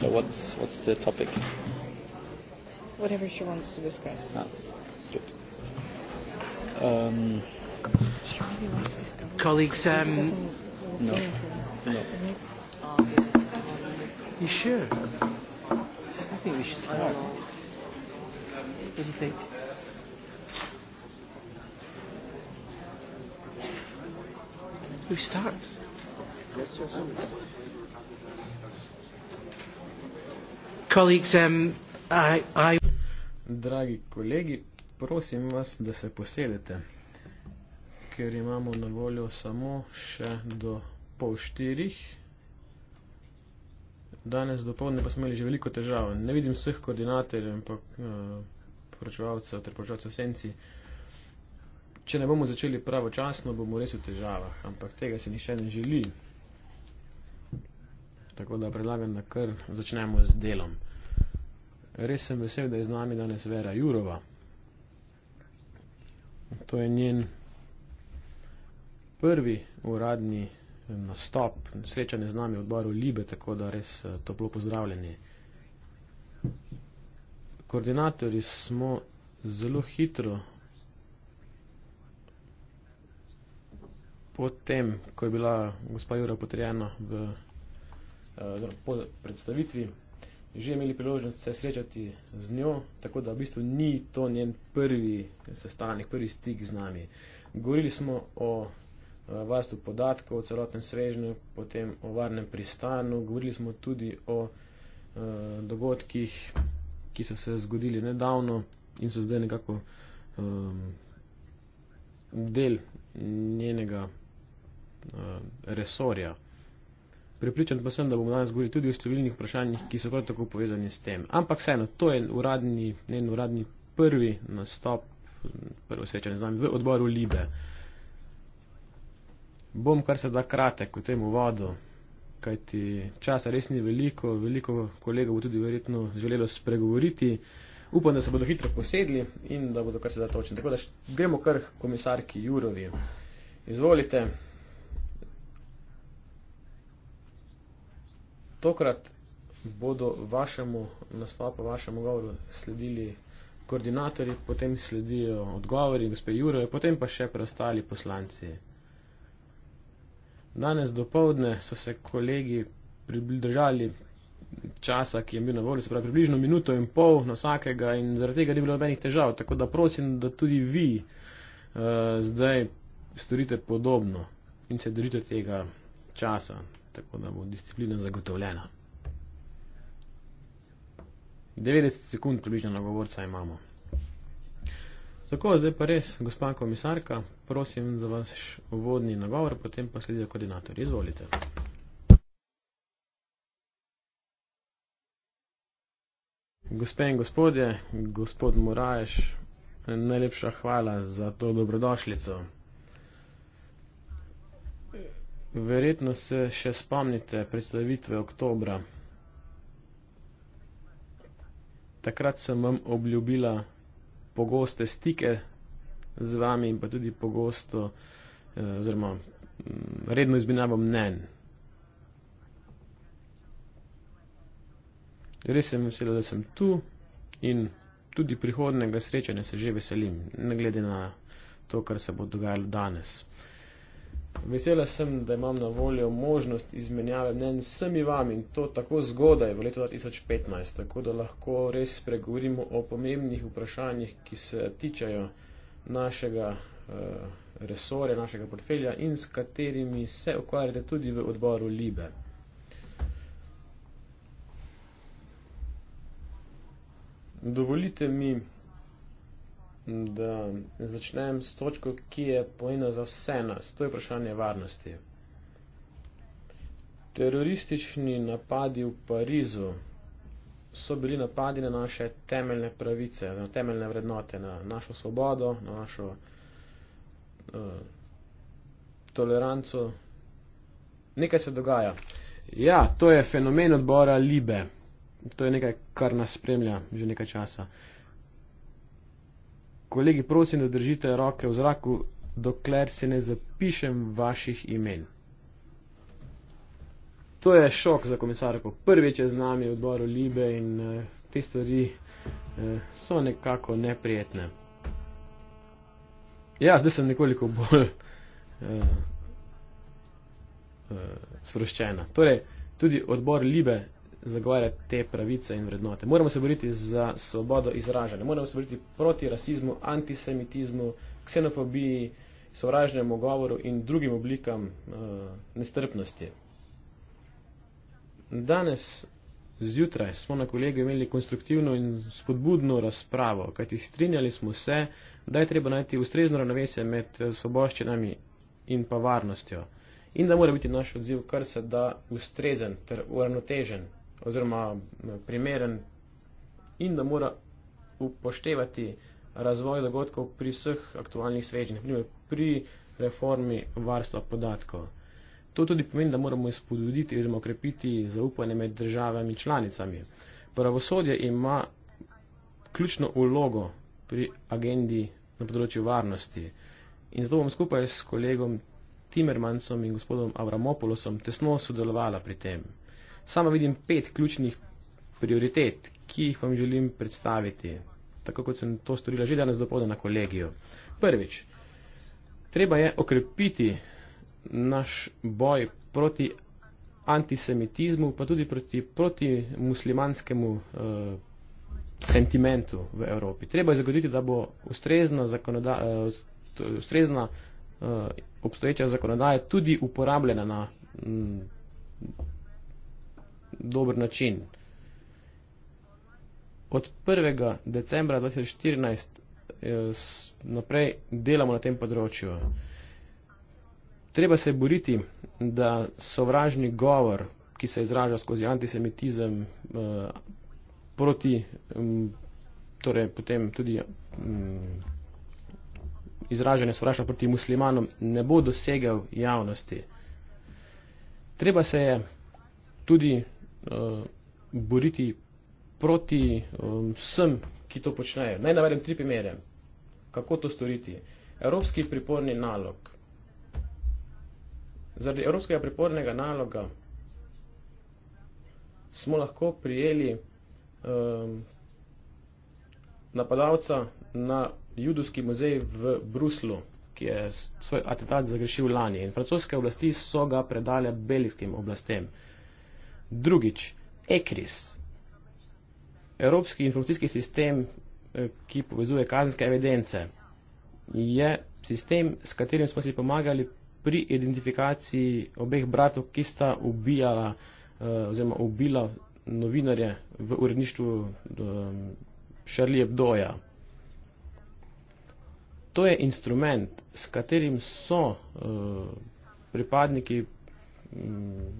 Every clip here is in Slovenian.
So what's what's the topic? Whatever she wants to discuss. Ah, good. Um, she really wants this Colleagues, um, no. no. You sure? I think we should start. What do you think? We start. Yes, yes, yes. colleagues, um, I, I Dragi kolegi, prosim vas, da se posedete, ker imamo na voljo samo še do pol štirih. Danes do povdne pa smo imeli že veliko težav. Ne vidim vseh koordinatorjev, ampak uh, poročevalcev ter poročevalcev senci. Če ne bomo začeli pravočasno, bomo res v težavah, ampak tega se nišče ne želi tako da predlagam, da kar začnemo z delom. Res sem vesel, da je z nami danes Vera Jurova. To je njen prvi uradni eh, nastop, srečanje z nami v odboru Libe, tako da res eh, toplo pozdravljeni. Koordinatorji smo zelo hitro potem, ko je bila gospa Jura potrjena v Eh, po predstavitvi. Že imeli priložnost se srečati z njo, tako da v bistvu ni to njen prvi sestanek, prvi stik z nami. Govorili smo o eh, varstvu podatkov, o celotnem srežnju, potem o varnem pristanu, govorili smo tudi o uh, dogodkih, ki so se zgodili nedavno in so zdaj nekako um, del njenega uh, resorja. Pripričan pa sem, da bomo danes govorili tudi o številnih vprašanjih, ki so prav tako povezani s tem. Ampak vseeno, to je uradni, njen uradni prvi nastop, prvo srečanje z nami v odboru Libe. Bom kar se da kratek v tem uvodu, kajti časa res ni veliko, veliko kolega bo tudi verjetno želelo spregovoriti. Upam, da se bodo hitro posedli in da bodo kar se da točni. Tako da gremo kar komisarki Jurovi. Izvolite. Tokrat bodo vašemu nastopu, vašemu govoru sledili koordinatorji, potem sledijo odgovori gospe Jurove, potem pa še preostali poslanci. Danes dopoledne so se kolegi pridržali časa, ki je bil na voljo, se pravi približno minuto in pol na vsakega in zaradi tega ni bilo nobenih težav. Tako da prosim, da tudi vi uh, zdaj storite podobno in se držite tega časa tako da bo disciplina zagotovljena. 90 sekund približno na govorca imamo. Tako, zdaj pa res, gospa komisarka, prosim za vaš uvodni nagovor, potem pa sledi koordinator. Izvolite. Gospe in gospodje, gospod Moraješ, najlepša hvala za to dobrodošlico. Verjetno se še spomnite predstavitve oktobra. Takrat sem vam obljubila pogoste stike z vami in pa tudi pogosto, eh, oziroma mm, redno izmenjavo mnen. Res sem vesela, da sem tu in tudi prihodnega srečanja se že veselim, ne glede na to, kar se bo dogajalo danes. Vesela sem, da imam na voljo možnost izmenjave mnen s vsemi vami in to tako zgodaj v letu 2015, tako da lahko res spregovorimo o pomembnih vprašanjih, ki se tičajo našega eh, resorja, našega portfelja in s katerimi se ukvarjate tudi v odboru Libe. Dovolite mi, da začnem s točko, ki je pojena za vse nas. To je vprašanje varnosti. Teroristični napadi v Parizu so bili napadi na naše temeljne pravice, na temeljne vrednote, na našo svobodo, na našo uh, toleranco. Nekaj se dogaja. Ja, to je fenomen odbora Libe. To je nekaj, kar nas spremlja že nekaj časa. Uh, kolegi, prosim, da držite roke v zraku, dokler se ne zapišem vaših imen. To je šok za komisarja, ko prvič je z nami v odboru Libe in eh, te stvari eh, so nekako neprijetne. Ja, zdaj sem nekoliko bolj eh, sproščena. Torej, tudi odbor Libe zagovarjati te pravice in vrednote. Moramo se boriti za svobodo izražanja, moramo se boriti proti rasizmu, antisemitizmu, ksenofobiji, sovražnemu govoru in drugim oblikam uh, nestrpnosti. Danes zjutraj smo na kolegu imeli konstruktivno in spodbudno razpravo, kajti strinjali smo se, da je treba najti ustrezno ravnovesje med eh, svoboščinami in pa varnostjo. In da mora biti naš odziv kar se da ustrezen ter uravnotežen oziroma eh, primeren in da mora upoštevati razvoj dogodkov pri vseh aktualnih svežnjih, naprimer pri reformi varstva podatkov. To tudi pomeni, da moramo izpodbuditi oziroma okrepiti zaupanje med državami članicami. Pravosodje ima ključno ulogo pri agendi na področju varnosti in zato bom skupaj s kolegom Timermansom in gospodom Avramopolosom tesno sodelovala pri tem. Sama vidim pet ključnih prioritet, ki jih vam želim predstaviti, tako kot sem to storila že danes dopoldne na kolegiju. Prvič, treba je okrepiti naš boj proti antisemitizmu, pa tudi proti, proti muslimanskemu eh, sentimentu v Evropi. Treba je zagoditi, da bo ustrezna, zakonoda, eh, ustrezna eh, obstoječa zakonodaja tudi uporabljena na. Hm, dober način. Od 1. decembra 2014 eh, naprej delamo na tem področju. Treba se boriti, da sovražni govor, ki se izraža skozi antisemitizem, eh, proti, mm, torej potem tudi mm, izražanje sovražnja proti muslimanom, ne bo dosegel javnosti. Treba se je tudi uh, boriti proti um, vsem, ki to počnejo. Naj navedem tri primere, kako to storiti. Evropski priporni nalog. Zaradi Evropskega pripornega naloga smo lahko prijeli um, napadalca na judovski muzej v Bruslu, ki je svoj atentat zagrešil lani. In francoske oblasti so ga predale belgijskim oblastem. Uh, Drugič, ECRIS. Evropski informacijski sistem, eh, ki povezuje kazenske evidence, je sistem, s katerim smo si pomagali pri identifikaciji obeh bratov, ki sta ubijala eh, oziroma ubila novinarje v uredništvu eh, Charlie Hebdoja. To je instrument, s katerim so pripadniki mm,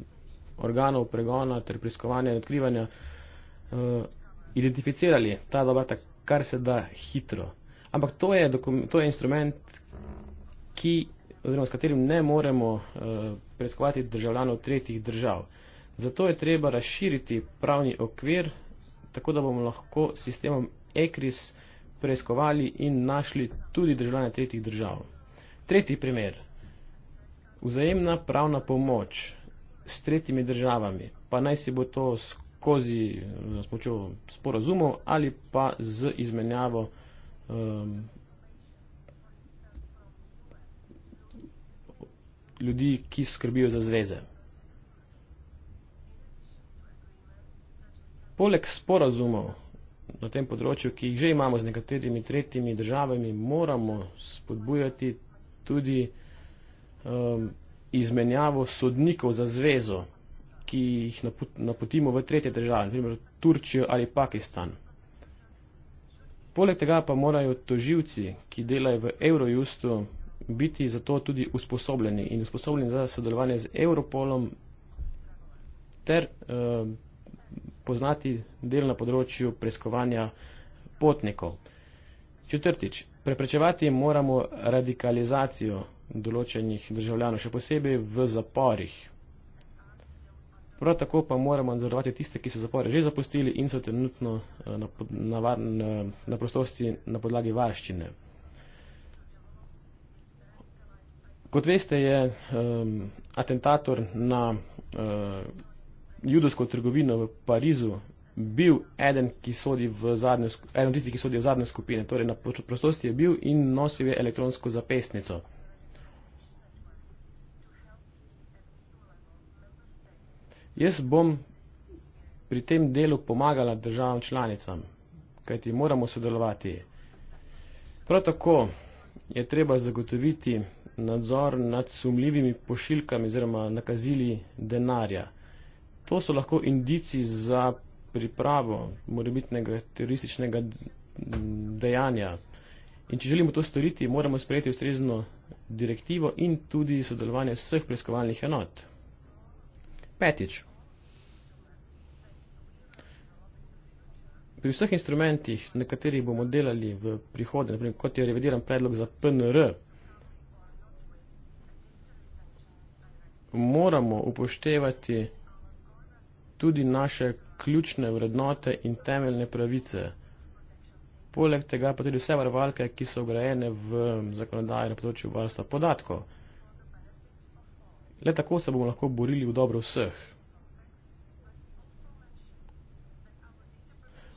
organov pregona ter preiskovanja in odkrivanja uh, identificirali ta dobrata kar se da hitro. Ampak to je, to je instrument, ki, oziroma s katerim ne moremo uh, preiskovati državljanov tretjih držav. Zato je treba razširiti pravni okvir, tako da bomo lahko s sistemom ECRIS preiskovali in našli tudi državljane tretjih držav. Tretji primer. Vzajemna pravna pomoč s tretjimi državami, pa naj si bo to skozi eh, sporozumov ali pa z izmenjavo um, ljudi, ki skrbijo za zveze. Poleg sporozumov na tem področju, ki jih že imamo z nekaterimi tretjimi državami, moramo spodbujati tudi um, izmenjavo sodnikov za zvezo, ki jih napotimo v tretje države, naprimer Turčijo ali Pakistan. Poleg tega pa morajo toživci, ki delajo v Eurojustu, biti zato tudi usposobljeni in usposobljeni za sodelovanje z Europolom ter eh, poznati del na področju preiskovanja potnikov. Četrtič, preprečevati moramo radikalizacijo določenih državljanov, še posebej v zaporih. Prav tako pa moramo nadzorovati tiste, ki so zapore že zapustili in so trenutno eh, na, na, var, na, na prostosti na podlagi varščine. Kot veste, je um, atentator na uh, judovsko trgovino v Parizu bil eden, ki sodi v zadnjo, eden tisti, ki sodi v zadnje skupine. Torej na prostosti je bil in nosil je elektronsko zapestnico. Jaz bom pri tem delu pomagala državam članicam, kajti moramo sodelovati. Prav tako je treba zagotoviti nadzor nad sumljivimi pošiljkami oziroma nakazili denarja. To so lahko indici za pripravo morebitnega terorističnega dejanja. In če želimo to storiti, moramo sprejeti ustrezno direktivo in tudi sodelovanje vseh preiskovalnih enot. Petič. Pri vseh instrumentih, na katerih bomo delali v prihodnje, naprimer, kot je revidiran predlog za PNR, moramo upoštevati tudi naše ključne vrednote in temeljne pravice. Poleg tega pa tudi vse varovalke, ki so ugrajene v zakonodaji na področju varstva podatkov. Le tako se bomo lahko borili v dobro vseh.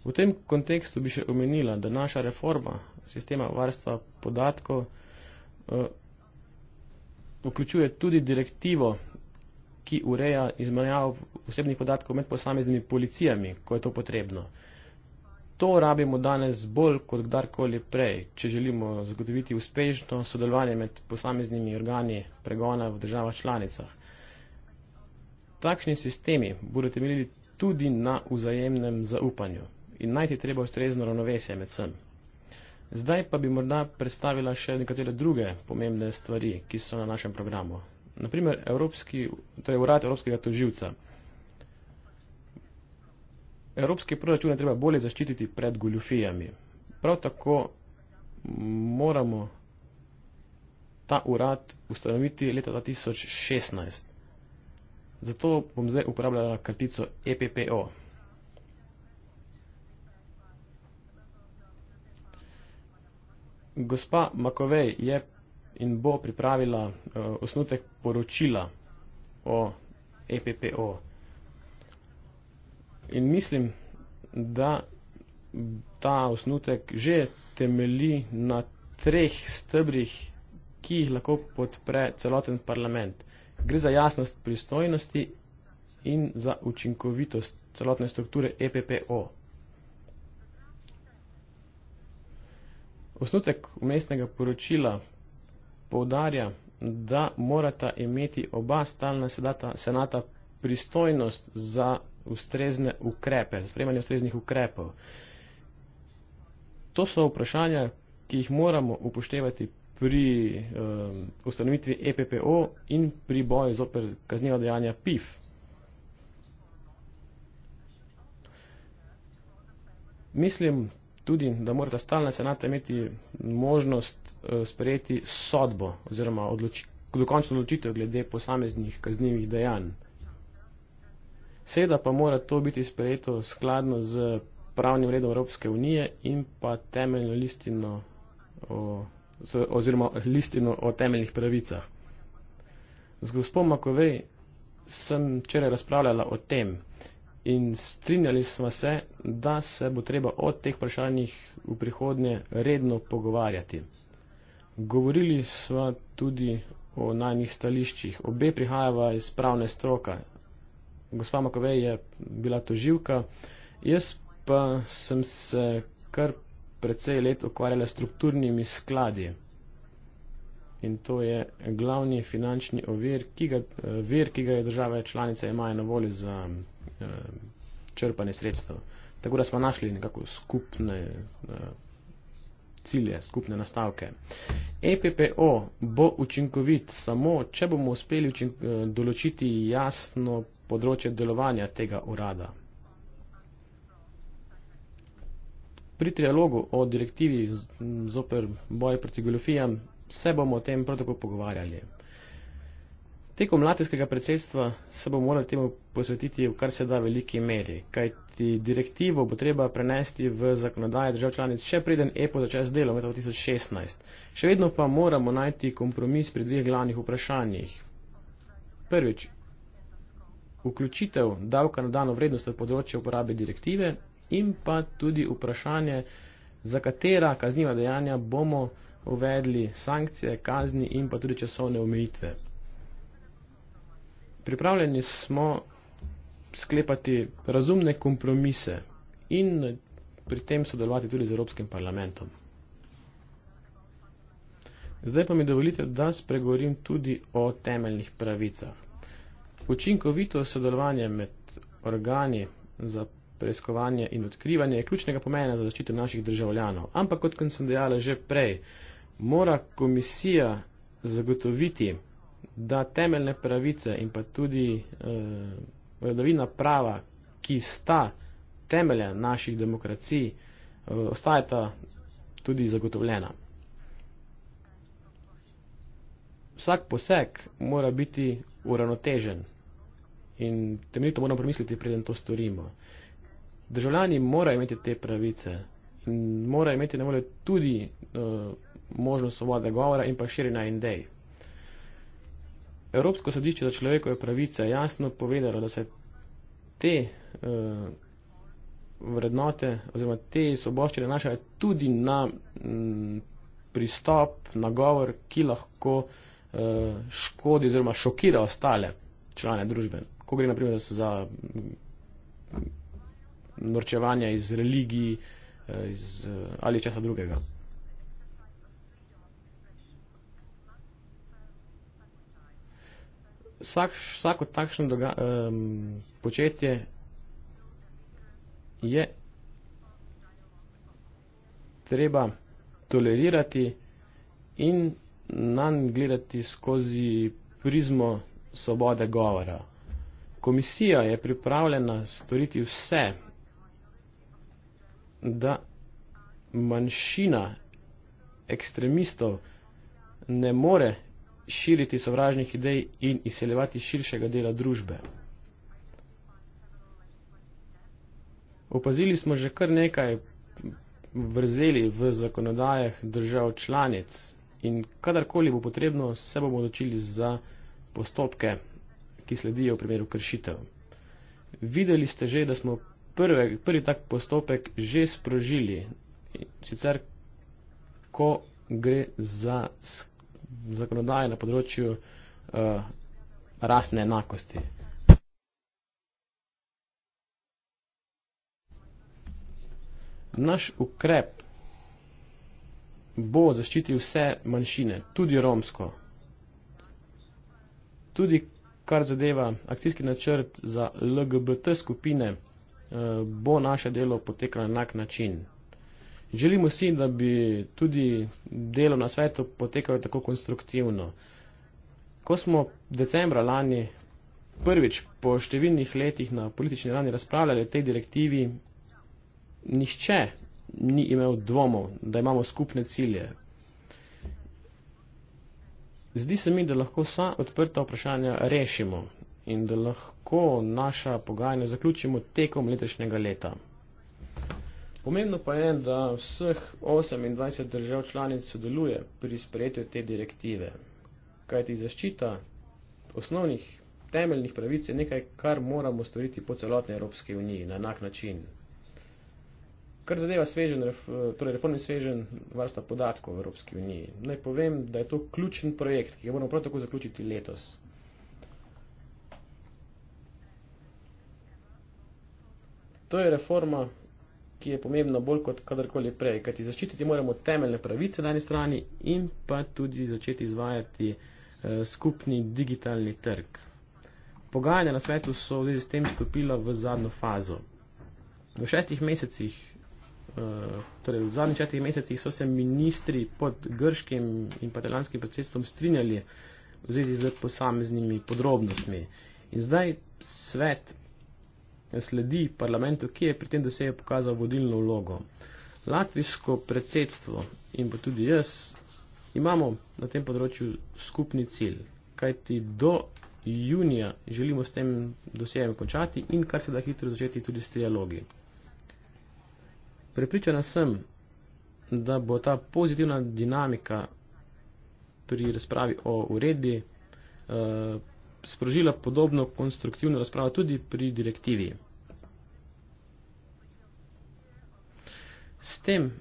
V tem kontekstu bi še omenila, da naša reforma sistema varstva podatkov eh, vključuje tudi direktivo, ki ureja izmenjavo osebnih podatkov med posameznimi policijami, ko je to potrebno. To rabimo danes bolj kot kdarkoli prej, če želimo zagotoviti uspešno sodelovanje med posameznimi organi pregona v državah članicah. Takšni sistemi bodo temeljili tudi na vzajemnem zaupanju in najti treba ustrezno ravnovesje med vsem. Zdaj pa bi morda predstavila še nekatere druge pomembne stvari, ki so na našem programu. Naprimer, Evropski, to torej je urad Evropskega toživca. Evropski proračun je treba bolje zaščititi pred goljufijami. Prav tako moramo ta urad ustanoviti leta 2016. Zato bom zdaj uporabljala kratico EPPO. Gospa Makovej je in bo pripravila uh, osnutek poročila o EPPO. In mislim, da ta osnutek že temeli na treh stebrih, ki jih lahko podpre celoten parlament. Gre za jasnost pristojnosti in za učinkovitost celotne strukture EPPO. Osnutek umestnega poročila povdarja, da morata imeti oba stalna senata pristojnost za ustrezne ukrepe, sprejemanje ustreznih ukrepov. To so vprašanja, ki jih moramo upoštevati pri um, ustanovitvi EPPO in pri boju zoper kaznjiva dejanja PIF. Mislim tudi, da mora ta stalna senata imeti možnost uh, sprejeti sodbo oziroma odloči, dokončno odločitev glede posameznih kaznjivih dejanj. Seveda pa mora to biti sprejeto skladno z pravnim redom Evropske unije in pa temeljno listino o, oziroma listino o temeljnih pravicah. Z gospod Makovej sem včeraj razpravljala o tem in strinjali smo se, da se bo treba o teh vprašanjih v prihodnje redno pogovarjati. Govorili smo tudi o najnih stališčih. Obe prihajava iz pravne stroka gospa Makovej je bila toživka, jaz pa sem se kar precej let ukvarjala strukturnimi skladi. In to je glavni finančni ovir, ki ga, vir, ki ga je države članice imajo na voljo za eh, črpanje sredstev. Tako da smo našli nekako skupne eh, cilje, skupne nastavke. EPPO bo učinkovit samo, če bomo uspeli eh, določiti jasno področje delovanja tega urada. Pri trialogu o direktivi zoper boj proti goljofijam se bomo o tem protokol pogovarjali. Tekom latinskega predsedstva se bomo morali temu posvetiti v kar se da veliki meri, kajti direktivo bo treba prenesti v zakonodaje držav članic še preden EPO začne s delom leta 2016. Še vedno pa moramo najti kompromis pri dveh glavnih vprašanjih. Prvič, vključitev davka na dano vrednost na področje uporabe direktive in pa tudi vprašanje, za katera kazniva dejanja bomo uvedli sankcije, kazni in pa tudi časovne omejitve. Pripravljeni smo sklepati razumne kompromise in pri tem sodelovati tudi z Evropskim parlamentom. Zdaj pa mi dovolite, da spregovorim tudi o temeljnih pravicah. Učinkovito sodelovanje med organi za preiskovanje in odkrivanje je ključnega pomena za zaščito naših državljanov. Ampak, kot sem dejala že prej, mora komisija zagotoviti, da temeljne pravice in pa tudi eh, vladavina prava, ki sta temelje naših demokracij, eh, ostajata tudi zagotovljena. Vsak poseg mora biti uravnotežen. In temeljito moramo premisliti, preden to storimo. Državljani morajo imeti te pravice in morajo imeti na voljo tudi uh, možnost svobode govora in pa širjenja idej. Evropsko sodišče za človekove pravice je jasno povedalo, da se te uh, vrednote oziroma te soboščine nanašajo tudi na m, mm, pristop, na govor, ki lahko uh, škodi oziroma šokira ostale člane družbe ko gre naprimer za mm, norčevanje iz religij eh, iz, eh, ali česa drugega. Vsak, vsako takšno doga, um, početje je treba tolerirati in nanj gledati skozi prizmo svobode govora. Komisija je pripravljena storiti vse, da manjšina ekstremistov ne more širiti sovražnih idej in izseljevati širšega dela družbe. Opazili smo že kar nekaj vrzeli v zakonodajah držav članic in kadarkoli bo potrebno, se bomo odločili za postopke ki sledijo v primeru kršitev. Videli ste že, da smo prve, prvi tak postopek že sprožili, sicer ko gre za zakonodaje na področju uh, rasne enakosti. Naš ukrep bo zaščitil vse manjšine, tudi romsko. Tudi kar zadeva akcijski načrt za LGBT skupine, eh, bo naše delo potekalo na enak način. Želimo si, da bi tudi delo na svetu potekalo tako konstruktivno. Ko smo decembra lani prvič po številnih letih na politični ravni razpravljali o tej direktivi, nihče ni imel dvomov, da imamo skupne cilje, Zdi se mi, da lahko vsa odprta vprašanja rešimo in da lahko naša pogajanja zaključimo tekom letošnjega leta. Pomembno pa je, da vseh 28 držav članic sodeluje pri sprejetju te direktive, kajti zaščita osnovnih temeljnih pravic je nekaj, kar moramo storiti po celotni Evropski uniji na enak način. Kar zadeva svežen, torej reformni svežen varstva podatkov v Evropski uniji. Naj povem, da je to ključen projekt, ki ga moramo prav tako zaključiti letos. To je reforma, ki je pomembna bolj kot kadarkoli prej, kajti zaščititi moramo temeljne pravice na eni strani in pa tudi začeti izvajati eh, skupni digitalni trg. Pogajanja na svetu so v zvezi s tem stopila v zadnjo fazo. V šestih mesecih torej v zadnjih četih mesecih so se ministri pod grškim in italijanskim predsedstvom strinjali v zvezi z posameznimi podrobnostmi. In zdaj svet sledi parlamentu, ki je pri tem dosegel pokazal vodilno vlogo. Latvijsko predsedstvo in pa tudi jaz imamo na tem področju skupni cilj, kajti do junija želimo s tem dosegem končati in kar se da hitro začeti tudi s trialogi. Pripričana sem, da bo ta pozitivna dinamika pri razpravi o uredbi eh, sprožila podobno konstruktivno razpravo tudi pri direktivi. S tem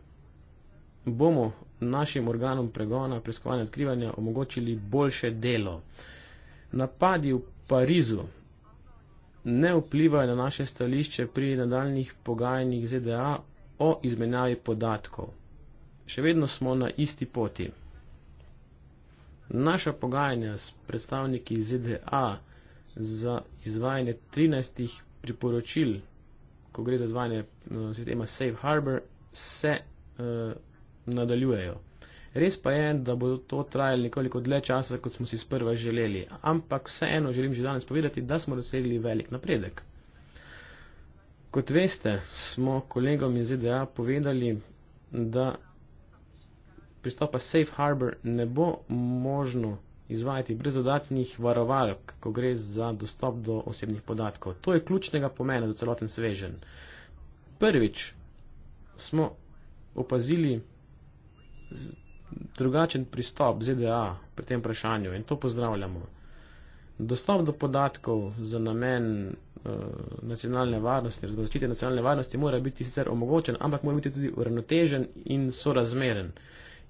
bomo našim organom pregona, preiskovanja, odkrivanja omogočili boljše delo. Napadi v Parizu ne vplivajo na naše stališče pri nadaljnih pogajanjih ZDA o izmenjavi podatkov. Še vedno smo na isti poti. Naša pogajanja s predstavniki ZDA za izvajanje 13 priporočil, ko gre za izvajanje eh, sistema Safe Harbor, se uh, nadaljujejo. Res pa je, da bo to trajalo nekoliko dlje časa, kot smo si sprva želeli, ampak vseeno želim že danes povedati, da smo dosegli velik napredek. Kot veste, smo kolegom iz ZDA povedali, da pristopa Safe Harbor ne bo možno izvajati brez dodatnih varovalk, ko gre za dostop do osebnih podatkov. To je ključnega pomena za celoten svežen. Prvič smo opazili drugačen pristop ZDA pri tem vprašanju in to pozdravljamo. Dostop do podatkov za namen Eh, nacionalne varnosti, oziroma zaščite nacionalne varnosti, mora biti sicer omogočen, ampak mora biti tudi uravnotežen in sorazmeren.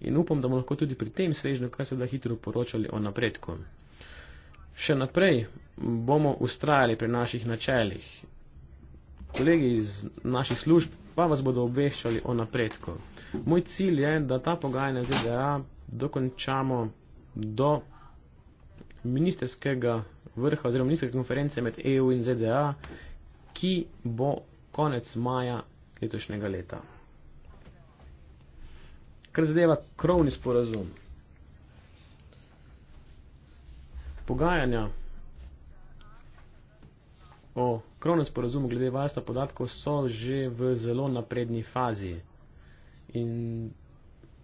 In upam, da bomo lahko tudi pri tem srežnju kar se da hitro poročali o napredku. Še naprej bomo ustrajali pri naših načeljih. Kolegi iz naših služb pa vas bodo obveščali o napredku. Moj cilj je, da ta pogajanja ZDA dokončamo do ministerskega vrha oziroma ministerske konference med EU in ZDA, ki bo konec maja letošnjega leta. Kar zadeva krovni sporazum. Pogajanja o krovnem sporazumu glede varstva podatkov so že v zelo napredni fazi. In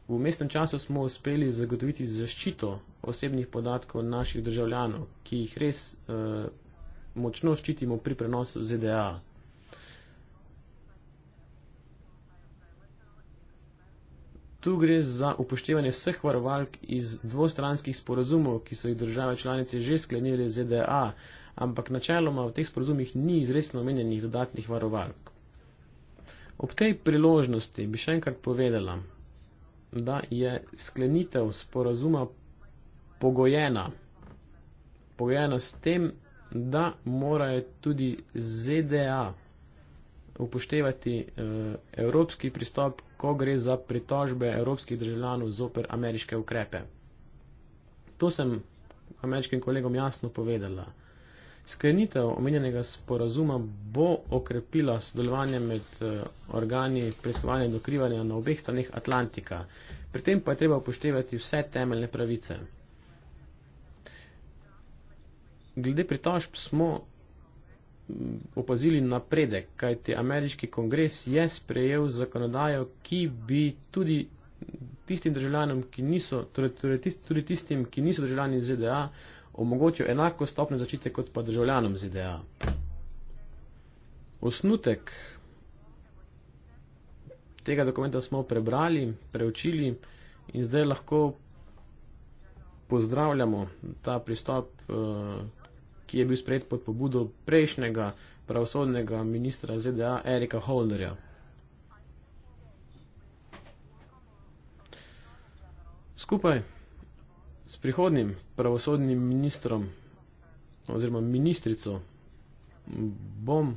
V mestnem času smo uspeli zagotoviti zaščito osebnih podatkov naših državljanov, ki jih res uh, močno ščitimo pri prenosu ZDA. Tu gre za upoštevanje vseh varovalk iz dvostranskih sporazumov, ki so jih države članice že sklenili z ZDA, ampak načeloma v teh sporazumih ni izresno omenjenih dodatnih varovalk. Ob tej priložnosti bi še enkrat povedala, da je sklenitev sporazuma pogojena. Pogojena s tem, da morajo tudi ZDA upoštevati eh, evropski pristop, ko gre za pritožbe evropskih državljanov zoper ameriške ukrepe. To sem ameriškim kolegom jasno povedala. Sklenitev omenjenega sporazuma bo okrepila sodelovanje med eh, organi preiskovanja in dokrivanja na obeh straneh Atlantika. Pri tem pa je treba upoštevati vse temeljne pravice. Glede pritožb smo mm, opazili napredek, kajti ameriški kongres je sprejel zakonodajo, ki bi tudi tistim državljanom, ki niso, torej, torej tist, tudi tistim, ki niso državljani ZDA, omogočil enako stopno začite kot pa državljanom ZDA. Osnutek tega dokumenta smo prebrali, preučili in zdaj lahko pozdravljamo ta pristop, eh, ki je bil sprejet pod pobudo prejšnjega pravosodnega ministra ZDA Erika Holnerja. Skupaj s prihodnim pravosodnim ministrom oziroma ministrico bom uh,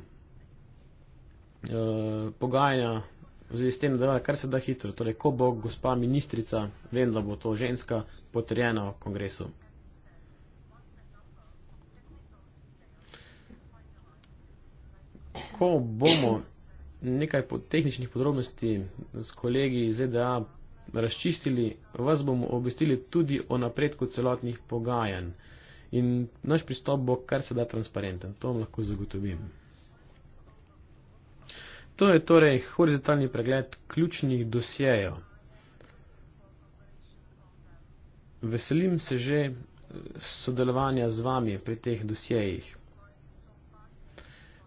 pogajanja v zvezi s tem nadaljevala kar se da hitro. Torej, ko bo gospa ministrica, vem, da bo to ženska, potrjena v kongresu. Ko bomo nekaj po tehničnih podrobnosti s kolegi iz ZDA razčistili, vas bomo obvestili tudi o napredku celotnih pogajanj. In naš pristop bo kar se da transparenten, to vam lahko zagotovim. To je torej horizontalni pregled ključnih dosjejev. Veselim se že eh, sodelovanja z vami pri teh dosjejih.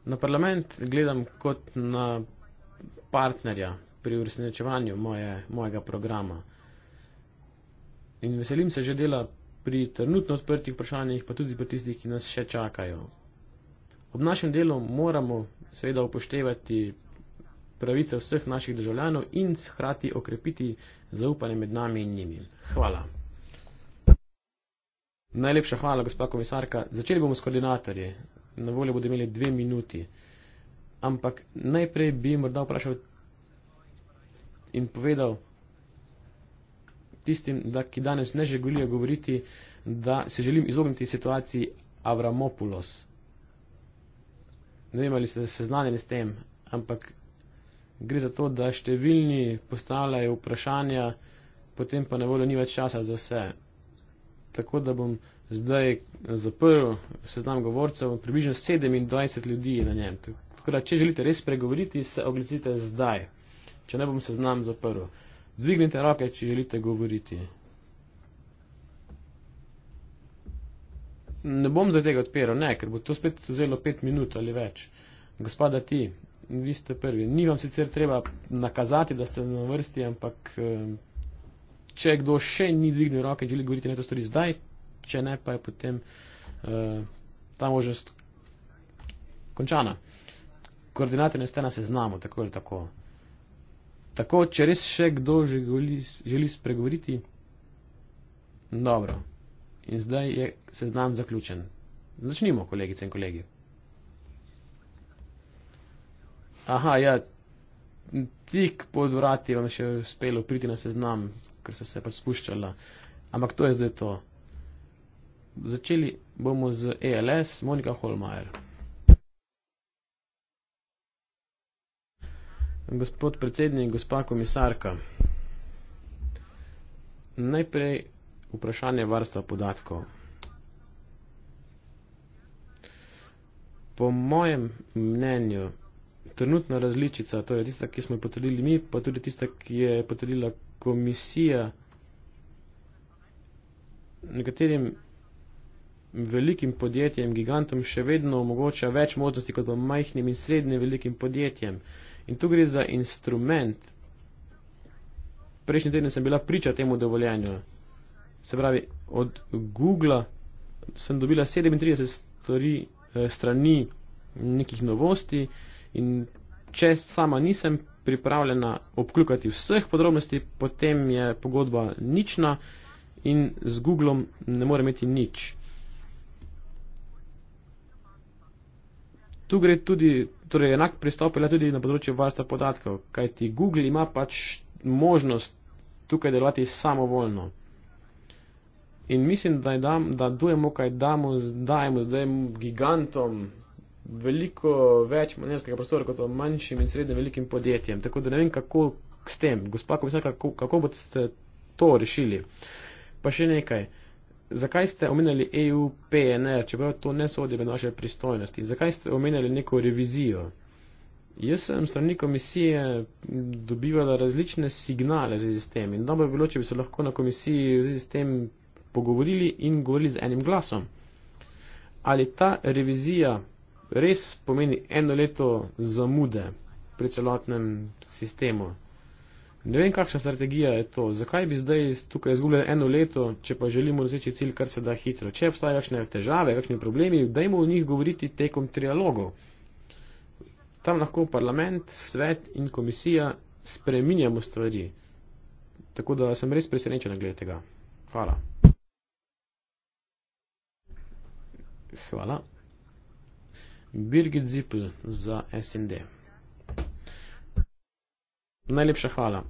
Na parlament gledam kot na partnerja, pri uresničevanju moje, mojega programa. In veselim se že dela pri trenutno odprtih vprašanjih, pa tudi pri tistih, ki nas še čakajo. Ob našem delu moramo seveda upoštevati pravice vseh naših državljanov in hkrati okrepiti zaupanje med nami in njimi. Hvala. Najlepša hvala, gospa komisarka. Začeli bomo s koordinatorji. Na voljo bodo imeli dve minuti. Ampak najprej bi morda vprašal in povedal tistim, da, ki danes ne želijo govoriti, da se želim izogniti situaciji Avramopulos. Ne vem, ali ste seznanjeni s tem, ampak gre za to, da številni postavljajo vprašanja, potem pa ne voljo ni več časa za vse. Tako da bom zdaj zaprl seznam govorcev, približno 27 ljudi je na njem. Tako da, če želite res pregovoriti, se oglicite zdaj če ne bom se znam zaprl. Dvignite roke, če želite govoriti. Ne bom za tega odpiral, ne, ker bo to spet vzelo pet minut ali več. Gospoda ti, vi ste prvi. Ni vam sicer treba nakazati, da ste na vrsti, ampak eh, če kdo še ni dvignil roke in želi govoriti, ne to stori zdaj, če ne, pa je potem uh, ta možnost končana. Koordinate na stena se znamo, tako ali tako. Tako, če res še kdo želi, želi spregovoriti. Dobro. In zdaj je seznam zaključen. Začnimo, kolegice in kolegi. Aha, ja, tik pod vrati vam je še uspelo priti na seznam, ker so se pač spuščala. Ampak to je zdaj to. Začeli bomo z ELS, Monika Holmajer. Gospod predsednik, gospa komisarka, najprej vprašanje varstva podatkov. Po mojem mnenju, trenutna različica, torej tista, ki smo jo potrdili mi, pa tudi tista, ki je potrdila komisija, nekaterim velikim podjetjem, gigantom še vedno omogoča več možnosti kot majhnim in srednjim velikim podjetjem. In tu gre za instrument. Prejšnji teden sem bila priča temu dovoljenju. Se pravi, od Google sem dobila 37 stori, eh, strani nekih novosti in če sama nisem pripravljena obkljukati vseh podrobnosti, potem je pogodba nična in z Googlom ne more imeti nič. tu gre tudi, torej enak pristop je tudi na področju varstva podatkov, kajti Google ima pač možnost tukaj delovati samovoljno. In mislim, da, dam, da dujemo, kaj damo, dajemo zdaj gigantom veliko več manjerskega prostora kot manjšim in srednjim velikim podjetjem. Tako da ne vem, kako s tem, gospa komisarka, kako, kako boste to rešili. Pa še nekaj zakaj ste omenjali EU PNR, čeprav to ne sodi v naše pristojnosti? Zakaj ste omenjali neko revizijo? Jaz sem strani komisije dobivala različne signale v zvezi s tem in dobro bi bilo, če bi se lahko na komisiji v zvezi s tem pogovorili in govorili z enim glasom. Ali ta revizija res pomeni eno leto zamude pri celotnem sistemu? Ne vem, kakšna strategija je to. Zakaj bi zdaj tukaj izgubljali eno leto, če pa želimo doseči cilj kar se da hitro? Če obstajajo kakšne težave, kakšne problemi, dajmo o njih govoriti tekom trialogov. Tam lahko parlament, svet in komisija spreminjamo stvari. Tako da sem res presenečen glede tega. Hvala. Hvala. Birgit Zippel za SND. Najlepša hvala.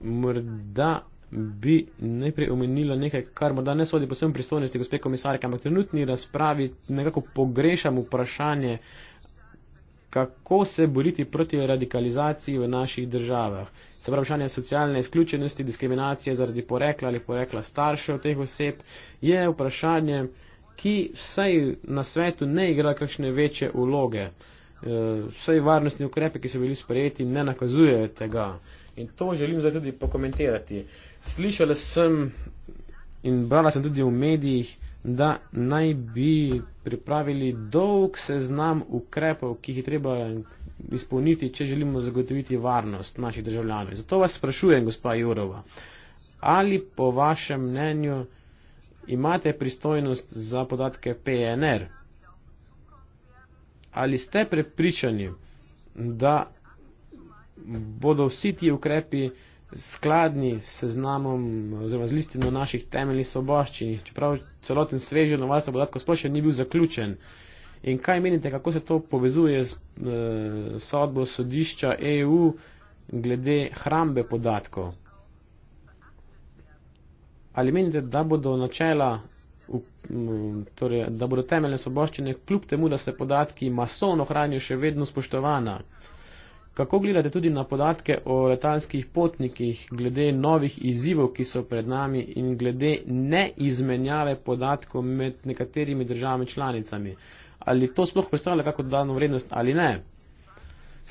Morda bi najprej omenila nekaj, kar morda ne sodi posebno pristojnosti gospe komisarke, ampak trenutni razpravi nekako pogrešam vprašanje, kako se boriti proti radikalizaciji v naših državah. Se pravi, vprašanje socialne izključenosti, diskriminacije zaradi porekla ali porekla staršev teh oseb je vprašanje, ki vsaj na svetu ne igra kakšne večje vloge. Uh, Eh, vse varnostne ukrepe, ki so bili sprejeti, ne nakazujejo tega. In to želim zdaj tudi pokomentirati. Slišala sem in brala sem tudi v medijih, da naj bi pripravili dolg seznam ukrepov, ki jih je treba izpolniti, če želimo zagotoviti varnost naših državljanov. Zato vas sprašujem, gospa Jurova, ali po vašem mnenju imate pristojnost za podatke PNR? ali ste prepričani, da bodo vsi ti ukrepi skladni s seznamom oziroma z listino naših temeljnih svoboščin, čeprav celoten svežen novarstvo podatkov sploh še ni bil zaključen. In kaj menite, kako se to povezuje s e, sodbo sodišča EU glede hrambe podatkov? Ali menite, da bodo načela Mm, torej, da bodo temeljne svoboščine, kljub temu, da se podatki masovno hranijo, še vedno spoštovana. Kako gledate tudi na podatke o letalskih potnikih, glede novih izzivov, ki so pred nami in glede neizmenjave podatkov med nekaterimi državami članicami? Ali to sploh predstavlja kakšno dodano vrednost ali ne?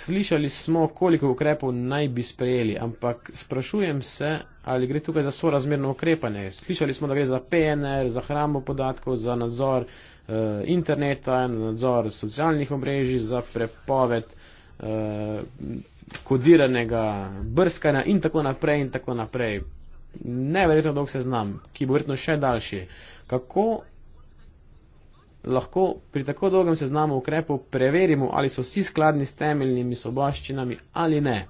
Slišali smo, koliko ukrepov naj bi sprejeli, ampak sprašujem se, ali gre tukaj za sorazmerno ukrepanje. Slišali smo, da gre za PNR, za hrambo podatkov, za nadzor e, interneta, nadzor socialnih omrežij, za prepoved e, kodiranega brskanja in tako naprej in tako naprej. Neverjetno dolg seznam, ki bo verjetno še daljši. Kako lahko pri tako dolgem seznamu ukrepov preverimo, ali so vsi skladni s temeljnimi soboščinami ali ne.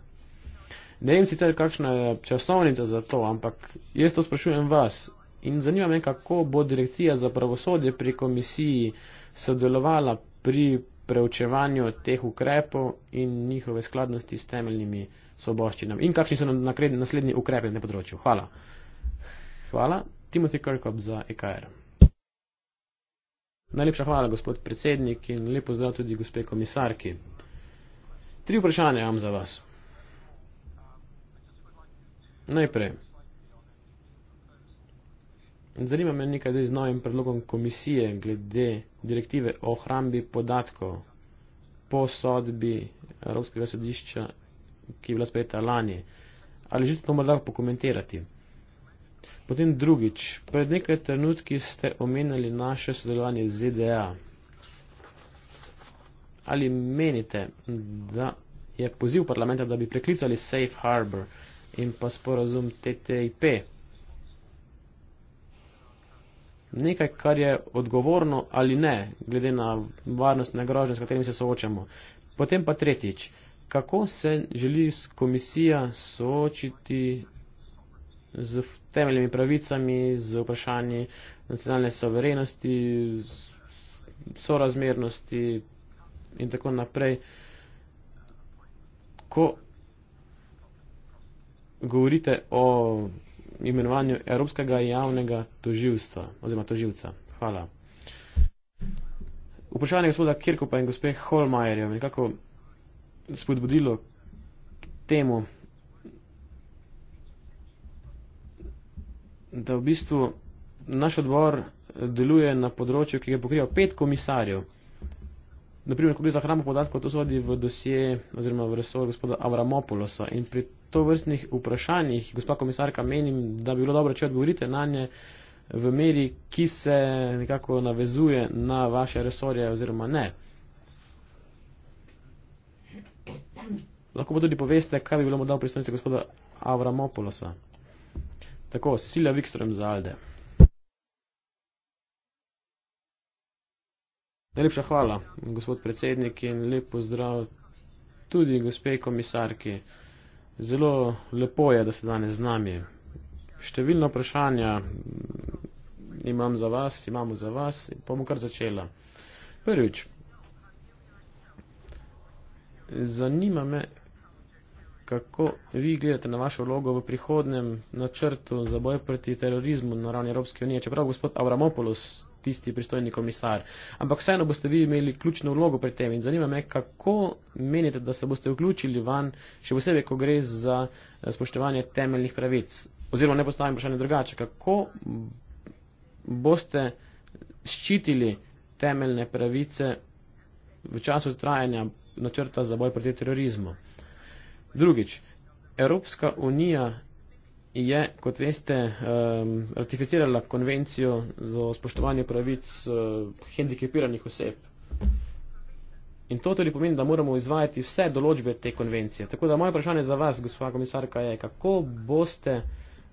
Ne vem sicer, kakšna je časovnica za to, ampak jaz to sprašujem vas in zanima me, kako bo Direkcija za pravosodje pri komisiji sodelovala pri preučevanju teh ukrepov in njihove skladnosti s temeljnimi soboščinami in kakšni so naslednji ukrepi na področju. Hvala. Hvala. Timothy Kirkhope za EKR. Najlepša hvala, gospod predsednik, in lepo zdrav tudi gospe komisarki. Tri vprašanja imam za vas. Najprej. Zanima me nekaj z novim predlogom komisije glede direktive o hrambi podatkov po sodbi Evropskega sodišča, ki je bila sprejeta lani. Ali želite to morda pokomentirati? Potem drugič, pred nekaj trenutki ste omenjali naše sodelovanje z ZDA. Ali menite, da je poziv parlamenta, da bi preklicali Safe Harbor in pa sporazum TTIP? Nekaj, kar je odgovorno ali ne, glede na varnostne grožnje, s katerimi se soočamo. Potem pa tretjič, kako se želi komisija soočiti z temeljnimi pravicami, z vprašanji nacionalne soverenosti, sorazmernosti in tako naprej. Ko govorite o imenovanju Evropskega javnega toživstva oziroma toživca. Hvala. Vprašanje gospoda Kirkupa in gospe Holmajerja je nekako spodbudilo k temu, da v bistvu naš odbor deluje na področju, ki ga pokriva pet komisarjev. Naprimer, ko gre za hrambo podatkov, to sodi v dosje oziroma v resor gospoda Avramopolosa. In pri to vrstnih vprašanjih, gospa komisarka, menim, da bi bilo dobro, če odgovorite na nje v meri, ki se nekako navezuje na vaše resorje oziroma ne. Lahko pa tudi poveste, kaj bi bilo morda v pristojnosti gospoda Avramopolosa. Tako, Cecilia Wikström za Alde. Najlepša hvala, gospod predsednik, in lep pozdrav tudi gospej komisarki. Zelo lepo je, da ste danes z nami. Številna vprašanja imam za vas, imamo za vas, pa bom kar začela. Prvič, zanima me, kako vi gledate na vašo vlogo v prihodnem načrtu za boj proti terorizmu na ravni Evropske unije, čeprav gospod Avramopoulos tisti pristojni komisar. Ampak vseeno boste vi imeli ključno vlogo pri tem in zanima me, kako menite, da se boste vključili van, še posebej, ko gre za eh, spoštovanje temeljnih pravic. Oziroma, ne postavim vprašanje drugače, kako boste ščitili temeljne pravice v času trajanja načrta za boj proti terorizmu. Drugič, Evropska unija je, kot veste, um, ratificirala konvencijo za spoštovanje pravic uh, hendikepiranih oseb. In to tudi pomeni, da moramo izvajati vse določbe te konvencije. Tako da moje vprašanje za vas, gospod komisarka, je, kako boste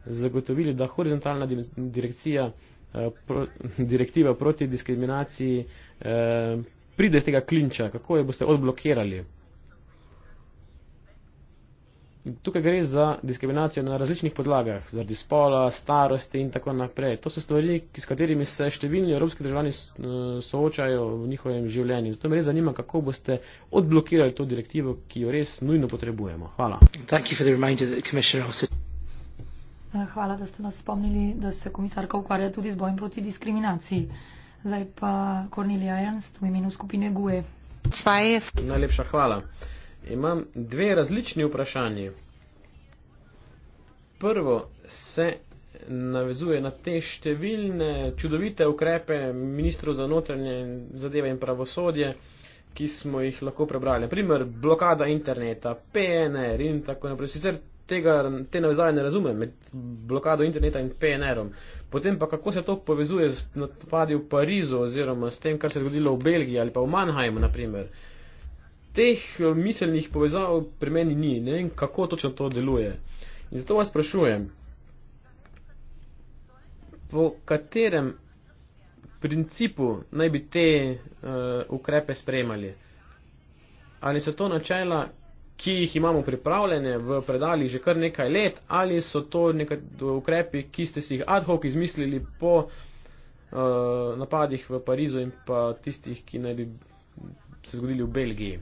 zagotovili, da horizontalna direkcija, uh, pro, direktiva proti diskriminaciji uh, pride z tega klinča, kako jo boste odblokirali. Tukaj gre za diskriminacijo na različnih podlagah, zaradi spola, starosti in tako naprej. To so stvari, s katerimi se številni evropski državljani eh, soočajo v njihovem življenju. Zato me res zanima, kako boste odblokirali to direktivo, ki jo res nujno potrebujemo. Hvala. Eh, hvala, da ste nas spomnili, da se komisarka ukvarja tudi z bojem proti diskriminaciji. Zdaj pa Cornelia Ernst v imenu skupine GUE. Najlepša hvala imam dve različni vprašanji. Prvo se navezuje na te številne čudovite ukrepe ministrov za notranje zadeve in pravosodje, ki smo jih lahko prebrali. Primer, blokada interneta, PNR in tako naprej. Sicer tega, te navezave ne razumem med blokado interneta in PNR-om. Potem pa kako se to povezuje z napadi v Parizu oziroma s tem, kar se je zgodilo v Belgiji ali pa v Mannheimu, naprimer. Uh, teh eh, miselnih povezav pri meni ni, ne vem, kako točno to deluje. In zato vas sprašujem, po katerem principu naj bi te uh, ukrepe sprejemali? Ali so to načela, ki jih imamo pripravljene v predali že kar nekaj let, ali so to nekaj ukrepi, ki ste si jih ad hoc izmislili po uh, napadih v Parizu in pa tistih, ki naj bi se zgodili v Belgiji?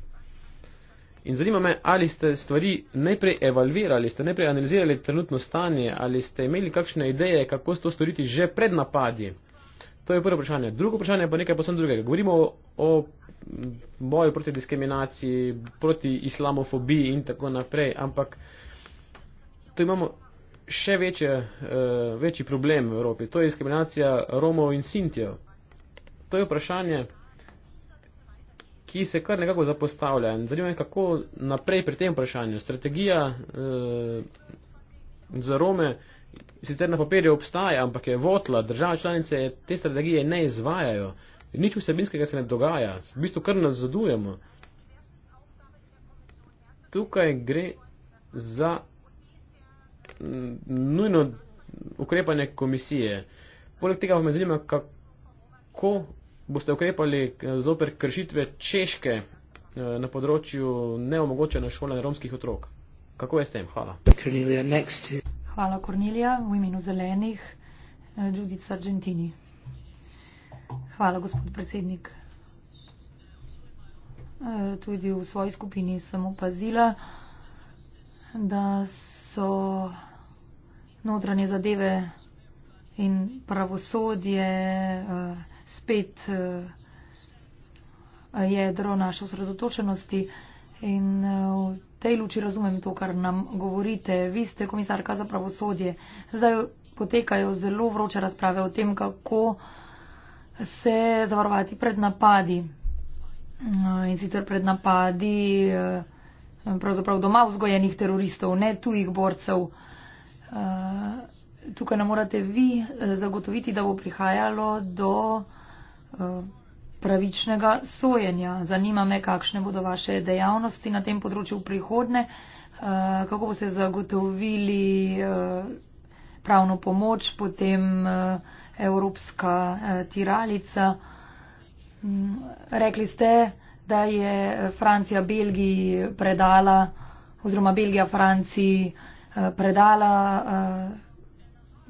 In zanima me, ali ste stvari najprej evalvirali, ste najprej analizirali trenutno stanje, ali ste imeli kakšne ideje, kako to storiti že pred napadi. To je prvo vprašanje. Drugo vprašanje je pa nekaj posebno drugega. Govorimo o, o boju proti diskriminaciji, proti islamofobiji in tako naprej, ampak tu imamo še večje, eh, večji problem v Evropi. To je diskriminacija Romov in Sintijev. To je vprašanje ki se kar nekako zapostavlja. In zanima me, kako naprej pri tem vprašanju. Strategija e, za Rome sicer na papirju obstaja, ampak je votla, države članice te strategije ne izvajajo. Nič vsebinskega se ne dogaja, v bistvu kar nazadujemo. Tukaj gre za mm, nujno ukrepanje komisije. Poleg tega pa me zanima, kako boste ukrepali eh, zoper kršitve češke eh, na področju neomogočene šole romskih otrok. Kako je s tem? Hvala. Cornelia, Hvala, Kornelija, v imenu zelenih, eh, Judith Sargentini. Hvala, gospod predsednik. Tudi v svoji skupini sem opazila, da so notranje zadeve in pravosodje. Uh, spet eh, jedro naše osredotočenosti in eh, v tej luči razumem to, kar nam govorite. Vi ste komisarka za pravosodje. Zdaj potekajo zelo vroče razprave o tem, kako se zavarovati pred napadi. Eh, in sicer pred napadi pravzaprav doma vzgojenih teroristov, ne tujih borcev tukaj ne morate vi eh, zagotoviti, da bo prihajalo do eh, pravičnega sojenja. Zanima me, kakšne bodo vaše dejavnosti na tem področju v prihodne, eh, kako boste zagotovili pravno pomoč, potem evropska tiralica. Mm, rekli ste, da je Francija Belgiji predala, oziroma Belgija Franciji predala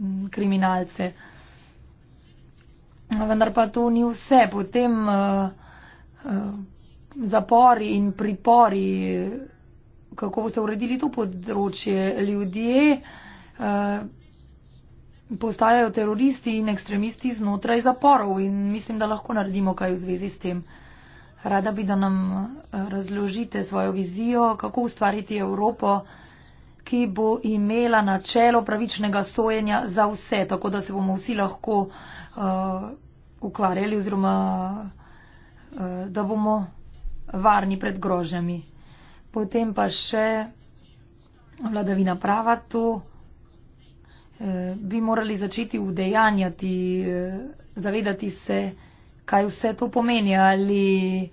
Mm, kriminalce. Vendar pa to ni vse. Potem eh, eh, zapori in pripori, kako boste uredili to področje, ljudje eh, postajajo teroristi in ekstremisti znotraj zaporov in mislim, da lahko naredimo kaj v zvezi s tem. Rada bi, da nam razložite svojo vizijo, kako ustvariti Evropo, ki bo imela načelo pravičnega sojenja za vse, tako da se bomo vsi lahko uh, ukvarjali oziroma uh, da bomo varni pred grožami. Potem pa še vladavina prava, to eh, bi morali začeti udejanjati, eh, zavedati se, kaj vse to pomeni ali eh,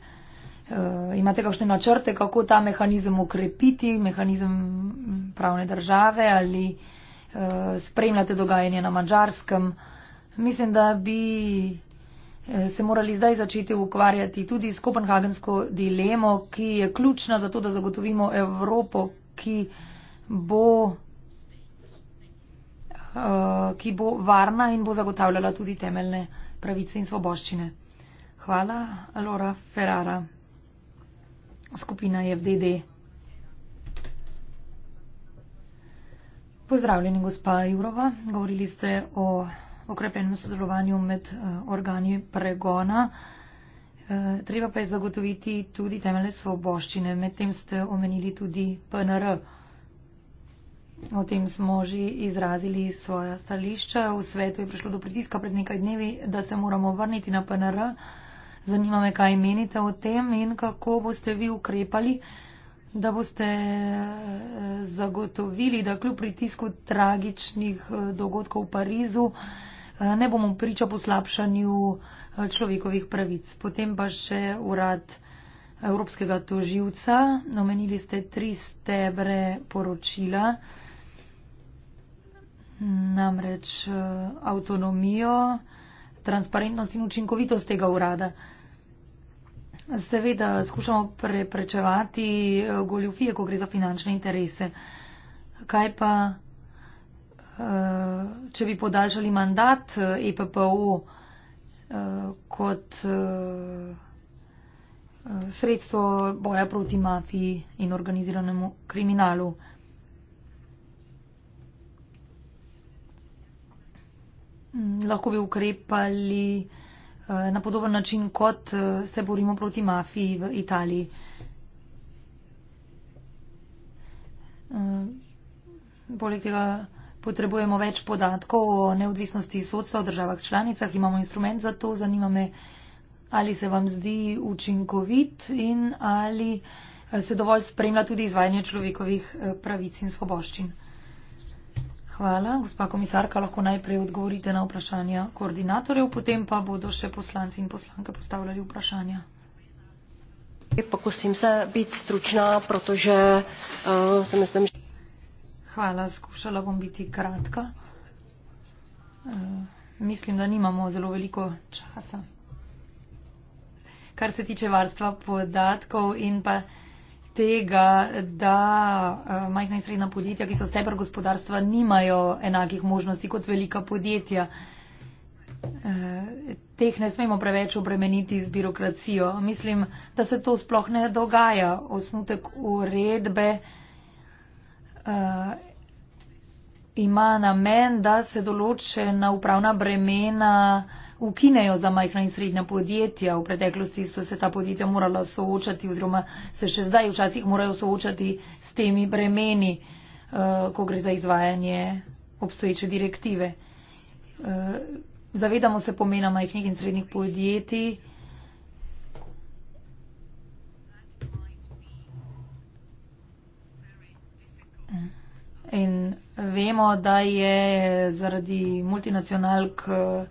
Eh, imate kakšne načrte, kako ta mehanizem ukrepiti, mehanizem mm, pravne države ali eh, spremljate dogajanje na mačarskem. Mislim, da bi eh, se morali zdaj začeti ukvarjati tudi s kopenhagensko dilemo, ki je ključna za to, da zagotovimo Evropo, ki bo, ki bo varna in bo zagotavljala tudi temeljne pravice in svoboščine. Hvala, Laura Ferrara skupina je v DD. Pozdravljeni, gospa Jurova. Govorili ste o okrepenem sodelovanju med eh, organi pregona. Eh, treba pa je zagotoviti tudi temelje svoboščine. Medtem ste omenili tudi PNR. O tem smo že izrazili svoja stališča. V svetu je prišlo do pritiska pred nekaj dnevi, da se moramo vrniti na PNR. Zanima me, kaj menite o tem in kako boste vi ukrepali, da boste eh, zagotovili, da kljub pritisku tragičnih eh, dogodkov v Parizu eh, ne bomo priča poslabšanju človekovih pravic. Potem pa še urad Evropskega toživca. Omenili ste tri stebre poročila. Namreč avtonomijo, transparentnost in učinkovitost tega urada. Seveda skušamo preprečevati eh, goljufije, ko gre za finančne interese. Kaj pa, eh, če bi podaljšali mandat EPPO eh, e kot sredstvo boja proti mafiji in organiziranemu kriminalu? Lahko bi ukrepali Eh, na podoben način, kot eh, se borimo proti mafiji v Italiji. Eh, poleg tega potrebujemo več podatkov o neodvisnosti sodstva v državah članicah. Imamo instrument za to. Zanima me, ali se vam zdi učinkovit in ali se dovolj spremlja tudi izvajanje človekovih pravic in svoboščin. Hvala. Gospa komisarka, lahko najprej odgovorite na vprašanja koordinatorjev, potem pa bodo še poslanci in poslanke postavljali vprašanja. Pokusim se biti stručna, protože uh, eh, sem mislim, že. Hvala, skušala bom biti kratka. Uh, mislim, da nimamo zelo veliko časa. Kar se tiče varstva podatkov in pa tega, da eh, majhna in srednja podjetja, ki so stebr gospodarstva, nimajo enakih možnosti kot velika podjetja. Eh, teh ne smemo preveč obremeniti z birokracijo. Mislim, da se to sploh ne dogaja. Osnutek uredbe eh, ima namen, da se določena upravna bremena ukinejo za majhna in srednja podjetja. V preteklosti so se ta podjetja morala soočati oziroma se še zdaj včasih morajo soočati s temi bremeni, eh, ko gre za izvajanje obstoječe direktive. Eh, zavedamo se pomena majhnih in srednjih podjetij. In vemo, da je zaradi multinacionalk eh,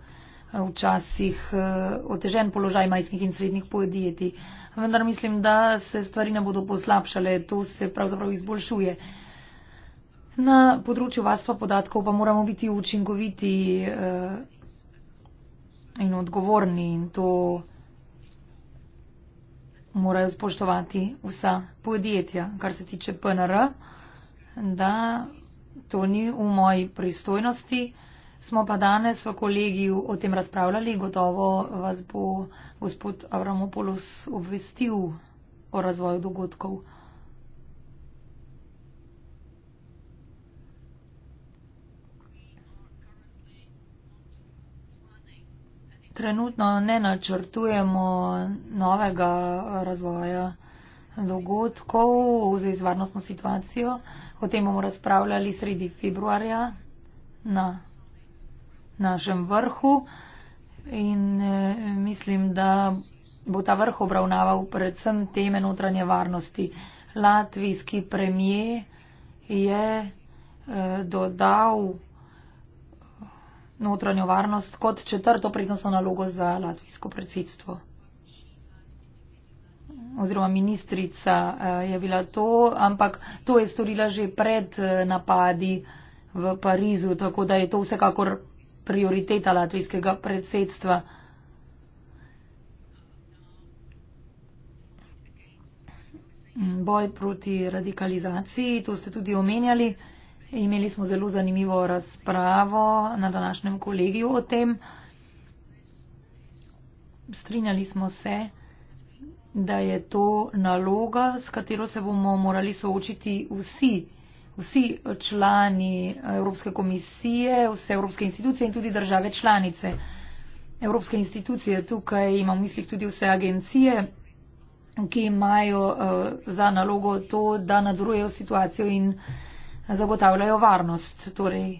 včasih eh, otežen položaj majhnih in srednjih podjetij. Vendar mislim, da se stvari ne bodo poslabšale, to se pravzaprav izboljšuje. Na področju varstva podatkov pa moramo biti učinkoviti eh, in odgovorni in to morajo spoštovati vsa podjetja. Kar se tiče PNR, da to ni v moji pristojnosti smo pa danes v kolegiju o tem razpravljali. Gotovo vas bo gospod Avramopoulos obvestil o razvoju dogodkov. Trenutno ne načrtujemo novega razvoja dogodkov v zvezi z varnostno situacijo. O tem bomo razpravljali sredi februarja na našem vrhu in eh, mislim, da bo ta vrh obravnaval predvsem teme notranje varnosti. Latvijski premije je eh, dodal notranjo varnost kot četrto prednostno nalogo za latvijsko predsedstvo. Oziroma ministrica eh, je bila to, ampak to je storila že pred napadi v Parizu, tako da je to vsekakor prioriteta latvijskega predsedstva. Boj proti radikalizaciji, to ste tudi omenjali. Imeli smo zelo zanimivo razpravo na današnjem kolegiju o tem. Strinjali smo se, da je to naloga, s katero se bomo morali soočiti vsi vsi člani Evropske komisije, vse evropske institucije in tudi države članice. Evropske institucije tukaj imam v mislih tudi vse agencije, ki imajo eh, za nalogo to, da nadzorujejo situacijo in zagotavljajo varnost. Torej,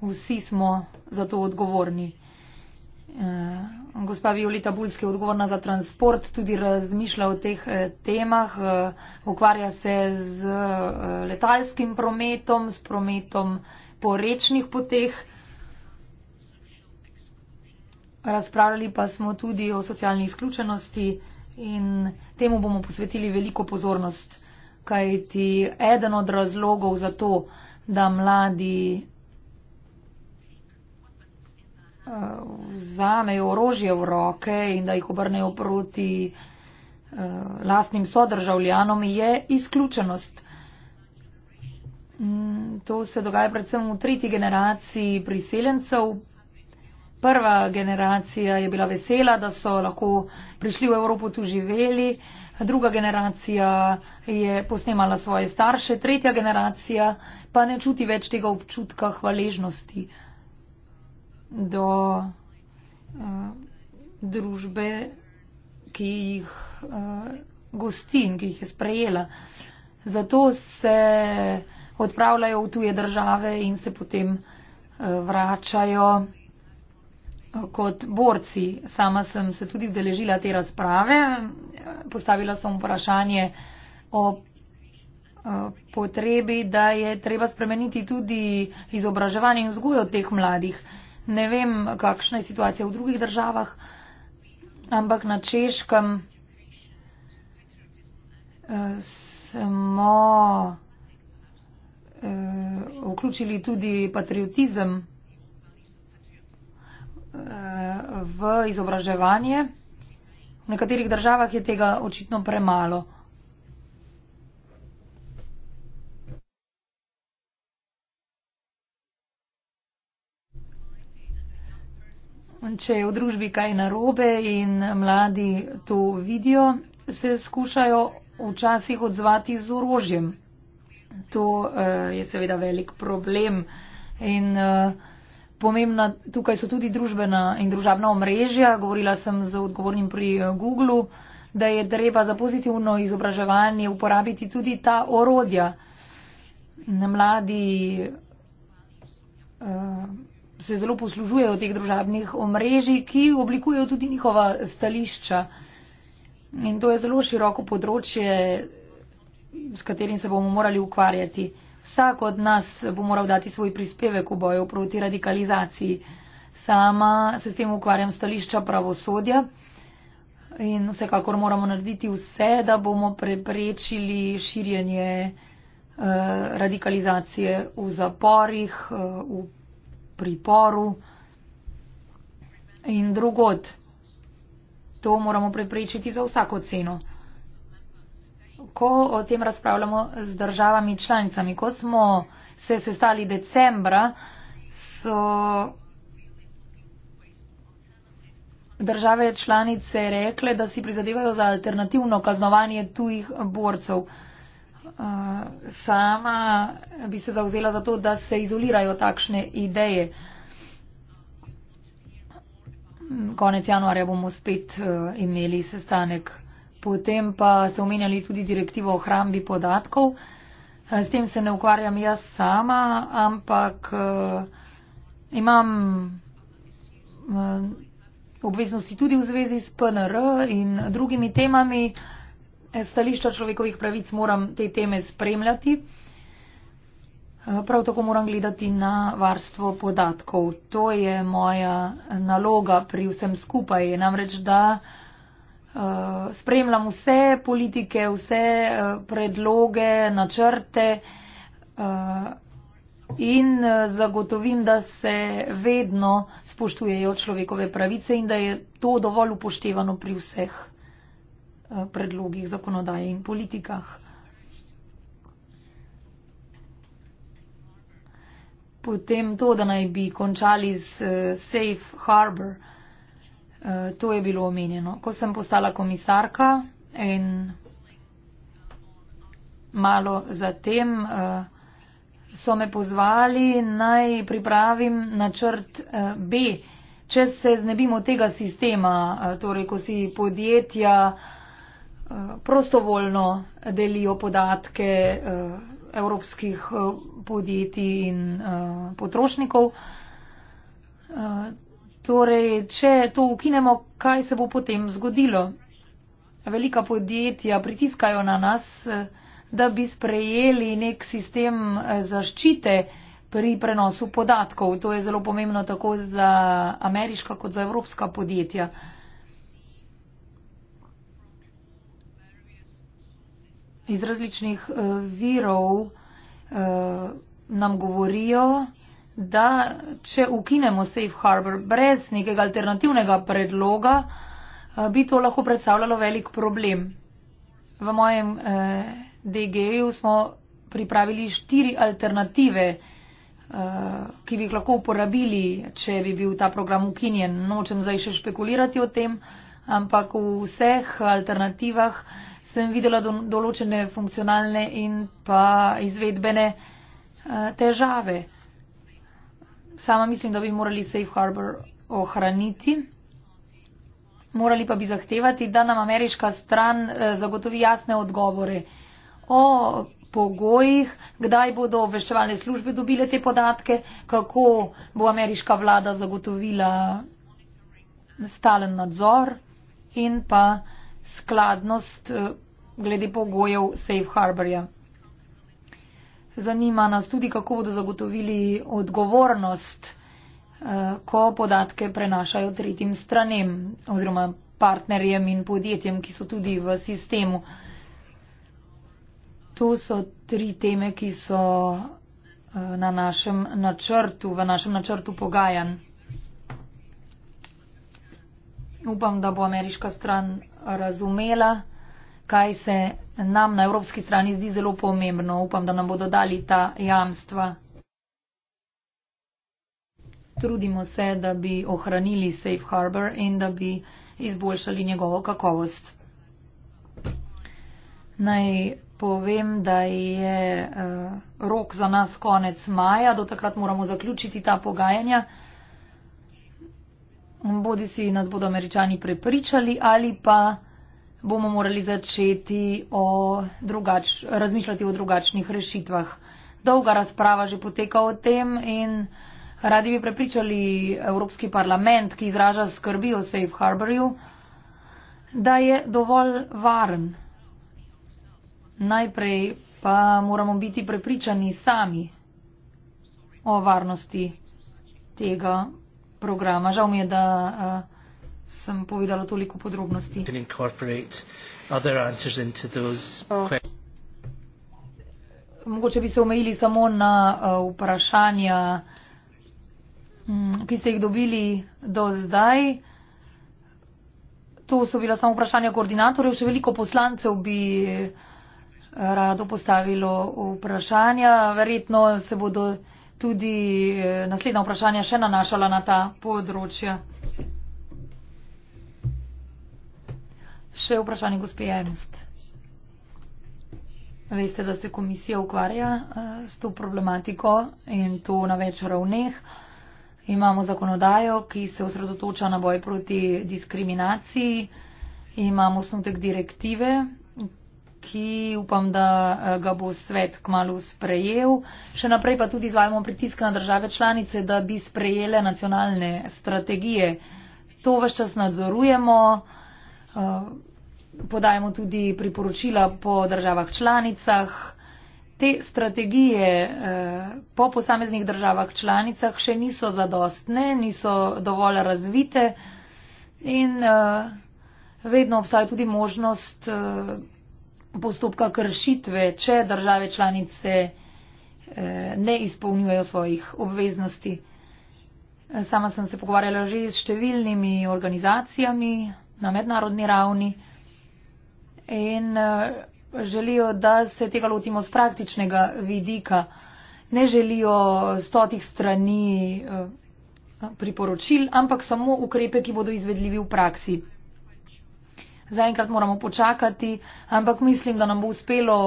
vsi smo za to odgovorni. Eh, gospa Violeta Bulski je odgovorna za transport, tudi razmišlja o teh eh, temah, eh, ukvarja se z letalskim prometom, s prometom po rečnih poteh. Razpravljali pa smo tudi o socialni izključenosti in temu bomo posvetili veliko pozornost, kajti eden od razlogov za to, da mladi vzamejo orožje v roke in da jih obrnejo proti eh, lastnim sodržavljanom, je izključenost. Mm, to se dogaja predvsem v tretji generaciji priseljencev. Prva generacija je bila vesela, da so lahko prišli v Evropo tu živeli, druga generacija je posnemala svoje starše, tretja generacija pa ne čuti več tega občutka hvaležnosti do uh, družbe, ki jih uh, gosti in ki jih je sprejela. Zato se odpravljajo v tuje države in se potem uh, vračajo kot borci. Sama sem se tudi vdeležila te razprave, postavila sem vprašanje o potrebi, da je treba spremeniti tudi izobraževanje in vzgojo teh mladih. Ne vem, kakšna je situacija v drugih državah, ampak na češkem eh, smo eh, vključili tudi patriotizem eh, v izobraževanje. V nekaterih državah je tega očitno premalo. če je v družbi kaj narobe in mladi to vidijo, se skušajo včasih odzvati z orožjem. To uh, je seveda velik problem in uh, pomembna tukaj so tudi družbena in družabna omrežja. Govorila sem z odgovornim pri eh, Google, da je treba za pozitivno izobraževanje uporabiti tudi ta orodja. Mladi uh, se zelo poslužujejo teh družabnih omrežij, ki oblikujejo tudi njihova stališča. In to je zelo široko področje, s katerim se bomo morali ukvarjati. Vsak od nas bo moral dati svoj prispevek v boju proti radikalizaciji. Sama se s tem ukvarjam stališča pravosodja in vsekakor moramo narediti vse, da bomo preprečili širjenje eh, radikalizacije v zaporih, eh, v priporu in drugod. To moramo preprečiti za vsako ceno. Ko o tem razpravljamo z državami članicami, ko smo se sestali decembra, so države članice rekle, da si prizadevajo za alternativno kaznovanje tujih borcev sama bi se zauzela za to, da se izolirajo takšne ideje. Konec januarja bomo spet eh, imeli sestanek. Potem pa ste omenjali tudi direktivo o hrambi podatkov. Eh, s tem se ne ukvarjam jaz sama, ampak eh, imam obveznosti tudi v zvezi s PNR in drugimi temami stališča človekovih pravic moram te teme spremljati. Prav tako moram gledati na varstvo podatkov. To je moja naloga pri vsem skupaj. Je namreč, da eh, spremljam vse politike, vse eh, predloge, načrte eh, in zagotovim, da se vedno spoštujejo človekove pravice in da je to dovolj upoštevano pri vseh. Eh, predlogih zakonodaje in politikah. Potem to, da naj bi končali z eh, Safe Harbor, eh, to je bilo omenjeno. Ko sem postala komisarka in malo zatem so me pozvali, naj pripravim načrt B. Če se znebimo tega sistema, torej ko si podjetja, prostovoljno delijo podatke eh, evropskih eh, podjetij in eh, potrošnikov. Torej, če to ukinemo, kaj se bo potem zgodilo? Velika podjetja pritiskajo na nas, da bi sprejeli nek sistem zaščite pri prenosu podatkov. To je zelo pomembno tako za ameriška kot za evropska podjetja. Uh, iz različnih eh, virov eh, nam govorijo, da če ukinemo Safe Harbor brez nekega alternativnega predloga, eh, bi to lahko predstavljalo velik problem. V mojem eh, DG-ju smo pripravili štiri alternative, eh, ki bi jih lahko uporabili, če bi bil ta program ukinjen. Nočem zdaj še špekulirati o tem, eh, ampak v vseh alternativah sem videla do, določene funkcionalne in pa izvedbene eh, težave. Sama mislim, da bi morali Safe Harbor ohraniti. Morali pa bi zahtevati, da nam ameriška stran eh, zagotovi jasne odgovore o pogojih, kdaj bodo obveščevalne službe dobile te podatke, kako bo ameriška vlada zagotovila stalen nadzor in pa skladnost eh, glede pogojev Safe Harborja. Zanima nas tudi, kako bodo zagotovili odgovornost, eh, ko podatke prenašajo tretjim stranem oziroma partnerjem in podjetjem, ki so tudi v sistemu. To so tri teme, ki so eh, na našem načrtu, v našem načrtu pogajanj upam, da bo ameriška stran razumela, kaj se nam na evropski strani zdi zelo pomembno. Upam, da nam bodo dali ta jamstva. Trudimo se, da bi ohranili Safe Harbor in da bi izboljšali njegovo kakovost. Naj povem, da je uh, rok za nas konec maja, do takrat moramo zaključiti ta pogajanja bodi si nas bodo američani prepričali ali pa bomo morali začeti o drugač, razmišljati o drugačnih rešitvah. Dolga razprava že poteka o tem in radi bi prepričali Evropski parlament, ki izraža skrbi o Safe Harborju, da je dovolj varen. Najprej pa moramo biti prepričani sami o varnosti tega programa. Žal mi je, da uh, sem povedala toliko podrobnosti. Oh. Mogoče bi se omejili samo na uh, vprašanja, um, ki ste jih dobili do zdaj. To so bila samo vprašanja koordinatorjev, še veliko poslancev bi eh, rado postavilo vprašanja. Verjetno se bodo tudi eh, naslednja vprašanja še nanašala na ta področja. Še vprašanje gospe Ernst. Veste, da se komisija ukvarja eh, s to problematiko in to na več ravneh. Imamo zakonodajo, ki se osredotoča na boj proti diskriminaciji. Imamo osnutek direktive, ki upam, da eh, ga bo svet kmalo sprejel. Še naprej pa tudi izvajamo pritisk na države članice, da bi sprejele nacionalne strategije. To vse čas nadzorujemo, eh, podajamo tudi priporočila po državah članicah. Te strategije eh, po posameznih državah članicah še niso zadostne, niso dovolj razvite in vedno obstaja tudi možnost postopka kršitve, če države članice eh, ne izpolnjujejo svojih obveznosti. Sama sem se pogovarjala že s številnimi organizacijami na mednarodni ravni in eh, želijo, da se tega lotimo z praktičnega vidika. Ne želijo stotih strani eh, priporočil, ampak samo ukrepe, ki bodo izvedljivi v praksi zaenkrat moramo počakati, ampak mislim, da nam bo uspelo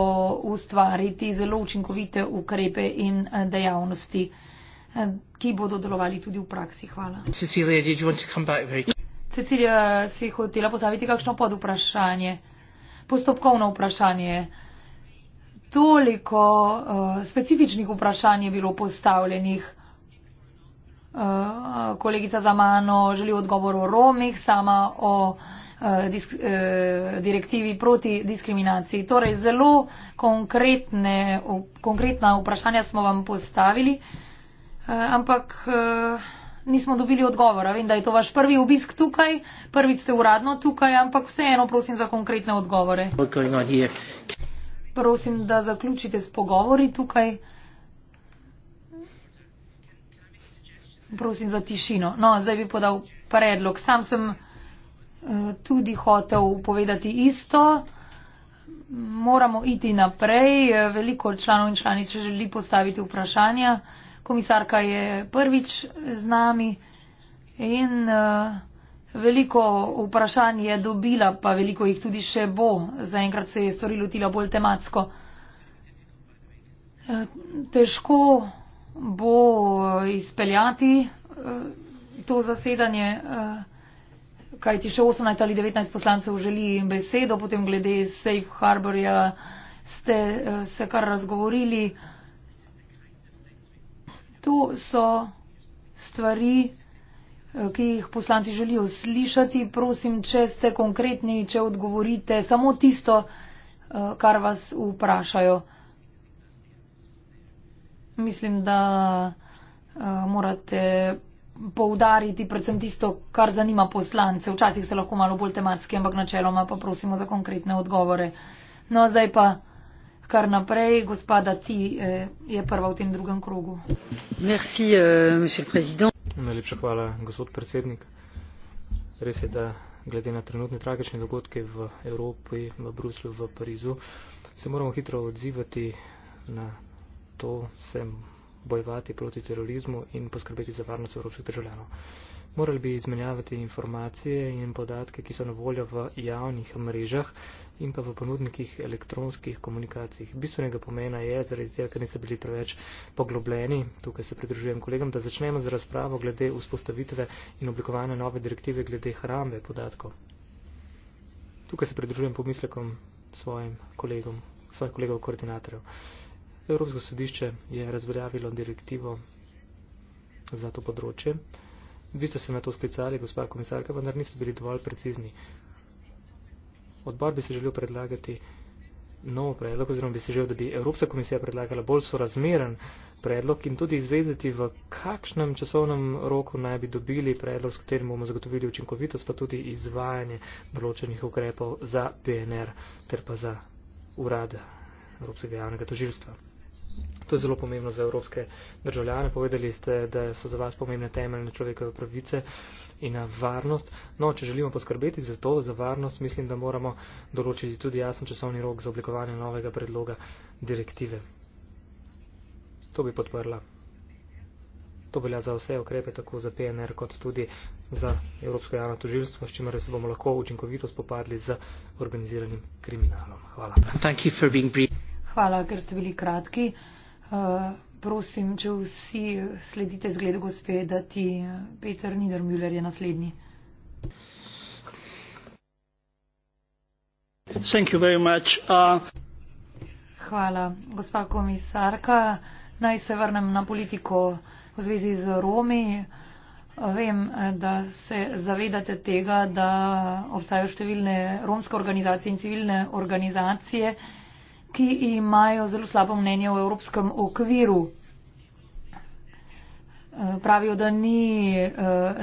ustvariti zelo učinkovite ukrepe in eh, dejavnosti, eh, ki bodo delovali tudi v praksi. Hvala. Cecilija, si hotela postaviti kakšno pod vprašanje? Postopkovno vprašanje. Toliko uh, specifičnih vprašanj je bilo postavljenih. Uh, kolegica za mano želi odgovor o Romih, sama o uh, Eh, disk, eh, direktivi proti diskriminaciji. Torej, zelo konkretne, v, konkretna vprašanja smo vam postavili, eh, ampak eh, nismo dobili odgovora. Vem, da je to vaš prvi obisk tukaj, prvič ste uradno tukaj, ampak vseeno prosim za konkretne odgovore. Prosim, da zaključite s pogovori tukaj. Prosim za tišino. No, zdaj bi podal predlog. Sam sem tudi hotel povedati isto. Moramo iti naprej. Veliko članov in članic želi postaviti vprašanja. Komisarka je prvič z nami in eh, veliko vprašanj je dobila, pa veliko jih tudi še bo. Zaenkrat se je stvari lotila bolj tematsko. Eh, težko bo eh, izpeljati to zasedanje kajti še 18 ali 19 poslancev želi besedo, potem glede Safe Harborja ste eh, se kar razgovorili. To so stvari, eh, ki jih poslanci želijo slišati. Prosim, če ste konkretni, če odgovorite samo tisto, eh, kar vas vprašajo. Mislim, da morate poudariti predvsem tisto, kar zanima poslance. Včasih se lahko malo bolj tematski, ampak načeloma pa prosimo za konkretne odgovore. No, zdaj pa kar naprej, gospoda ti eh, je prva v tem drugem krogu. Merci, eh, Najlepša hvala, gospod predsednik. Res je, da glede na trenutne tragične dogodke v Evropi, v Bruslju, v Parizu, se moramo hitro odzivati na to, sem bojevati proti terorizmu in poskrbeti za varnost evropskih državljanov. Morali bi izmenjavati informacije in podatke, ki so na voljo v javnih mrežah in pa v ponudnikih elektronskih komunikacij. Bistvenega pomena je, zaradi tega, ker niste bili preveč poglobljeni, tukaj se pridružujem kolegom, da začnemo z razpravo glede vzpostavitve in oblikovanja nove direktive glede hrambe podatkov. Tukaj se pridružujem pomislekom svojim kolegom, svojih kolegov koordinatorjev. Uh, Evropsko sodišče je razveljavilo direktivo za to področje. Vi ste se na to sklicali, gospa komisarka, vendar niste bili dovolj precizni. Odbor bi se želel predlagati nov predlog, oziroma bi se želel, da bi Evropska komisija predlagala bolj sorazmeren predlog in tudi izvedeti, v kakšnem časovnem roku naj bi dobili predlog, s katerim bomo zagotovili učinkovitost, pa tudi izvajanje določenih ukrepov za PNR ter pa za urad Evropskega javnega tožilstva. To je zelo pomembno za evropske državljane. Povedali ste, da so za vas pomembne temeljne človekove pravice in varnost. No, če želimo poskrbeti za to, za varnost, mislim, da moramo določiti tudi jasen časovni rok za oblikovanje novega predloga direktive. To bi podprla. To velja za vse okrepe, tako za PNR kot tudi za Evropsko javno tožilstvo, s čimer se bomo lahko učinkovito spopadli z organiziranim kriminalom. Hvala. Hvala, ker ste bili kratki. Eh, prosim, če vsi sledite zgledu gospe, da ti eh, Peter Niedermüller je naslednji. Uh... Hvala, gospa komisarka. Naj se vrnem na politiko v zvezi z Romi. Vem, da se zavedate tega, da obstajajo številne romske organizacije in civilne organizacije, ki imajo zelo slabo mnenje v evropskem okviru. Eh, pravijo, da ni eh,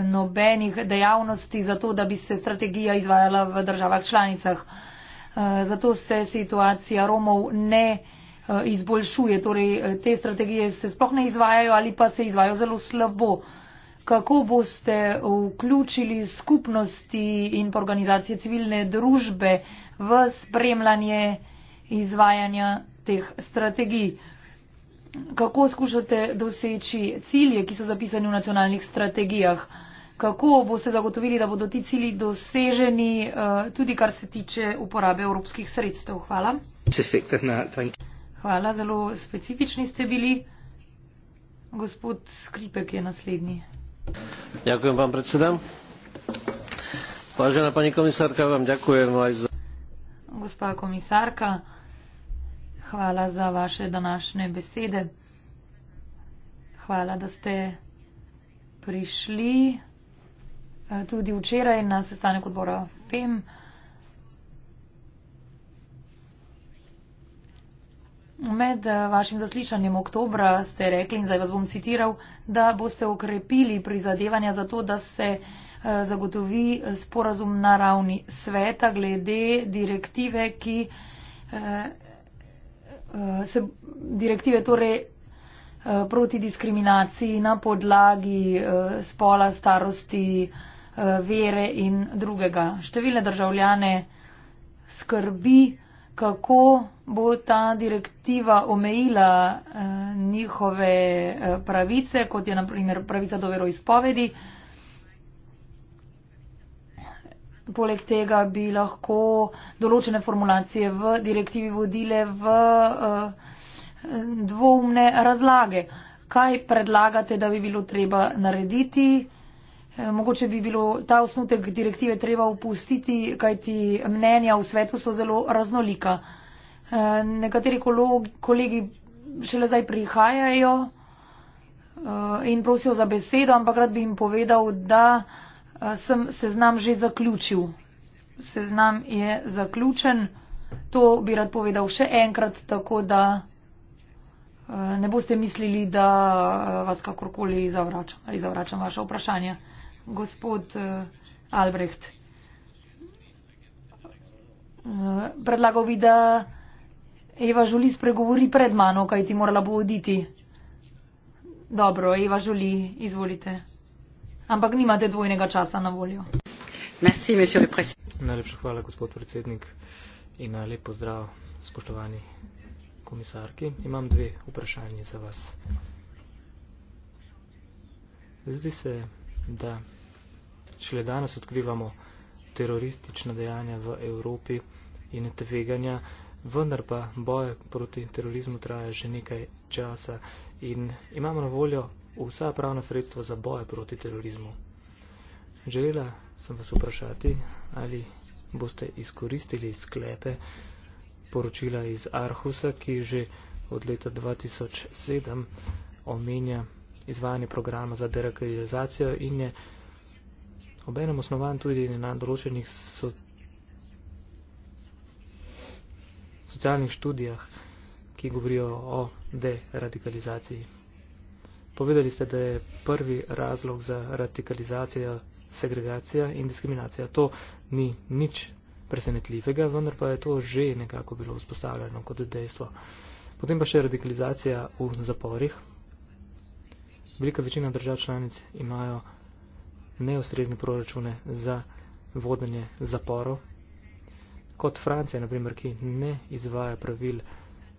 nobenih dejavnosti za to, da bi se strategija izvajala v državah članicah. Eh, zato se situacija Romov ne izboljšuje. Torej, te strategije se sploh ne izvajajo ali pa se izvajo zelo slabo. Kako boste vključili skupnosti in organizacije civilne družbe v spremljanje izvajanja teh strategij. Kako skušate doseči cilje, ki so zapisani v nacionalnih strategijah? Kako boste zagotovili, da bodo ti cilji doseženi, eh, tudi kar se tiče uporabe evropskih sredstev? Hvala. Hvala, zelo specifični ste bili. Gospod Skripek je naslednji. Ďakujem vám, predsedám. Vážená pani komisárka, vám ďakujem aj za. Gospa komisárka hvala za vaše današnje besede. Hvala, da ste prišli eh, tudi včeraj na sestanek odbora FEM. Med eh, vašim zaslišanjem oktobra ste rekli, in zdaj vas bom citiral, da boste okrepili prizadevanja za to, da se eh, zagotovi sporazum na ravni sveta glede direktive, ki uh, se direktive torej uh, proti diskriminaciji na podlagi uh, spola, starosti, uh, vere in drugega. Številne državljane skrbi, kako bo ta direktiva omejila uh, njihove uh, pravice, kot je naprimer pravica do veroizpovedi. Uh, Poleg tega bi lahko določene formulacije v direktivi vodile v eh, dvoumne razlage. Kaj predlagate, da bi bilo treba narediti? Eh, mogoče bi bilo ta osnutek direktive treba upustiti, kajti mnenja v svetu so zelo raznolika. Eh, nekateri kolegi šele zdaj prihajajo in prosijo za besedo, ampak rad bi jim povedal, da sem seznam že zaključil. Seznam je zaključen. To bi rad povedal še enkrat, tako da ne boste mislili, da vas kakorkoli zavračam ali zavračam vaše vprašanje. Gospod Albrecht, predlagal bi, da Eva Žuli spregovori pred mano, kaj ti morala bo oditi. Dobro, Eva Žuli, izvolite ampak nimate dvojnega časa na voljo. Merci, Najlepša hvala, gospod predsednik, in lep pozdrav, spoštovani komisarki. Imam dve vprašanje za vas. Zdi se, da šele danes odkrivamo teroristična dejanja v Evropi in tveganja, vendar pa boj proti terorizmu traja že nekaj časa in imamo na voljo vsa pravna sredstva za boje proti terorizmu. Želela sem vas vprašati, ali boste izkoristili sklepe poročila iz Arhusa, ki že od leta 2007 omenja izvajanje programa za derakalizacijo in je obenem osnovan tudi na določenih so socialnih študijah, ki govorijo o deradikalizaciji. Povedali ste, da je prvi razlog za radikalizacijo segregacija in diskriminacija. To ni nič presenetljivega, vendar pa je to že nekako bilo vzpostavljeno kot dejstvo. Potem pa še radikalizacija v zaporih. Velika večina držav članic imajo neustrezne proračune za vodenje zaporov. Kot Francija, naprimer, ki ne izvaja pravil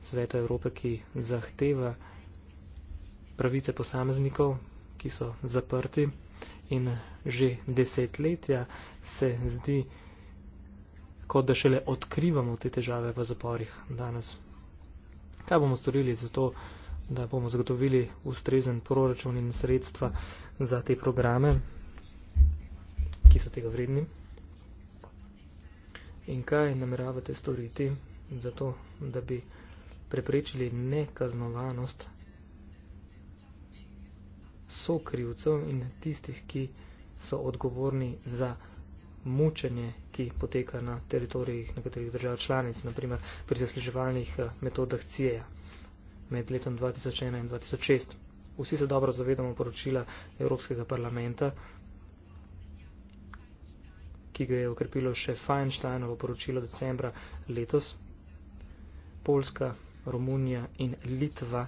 Sveta Evrope, ki zahteva pravice posameznikov, ki so zaprti in že desetletja se zdi, kot da šele odkrivamo te težave v zaporih danes. Kaj bomo storili za to, da bomo zagotovili ustrezen proračun in sredstva za te programe, ki so tega vredni? In kaj nameravate storiti za to, da bi preprečili nekaznovanost sokrivcev in tistih, ki so odgovorni za mučenje, ki poteka na teritorijih nekaterih držav članic, naprimer pri zasliževalnih eh, metodah CIA e med letom 2001 in 2006. Vsi se dobro zavedamo poročila Evropskega parlamenta, ki ga je okrepilo še Feinsteinovo poročilo decembra letos. Polska, Romunija in Litva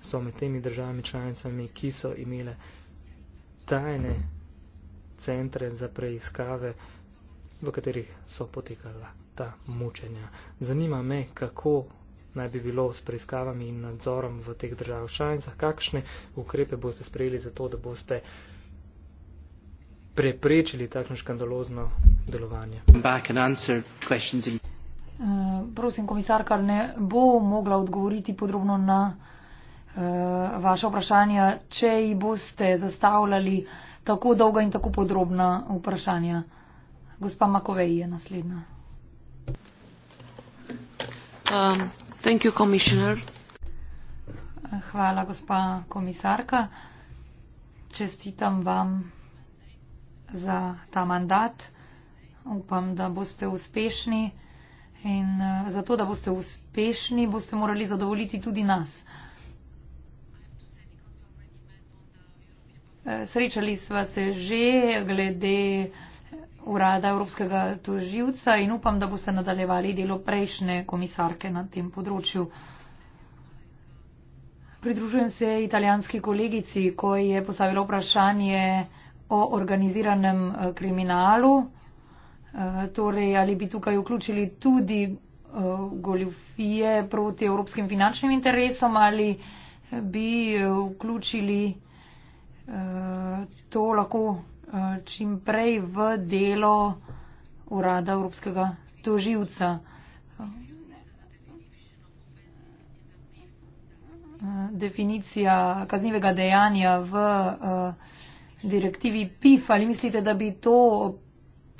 so med temi državami članicami, ki so imele tajne centre za preiskave, v katerih so potekala ta mučenja. Zanima me, kako naj bi bilo s preiskavami in nadzorom v teh državah članicah, kakšne ukrepe boste sprejeli za to, da boste preprečili takšno škandalozno delovanje. Uh, prosim, komisarka ne bo mogla odgovoriti podrobno na. Eh, vaše vprašanje, če ji boste zastavljali tako dolga in tako podrobna vprašanja. Gospa Makovej je naslednja. Um, Hvala, gospa komisarka. Čestitam vam za ta mandat. Upam, da boste uspešni. In eh, zato, da boste uspešni, boste morali zadovoljiti tudi nas. Uh, Eh, srečali sva se že glede urada Evropskega toživca in upam, da bo se nadaljevali delo prejšnje komisarke na tem področju. Pridružujem se italijanski kolegici, ko je postavila vprašanje o organiziranem eh, kriminalu, eh, torej ali bi tukaj vključili tudi goljufije proti evropskim finančnim interesom ali bi vključili Eh, to lahko eh, čim prej v delo urada Evropskega toživca. Eh, definicija kaznivega dejanja v direktivi PIF ali mislite, da bi to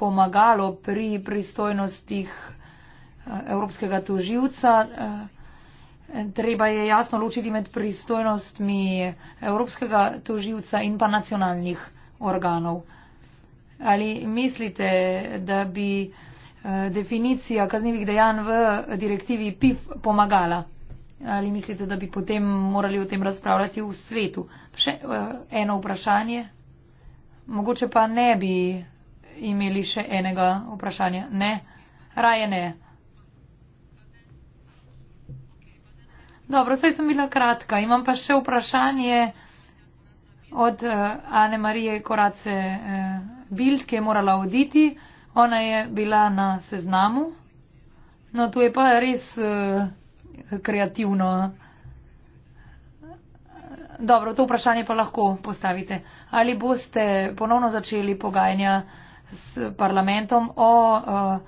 pomagalo pri pristojnostih Evropskega toživca? Treba je jasno ločiti med pristojnostmi evropskega toživca in pa nacionalnih organov. Ali mislite, da bi eh, definicija kaznjivih dejanj v direktivi PIF pomagala? Ali mislite, da bi potem morali o tem razpravljati v svetu? Še eh, eno vprašanje. Mogoče pa ne bi imeli še enega vprašanja. Ne, raje ne. Dobro, vse sem bila kratka. Imam pa še vprašanje od uh, eh, Ane Marije Korace uh, Bild, ki je morala oditi. Ona je bila na seznamu. No, tu je pa res uh, kreativno. Dobro, to vprašanje pa lahko postavite. Ali boste ponovno začeli pogajanja s parlamentom o uh,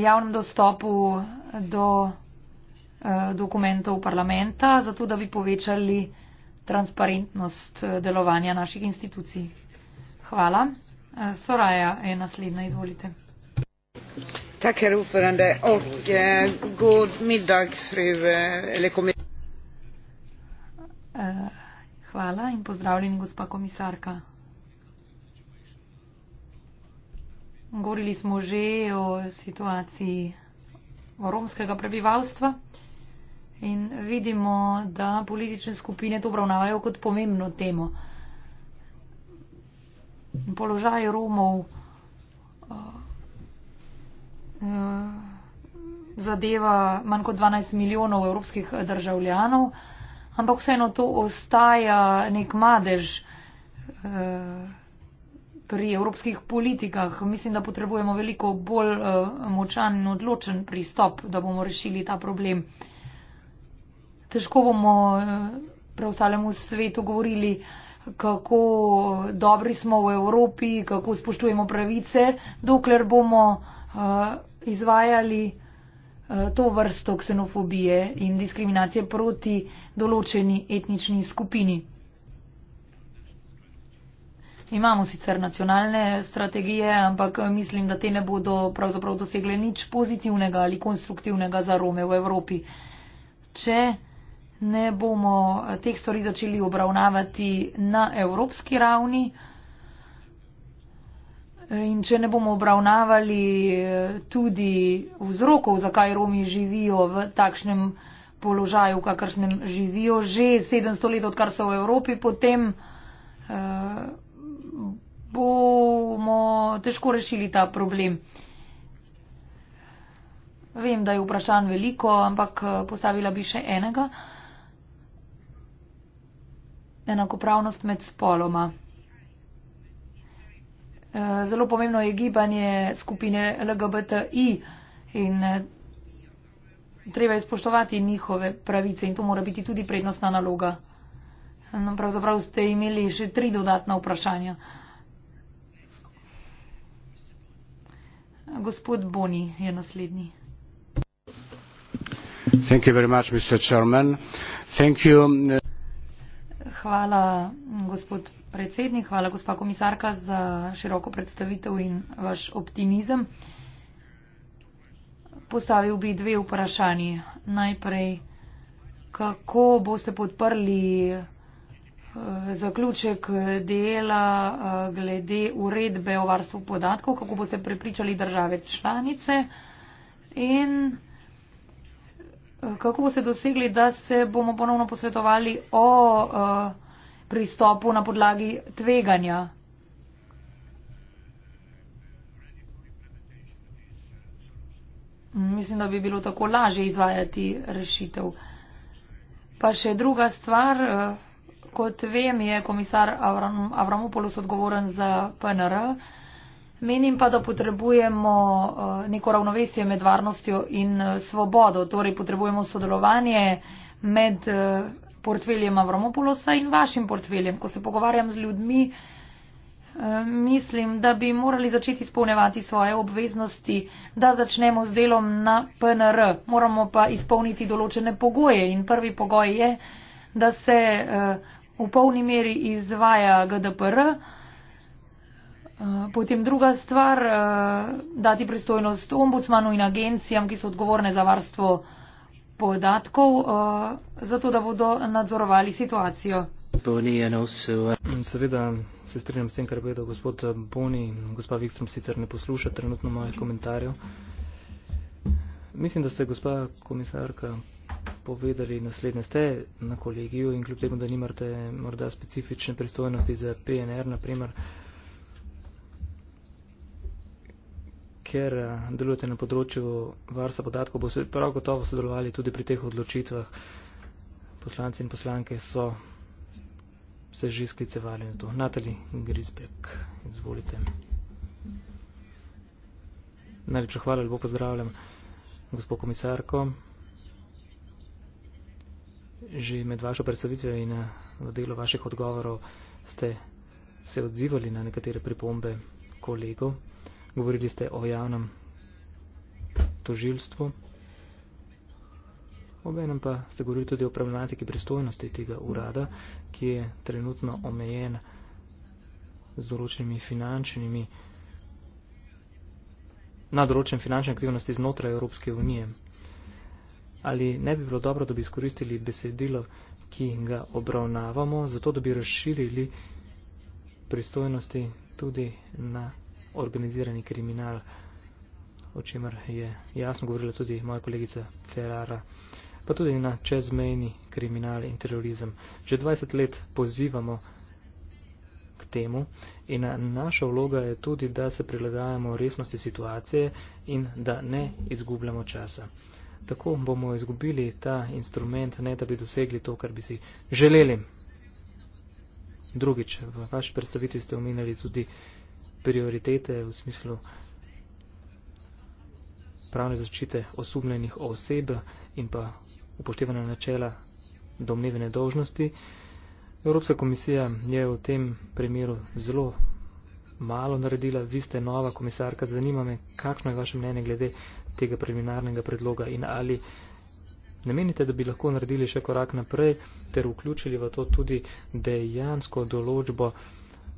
javnem dostopu do. Eh, dokumentov parlamenta, zato da bi povečali transparentnost eh, delovanja naših institucij. Hvala. Eh, Soraja je naslednja, izvolite. Hvala in pozdravljeni, gospa komisarka. Govorili smo že o situaciji o romskega prebivalstva in vidimo, da politične skupine to obravnavajo kot pomembno temo. Položaj Romov uh, zadeva manj kot 12 milijonov evropskih državljanov, ampak vseeno to ostaja nek madež uh, pri evropskih politikah. Mislim, da potrebujemo veliko bolj uh, močan in odločen pristop, da bomo rešili ta problem. Uh, težko bomo eh, preostalemu svetu govorili, kako dobri smo v Evropi, kako spoštujemo pravice, dokler bomo eh, izvajali eh, to vrsto ksenofobije in diskriminacije proti določeni etnični skupini. Imamo sicer nacionalne strategije, ampak mislim, da te ne bodo pravzaprav dosegle nič pozitivnega ali konstruktivnega za Rome v Evropi. Če ne bomo eh, teh stvari začeli obravnavati na evropski ravni. In če ne bomo obravnavali eh, tudi vzrokov, zakaj Romi živijo v takšnem položaju, kakršnem živijo že 700 let, odkar so v Evropi, potem eh, bomo težko rešili ta problem. Vem, da je vprašanj veliko, ampak postavila bi še enega enakopravnost med spoloma. E, zelo pomembno je gibanje skupine LGBTI in e, treba je spoštovati njihove pravice in to mora biti tudi prednostna naloga. No, pravzaprav ste imeli še tri dodatna vprašanja. Gospod Boni je naslednji. Thank you very much, Mr. Chairman. Thank you. Hvala, gospod predsednik, hvala, gospa komisarka, za široko predstavitev in vaš optimizem. Postavil bi dve vprašanji. Najprej, kako boste podprli eh, zaključek dela eh, glede uredbe o varstvu podatkov, kako boste prepričali države članice in. Kako boste dosegli, da se bomo ponovno posvetovali o uh, pristopu na podlagi tveganja? Mislim, da bi bilo tako lažje izvajati rešitev. Pa še druga stvar, eh, kot vem, je komisar Avram, Avramopoulos odgovoren za PNR. Uh, Menim pa, da potrebujemo eh, neko ravnovesje med varnostjo in eh, svobodo, torej potrebujemo sodelovanje med eh, portfeljem Avramopulosa in vašim portfeljem. Ko se pogovarjam z ljudmi, mislim, da bi morali začeti izpolnevati svoje obveznosti, da začnemo z delom na PNR. Moramo pa izpolniti določene pogoje in prvi pogoj je, da se v polni meri izvaja GDPR. Eh, potem druga stvar, eh, dati pristojnost ombudsmanu in agencijam, ki so odgovorne za varstvo podatkov, eh, zato da bodo nadzorovali situacijo. In mm, seveda se strinjam s tem, kar je povedal gospod Boni. Gospa Vikstrom sicer ne posluša trenutno mojih komentarjev. Mislim, da ste, gospa komisarka, povedali naslednje. Ste na kolegiju in kljub temu, da nimate morda specifične pristojnosti za PNR, naprimer, uh, ker eh, delujete na področju varstva podatkov, boste prav gotovo sodelovali tudi pri teh odločitvah. Poslanci in poslanke so se že sklicevali na to. Natali Grisbek, izvolite. Najlepša hvala, lepo pozdravljam gospod komisarko. Že med vašo predstavitvijo in eh, v delu vaših odgovorov ste se odzivali na nekatere pripombe kolegov govorili ste o javnem tožilstvu, obenem pa ste govorili tudi o problematiki pristojnosti tega urada, ki je trenutno omejen z določenimi finančnimi, nadoročen finančne aktivnosti znotraj Evropske unije. Ali ne bi bilo dobro, da bi izkoristili besedilo, ki ga obravnavamo, zato da bi razširili pristojnosti tudi na organizirani kriminal, o čemer je jasno govorila tudi moja kolegica Ferrara, pa tudi na čezmejni kriminal in terorizem. Že 20 let pozivamo k temu in naša vloga je tudi, da se prilagajamo resnosti situacije in da ne izgubljamo časa. Tako bomo izgubili ta instrument, ne da bi dosegli to, kar bi si želeli. Drugič, v vaši predstavitvi ste omenjali tudi prioritete v smislu pravne zaščite osumljenih oseb in pa upoštevanja načela domnevne dožnosti. Evropska komisija je v tem primeru zelo malo naredila, vi ste nova komisarka, zanima me, kakšno je vaše mnenje glede tega preliminarnega predloga in ali ne menite, da bi lahko naredili še korak naprej ter vključili v to tudi dejansko določbo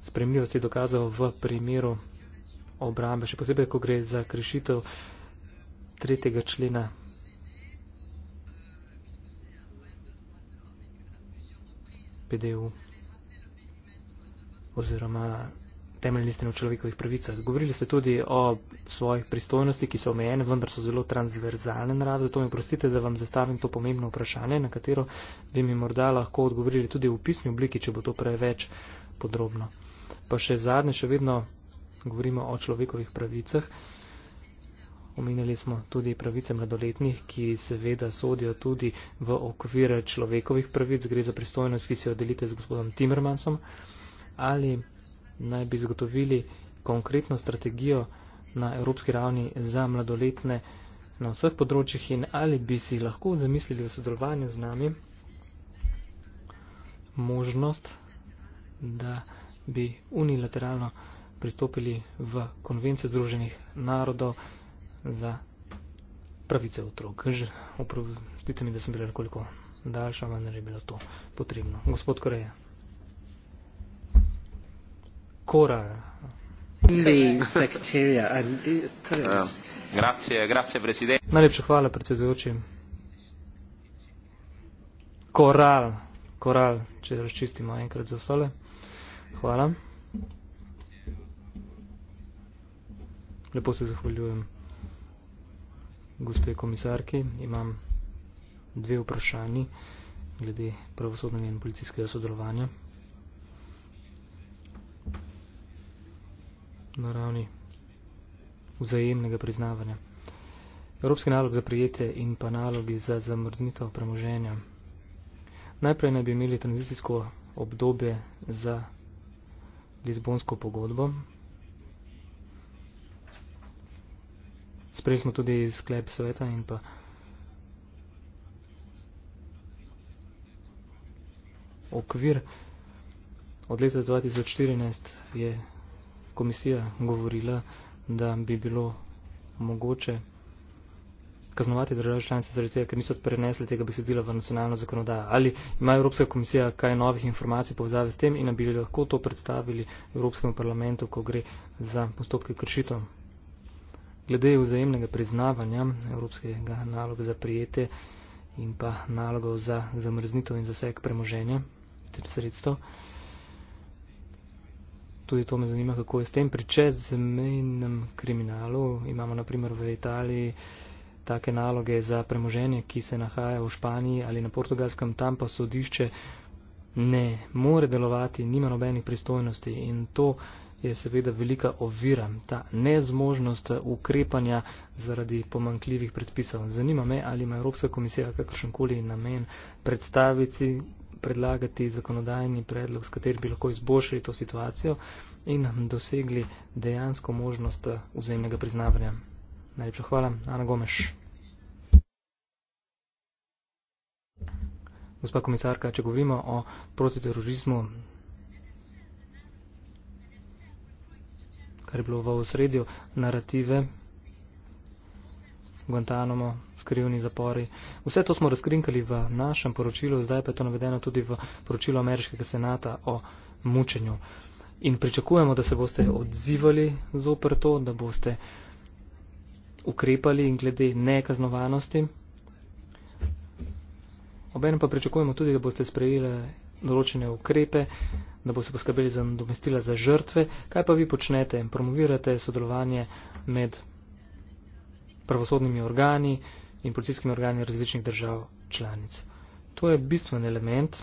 spremljivosti dokazov v primeru obrambe, še posebej, ko gre za krešitev tretjega člena. PDU oziroma temeljni listin o človekovih pravicah. Govorili ste tudi o svojih pristojnosti, ki so omejene, vendar so zelo transverzalne narave, zato mi prostite, da vam zastavim to pomembno vprašanje, na katero bi mi morda lahko odgovorili tudi v pisni obliki, če bo to preveč podrobno. Pa še zadnje, še vedno govorimo o človekovih pravicah. Omenili smo tudi pravice mladoletnih, ki seveda sodijo tudi v okvire človekovih pravic. Gre za pristojnost, ki se jo delite z gospodom Timmermansom. Ali naj bi zagotovili konkretno strategijo na evropski ravni za mladoletne na vseh področjih in ali bi si lahko zamislili v sodelovanju z nami možnost, da bi unilateralno pristopili v konvencijo Združenih narodov za pravice otrok. Že oprostite mi, da sem bila nekoliko daljša, vendar je bilo to potrebno. Gospod Koreja. Kora. Eh, grazie, grazie, predsednik. Najlepša hvala, predsedujoči. Koral, koral, če razčistimo enkrat za sole. Hvala. Lepo se zahvaljujem gospe komisarki. Imam dve vprašanji glede pravosodnega in policijskega sodelovanja. na ravni vzajemnega priznavanja. Evropski nalog za prijetje in pa nalogi za zamrznitev premoženja. Najprej naj bi imeli tranzicijsko obdobje za Lizbonsko pogodbo. Sprejeli smo tudi sklep sveta in pa okvir. Od leta 2014 je komisija govorila, da bi bilo mogoče kaznovati države članice zaradi tega, ker niso prenesli tega besedila v nacionalno zakonodajo. Ali ima Evropska komisija kaj novih informacij povezave s tem in bi lahko to predstavili Evropskemu parlamentu, ko gre za postopke kršitev? Glede vzajemnega priznavanja Evropskega naloga za prijete in pa nalogov za zamrznitev in zaseg premoženja ter sredstev. Tudi to me zanima, kako je s tem. Pri čezmejnem kriminalu imamo naprimer v Italiji take naloge za premoženje, ki se nahaja v Španiji ali na portugalskem, tam pa sodišče ne more delovati, nima nobenih pristojnosti in to je seveda velika ovira, ta nezmožnost ukrepanja zaradi pomankljivih predpisov. Zanima me, ali ima Evropska komisija kakršenkoli namen predstaviti, predlagati zakonodajni predlog, s katerim bi lahko izboljšali to situacijo in dosegli dejansko možnost vzajemnega priznavanja. Najlepša hvala, Ana Gomeš. Gospa komisarka, če govorimo o protiterorizmu, kar je bilo v osredju narative, Guantanamo, skrivni zapori. Vse to smo razkrinkali v našem poročilu, zdaj pa je to navedeno tudi v poročilu Ameriškega senata o mučenju. In pričakujemo, da se boste odzivali zoper to, da boste uh, ukrepali in glede nekaznovanosti. Obenem pa pričakujemo tudi, da boste sprejeli določene ukrepe, da boste poskrbeli za domestila za žrtve. Kaj pa vi počnete? Promovirate sodelovanje med pravosodnimi organi in policijskimi organi različnih držav članic. To je bistven element,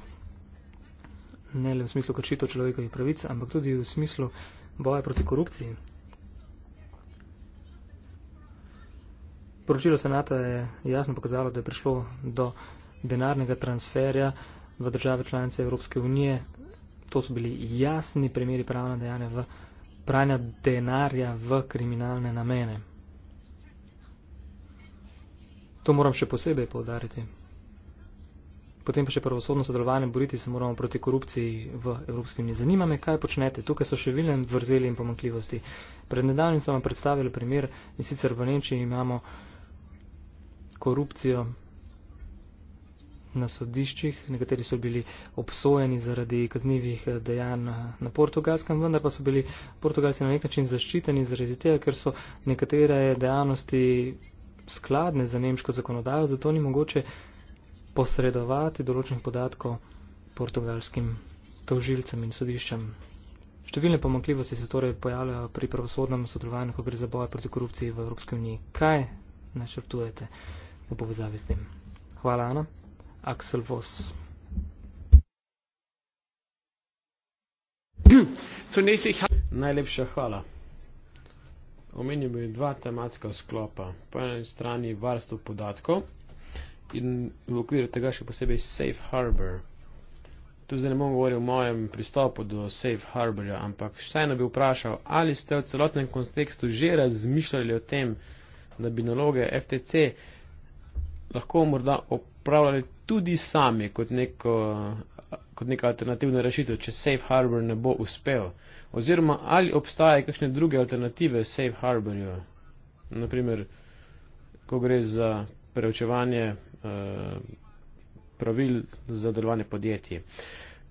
ne le v smislu kršitev človekovih pravic, ampak tudi v smislu boja proti korupciji. Poročilo senata je jasno pokazalo, da je prišlo do denarnega transferja v države članice Evropske unije. To so bili jasni primeri pravna dejanja v pranja denarja v kriminalne namene. To moram še posebej povdariti. Potem pa še pravosodno sodelovanje, boriti se moramo proti korupciji v Evropski uniji. Zanima me, kaj počnete. Tukaj so še vilne vrzeli in pomankljivosti. Pred nedavnim sem vam predstavil primer in sicer v Nemčiji imamo korupcijo na sodiščih. Nekateri so bili obsojeni zaradi kaznjivih eh, dejanj na portugalskem, vendar pa so bili portugalci na nek način zaščiteni zaradi tega, ker so nekatere dejavnosti skladne za nemško zakonodajo, zato ni mogoče posredovati določenih podatkov portugalskim tožilcem in sodiščem. Številne pomankljivosti se torej pojavljajo pri pravosodnem sodelovanju, ko gre za boj proti korupciji v Evropski uniji. Kaj načrtujete? v povezavi s tem. Hvala, Ana. Aksel Vos. Najlepša hvala. Omenil bi dva tematska sklopa. Po eni strani varstvo podatkov in v okviru tega še posebej Safe Harbor. Tu zdaj ne bom govoril o mojem pristopu do Safe Harborja, ampak vseeno bi vprašal, ali ste v celotnem kontekstu že razmišljali o tem, da bi naloge FTC lahko morda opravljali tudi sami kot, neko, kot neka alternativna rešitev, če Safe Harbor ne bo uspel. Oziroma, ali obstajajo kakšne druge alternative Safe Harborju, naprimer, ko gre za preučevanje eh, pravil za delovanje podjetij.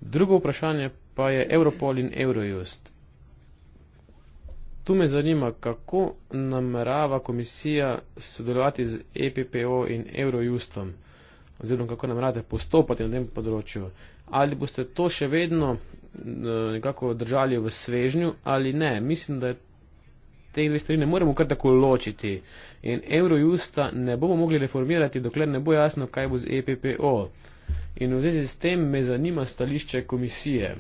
Drugo vprašanje pa je Europol in Eurojust. Tu me zanima, kako namerava komisija sodelovati z EPPO in Eurojustom, oziroma kako nameravate postopati na tem področju. Ali boste to še vedno eh, nekako držali v svežnju ali ne? Mislim, da te dve strani ne moremo kar tako ločiti. In Eurojusta ne bomo mogli reformirati, dokler ne bo jasno, kaj bo z EPPO. In v zvezi s tem me zanima stališče komisije.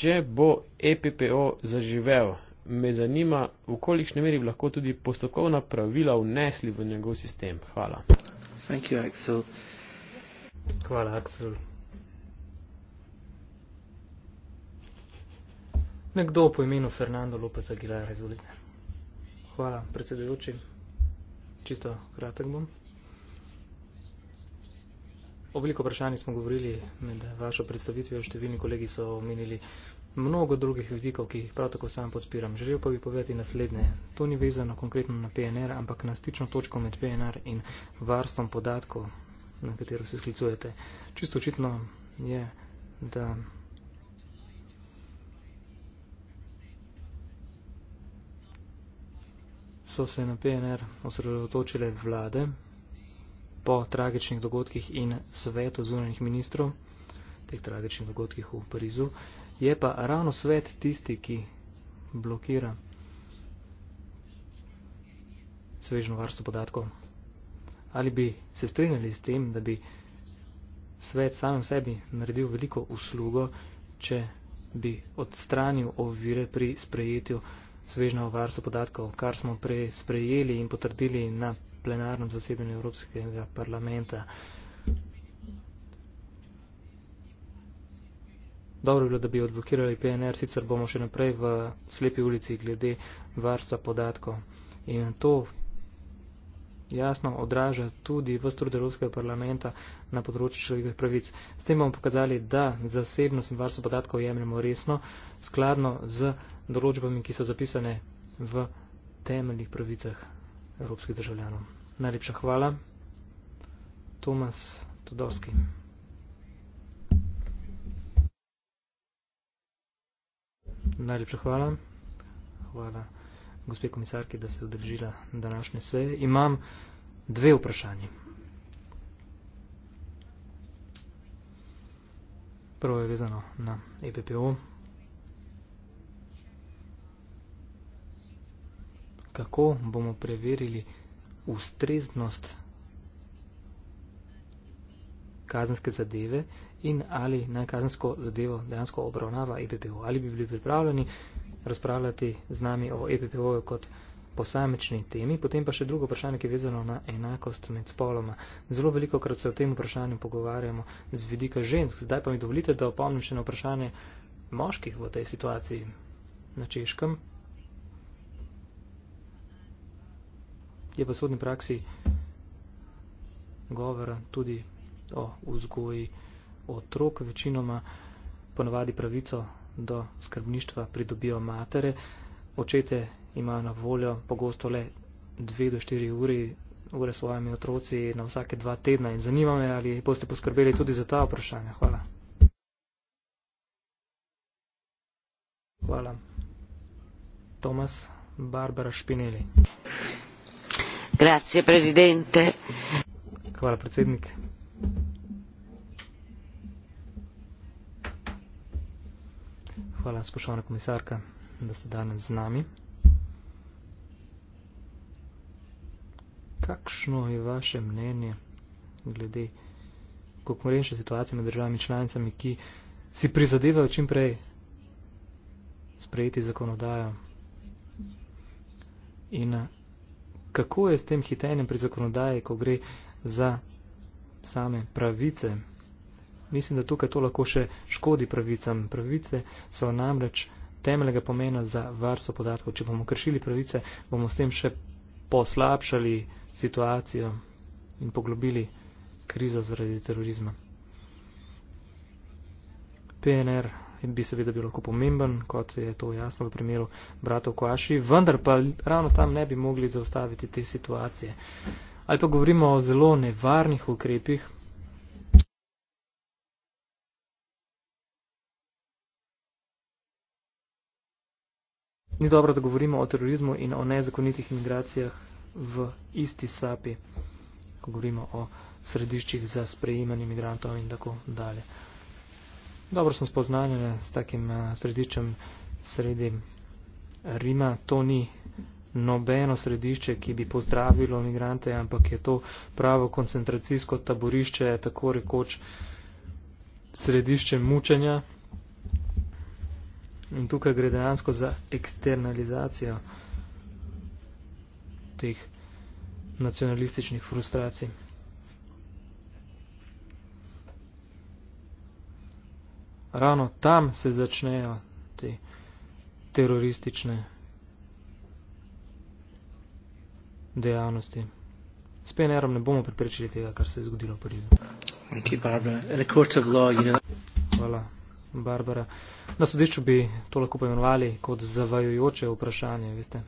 Če bo EPPO zaživel, me zanima, v kolikšni meri bi lahko tudi postopkovna pravila vnesli v njegov sistem. Hvala. Thank you, Axel. Hvala, Axel. Nekdo po imenu Fernando Lopez Aguilar, izvolite. Hvala, predsedujoči. Čisto kratek bom. O veliko vprašanji smo govorili med vašo predstavitvijo. Številni kolegi so omenili mnogo drugih vidikov, ki jih prav tako sam podpiram. Želel pa bi povedati naslednje. To ni vezano konkretno na PNR, ampak na stično točko med PNR in varstvom podatkov, na katero se sklicujete. Čisto očitno je, da. So se na PNR osredotočile vlade, po tragičnih dogodkih in svetu zunanjih ministrov, teh tragičnih dogodkih v Parizu, je pa ravno svet tisti, ki blokira svežno varstvo podatkov. Ali bi se strinjali s tem, da bi svet samem sebi naredil veliko uslugo, če bi odstranil ovire pri sprejetju svežnjo varstvo podatkov, kar smo prej sprejeli in potrdili na plenarnem zasedanju Evropskega parlamenta. Dobro bi bilo, da bi odblokirali PNR, sicer bomo še naprej v slepi ulici glede varstva podatkov. In to jasno odraža tudi v strud Evropskega parlamenta na področju človekovih pravic. S tem bomo pokazali, da zasebnost in varstvo podatkov jemljemo resno, skladno z določbami, ki so zapisane v temeljnih pravicah evropskih državljanov. Najlepša hvala. Tomas Todovski. Najlepša hvala. Hvala gospe komisarki, da se je udržila današnje seje. Imam dve vprašanje. Prvo je vezano na EPPO. Kako bomo preverili ustreznost kazenske zadeve in ali naj kazensko zadevo dejansko obravnava EPPO? Ali bi bili pripravljeni razpravljati z nami o EPPO-ju kot posamični temi, potem pa še drugo vprašanje, ki je vezano na enakost med spoloma. Zelo veliko krat se o tem vprašanju pogovarjamo z vidika žensk, zdaj pa mi dovolite, da opomnim še na vprašanje moških v tej situaciji na češkem. Je pa v sodni praksi govora tudi o vzgoji otrok, večinoma ponavadi pravico do skrbništva pridobijo matere. Očete imajo na voljo pogosto le dve do štiri uri, ure s svojimi otroci na vsake dva tedna in zanima me, ali boste poskrbeli tudi za ta vprašanja. Hvala. Hvala. Tomas Barbara Špineli. Grazie, Presidente. Hvala, predsednik. Hvala, spoštovana komisarka, da ste danes z nami. Kakšno je vaše mnenje glede konkurenčne situacije med državami članicami, ki si prizadevajo čim prej sprejeti zakonodajo? In eh, kako je s tem hitenjem pri zakonodaji, ko gre za same pravice? mislim, da tukaj to lahko še škodi pravicam. Pravice so namreč temeljega pomena za varstvo podatkov. Če bomo kršili pravice, bomo s tem še poslabšali situacijo in poglobili krizo zaradi terorizma. PNR bi seveda bil lahko pomemben, kot je to jasno v primeru bratov Koaši, vendar pa ravno tam ne bi mogli zaustaviti te situacije. Ali pa govorimo o zelo nevarnih ukrepih. ni dobro, da govorimo o terorizmu in o nezakonitih imigracijah v isti sapi, ko govorimo o središčih za sprejemanje imigrantov in tako dalje. Dobro sem spoznanje s takim eh, središčem sredi Rima. To ni nobeno središče, ki bi pozdravilo imigrante, ampak je to pravo koncentracijsko taborišče, tako rekoč središče mučenja. In tukaj gre dejansko za eksternalizacijo teh nacionalističnih frustracij. Ravno tam se začnejo te teroristične dejavnosti. S PNR-om ne bomo preprečili tega, kar se je zgodilo v Parizu. Hvala. Barbara. Na sodišču bi to lahko pojmenovali kot zavajujoče vprašanje, veste.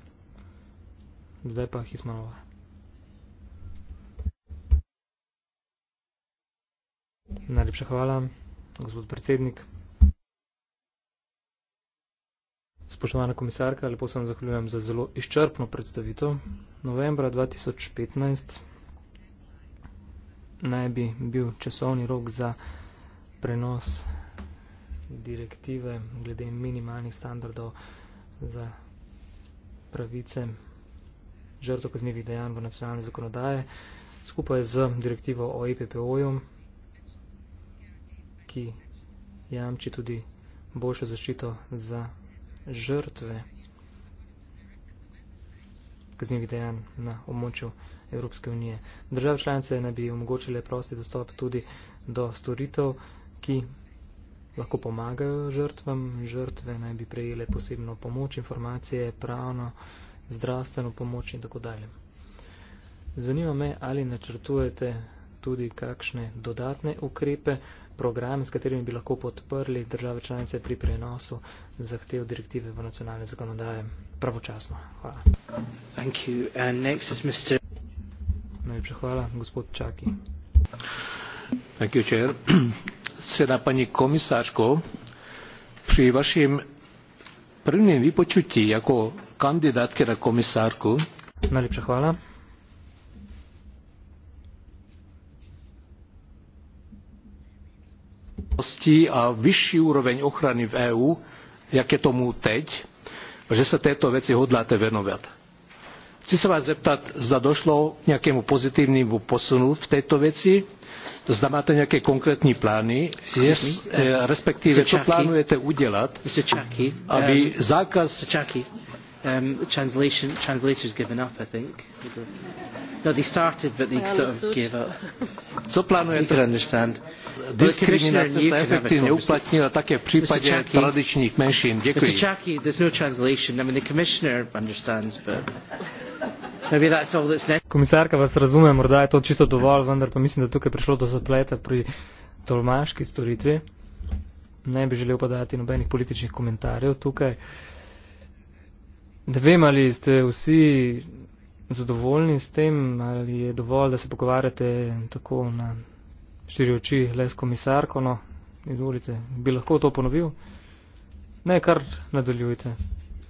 Zdaj pa Hismanova. Najlepša hvala, gospod predsednik. Spoštovana komisarka, lepo se vam zahvaljujem za zelo izčrpno predstavitev. Novembra 2015 naj bi bil časovni rok za prenos direktive glede minimalnih standardov za pravice žrtev kaznjivih dejanj v nacionalne zakonodaje, skupaj z direktivo o EPPO-ju, ki jamči tudi boljšo zaščito za žrtve kaznjivih dejanj na območju Evropske unije. Države članice naj bi omogočile prosti dostop tudi do storitev, ki lahko pomagajo žrtvam. Žrtve naj bi prejele posebno pomoč, informacije, pravno, zdravstveno pomoč in tako dalje. Zanima me, ali načrtujete tudi kakšne dodatne ukrepe, programe, s katerimi bi lahko podprli države članice pri prenosu zahtev direktive v nacionalne zakonodaje pravočasno. Hvala. Najlepša hvala, gospod Čaki. Thank you, Chair. vážená pani komisárko pri vašom prvom vypočutí ako kandidátky na komisárku a vyšší úroveň ochrany v EÚ, jak je tomu teď, že sa tejto veci hodláte venovať. Chci sa vás zeptat, zda došlo k nejakému pozitívnemu posunu v tejto veci, zda máte nejaké konkrétne plány, yes, eh, um, respektíve čo plánujete udelať, aby um, zákaz... Um, translation, translator's given up, I think. No, they started, but they I sort understood. of gave up. Co plánujete? You can understand. Diskriminácia sa efektívne uplatnila také v prípade Chaki, tradičných menšín. Ďakujem. Mr. Chaki, there's no translation. I mean, the commissioner understands, but... Komisarka vas razume, morda je to čisto dovolj, vendar pa mislim, da tukaj prišlo do zapleta pri tolmaški storitvi. Ne bi želel podati nobenih političnih komentarjev tukaj. Ne vem, ali ste vsi zadovoljni s tem, ali je dovolj, da se pogovarjate tako na štiri oči le s komisarko. No, izvolite, bi lahko to ponovil? Ne, kar nadaljujte.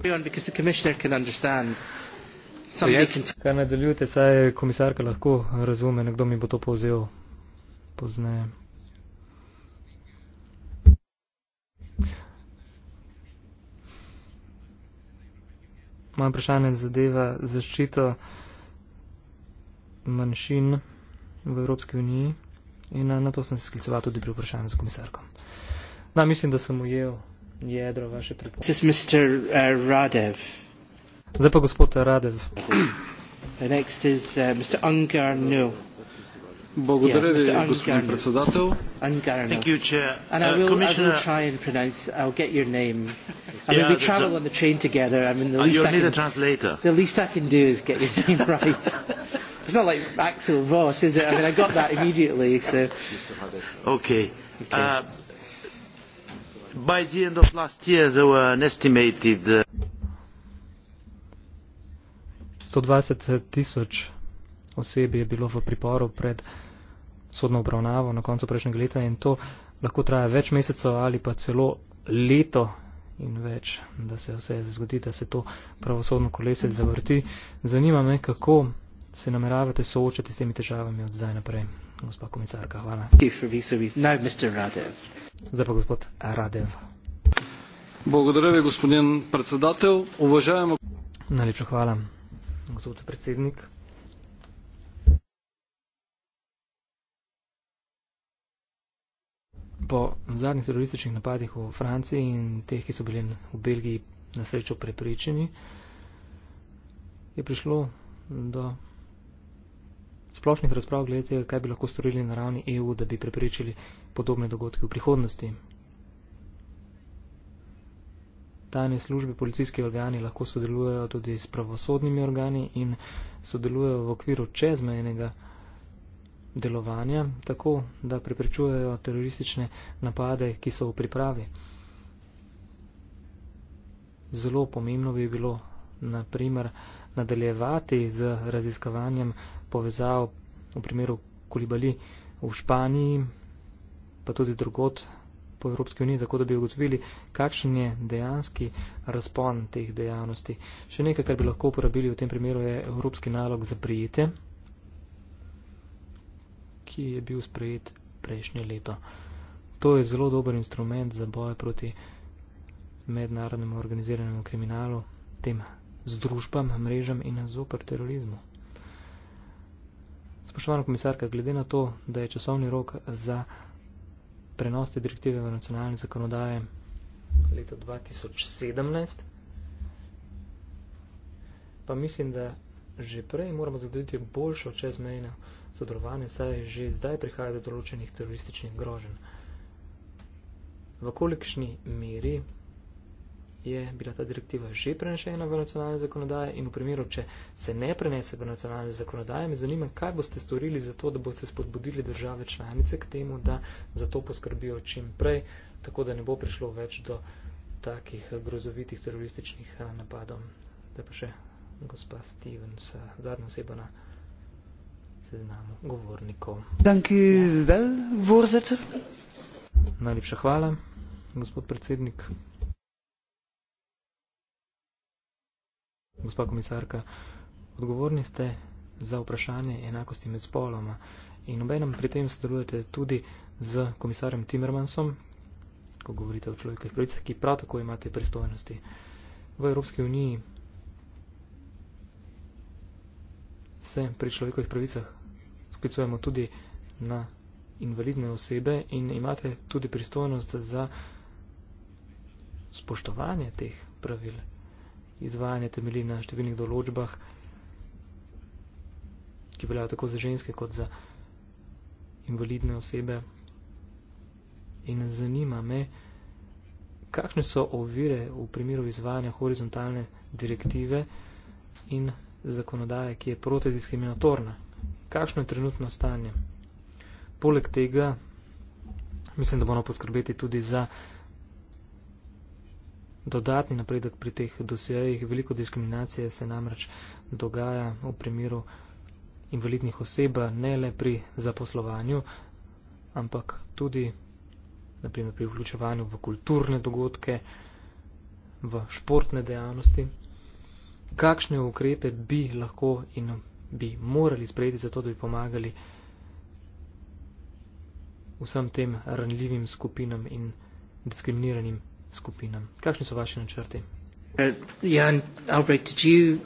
Beyond, because the commissioner can understand Kaj nadaljujete, saj komisarka lahko razume, nekdo mi bo to povzel pozneje. Moje vprašanje zadeva zaščito manjšin v Evropski uniji in na to sem se skliceval tudi pri vprašanju z komisarko. Na, mislim, da sem ujel jedro vaše pripravljanje. This is Mr. Uh, Radev. Zdaj pa gospod Radev. The next is uh, Mr. Ungarnu. Bogodare, yeah, Mr. Ungarnu. Ungarnu. Thank you, Chair. And uh, I, will, I will try and pronounce, I'll get your name. I mean, yeah, we travel on the train together. I mean, the uh, least uh, you'll I need can, a translator. The least I can do is get your name right. It's not like Axel Voss, is it? I mean, I got that immediately, so. Okay. okay. Uh, by the end of last year, there were an estimated. Uh, 120 tisoč osebi je bilo v priporu pred sodno obravnavo na koncu prejšnjega leta in to lahko traja več mesecev ali pa celo leto in več, da se vse zgodi, da se to pravosodno kolesje zavrti. Zanima me, kako se nameravate soočati s temi težavami od zdaj naprej. Gospa komisarka, hvala. No, zdaj pa gospod Radev. Bogodarevi, gospodin predsedatelj, uvažajemo. Najlepša hvala gospod predsednik. Po zadnjih terorističnih napadih v Franciji in teh, ki so bili v Belgiji na srečo prepričani, je prišlo do splošnih razprav glede tega, kaj bi lahko storili na ravni EU, da bi preprečili podobne dogodke v prihodnosti tajne službe, policijski organi lahko sodelujejo tudi s pravosodnimi organi in sodelujejo v okviru čezmejnega delovanja, tako da preprečujejo teroristične napade, ki so v pripravi. Zelo pomembno bi bilo, naprimer, nadaljevati z raziskovanjem povezav v primeru Kolibali v Španiji, pa tudi drugot po Evropski uniji, tako da bi ugotovili, kakšen je dejanski razpon teh dejavnosti. Še nekaj, kar bi lahko uporabili v tem primeru, je Evropski nalog za prijete, ki je bil sprejet prejšnje leto. To je zelo dober instrument za boj proti mednarodnemu organiziranemu kriminalu, tem združbam, mrežam in zopr terorizmu. Spoštovana komisarka, glede na to, da je časovni rok za prenos te direktive v nacionalne zakonodaje leto 2017. Pa mislim, da že prej moramo zagotoviti boljšo čezmejno sodelovanje, saj že zdaj prihaja do določenih terorističnih groženj. V kolikšni meri je bila ta direktiva že prenešena v nacionalne zakonodaje in v primeru, če se ne prenese v nacionalne zakonodaje, me zanima, kaj boste storili za to, da boste spodbudili države članice k temu, da za to poskrbijo čim prej, tako da ne bo prišlo več do takih grozovitih terorističnih eh, napadov. Da pa še gospa Stevens, eh, zadnja oseba na seznamu govornikov. Najlepša hvala, gospod predsednik. gospa komisarka, odgovorni ste za vprašanje enakosti med spoloma in obenem pri tem sodelujete tudi z komisarjem Timmermansom, ko govorite o človekovih pravicah, ki prav tako imate pristojnosti. V Evropski uniji se pri človekovih pravicah sklicujemo tudi na invalidne osebe in imate tudi pristojnost za spoštovanje teh pravil izvajanje temelji na številnih določbah, ki veljajo tako za ženske kot za invalidne osebe. In zanima me, kakšne so ovire v primeru izvajanja horizontalne direktive in zakonodaje, ki je protidiskriminatorna. Kakšno je trenutno stanje? Poleg tega, mislim, da moramo poskrbeti tudi za dodatni napredek pri teh dosejih. Veliko diskriminacije se namreč dogaja v primeru invalidnih oseb, ne le pri zaposlovanju, ampak tudi naprimer, pri vključevanju v kulturne dogodke, v športne dejavnosti. Kakšne ukrepe bi lahko in bi morali sprejeti za to, da bi pomagali vsem tem ranljivim skupinam in diskriminiranim skupinam. Kakšni so vaši načrti? Uh, Jan Albrecht, did you,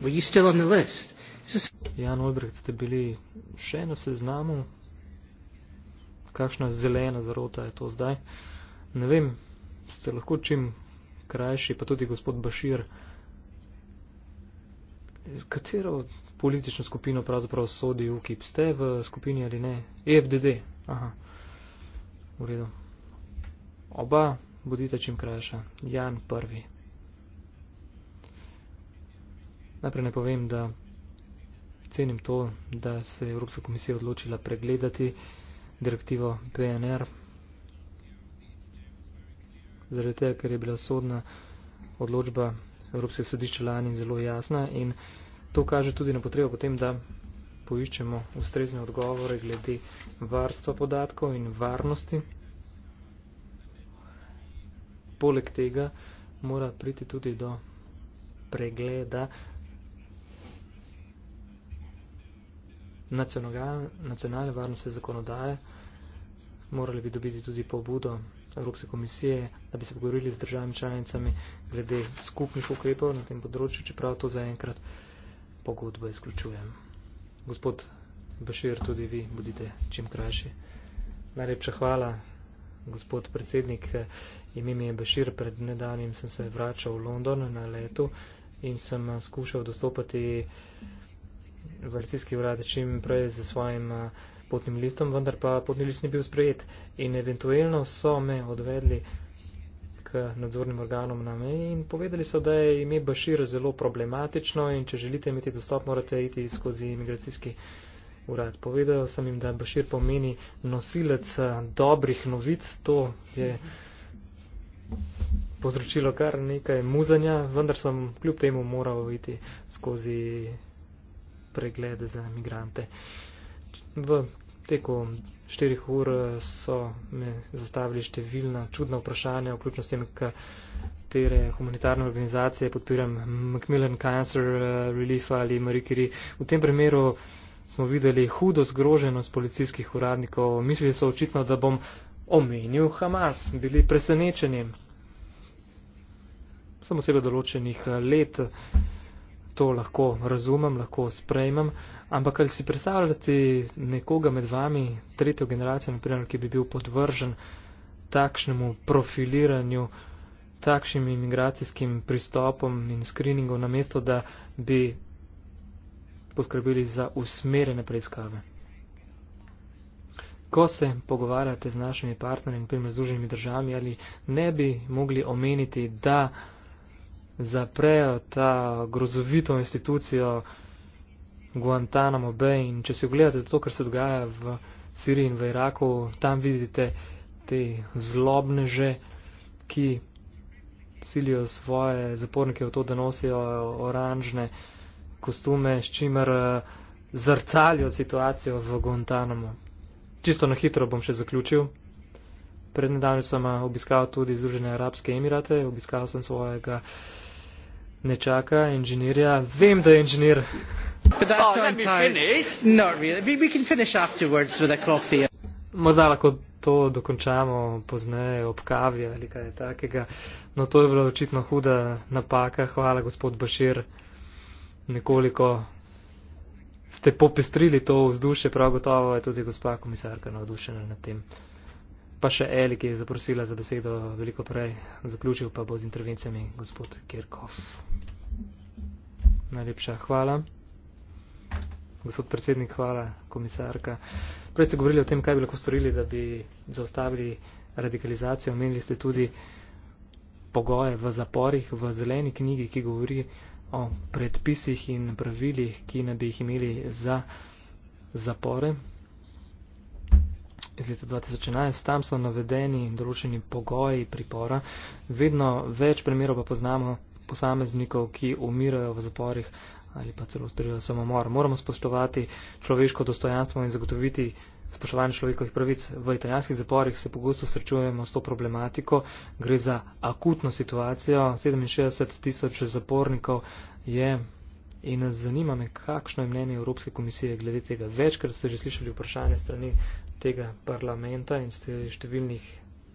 were you still on the list? This... Jan Albrecht, ste bili še na seznamu? Kakšna zelena zarota je to zdaj? Ne vem, ste lahko čim krajši, pa tudi gospod Bašir. Katero politično skupino pravzaprav sodi UKIP? Ste v skupini ali ne? EFDD. Aha. V redu. Oba bodite čim krajša. Jan prvi. Najprej ne povem, da cenim to, da se je Evropska komisija odločila pregledati direktivo PNR. Zaradi tega, ker je bila sodna odločba Evropske sodišče lani zelo jasna in to kaže tudi na potrebo potem, da poiščemo ustrezne odgovore glede varstva podatkov in varnosti poleg tega mora priti tudi do pregleda nacionalne varnostne zakonodaje. Morali bi dobiti tudi pobudo Evropske komisije, da bi se pogovorili z državami članicami glede skupnih ukrepov na tem področju, čeprav to zaenkrat pogodbo izključujem. Gospod Bašir, tudi vi bodite čim krajši. Najlepša hvala gospod predsednik, ime mi je Bešir, pred nedavnim sem se vračal v London na letu in sem skušal dostopati v Alcijski urad čim prej z svojim potnim listom, vendar pa potni list ni bil sprejet in eventualno so me odvedli k nadzornim organom na meji in povedali so, da je ime Bešir zelo problematično in če želite imeti dostop, morate iti skozi imigracijski urad urad. Povedal sem jim, da Bašir pomeni nosilec eh, dobrih novic, to je povzročilo kar nekaj muzanja, vendar sem kljub temu moral iti skozi preglede za migrante. V teku štirih ur eh, so me zastavili številna čudna vprašanja, vključno s tem, katere humanitarne organizacije podpiram Macmillan Cancer eh, Relief ali Marie Curie. V tem primeru smo videli hudo zgroženost policijskih uradnikov. Mislili so očitno, da bom omenil Hamas, bili presenečeni. Samo sebe določenih eh, let to lahko razumem, lahko sprejmem, ampak ali si predstavljati nekoga med vami, tretjo generacijo, naprimer, ki bi bil podvržen takšnemu profiliranju, takšnim imigracijskim pristopom in screeningom, namesto da bi poskrbeli za usmerjene preiskave. Ko se pogovarjate z našimi partnerji, naprimer z druženimi državami, ali ne bi mogli omeniti, da zaprejo ta grozovito institucijo Guantanamo Bay in če si ogledate to, kar se dogaja v Siriji in v Iraku, tam vidite te zlobneže, ki silijo svoje zapornike v to, da nosijo oranžne uh, kostume, s čimer uh, zrcalijo situacijo v Guantanamo. Čisto na hitro bom še zaključil. Pred nedavnim sem eh, obiskal tudi Združene arabske emirate, obiskal sem svojega nečaka, inženirja. Vem, da je inženir. Oh, Morda lahko to dokončamo pozneje ob kavi ali kaj takega. No, to je bila očitno huda napaka. Hvala, gospod Bašir nekoliko ste popestrili to vzdušje, prav gotovo je tudi gospa komisarka navdušena nad tem. Pa še Eli, ki je zaprosila za besedo veliko prej, zaključil pa bo z intervencijami gospod Kirkov. Najlepša hvala. Gospod predsednik, hvala, komisarka. Prej ste govorili o tem, kaj bi lahko storili, da bi zaustavili radikalizacijo. Omenili ste tudi pogoje v zaporih, v zeleni knjigi, ki govori o predpisih in pravilih, ki ne bi jih imeli za zapore. Iz leta 2011 tam so navedeni določeni pogoji pripora. Vedno več primerov pa poznamo posameznikov, ki umirajo v zaporih ali pa celo storijo samomor. Moramo spoštovati človeško dostojanstvo in zagotoviti spoštovanje človekovih pravic v italijanskih zaporih, se pogosto srečujemo s to problematiko. Gre za akutno situacijo. 67 tisoč zapornikov je in zanima me, kakšno je mnenje Evropske komisije glede tega. Večkrat ste že slišali vprašanje strani tega parlamenta in številnih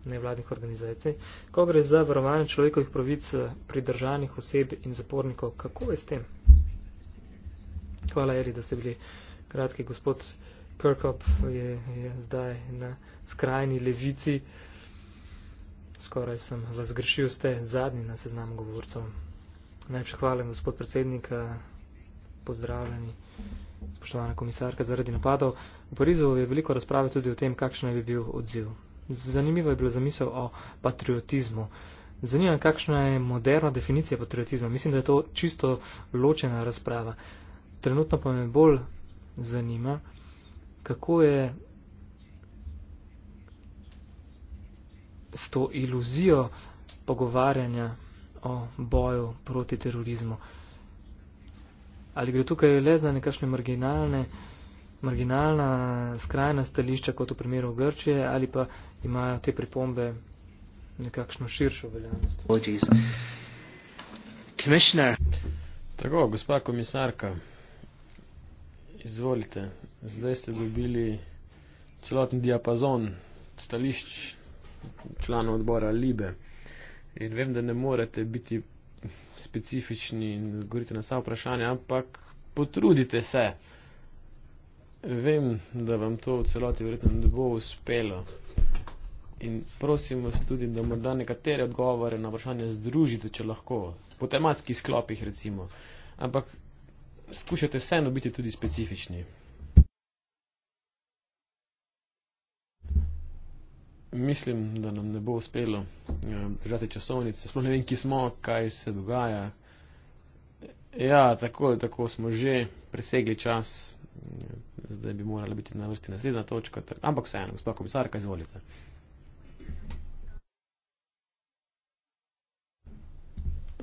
nevladnih organizacij. Ko gre za varovanje človekovih pravic pridržanih oseb in zapornikov, kako je s tem? Hvala, Eri, da ste bili kratki, gospod. Kirkup je, je zdaj na skrajni levici. Skoraj sem vas grešil, ste zadnji na seznamu govorcev. Najprej hvala, gospod predsednik, pozdravljeni, poštovana komisarka, zaradi napadov. V Parizu je veliko razprave tudi o tem, kakšen bi bil odziv. Zanimivo je bila zamisel o patriotizmu. Zanima me, kakšna je moderna definicija patriotizma. Mislim, da je to čisto ločena razprava. Trenutno pa me bolj zanima, kako je s to iluzijo pogovarjanja o boju proti terorizmu. Ali gre tukaj le za nekakšne marginalne, marginalna skrajna stališča, kot v primeru Grčije, ali pa imajo te pripombe nekakšno širšo veljavnost? Tako, gospa komisarka, izvolite, Zdaj ste dobili celotni diapazon stališč članov odbora Libe. In vem, da ne morete biti specifični in govoriti na vsa vprašanja, ampak potrudite se. Vem, da vam to v celoti verjetno ne bo uspelo. In prosim vas tudi, da morda nekatere odgovore na vprašanje združite, če lahko, po tematskih sklopih recimo. Ampak skušajte vseeno biti tudi specifični. mislim, da nam ne bo uspelo eh, držati časovnice. Sploh ne vem, ki smo, kaj se dogaja. Ja, tako ali tako smo že presegli čas, zdaj bi morala biti na vrsti naslednja točka, ampak vseeno, gospod komisar, kaj izvolite.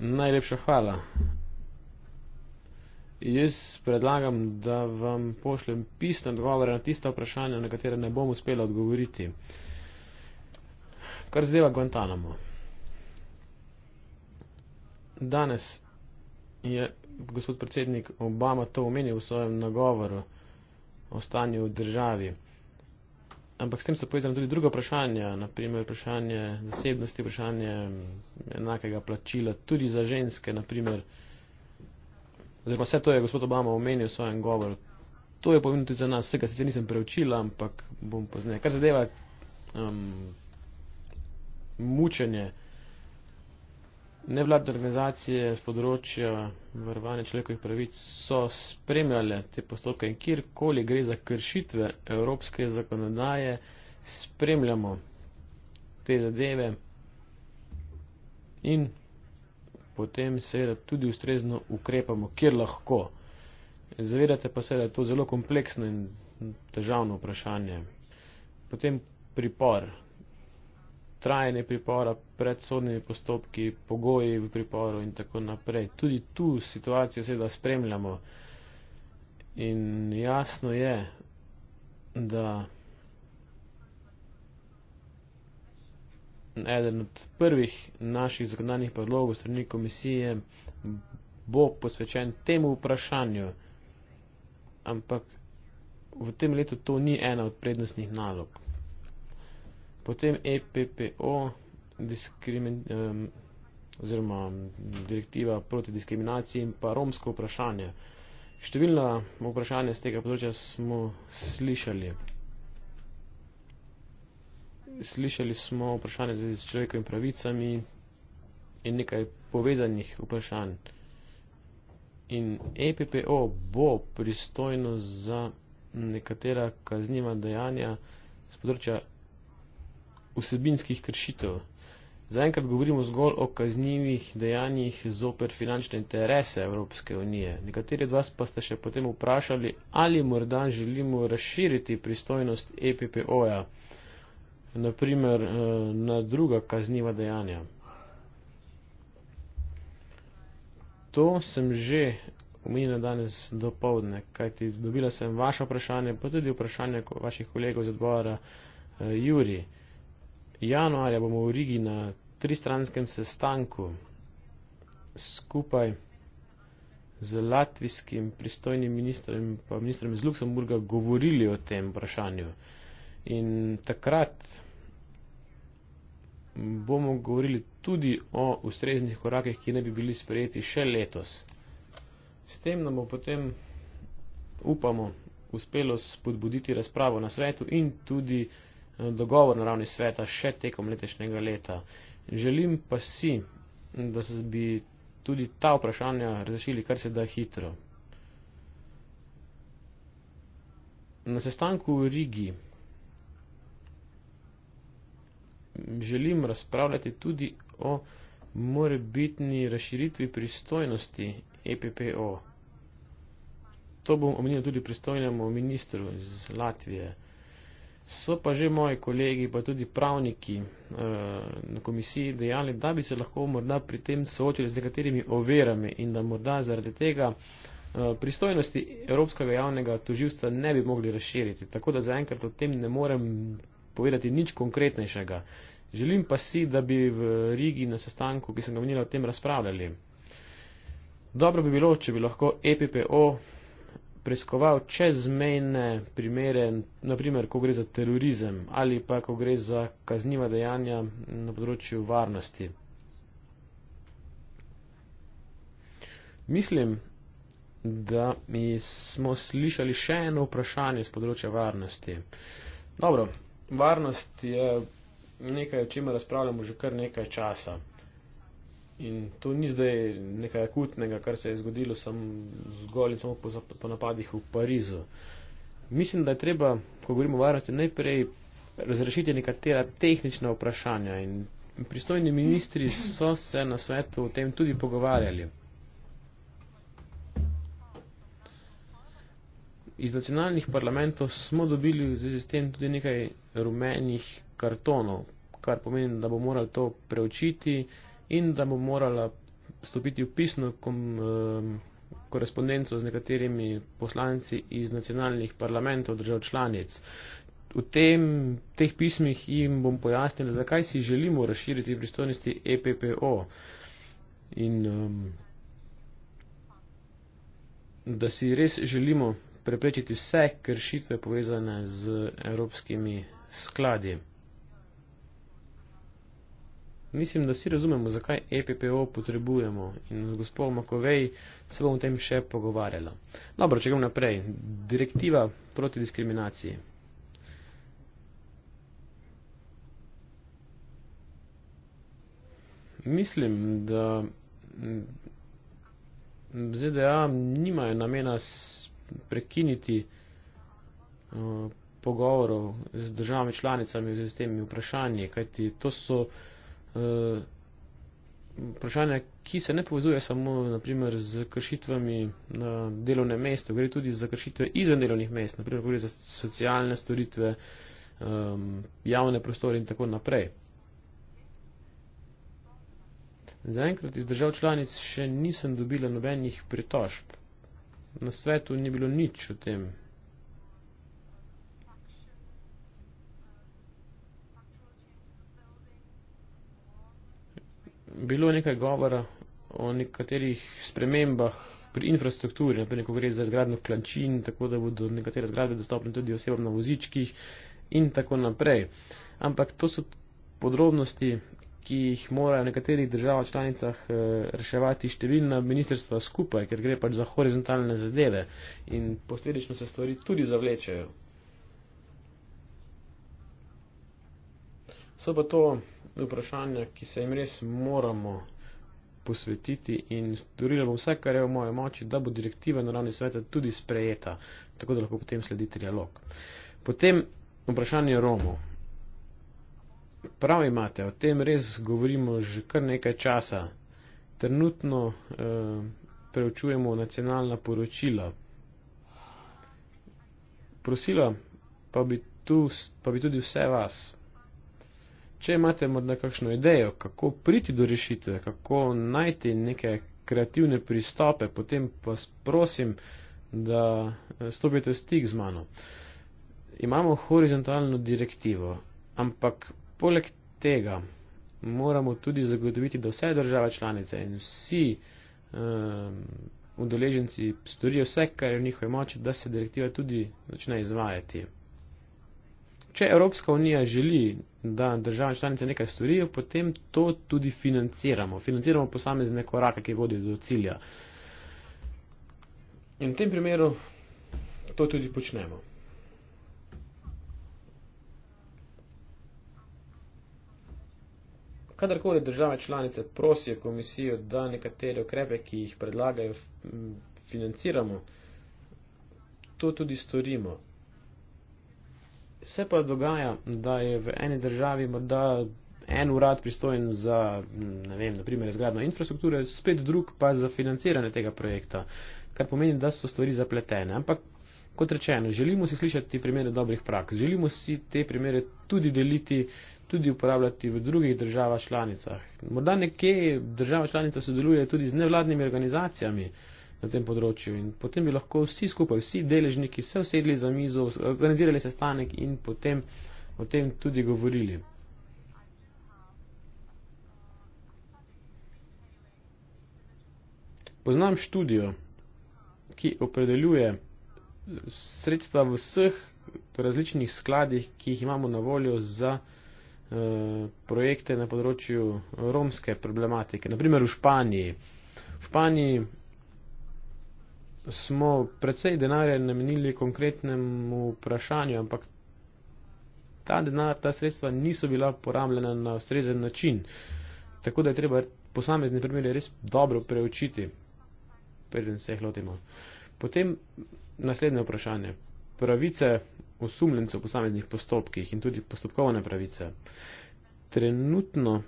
Najlepša hvala. Jaz predlagam, da vam pošljem pisne odgovore na tiste vprašanja, na katere ne bom uspela odgovoriti. Uh, kar zdaj Guantanamo. Danes je gospod predsednik Obama to omenil v svojem nagovoru o stanju v državi. Ampak s tem so povezane tudi druga vprašanja, naprimer vprašanje zasebnosti, vprašanje enakega plačila, tudi za ženske, naprimer. Oziroma vse to je gospod Obama omenil v svojem govoru. To je pomembno tudi za nas, vsega sicer nisem preučila, ampak bom pozneje. Kar zadeva um, mučenje nevladne organizacije z področja varovanja človekovih pravic so spremljale te postopke in kjerkoli gre za kršitve evropske zakonodaje, spremljamo te zadeve in potem seveda tudi ustrezno ukrepamo, kjer lahko. Zavedate pa se, da je to zelo kompleksno in težavno vprašanje. Potem pripor trajanje pripora, predsodnimi postopki, pogoji v priporu in tako naprej. Tudi tu situacijo seveda spremljamo in jasno je, da eden od prvih naših zakonodajnih predlogov strani komisije bo posvečen temu vprašanju, ampak v tem letu to ni ena od prednostnih nalog. Potem EPPO, oziroma direktiva proti diskriminaciji in pa romsko vprašanje. Številna vprašanja z tega področja smo slišali. Slišali smo vprašanje z človekovimi pravicami in nekaj povezanih vprašanj. In EPPO bo pristojno za nekatera kazniva dejanja z področja vsebinskih kršitev. Zaenkrat govorimo zgolj o kaznjivih dejanjih zoper finančne interese Evropske unije. Nekateri od vas pa ste še potem vprašali, ali morda želimo razširiti pristojnost EPPO-ja, naprimer eh, na druga kazniva dejanja. To sem že omenila danes do povdne, kajti dobila sem vaše vprašanje, pa tudi vprašanje vaših kolegov z odbora eh, Juri. Uh, januarja bomo v Rigi na tristranskem sestanku skupaj z latvijskim pristojnim ministrem in ministrem iz Luksemburga govorili o tem vprašanju. In takrat bomo govorili tudi o ustreznih korakih, ki ne bi bili sprejeti še letos. S tem nam bo potem, upamo, uspelo spodbuditi razpravo na svetu in tudi dogovor na ravni sveta še tekom letešnjega leta. Želim pa si, da se bi tudi ta vprašanja razrešili kar se da hitro. Na sestanku v Rigi želim razpravljati tudi o morebitni razširitvi pristojnosti EPPO. To bom omenil tudi pristojnemu ministru iz Latvije. So pa že moji kolegi, pa tudi pravniki eh, na komisiji dejali, da bi se lahko morda pri tem soočili z nekaterimi overami in da morda zaradi tega eh, pristojnosti Evropskega javnega toživstva ne bi mogli razširiti. Tako da zaenkrat o tem ne morem povedati nič konkretnejšega. Želim pa si, da bi v Rigi na sestanku, ki sem ga menila, o tem razpravljali. Dobro bi bilo, če bi lahko EPPO preiskoval čezmejne primere, naprimer, ko gre za terorizem ali pa ko gre za kazniva dejanja na področju varnosti. Mislim, da mi smo slišali še eno vprašanje z področja varnosti. Dobro, varnost je nekaj, o čemer razpravljamo že kar nekaj časa. In to ni zdaj nekaj akutnega, kar se je zgodilo zgolj in samo po, po napadih v Parizu. Mislim, da je treba, ko govorimo o varnosti, najprej razrešiti nekatera tehnična vprašanja. In pristojni ministri so se na svetu o tem tudi pogovarjali. Iz nacionalnih parlamentov smo dobili v zvezi s tem tudi nekaj rumenih kartonov, kar pomeni, da bo moral to preučiti in da bo morala stopiti v pisno kom, eh, korespondenco z nekaterimi poslanci iz nacionalnih parlamentov držav članic. V tem, teh pismih jim bom pojasnila, zakaj si želimo razširiti pristojnosti EPPO in um, da si res želimo preprečiti vse kršitve povezane z evropskimi skladi mislim, da vsi razumemo, zakaj EPPO potrebujemo in z gospod Makovej se bomo o tem še pogovarjali. Dobro, če grem naprej. Direktiva proti diskriminaciji. Mislim, da ZDA nimajo namena prekiniti uh, pogovorov z državami članicami z temi vprašanji, kajti to so uh, Eh, vprašanja, ki se ne povezuje samo naprimer, z kršitvami na delovnem mestu, gre tudi za kršitve izven delovnih mest, naprimer gre za socialne storitve, um, javne prostore in tako naprej. Zaenkrat iz držav članic še nisem dobila nobenih pritožb. Na svetu ni bilo nič o tem, bilo nekaj govora o nekaterih spremembah pri infrastrukturi, naprej, ko gre za zgradno klančin, tako da bodo nekatere zgradbe dostopne tudi osebam na vozičkih in tako naprej. Ampak to so podrobnosti, ki jih morajo v nekaterih državah članicah eh, reševati številna ministrstva skupaj, ker gre pač za horizontalne zadeve in posledično se stvari tudi zavlečejo. So pa to vprašanja, ki se jim res moramo posvetiti in storili bomo vse, kar je v moje moči, da bo direktiva na ravni sveta tudi sprejeta, tako da lahko potem sledi trialog. Potem vprašanje Romov. Prav imate, o tem res govorimo že kar nekaj časa. Trenutno eh, preučujemo nacionalna poročila. Prosila pa bi, tu, pa bi tudi vse vas, Če imate morda kakšno idejo, kako priti do rešitve, kako najti neke kreativne pristope, potem vas prosim, da eh, stopite v stik z mano. Imamo horizontalno direktivo, ampak poleg tega moramo tudi zagotoviti, da vse države članice in vsi um, udeleženci storijo vse, kar je v njihovi moči, da se direktiva tudi začne izvajati. Če Evropska unija želi, da države članice nekaj storijo, potem to tudi financiramo. Financiramo posamezne korake, ki vodijo do cilja. In v tem primeru to tudi počnemo. Kadarkoli države članice prosijo komisijo, da nekatere ukrepe, ki jih predlagajo, financiramo, to tudi storimo se pa dogaja, da je v eni državi morda en urad pristojen za, ne vem, naprimer izgradno infrastrukture, spet drug pa za financiranje tega projekta, kar pomeni, da so stvari zapletene. Ampak, kot rečeno, želimo si slišati primere dobrih praks, želimo si te primere tudi deliti, tudi uporabljati v drugih državah članicah. Morda nekje država članica sodeluje tudi z nevladnimi organizacijami, uh, na tem področju. In potem bi lahko vsi skupaj, vsi deležniki, se usedli za mizo, organizirali sestanek in potem o tem tudi govorili. Poznam študijo, ki opredeljuje sredstva v vseh različnih skladih, ki jih imamo na voljo za eh, projekte na področju romske problematike, naprimer v Španiji. V Španiji smo precej denarja namenili konkretnemu vprašanju, ampak ta denar, ta sredstva niso bila porabljena na ustrezen način. Tako da je treba posamezne primere res dobro preučiti, preden se jih lotimo. Potem naslednje vprašanje. Pravice osumljencev v posameznih postopkih in tudi postopkovne pravice. Trenutno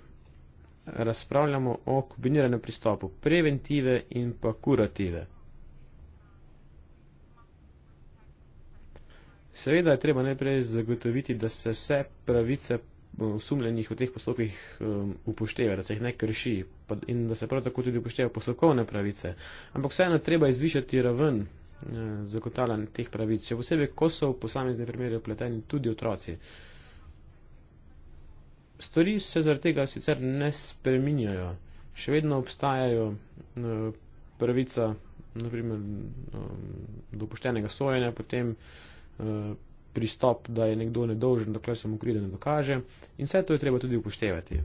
razpravljamo o kombiniranem pristopu preventive in pa kurative. Seveda je treba najprej zagotoviti, da se vse pravice eh, osumljenih v teh postopkih um, upošteva, da se jih ne krši pa, in da se prav tako tudi upošteva poslovne pravice. Ampak vseeno treba izvišati raven eh, zagotavljanja teh pravic, še posebej, ko so v posamezne primere upleteni tudi otroci. Stvari se zaradi tega sicer ne spreminjajo, še vedno obstajajo eh, pravica, naprimer, eh, dopuštenega sojenja, potem eh, Eh, pristop, da je nekdo nedolžen, dokler se mu krivda ne dokaže in vse to je treba tudi upoštevati.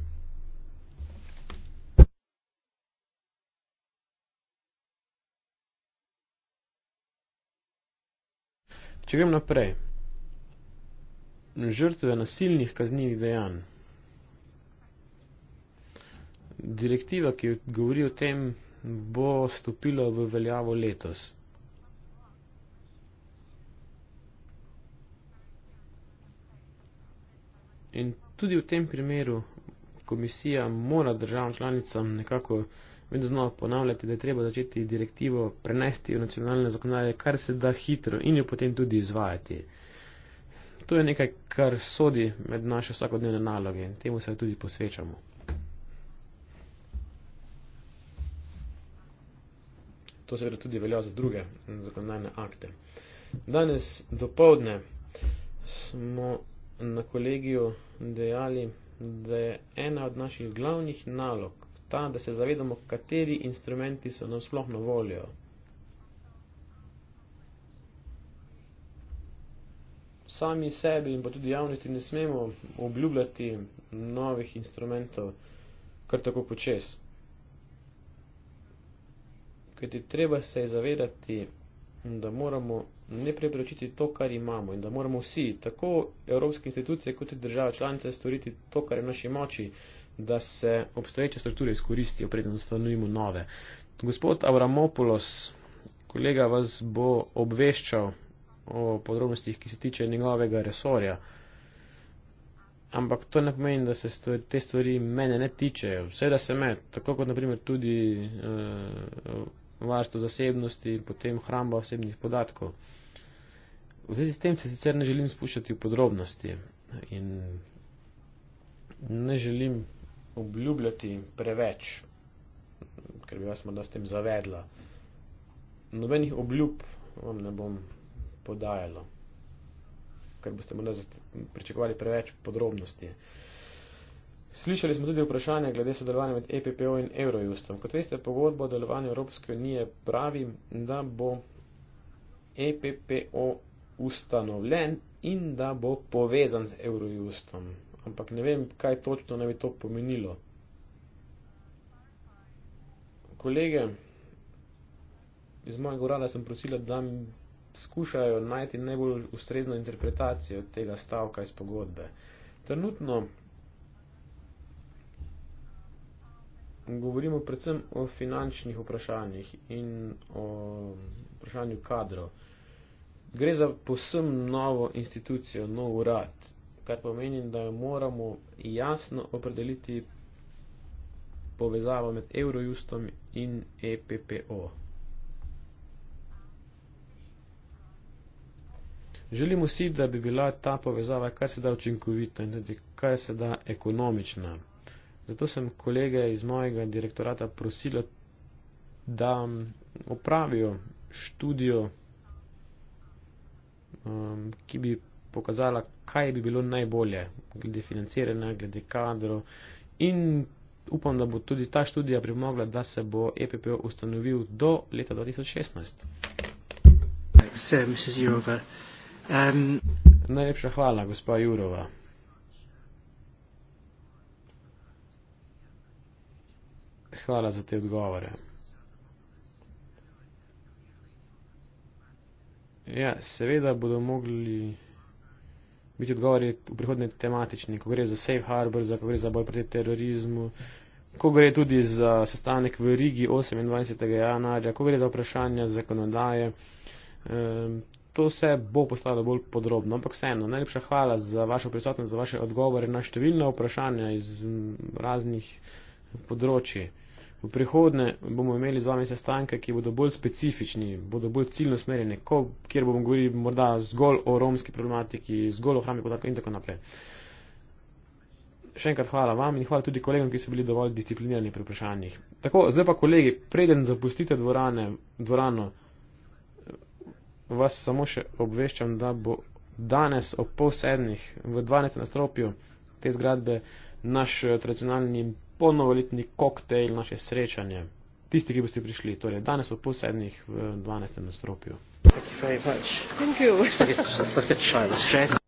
Če grem naprej, žrtve nasilnih kaznjih dejanj. Direktiva, ki govori o tem, bo stopila v veljavo letos. In tudi v tem primeru komisija mora državam članicam nekako vedno znova ponavljati, da je treba začeti direktivo prenesti v nacionalne zakonodaje, kar se da hitro in jo potem tudi izvajati. To je nekaj, kar sodi med naše vsakodnevne naloge in temu se tudi posvečamo. To seveda tudi velja za druge zakonodajne akte. Danes do povdne smo na kolegiju dejali, da je ena od naših glavnih nalog ta, da se zavedamo, kateri instrumenti so nam sploh na voljo. Sami sebi in pa tudi javnosti ne smemo obljubljati novih instrumentov kar tako počes. Kajti treba se je zavedati, da moramo ne preprečiti to, kar imamo in da moramo vsi, tako evropske institucije kot tudi države članice, storiti to, kar je v naši moči, da se obstoječe strukture izkoristijo, preden ustanovimo nove. Gospod Avramopoulos, kolega vas bo obveščal o podrobnostih, ki se tiče njegovega resorja. Ampak to ne pomeni, da se stvari, te stvari mene ne tičejo. Vse, da se me, tako kot naprimer tudi uh, varstvo zasebnosti, potem hramba osebnih podatkov. V zvezi s tem se sicer ne želim spuščati v podrobnosti in ne želim obljubljati preveč, ker bi vas morda s tem zavedla. Nobenih obljub vam ne bom podajala, ker boste morda pričakovali preveč podrobnosti. Slišali smo tudi vprašanje glede sodelovanja med EPPO in Eurojustom. Kot veste, pogodba o delovanju Evropske unije pravi, da bo EPPO ustanovljen in da bo povezan z Eurojustom. Ampak ne vem, kaj točno naj bi to pomenilo. Kolege iz mojega urada sem prosila, da mi skušajo najti najbolj ustrezno interpretacijo tega stavka iz pogodbe. Trenutno govorimo predvsem o finančnih vprašanjih in o vprašanju kadrov gre za posem novo institucijo, nov urad, kar pomeni, da moramo jasno opredeliti povezavo med Eurojustom in EPPO. Želimo si, da bi bila ta povezava kar se da učinkovita in tudi kar se da ekonomična. Zato sem kolege iz mojega direktorata prosila, da mm, opravijo študijo um, ki bi pokazala, kaj bi bilo najbolje, glede financiranja, glede kadrov. In upam, da bo tudi ta študija pripomogla, da se bo EPP ustanovil do leta 2016. Sir, uh, um... Najlepša hvala, gospa Jurova. Hvala za te odgovore. Ja, seveda bodo mogli biti odgovori v prihodnje tematični, ko gre za safe harbor, za, ko gre za boj proti terorizmu, ko gre tudi za sestanek v Rigi 28. januarja, ko gre za vprašanja zakonodaje. Um, to vse bo postalo bolj podrobno, ampak vseeno, najlepša hvala za vašo prisotnost, za vaše odgovore na številne vprašanja iz raznih področji. V prihodnje bomo imeli z vami sestanke, ki bodo bolj specifični, bodo bolj ciljno smerjene, kjer bomo govorili morda zgolj o romski problematiki, zgolj o hrami podatkov in tako naprej. Še enkrat hvala vam in hvala tudi kolegom, ki so bili dovolj disciplinirani pri vprašanjih. Tako, zdaj pa kolegi, preden zapustite dvorane, dvorano, vas samo še obveščam, da bo danes ob pol sedmih v 12. nastropju te zgradbe naš eh, tradicionalni polnovoletni koktejl naše srečanje. Tisti, ki boste prišli, torej danes ob pol sedmih v 12. nastropju. Hvala.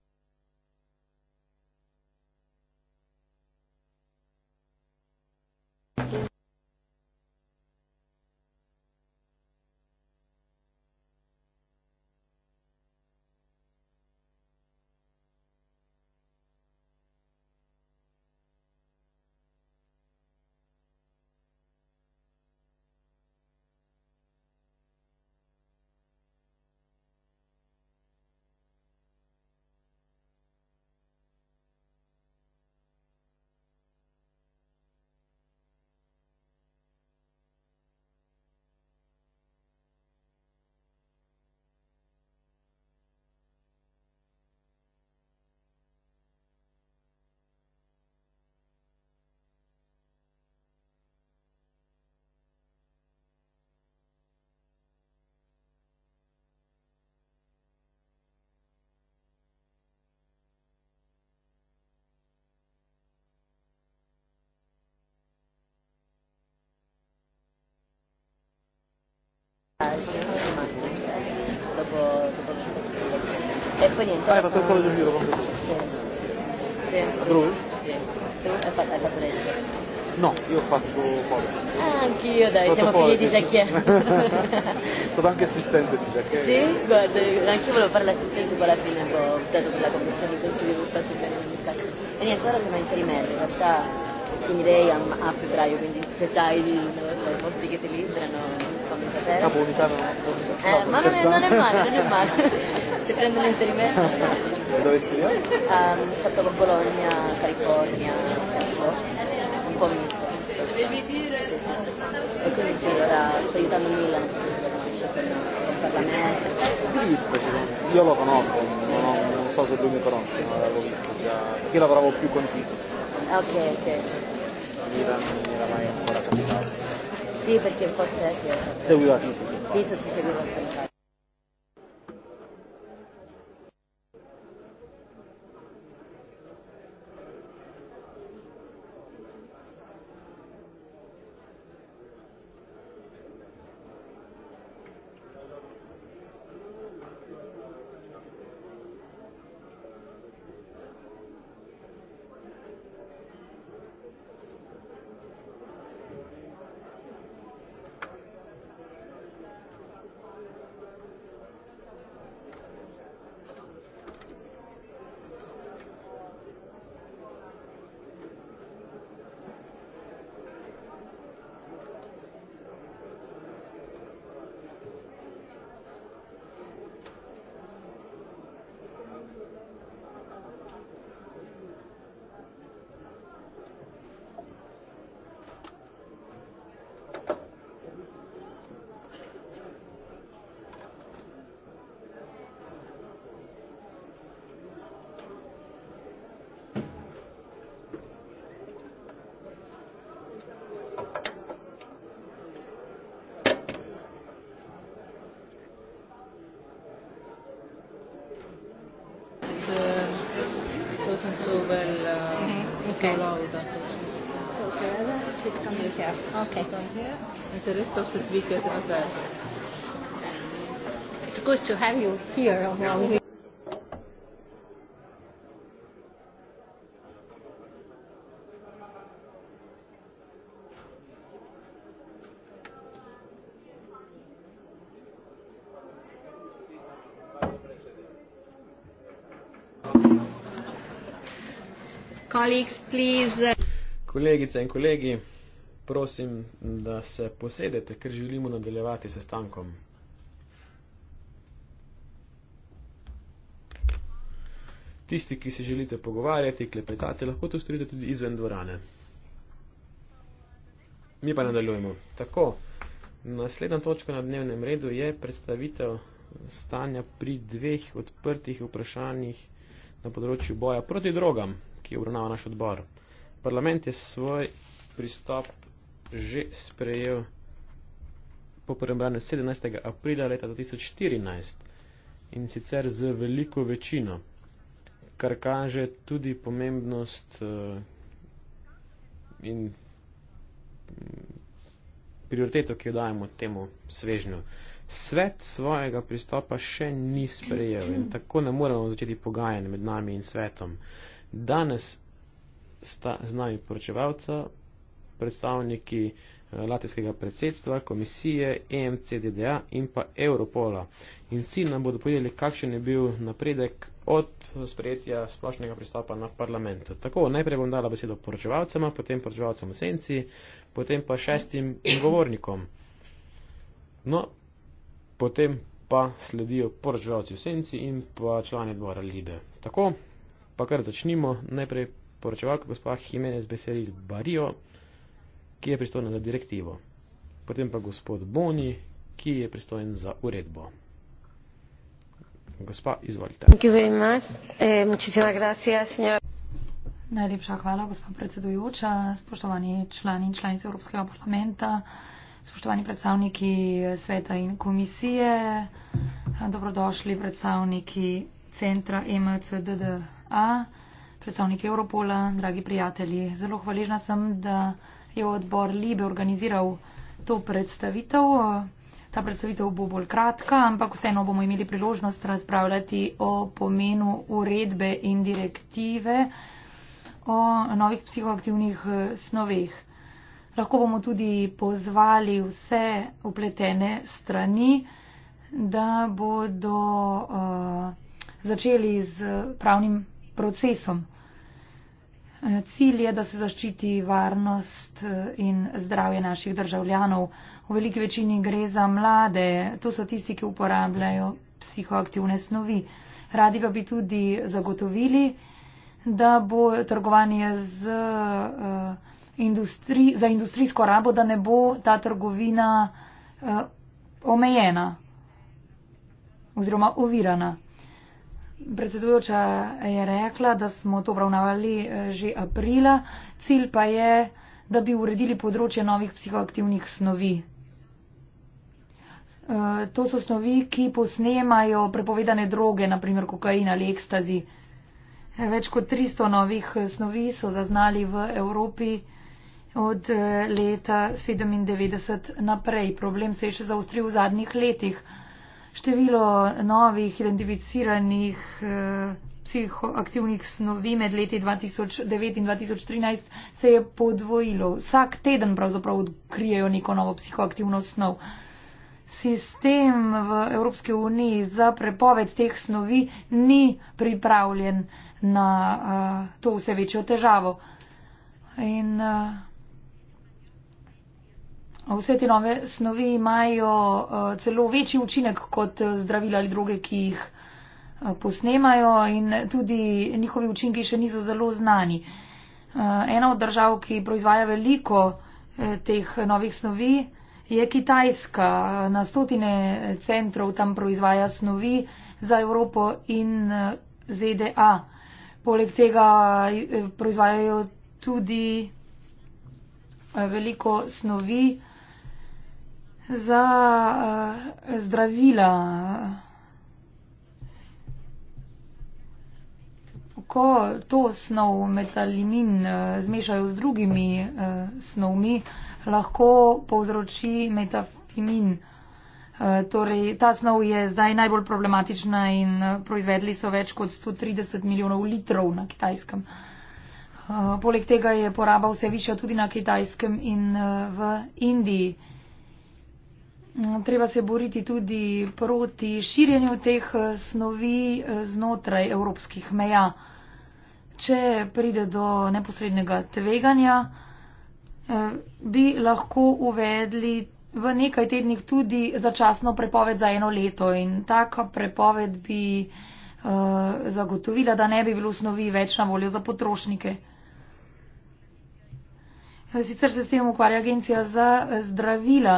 fa niente. Ah, hai fatto il collo del giro con questo? Sì. Tu? Sì. Tu hai fatto, hai fatto legge? No, io ho fatto college. Ah, anch'io, dai, siamo figli di Jackie. Sono stato anche assistente di Jackie. Sì, guarda, anche io volevo fare l'assistente, poi alla fine ho dato per la commissione con tutti i gruppi E niente, ora siamo in Carimera, in realtà finirei a, a febbraio, quindi se dai i posti che ti liberano stasera. Ah, buonità, no. eh, no, ma non è, non è male, non è male. Si prende l'inserimento. Dove studiamo? Ho um, fatto con Bologna, California, Sesso, un po' misto. Devi dire. E quindi sì, ora sto aiutando Milan per la io lo conosco non, ho, non so se lui mi conosce ma l'avevo visto già perché lavoravo più con Titus ok ok non era mai ancora capito sehr viel Prozess jetzt. So we are. Dieses ist sehr viel Prozess. it's a rest of the speakers outside. It's good to have you here among me. Colleagues, please. Uh, Kolegice in kolegi, prosim, da se posedete, ker želimo nadaljevati s stankom. Tisti, ki se želite pogovarjati, klepetati, lahko to storite tudi izven dvorane. Mi pa nadaljujemo. Tako, naslednja točka na dnevnem redu je predstavitev stanja pri dveh odprtih vprašanjih na področju boja proti drogam, ki obravnava naš odbor. Parlament je svoj pristop že sprejel po prvem branju 17. aprila leta 2014 in sicer z veliko večino, kar kaže tudi pomembnost uh, in mm, prioriteto, ki jo dajemo temu svežnju. Svet svojega pristopa še ni sprejel in tako ne moramo začeti pogajanje med nami in svetom. Danes sta z nami poročevalca predstavniki eh, latvijskega predsedstva, komisije, EMCDDA in pa Europola. In vsi nam bodo povedali, kakšen je bil napredek od eh, sprejetja splošnega pristopa na parlament. Tako, najprej bom dala besedo poročevalcema, potem poročevalcem v senci, potem pa šestim govornikom. No, potem pa sledijo poročevalci v senci in pa člani dvora Lide. Tako, pa kar začnimo, najprej poročevalka gospa Jimenez Beseril Barijo ki je pristojna za direktivo. Potem pa gospod Boni, ki je pristojen za uredbo. Gospa, izvolite. Eh, Najlepša hvala, gospod predsedujoča, spoštovani člani in članice Evropskega parlamenta, spoštovani predstavniki sveta in komisije, dobrodošli predstavniki centra e MCDDA, predstavniki Europola, dragi prijatelji. Zelo hvaležna sem, da je odbor Libe organiziral to predstavitev. Ta predstavitev bo bolj kratka, ampak vseeno bomo imeli priložnost razpravljati o pomenu uredbe in direktive o novih psihoaktivnih eh, snoveh. Lahko bomo tudi pozvali vse upletene strani, da bodo uh, začeli z pravnim procesom. Cilj je, da se zaščiti varnost eh, in zdravje naših državljanov. V veliki večini gre za mlade, to so tisti, ki uporabljajo psihoaktivne snovi. Radi pa bi tudi zagotovili, da bo trgovanje z, uh, industri, za industrijsko rabo, da ne bo ta trgovina uh, omejena oziroma ovirana. Predsedujoča je rekla, da smo to obravnavali eh, že aprila. Cilj pa je, da bi uredili področje novih psihoaktivnih snovi. Eh, to so snovi, ki posnemajo prepovedane droge, naprimer kokain ali ekstazi. Eh, več kot 300 novih snovi so zaznali v Evropi od leta 1997 naprej. Problem se je še zaostril v zadnjih letih število novih identificiranih eh, psihoaktivnih snovi med leti 2009 in 2013 se je podvojilo. Vsak teden pravzaprav odkrijejo neko novo psihoaktivno snov. Sistem v Evropski uniji za prepoved teh snovi ni pripravljen na uh, to vse večjo težavo. In uh, Vse te nove snovi imajo eh, celo večji učinek kot eh, zdravila ali droge, ki jih eh, posnemajo in tudi njihovi učinki še niso zelo znani. Ena od držav, ki proizvaja veliko teh novih snovi, je Kitajska. Na stotine centrov tam proizvaja snovi za Evropo in ZDA. Poleg tega proizvajajo tudi veliko snovi, za uh, zdravila. Ko to snov metalimin uh, eh, zmešajo z drugimi uh, snovmi, lahko povzroči metafimin. Torej, ta snov je zdaj najbolj problematična in proizvedli so več kot 130 milijonov litrov na kitajskem. Poleg tega je poraba vse višja tudi na kitajskem in v Indiji. Mm, treba se boriti tudi proti širjenju teh eh, snovi eh, znotraj evropskih meja. Če pride do neposrednega tveganja, eh, bi lahko uvedli v nekaj tednih tudi začasno prepoved za eno leto in taka prepoved bi zagotovila, da ne bi bilo snovi več na voljo za potrošnike. Sicer se s tem ukvarja agencija za zdravila.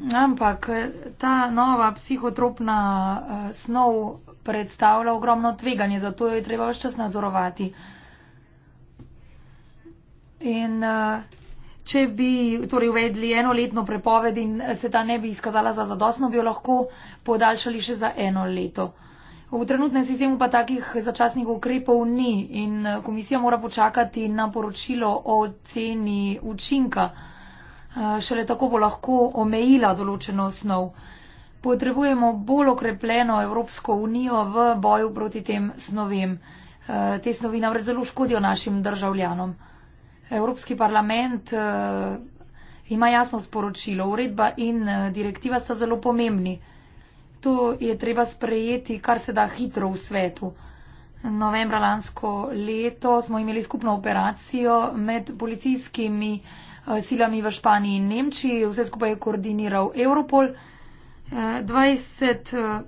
Ampak eh, ta nova psihotropna uh, snov predstavlja ogromno tveganje, zato jo je treba vse čas nadzorovati. In uh, če bi torej uvedli enoletno prepoved in se ta ne bi izkazala za zadostno, bi jo lahko podaljšali še za eno leto. V trenutnem sistemu pa takih začasnih ukrepov ni in komisija mora počakati na poročilo o ceni učinka. Uh, Eh, šele tako bo lahko omejila določeno snov. Potrebujemo bolj okrepljeno Evropsko unijo v boju proti tem snovem. Eh, te snovi namreč zelo škodijo našim državljanom. Evropski parlament eh, ima jasno sporočilo, uredba in direktiva sta zelo pomembni. To je treba sprejeti kar se da hitro v svetu novembra lansko leto smo imeli skupno operacijo med policijskimi eh, silami v Španiji in Nemčiji. Vse skupaj je koordiniral Europol. 20 eh,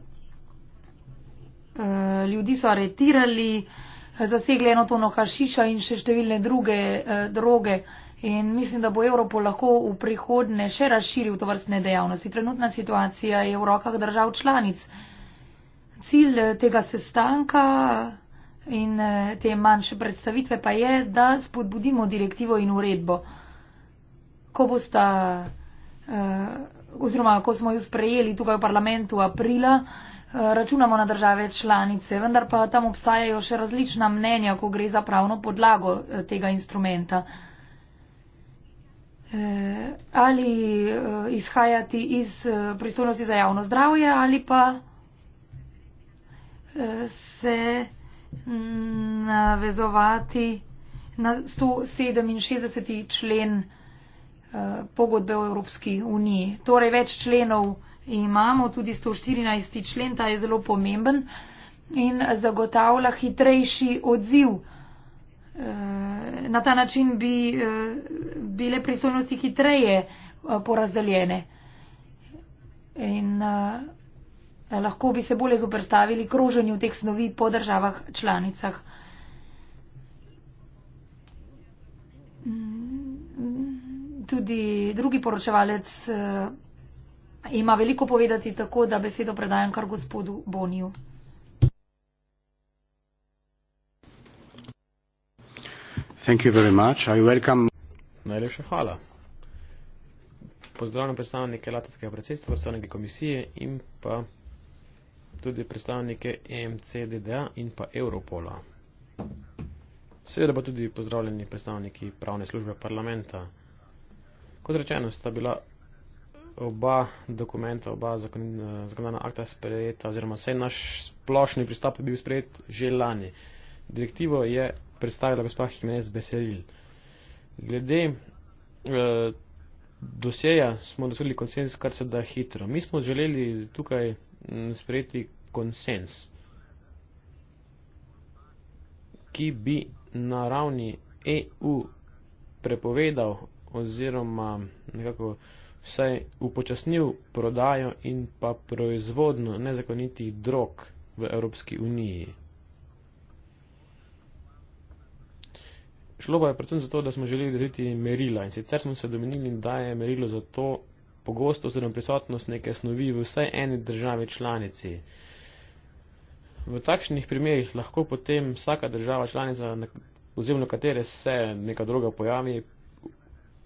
eh, ljudi so aretirali, zasegli eno tono hašiša in še številne druge droge. In mislim, da bo Europol lahko v prihodne še razširil to vrstne dejavnosti. Trenutna situacija je v rokah držav članic. Cilj tega sestanka in eh, te manjše predstavitve pa je, da spodbudimo direktivo in uredbo. Ko bosta, eh, oziroma ko smo jo sprejeli tukaj v parlamentu aprila, eh, računamo na države članice, vendar pa tam obstajajo še različna mnenja, ko gre za pravno podlago tega instrumenta. Ali izhajati iz pristojnosti za javno zdravje ali pa se navezovati na 167. člen eh, pogodbe o Evropski uniji. Torej, več členov imamo, tudi 114. člen, ta je zelo pomemben in zagotavlja hitrejši odziv. Eh, na ta način bi eh, bile pristojnosti hitreje porazdeljene. In, Eh, lahko bi se bolje zoprstavili kroženju teh snovi po državah članicah. Mm, tudi drugi poročevalec eh, ima veliko povedati, tako da besedo predajam kar gospodu Boniju. Najlepša hvala. Pozdravljam predstavnike Latvijskega predsedstva, predstavnike komisije in pa tudi predstavnike MCDDA in pa Europola. Seveda pa tudi pozdravljeni predstavniki pravne službe parlamenta. Kot rečeno, sta bila oba dokumenta, oba eh, zakonodajna akta sprejeta, oziroma vse naš splošni pristop je bil sprejet že lani. Direktivo je predstavila gospa Jimenez Beseril. Glede e, dosjeja smo dosegli konsens kar se da hitro. Mi smo želeli tukaj Mm, sprejeti konsens, ki bi na ravni EU prepovedal oziroma nekako vsaj upočasnil prodajo in pa proizvodno nezakonitih drog v Evropski uniji. Šlo pa je predvsem zato, da smo želeli deliti merila in sicer smo se domenili, da je merilo za to pogosto oziroma prisotnost neke snovi v vsaj eni državi članici. V takšnih primerjih lahko potem vsaka država članica, oziroma katere se neka druga pojavi,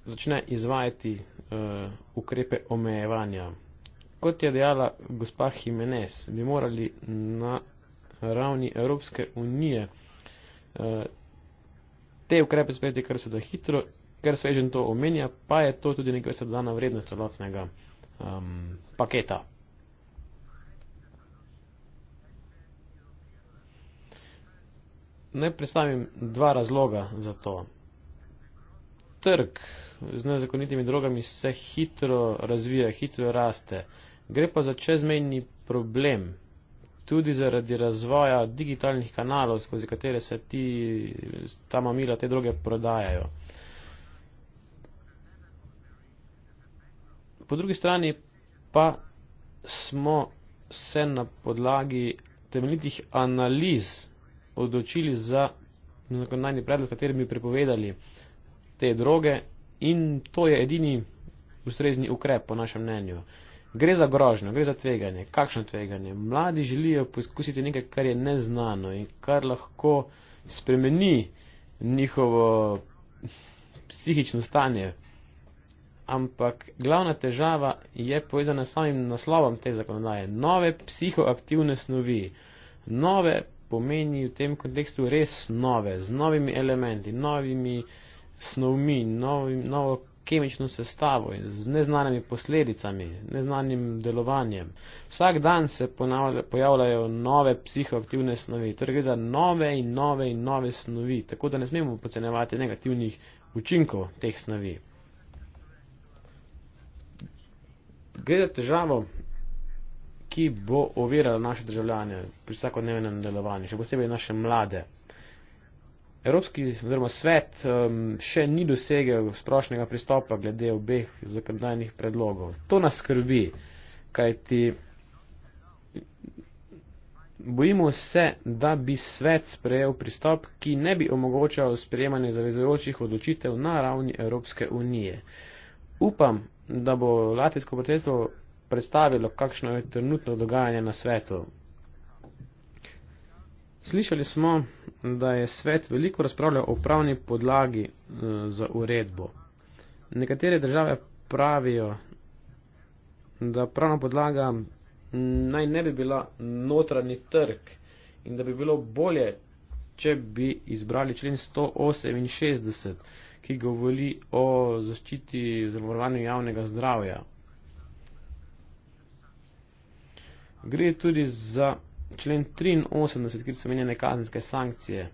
začne izvajati uh, ukrepe omejevanja. Kot je dejala gospa Jimenez, bi morali na ravni Evropske unije uh, te ukrepe sprejeti kar se da hitro ker se že to omenja, pa je to tudi nekaj sedana vrednost celotnega um, paketa. Naj predstavim dva razloga za to. Trg z nezakonitimi drogami se hitro razvija, hitro raste. Gre pa za čezmejni problem, tudi zaradi razvoja digitalnih kanalov, skozi katere se ti, ta mamila, te droge prodajajo. Po drugi strani pa smo se na podlagi temeljitih analiz odločili za zakonodajni predlog, katerimi prepovedali te droge in to je edini ustrezni ukrep po našem mnenju. Gre za grožnjo, gre za tveganje. Kakšno tveganje? Mladi želijo poskusiti nekaj, kar je neznano in kar lahko spremeni njihovo psihično stanje, ampak glavna težava je povezana s samim naslovom te zakonodaje. Nove psihoaktivne snovi. Nove pomeni v tem kontekstu res nove, z novimi elementi, novimi snovmi, novim, novo kemično sestavo in z neznanimi posledicami, neznanim delovanjem. Vsak dan se ponavlja, pojavljajo nove psihoaktivne snovi, torej gre za nove in nove in nove snovi, tako da ne smemo pocenevati negativnih učinkov teh snovi. gre za težavo, ki bo ovirala naše državljane pri vsakodnevnem delovanju, še posebej naše mlade. Evropski oziroma svet um, še ni dosegel sprošnega pristopa glede obeh zakonodajnih predlogov. To nas skrbi, kajti bojimo se, da bi svet sprejel pristop, ki ne bi omogočal sprejemanje zavezujočih odločitev na ravni Evropske unije. Upam, da bo latvijsko predsedstvo predstavilo, kakšno je trenutno dogajanje na svetu. Slišali smo, da je svet veliko razpravljal o pravni podlagi eh, za uredbo. Nekatere države pravijo, da pravna podlaga naj ne bi bila notranji trg in da bi bilo bolje, če bi izbrali člen 168 ki govori o zaščiti zavarovanju javnega zdravja. Gre tudi za člen 83, kjer so menjene kazenske sankcije.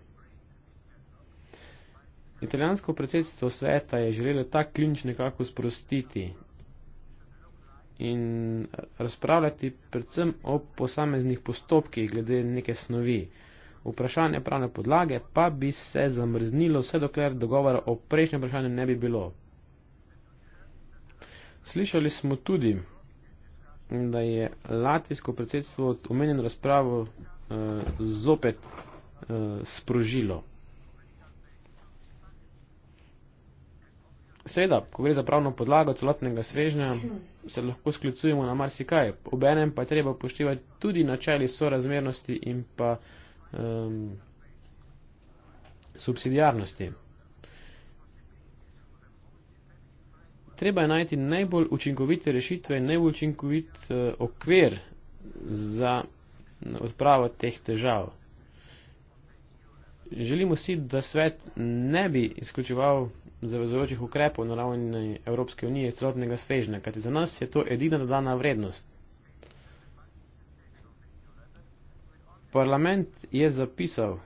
Italijansko predsedstvo sveta je želelo ta klinč nekako sprostiti in razpravljati predvsem o posameznih postopkih glede neke snovi. Uh, vprašanje pravne podlage pa bi se zamrznilo, vse dokler dogovora o prejšnjem vprašanju ne bi bilo. Slišali smo tudi, da je latvijsko predsedstvo omenjeno razpravo eh, zopet eh, sprožilo. Seveda, ko gre za pravno podlago celotnega svežnja, se lahko sklicujemo na marsikaj. Obenem pa je treba upoštevati tudi načeli sorazmernosti in pa eh, um, subsidijarnosti. Treba je najti najbolj učinkovite rešitve in najbolj učinkovit uh, okvir za odpravo teh težav. Želimo si, da svet ne bi izključeval zavezujočih ukrepov na ravni Evropske unije iz celotnega svežnja, kajti za nas je to edina dodana vrednost. parlament je zapisal,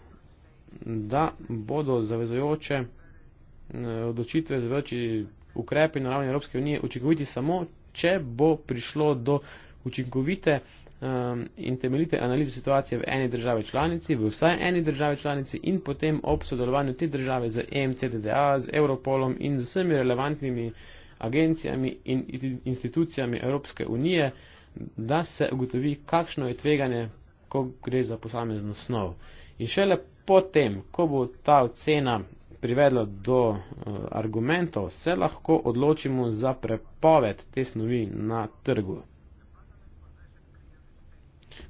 da bodo zavezojoče eh, odločitve za večji ukrepi na ravni Evropske unije učinkoviti samo, če bo prišlo do učinkovite um, in temeljite analize situacije v eni državi članici, v vsaj eni državi članici in potem ob sodelovanju te države z EMCDDA, z Europolom in z vsemi relevantnimi agencijami in institucijami Evropske unije, da se ugotovi, kakšno je tveganje ko gre za posamezno snov. In šele potem, ko bo ta ocena privedla do uh, argumentov, se lahko odločimo za prepoved te snovi na trgu.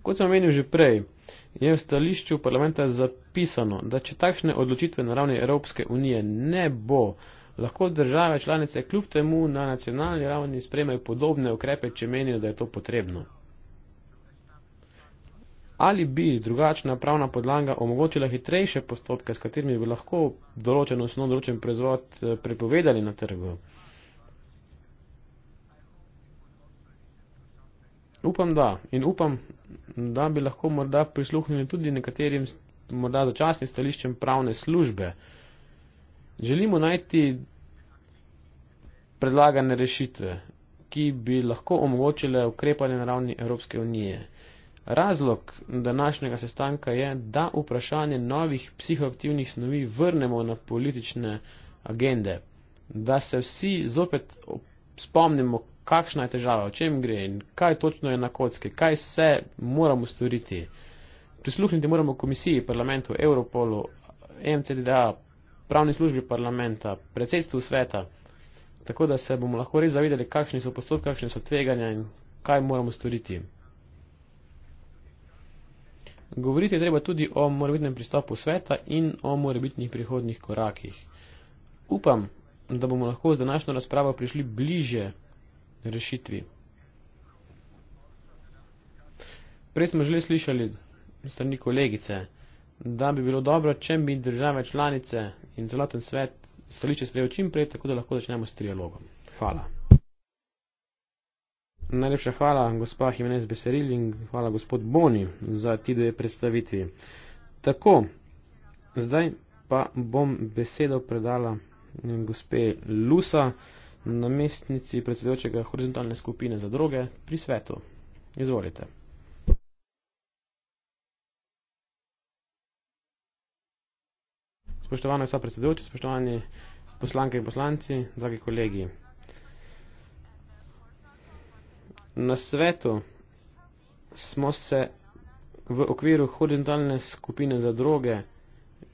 Kot sem omenil že prej, je v stališču parlamenta zapisano, da če takšne odločitve na ravni Evropske unije ne bo, lahko države članice kljub temu na nacionalni ravni spremejo podobne ukrepe, če menijo, da je to potrebno. Ali bi drugačna pravna podlaga omogočila hitrejše postopke, s katerimi bi lahko določen osnovno določen proizvod eh, prepovedali na trgu? Upam, da in upam, da bi lahko morda prisluhnili tudi nekaterim morda začasnim stališčem pravne službe. Želimo najti predlagane rešitve, ki bi lahko omogočile ukrepanje na ravni Evropske unije. Razlog današnjega sestanka je, da vprašanje novih psihoaktivnih snovi vrnemo na politične agende, da se vsi zopet spomnimo, kakšna je težava, o čem gre in kaj točno je na kocki, kaj vse moramo storiti. Prisluhniti moramo komisiji, parlamentu, Europolu, MCDA, pravni službi parlamenta, predsedstvu sveta, tako da se bomo lahko res zavedali, kakšni so postopki, kakšne so tveganja in kaj moramo storiti. Govoriti je treba tudi o morebitnem pristopu sveta in o morebitnih prihodnih korakih. Upam, da bomo lahko z današnjo razpravo prišli bliže rešitvi. Prej smo želeli slišali strani kolegice, da bi bilo dobro, če bi države članice in celoten svet stališče sprejel čim prej, tako da lahko začnemo s trialogom. Hvala. Hvala. Najlepša hvala, gospa Jimenez Beseril in hvala, gospod Boni, za ti dve predstavitvi. Tako, zdaj pa bom besedo predala eh, gospe Lusa, namestnici predsedujočega horizontalne skupine za droge pri svetu. Izvolite. Spoštovana gospa predsedujoča, spoštovani poslanke in poslanci, dragi kolegi. na svetu smo se v okviru horizontalne skupine za droge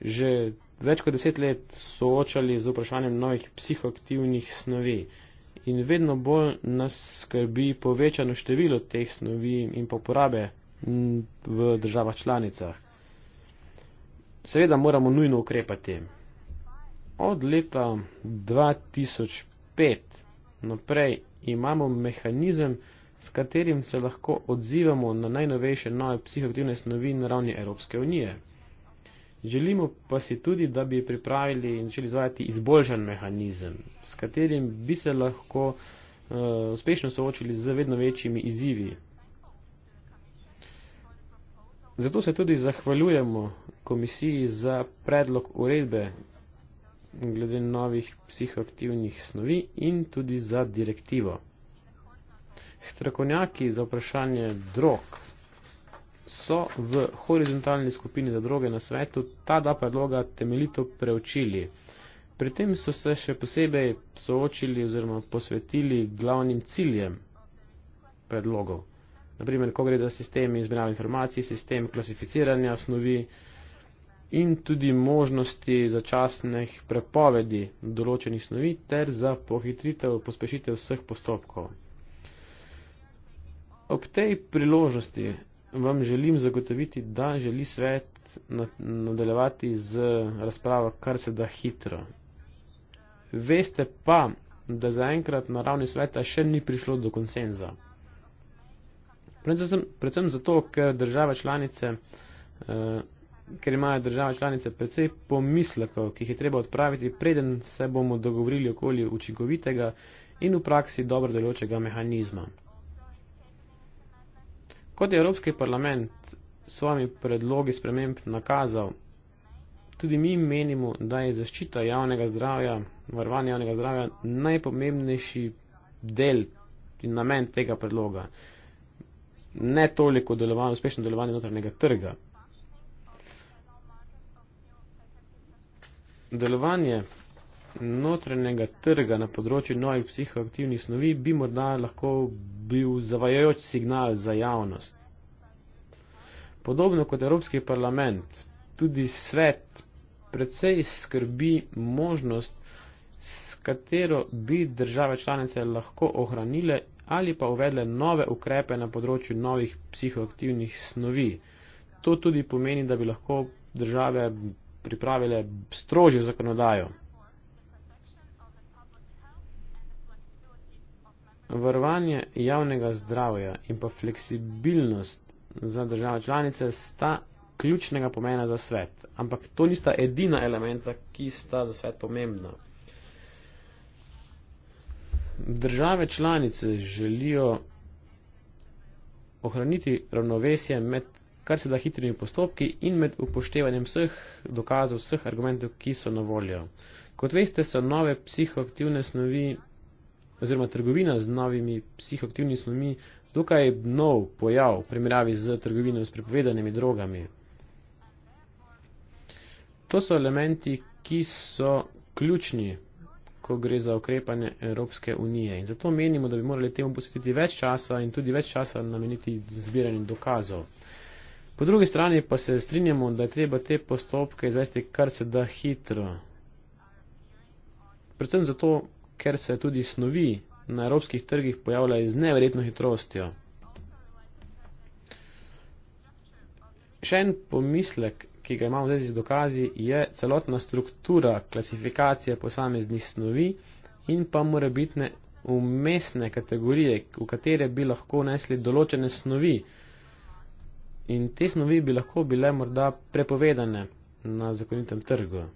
že več kot deset let soočali z vprašanjem novih psihoaktivnih snovi in vedno bolj nas skrbi povečano število teh snovi in pa uporabe v državah članicah. Seveda moramo nujno ukrepati. Od leta 2005 naprej imamo mehanizem, s katerim se lahko odzivamo na najnovejše nove psihoaktivne snovi na ravni Evropske unije. Želimo pa si tudi, da bi pripravili in začeli izvajati izboljšan mehanizem, s katerim bi se lahko uh, uspešno soočili z vedno večjimi izzivi. Zato se tudi zahvaljujemo komisiji za predlog uredbe glede novih psihoaktivnih snovi in tudi za direktivo. Strakonjaki za vprašanje drog so v horizontalni skupini za droge na svetu ta dva predloga temeljito preučili. Pri tem so se še posebej soočili oziroma posvetili glavnim ciljem predlogov. Naprimer, ko gre za sistem izmenjave informacij, sistem klasificiranja snovi in tudi možnosti začasnih prepovedi določenih snovi ter za pohitritev, pospešitev vseh postopkov ob tej priložnosti vam želim zagotoviti, da želi svet nadaljevati z razpravo kar se da hitro. Veste pa, da zaenkrat na ravni sveta še ni prišlo do konsenza. Predvsem, predvsem zato, ker države članice, eh, ker imajo države članice precej pomislekov, ki jih je treba odpraviti, preden se bomo dogovorili okoli učinkovitega in v praksi dobro delujočega mehanizma. Kot je Evropski parlament s svojimi predlogi sprememb nakazal, tudi mi menimo, da je zaščita javnega zdravja, varovanje javnega zdravja najpomembnejši del in namen tega predloga. Ne toliko delovanje, uspešno delovanje notranjega trga. Delovanje notranjega trga na področju novih psihoaktivnih snovi bi morda lahko bil zavajajoč signal za javnost. Podobno kot Evropski parlament, tudi svet predvsej skrbi možnost, s katero bi države članice lahko ohranile ali pa uvedle nove ukrepe na področju novih psihoaktivnih snovi. To tudi pomeni, da bi lahko države pripravile strožjo zakonodajo. Varovanje javnega zdravja in pa fleksibilnost za države članice sta ključnega pomena za svet, ampak to nista edina elementa, ki sta za svet pomembna. Države članice želijo ohraniti ravnovesje med kar se da hitrimi postopki in med upoštevanjem vseh dokazov, vseh argumentov, ki so na voljo. Kot veste, so nove psihoaktivne snovi oziroma trgovina z novimi psihoaktivnimi snovmi dokaj nov pojav v primerjavi z trgovino s prepovedanimi drogami. To so elementi, ki so ključni, ko gre za ukrepanje Evropske unije. In zato menimo, da bi morali temu posvetiti več časa in tudi več časa nameniti zbiranju dokazov. Po drugi strani pa se strinjamo, da je treba te postopke izvesti kar se da hitro. Predvsem zato, ker se tudi snovi na evropskih trgih pojavljajo z neverjetno hitrostjo. Še en pomislek, ki ga imamo zdaj z dokazi, je celotna struktura klasifikacije posameznih snovi in pa morebitne umestne kategorije, v katere bi lahko nesli določene snovi. In te snovi bi lahko bile morda prepovedane na zakonitem trgu.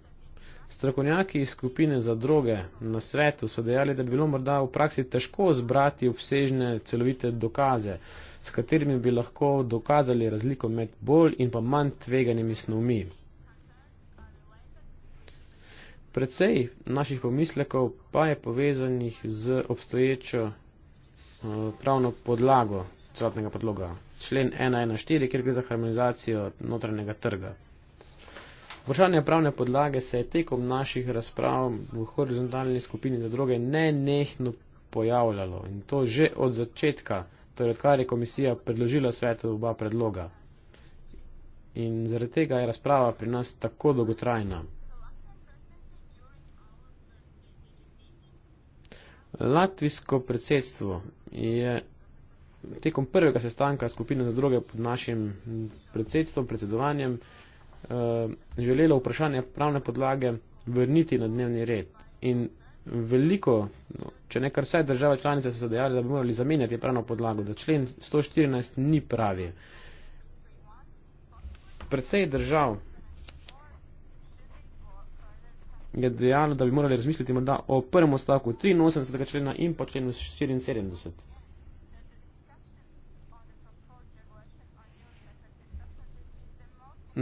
Strokovnjaki iz skupine za droge na svetu so dejali, da bi bilo morda v praksi težko zbrati obsežne celovite dokaze, s katerimi bi lahko dokazali razliko med bolj in pa manj tveganimi snovmi. Predvsej naših pomislekov pa je povezanih z obstoječo eh, pravno podlago celotnega podloga, člen 114, kjer gre za harmonizacijo notranjega trga. Vprašanje pravne podlage se je tekom naših razprav v horizontalni skupini za droge nenehno pojavljalo in to že od začetka, torej odkar je komisija predložila svetu oba predloga. In zaradi tega je razprava pri nas tako dolgotrajna. Latvijsko predsedstvo je tekom prvega sestanka skupine za droge pod našim predsedstvom, predsedovanjem, Eh, želelo vprašanje pravne podlage vrniti na dnevni red. In veliko, no, če ne kar vse države članice so se dejali, da bi morali zamenjati pravno podlago, da člen 114 ni pravi. Predvsej držav je dejalo, da bi morali razmisliti morda o prvem odstavku 83. člena in po členu 74.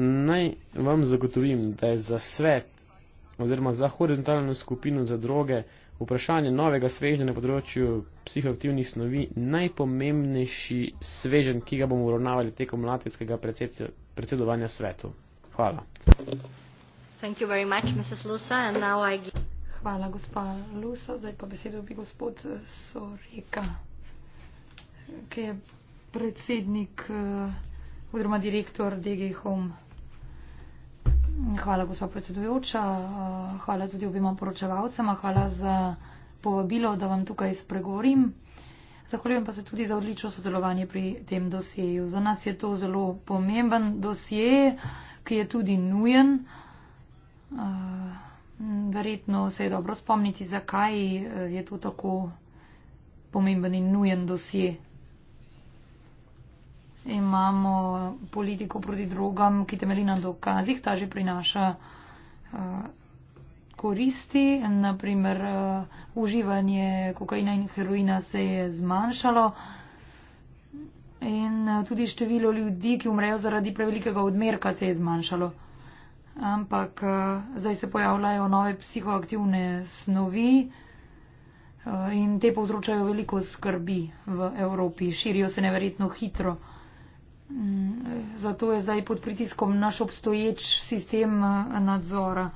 naj vam zagotovim, da je za svet oziroma za horizontalno skupino za droge vprašanje novega svežnja na področju psihoaktivnih snovi najpomembnejši svežen, ki ga bomo uravnavali tekom latvijskega predsedovanja svetu. Hvala. Thank you very much, Mrs. Lusa, and now I give... Hvala, gospa Lusa. Zdaj pa besedo bi gospod Soreka, ki je predsednik eh, oziroma direktor DG Home. Hvala, gospod predsedujoča. Eh, hvala tudi obima poročevalcema. Hvala za povabilo, da vam tukaj spregovorim. Zahvaljujem pa se tudi za odlično sodelovanje pri tem dosjeju. Za nas je to zelo pomemben dosje, ki je tudi nujen. Eh, verjetno se je dobro spomniti, zakaj eh, je to tako pomemben in nujen dosje imamo politiko proti drogam, ki temelji na dokazih, ta že prinaša eh, koristi, naprimer eh, uživanje kokaina in heroina se je zmanjšalo in eh, tudi število ljudi, ki umrejo zaradi prevelikega odmerka, se je zmanjšalo. Ampak zdaj se pojavljajo nove psihoaktivne snovi in te povzročajo veliko skrbi v Evropi, širijo se neverjetno hitro. Zato je zdaj pod pritiskom naš obstoječ sistem eh, nadzora.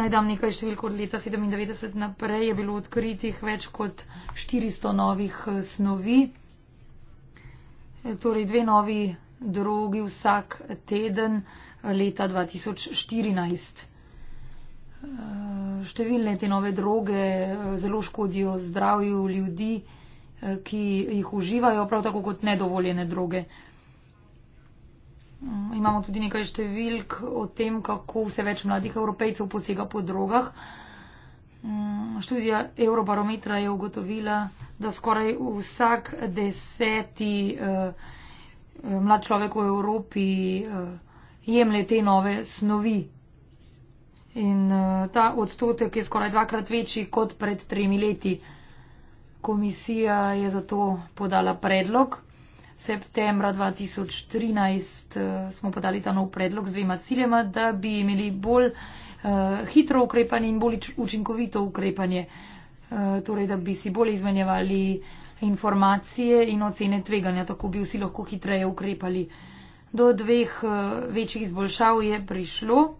Najdam nekaj številk od leta 97 naprej je bilo odkritih več kot 400 novih eh, snovi, eh, torej dve novi drogi vsak teden leta 2014. Številne te nove droge zelo škodijo zdravju ljudi, ki jih uživajo, prav tako kot nedovoljene droge. Imamo tudi nekaj številk o tem, kako vse več mladih evropejcev posega po drogah. Mm, študija Eurobarometra je ugotovila, da skoraj vsak deseti eh, eh, mlad človek v Evropi eh, jemlje te nove snovi. In ta odstotek je skoraj dvakrat večji kot pred tremi leti. Komisija je zato podala predlog septembra 2013 eh, smo podali ta nov predlog z dvema ciljema, da bi imeli bolj eh, hitro ukrepanje in bolj učinkovito ukrepanje. Eh, torej, da bi si bolj izmenjevali informacije in ocene tveganja, tako bi vsi lahko hitreje ukrepali. Do dveh večjih izboljšav je prišlo.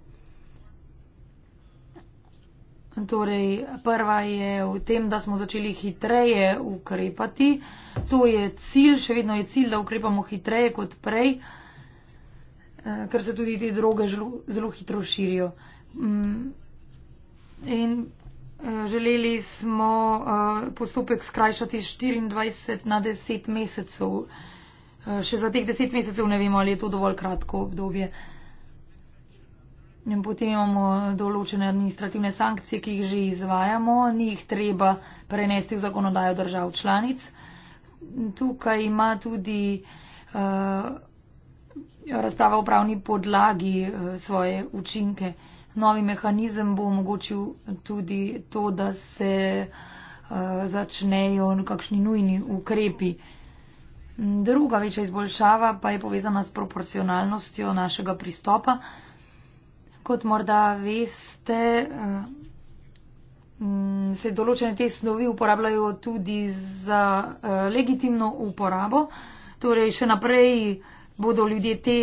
Torej, prva je v tem, da smo začeli hitreje ukrepati. To je cilj, še vedno je cilj, da ukrepamo hitreje kot prej, eh, ker se tudi te droge zelo hitro širijo. Mm, in eh, želeli smo eh, postopek skrajšati iz 24 na 10 mesecev. Še za teh 10 mesecev ne vemo, ali je to dovolj kratko obdobje. In potem imamo določene administrativne sankcije, ki jih že izvajamo, ni jih treba prenesti v zakonodajo držav članic. Tukaj ima tudi uh, razprava o pravni podlagi uh, svoje učinke. Novi mehanizem bo omogočil tudi to, da se uh, začnejo kakšni nujni ukrepi. Druga večja izboljšava pa je povezana s proporcionalnostjo našega pristopa. Uh, Kot morda veste, eh, mm, se določene te snovi uporabljajo tudi za eh, legitimno uporabo. Torej, še naprej bodo ljudje te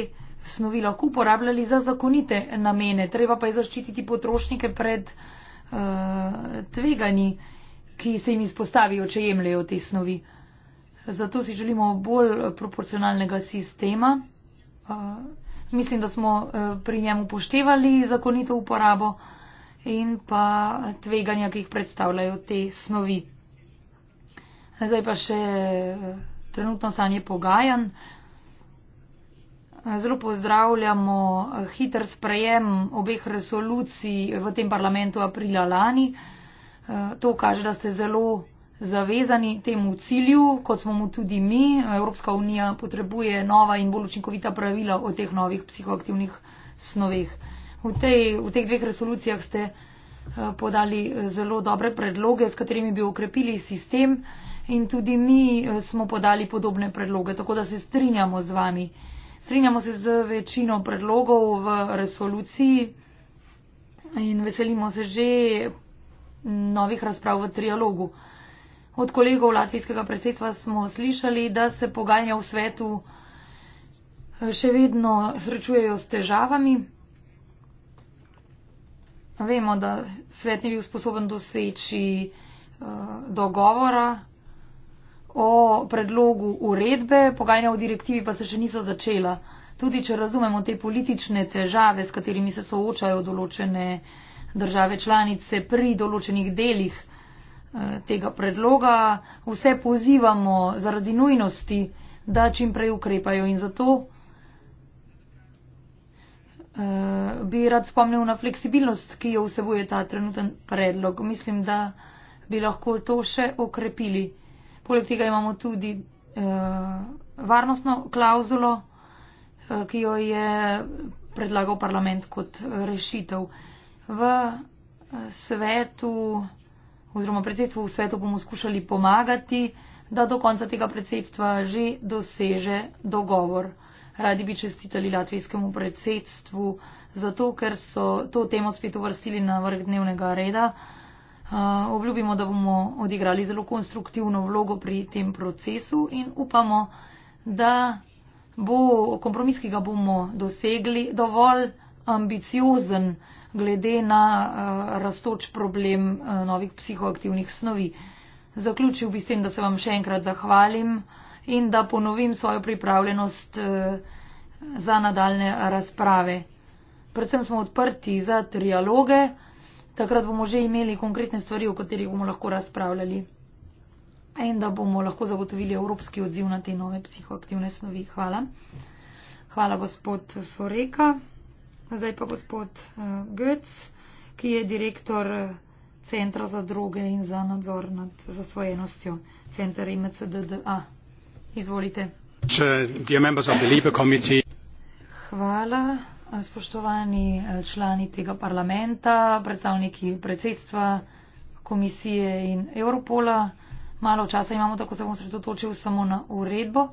snovi lahko uporabljali za zakonite namene. Treba pa je zaščititi potrošnike pred eh, tveganji, ki se jim izpostavijo, če jemljajo te snovi. Zato si želimo bolj proporcionalnega sistema mislim, da smo eh, pri njem upoštevali zakonito uporabo in pa tveganja, ki jih predstavljajo te snovi. Zdaj pa še eh, trenutno stanje pogajanj. Zelo pozdravljamo eh, hiter sprejem obeh resolucij v tem parlamentu aprila lani. To kaže, da ste zelo zavezani temu cilju, kot smo mu tudi mi. Evropska unija potrebuje nova in bolj učinkovita pravila o teh novih psihoaktivnih snoveh. V, tej, v teh dveh resolucijah ste eh, podali eh, zelo dobre predloge, s katerimi bi okrepili sistem in tudi mi eh, smo podali podobne predloge, tako da se strinjamo z vami. Strinjamo se z večino predlogov v resoluciji in veselimo se že novih razprav v trialogu. Od kolegov latvijskega predsedstva smo slišali, da se pogajanja v svetu eh, še vedno srečujejo s težavami. Vemo, da svet ni bil sposoben doseči eh, dogovora o predlogu uredbe, pogajanja o direktivi pa se še niso začela. Tudi če razumemo te politične težave, s katerimi se soočajo določene države članice pri določenih delih tega predloga. Vse pozivamo zaradi nujnosti, da čim prej ukrepajo in zato eh, bi rad spomnil na fleksibilnost, ki jo vsebuje ta trenuten predlog. Mislim, da bi lahko to še okrepili. Poleg tega imamo tudi eh, varnostno klauzulo, eh, ki jo je predlagal parlament kot rešitev. V svetu oziroma predsedstvu v svetu bomo skušali pomagati, da do konca tega predsedstva že doseže dogovor. Radi bi čestitali latvijskemu predsedstvu zato, ker so to temo spet uvrstili na vrh dnevnega reda. Uh, obljubimo, da bomo odigrali zelo konstruktivno vlogo pri tem procesu in upamo, da bo kompromis, ki ga bomo dosegli, dovolj ambiciozen glede na eh, rastoč problem eh, novih psihoaktivnih snovi. Zaključil bi s tem, da se vam še enkrat zahvalim in da ponovim svojo pripravljenost eh, za nadaljne razprave. Predvsem smo odprti za trialoge, takrat bomo že imeli konkretne stvari, o katerih bomo lahko razpravljali in da bomo lahko zagotovili evropski odziv na te nove psihoaktivne snovi. Hvala. Hvala, gospod Soreka. Zdaj pa gospod eh, Götz, ki je direktor eh, Centra za droge in za nadzor nad zasvojenostjo, Center IMCDDA. Izvolite. Hvala, eh, spoštovani člani tega parlamenta, predstavniki predsedstva, komisije in Europola. Malo časa imamo, tako se bom sredotočil samo na uredbo.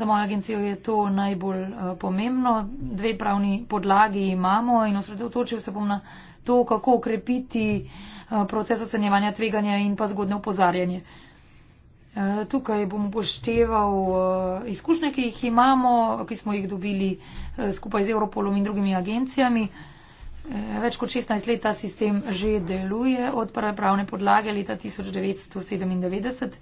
Za mojo agencijo je to najbolj uh, pomembno. Dve pravni podlagi imamo in osredotočil se bom na to, kako ukrepiti uh, eh, proces ocenjevanja tveganja in pa zgodne upozarjanje. Uh, eh, tukaj bom upošteval uh, izkušnje, ki jih imamo, ki smo jih dobili uh, skupaj z Europolom in drugimi agencijami. Več kot 16 let ta sistem že deluje od prve pravne podlage leta 1997.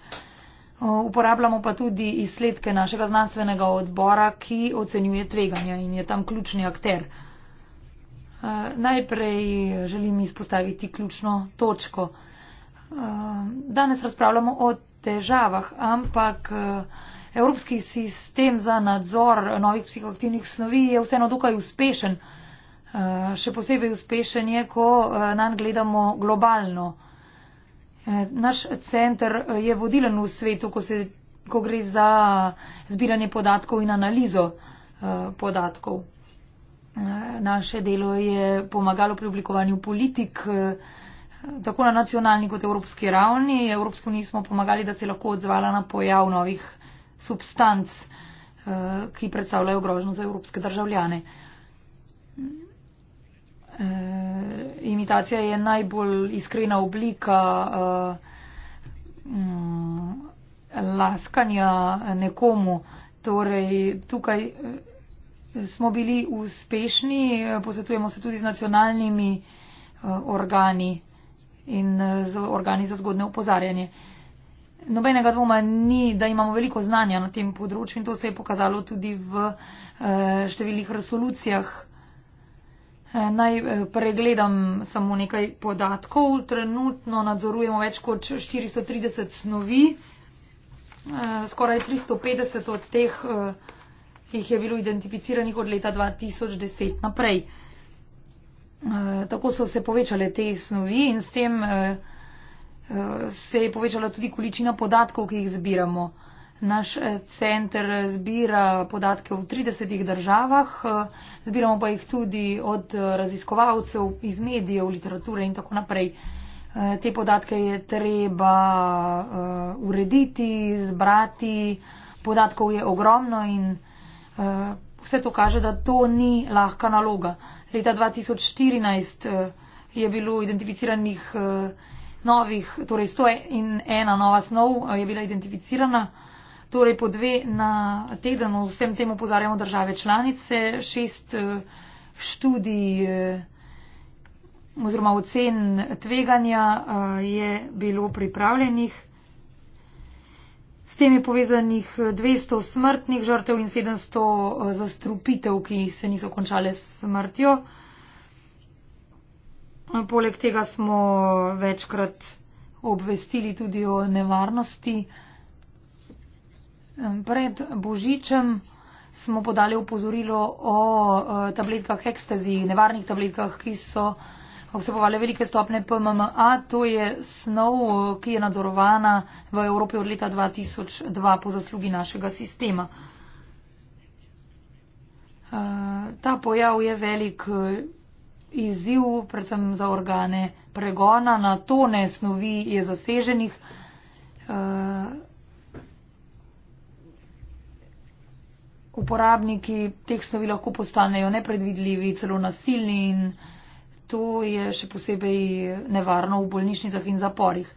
Uporabljamo pa tudi izsledke našega znanstvenega odbora, ki ocenjuje tveganja in je tam ključni akter. Eh, najprej želim izpostaviti ključno točko. Eh, danes razpravljamo o težavah, ampak eh, evropski sistem za nadzor novih psihoaktivnih snovi je vseeno dokaj uspešen. Še posebej uspešen je, ko nan gledamo globalno. Naš center eh, je vodilen v svetu, ko, se, ko gre za zbiranje podatkov in analizo eh, podatkov. Eh, naše delo je pomagalo pri oblikovanju politik tako na nacionalni kot evropski ravni. Evropsko unijo smo pomagali, da se je lahko odzvala na pojav novih substanc, ki predstavljajo grožnost za evropske državljane. Eh, imitacija je najbolj iskrena oblika eh, mm, laskanja nekomu. Torej, tukaj eh, smo bili uspešni, posvetujemo se tudi z nacionalnimi organi in z organi za zgodne upozarjanje. Nobenega dvoma ni, da imamo veliko znanja na tem področju in to se je pokazalo tudi v številnih resolucijah Eh, naj eh, pregledam samo nekaj podatkov. Trenutno nadzorujemo več kot 430 snovi, eh, skoraj 350 od teh, ki jih je bilo identificiranih od leta 2010 naprej. Tako so se povečale te snovi in s tem se je povečala tudi količina podatkov, ki jih zbiramo. Naš eh, center zbira podatke v 30 državah, eh, zbiramo pa jih tudi od eh, raziskovalcev iz medijev, literature in tako naprej. Te podatke je treba urediti, zbrati, podatkov je ogromno in vse to kaže, da to ni lahka naloga. Leta 2014 je bilo identificiranih novih, torej 101 nova snov je bila identificirana torej po dve na teden. Vsem tem upozarjamo države članice, šest eh, študij eh, oziroma ocen tveganja eh, je bilo pripravljenih. S tem je povezanih 200 smrtnih žrtev in 700 zastrupitev, ki se niso končale s smrtjo. Poleg tega smo večkrat obvestili tudi o nevarnosti. Pred Božičem smo podali opozorilo o e, tabletkah ekstazi, nevarnih tabletkah, ki so vsebovali velike stopne PMMA. To je snov, ki je nadzorovana v Evropi od leta 2002 po zaslugi našega sistema. E, ta pojav je velik e, izziv, predvsem za organe pregona. Na tone snovi je zaseženih. uporabniki teh snovi lahko postanejo nepredvidljivi, celo nasilni in to je še posebej nevarno v bolnišnicah in zaporih.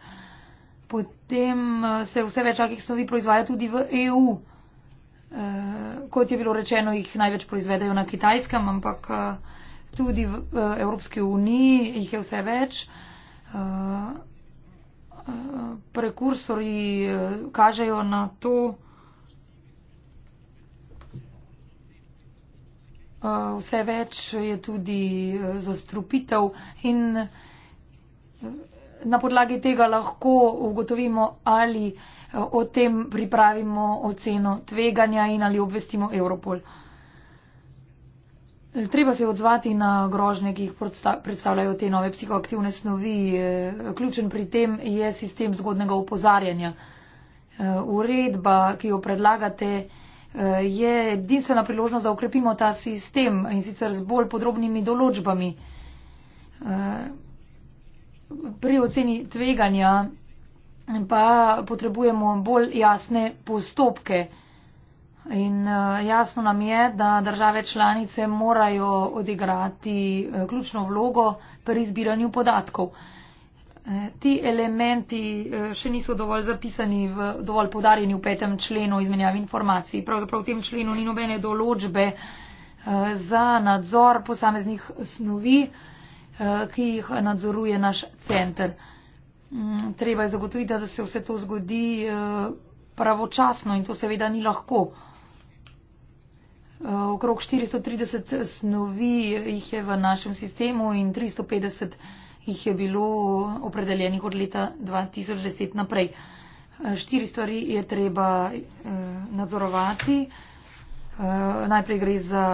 Potem eh, se vse več takih snovi proizvaja tudi v EU. E, eh, kot je bilo rečeno, jih največ proizvedajo na kitajskem, ampak eh, tudi v, v Evropski uniji jih je vse več. E, prekursori kažejo na to, Eh, vse več je tudi eh, zastrupitev in eh, na podlagi tega lahko ugotovimo, ali o tem pripravimo oceno tveganja in ali obvestimo Europol. Treba se odzvati na grožnje, ki jih predstavljajo te nove psihoaktivne snovi. Ključen pri tem je sistem zgodnega upozarjanja. Uredba, ki jo predlagate, Eh, je edinstvena priložnost, da ukrepimo ta sistem in sicer z bolj podrobnimi določbami. Eh, pri oceni tveganja pa potrebujemo bolj jasne postopke. In eh, jasno nam je, da države članice morajo odigrati ključno vlogo pri izbiranju podatkov. Eh, ti elementi eh, še niso dovolj zapisani, v, dovolj podarjeni v petem členu izmenjavi informacij. Pravzaprav v tem členu ni nobene določbe eh, za nadzor posameznih snovi, ki jih nadzoruje naš center. Mm, treba je zagotoviti, da se vse to zgodi pravočasno in to seveda ni lahko. Okrog 430 snovi jih je v našem sistemu in 350 jih je bilo opredeljenih od leta 2010 naprej. Eh, štiri stvari je treba eh, nadzorovati. Eh, najprej gre za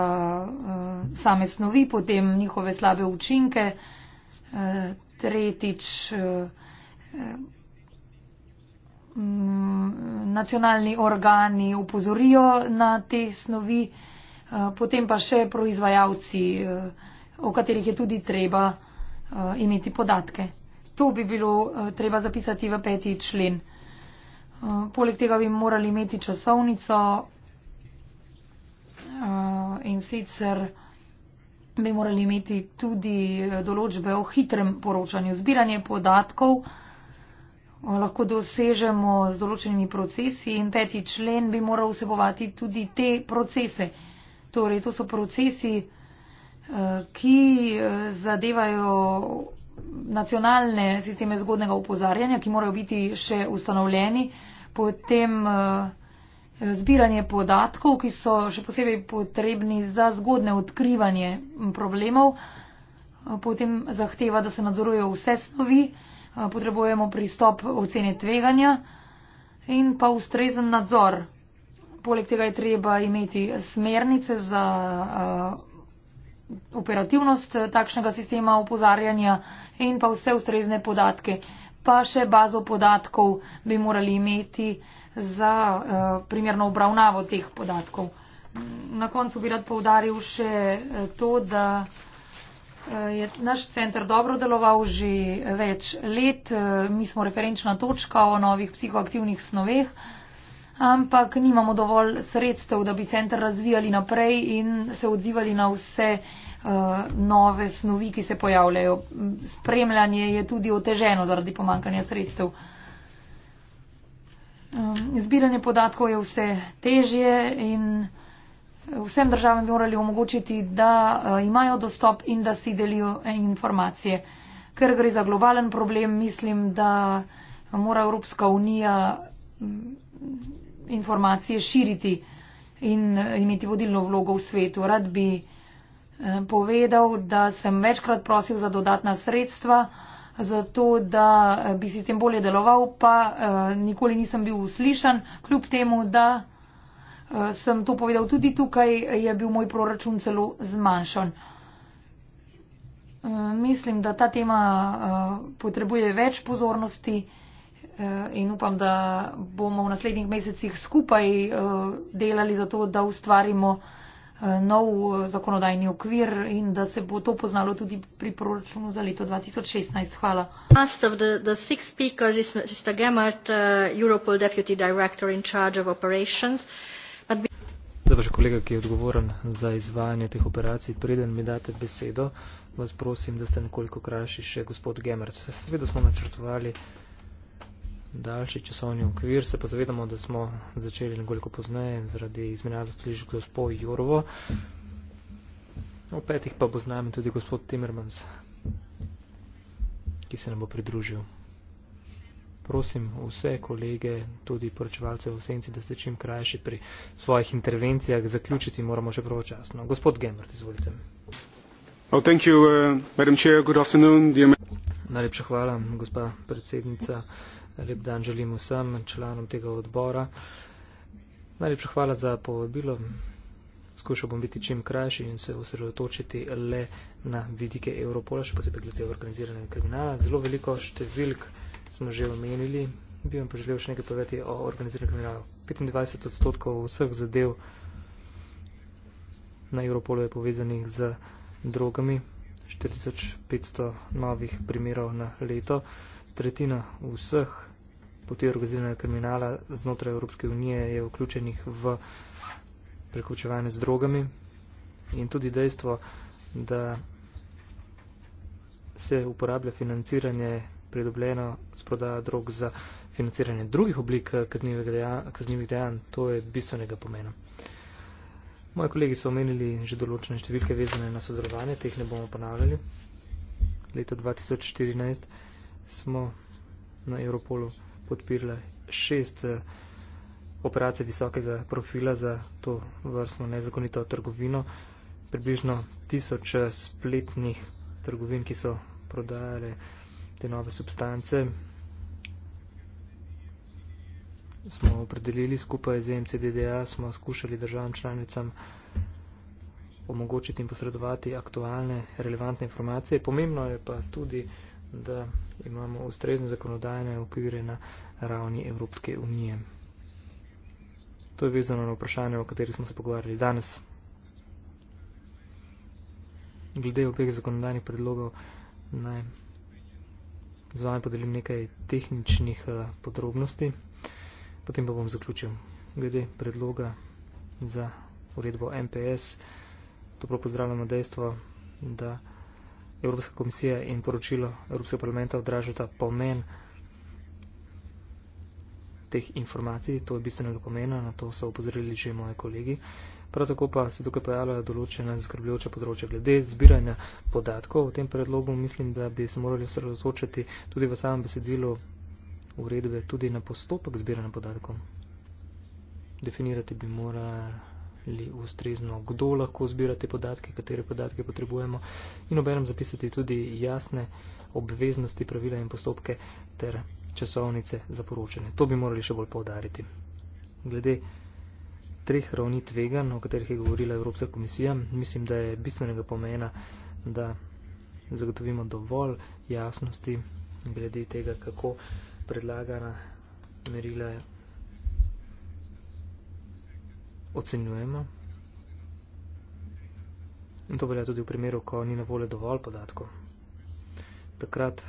same snovi, potem njihove slabe učinke, tretjič mm, nacionalni organi upozorijo na te snovi, potem pa še proizvajalci, o katerih je tudi treba uh, imeti podatke. To bi bilo uh, treba zapisati v peti člen. Uh, poleg tega bi morali imeti časovnico uh, in sicer bi morali imeti tudi določbe o hitrem poročanju. Zbiranje podatkov uh, lahko dosežemo z določenimi procesi in peti člen bi moral vsebovati tudi te procese. Torej, to so procesi, uh, Eh, ki eh, zadevajo nacionalne sisteme zgodnega upozarjanja, ki morajo biti še ustanovljeni, potem eh, zbiranje podatkov, ki so še posebej potrebni za zgodne odkrivanje problemov, potem zahteva, da se nadzorujejo vse snovi, potrebujemo pristop ocene tveganja in pa ustrezen nadzor. Poleg tega je treba imeti smernice za operativnost eh, takšnega sistema opozarjanja in pa vse ustrezne podatke. Pa še bazo podatkov bi morali imeti za eh, primerno obravnavo teh podatkov. Na koncu bi rad povdaril še eh, to, da je naš center dobro deloval že več let. Mi smo referenčna točka o novih psihoaktivnih snoveh ampak nimamo dovolj sredstev, da bi center razvijali naprej in se odzivali na vse eh, nove snovi, ki se pojavljajo. Spremljanje je tudi oteženo zaradi pomankanja sredstev. Eh, zbiranje podatkov je vse težje in vsem državam bi morali omogočiti, da eh, imajo dostop in da si delijo informacije. Ker gre za globalen problem, mislim, da mora Evropska unija informacije širiti in eh, imeti vodilno vlogo v svetu. Rad bi eh, povedal, da sem večkrat prosil za dodatna sredstva, zato da eh, bi sistem bolje deloval, pa nikoli nisem bil uslišan, kljub temu, da sem to povedal tudi tukaj, je bil moj proračun celo zmanjšan. Mislim, da ta tema potrebuje več pozornosti. Eh, in upam, da bomo v naslednjih mesecih skupaj eh, delali za to, da ustvarimo eh, nov zakonodajni okvir in da se bo to poznalo tudi pri proračunu za leto 2016. Hvala. Dobro, kolega, ki je odgovoren za izvajanje teh operacij, preden mi date besedo, vas prosim, da ste nekoliko krajši še gospod Gemert. Seveda smo načrtovali daljši časovni okvir, se pa zavedamo, da smo začeli nekoliko pozneje zaradi izmenjave stališč gospod Jurovo. O petih pa bo z nami tudi gospod Timmermans, ki se nam bo pridružil. Prosim vse kolege, tudi poročevalce v senci, da ste čim krajši pri svojih intervencijah. Zaključiti moramo še pravočasno. Gospod Gemmert, izvolite. Oh, thank you, uh, Madam Chair. Good afternoon. Najlepša hvala, gospa predsednica. Lep dan želim vsem članom tega odbora. Najlepša hvala za povabilo. Skušal bom biti čim krajši in se osredotočiti le na vidike Evropola, še posebej glede organiziranega kriminala. Zelo veliko številk smo že omenili. Bi vam pa želel še nekaj povedati o organiziranem kriminalu. 25 odstotkov vseh zadev na Evropolu je povezanih z drogami. 4500 novih primerov na leto tretjina vseh poti organiziranega kriminala znotraj Evropske unije je vključenih v preključevanje z drogami in tudi dejstvo, da se uporablja financiranje pridobljeno s prodaja drog za financiranje drugih oblik eh, kaznjivih dejanj, to je bistvenega pomena. Moji kolegi so omenili že določene številke vezane na sodelovanje, teh ne bomo ponavljali. Leta 2014 smo na Europolu podpirali šest eh, operacij visokega profila za to vrstno nezakonito trgovino. Približno tisoč eh, spletnih trgovin, ki so prodajale te nove substance, smo opredelili skupaj z MCDDA, smo skušali državam članicam omogočiti in posredovati aktualne, relevantne informacije. Pomembno je pa tudi, da imamo ustrezne zakonodajne okvire na ravni Evropske unije. To je vezano na vprašanje, o kateri smo se pogovarjali danes. Glede obeh zakonodajnih predlogov naj z vami podelim nekaj tehničnih eh, podrobnosti, potem pa bom zaključil. Glede predloga za uredbo MPS, dobro pozdravljamo dejstvo, da Evropska komisija in poročilo Evropskega parlamenta odražata pomen teh informacij, to je bistvenega pomena, na to so opozorili že moje kolegi. Prav tako pa se tukaj pojavljajo določena zaskrbljujoča področja glede zbiranja podatkov. V tem predlogu mislim, da bi se morali osredotočiti tudi v samem besedilu uredbe tudi na postopek zbiranja podatkov. Definirati bi morali ali ustrezno, kdo lahko zbira te podatke, katere podatke potrebujemo in obenem zapisati tudi jasne obveznosti, pravila in postopke ter časovnice za poročanje. To bi morali še bolj povdariti. Glede treh ravni tvegan, o katerih je govorila Evropska komisija, mislim, da je bistvenega pomena, da zagotovimo dovolj jasnosti glede tega, kako predlagana merila ocenjujemo. In to velja tudi v primeru, ko ni na voljo dovolj podatkov. Takrat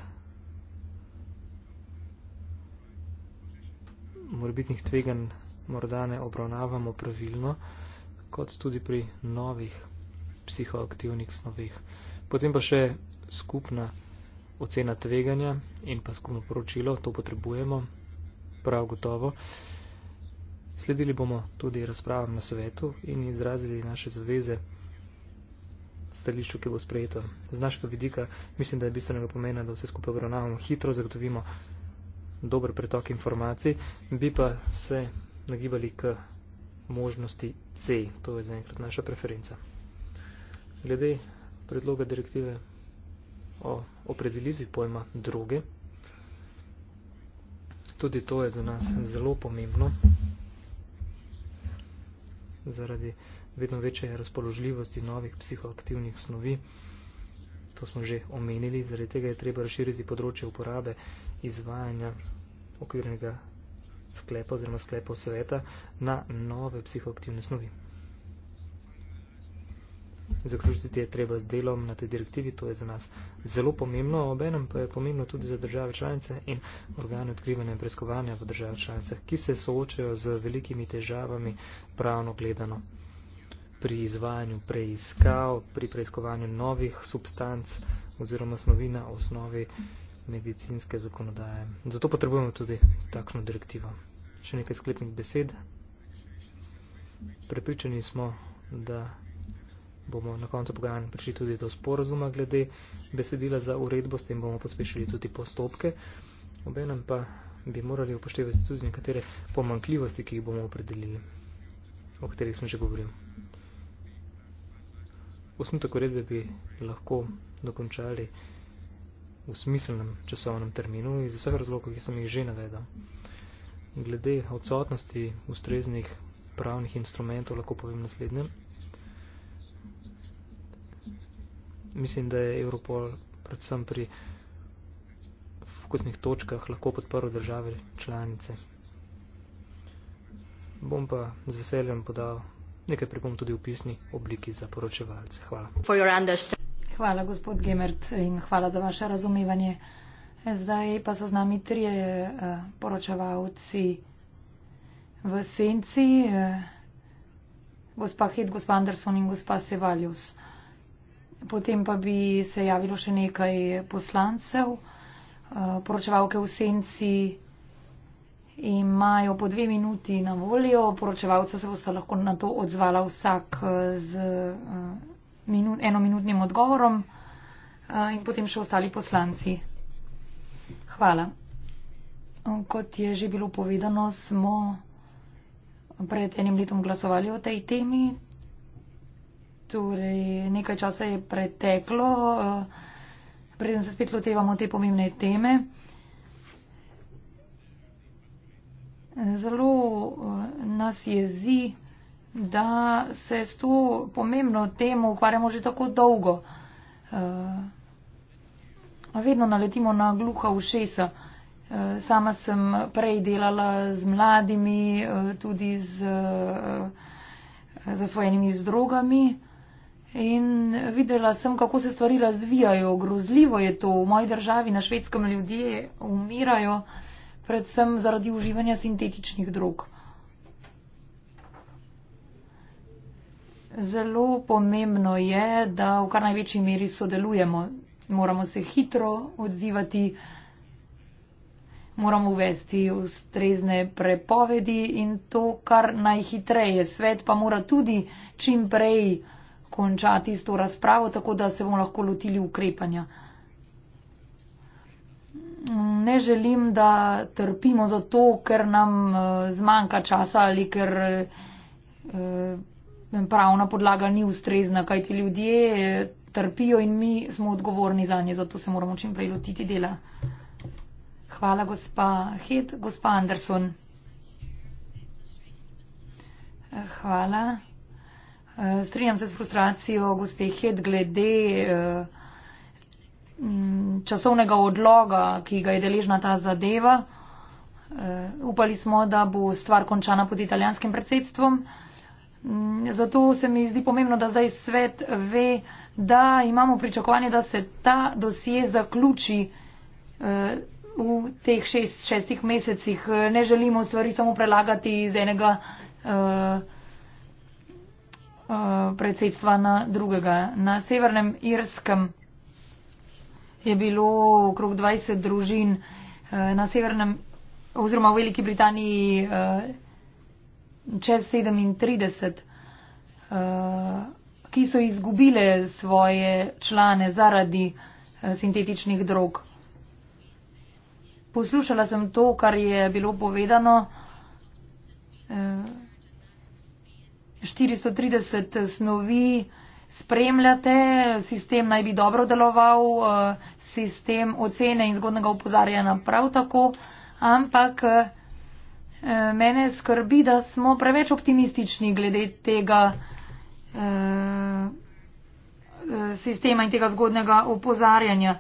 morbitnih tvegan morda ne obravnavamo pravilno, kot tudi pri novih psihoaktivnih snovih. Potem pa še skupna ocena tveganja in pa skupno poročilo, to potrebujemo prav gotovo. Uh, Sledili bomo tudi razpravam na svetu in izrazili naše zaveze stališču, ki bo sprejeto. Z našega vidika mislim, da je bistvenega pomena, da vse skupaj obravnavamo hitro, zagotovimo dober pretok informacij, bi pa se nagibali k možnosti C. To je zaenkrat naša preferenca. Glede predloga direktive o opredelitvi pojma druge, tudi to je za nas zelo pomembno zaradi vedno večje razpoložljivosti novih psihoaktivnih snovi. To smo že omenili, zaradi tega je treba razširiti področje uporabe izvajanja okvirnega sklepa oziroma sklepa sveta na nove psihoaktivne snovi zaključiti je treba z delom na tej direktivi, to je za nas zelo pomembno, obenem pa je pomembno tudi za države članice in organe odkrivanja in preiskovanja v države članicah, ki se soočajo z velikimi težavami pravno gledano pri izvajanju preiskav, pri preiskovanju novih substanc oziroma snovi na osnovi medicinske zakonodaje. Zato potrebujemo tudi takšno direktivo. Še nekaj sklepnih besed. Prepričani smo, da bomo na koncu pogajanj prišli tudi do sporozuma glede besedila za uredbo, s tem bomo pospešili tudi postopke. Obenem pa bi morali upoštevati tudi nekatere pomankljivosti, ki jih bomo opredelili, o katerih smo že govorili. Osnutek uredbe bi lahko dokončali v smiselnem časovnem terminu iz vseh razlogov, ki sem jih že navedel. Glede odsotnosti ustreznih pravnih instrumentov lahko povem naslednje. mislim, da je Evropol predvsem pri fokusnih točkah lahko podprl države članice. Bom pa z veseljem podal nekaj pripom tudi v pisni obliki za poročevalce. Hvala. Hvala, gospod Gemert, in hvala za vaše razumevanje. Zdaj pa so z nami trije eh, poročevalci v senci, eh, gospa Hed, gospa Anderson in gospa Sevaljus potem pa bi se javilo še nekaj poslancev. Eh, poročevalke v senci imajo po dve minuti na voljo, poročevalca se boste lahko na to odzvala vsak eh, z eh, minut, enominutnim odgovorom in potem še ostali poslanci. Hvala. Kot je že bilo povedano, smo pred enim letom glasovali o tej temi, Torej, nekaj časa je preteklo, eh, preden se spet lotevamo te pomembne teme. Zelo eh, nas jezi, da se s to pomembno temo ukvarjamo že tako dolgo. Eh, vedno naletimo na gluha ušesa. Sama sem prej delala z mladimi, tudi z zasvojenimi z drogami. In videla sem, kako se stvari razvijajo. Grozljivo je to. V moji državi na švedskem ljudje umirajo, predvsem zaradi uživanja sintetičnih drog. Zelo pomembno je, da v kar največji meri sodelujemo. Moramo se hitro odzivati, moramo uvesti ustrezne prepovedi in to kar najhitreje. Svet pa mora tudi čim prej končati s to razpravo, tako da se bomo lahko lotili ukrepanja. Ne želim, da trpimo zato, ker nam eh, zmanjka časa ali ker eh, pravna podlaga ni ustrezna, kaj ti ljudje eh, trpijo in mi smo odgovorni za nje, zato se moramo čim prej lotiti dela. Hvala, gospa Hed. Gospa Anderson. Hvala. Eh, strinjam se s frustracijo gospe Hed glede eh, časovnega odloga, ki ga je deležna ta zadeva. Eh, upali smo, da bo stvar končana pod italijanskim predsedstvom. Mm, zato se mi zdi pomembno, da zdaj svet ve, da imamo pričakovanje, da se ta dosje zaključi v teh šest, šestih mesecih. Ne želimo stvari samo prelagati iz enega. Uh, predsedstva na drugega. Na severnem Irskem je bilo okrog 20 družin, uh, na severnem oziroma v Veliki Britaniji uh, čez 37, ki so izgubile svoje člane zaradi sintetičnih drog. Poslušala sem to, kar je bilo povedano. 430 snovi spremljate, sistem naj bi dobro deloval, eh, sistem ocene in zgodnega upozarjanja prav tako, ampak eh, mene skrbi, da smo preveč optimistični glede tega eh, sistema in tega zgodnega upozarjanja.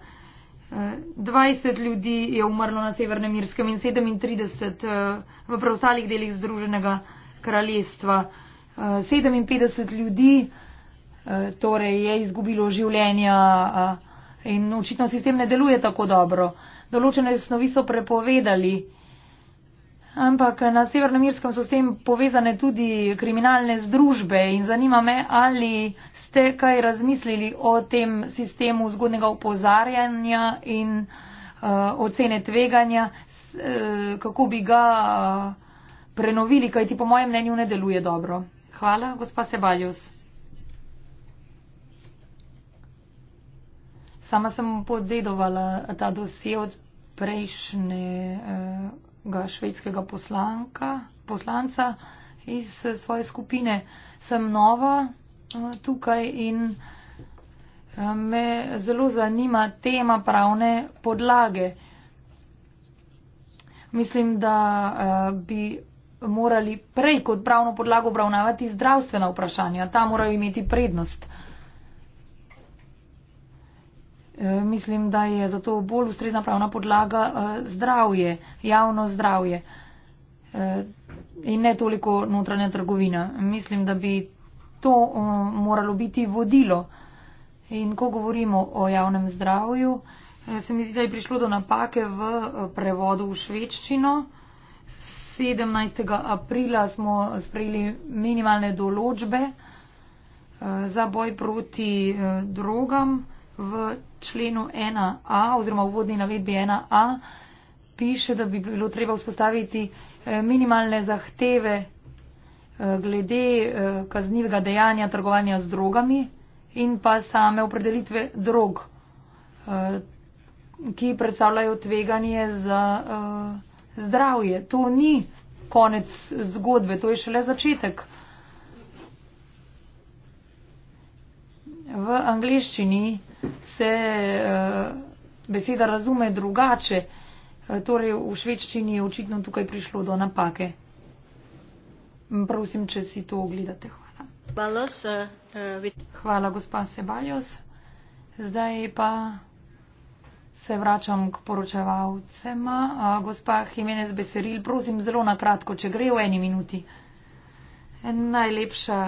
20 ljudi je umrlo na Severnem Irskem in 37 v preostalih delih Združenega kraljestva. 57 ljudi eh, torej je izgubilo življenja eh, in očitno sistem ne deluje tako dobro. Določene snovi so prepovedali, ampak na Severnem Irskem so s tem povezane tudi kriminalne združbe in zanima me, ali ste kaj razmislili o tem sistemu zgodnega upozarjanja in uh, ocene tveganja, s, uh, kako bi ga uh, prenovili, kaj ti po mojem mnenju ne deluje dobro. Hvala, gospa Sebaljus. Sama sem podedovala ta dosje od prejšnjega švedskega poslanka, poslanca iz svoje skupine. Sem nova eh, tukaj in eh, me zelo zanima tema pravne podlage. Mislim, da eh, bi morali prej kot pravno podlago obravnavati zdravstvena vprašanja. Ta morajo imeti prednost. E, mislim, da je zato bolj ustrezna pravna podlaga e, zdravje, javno zdravje e, in ne toliko notranja trgovina. Mislim, da bi to moralo biti vodilo. In ko govorimo o javnem zdravju, se mi zdi, da je prišlo do napake v prevodu v švedščino. 17. aprila smo sprejeli minimalne določbe eh, za boj proti eh, drogam. V členu 1a oziroma v vodni navedbi 1a piše, da bi bilo treba vzpostaviti eh, minimalne zahteve glede kaznivega dejanja trgovanja z drogami in pa same opredelitve drog, ki predstavljajo tveganje za zdravje. To ni konec zgodbe, to je šele začetek. V angliščini se eh, beseda razume drugače, eh, torej v švedščini je očitno tukaj prišlo do napake. Prosim, če si to ogledate. Hvala. Hvala, eh, gospa Sebaljos. Zdaj pa. Se vračam k poročevalcema. Gospa Jimenez Beseril, prosim zelo na kratko, če gre v eni minuti. Najlepša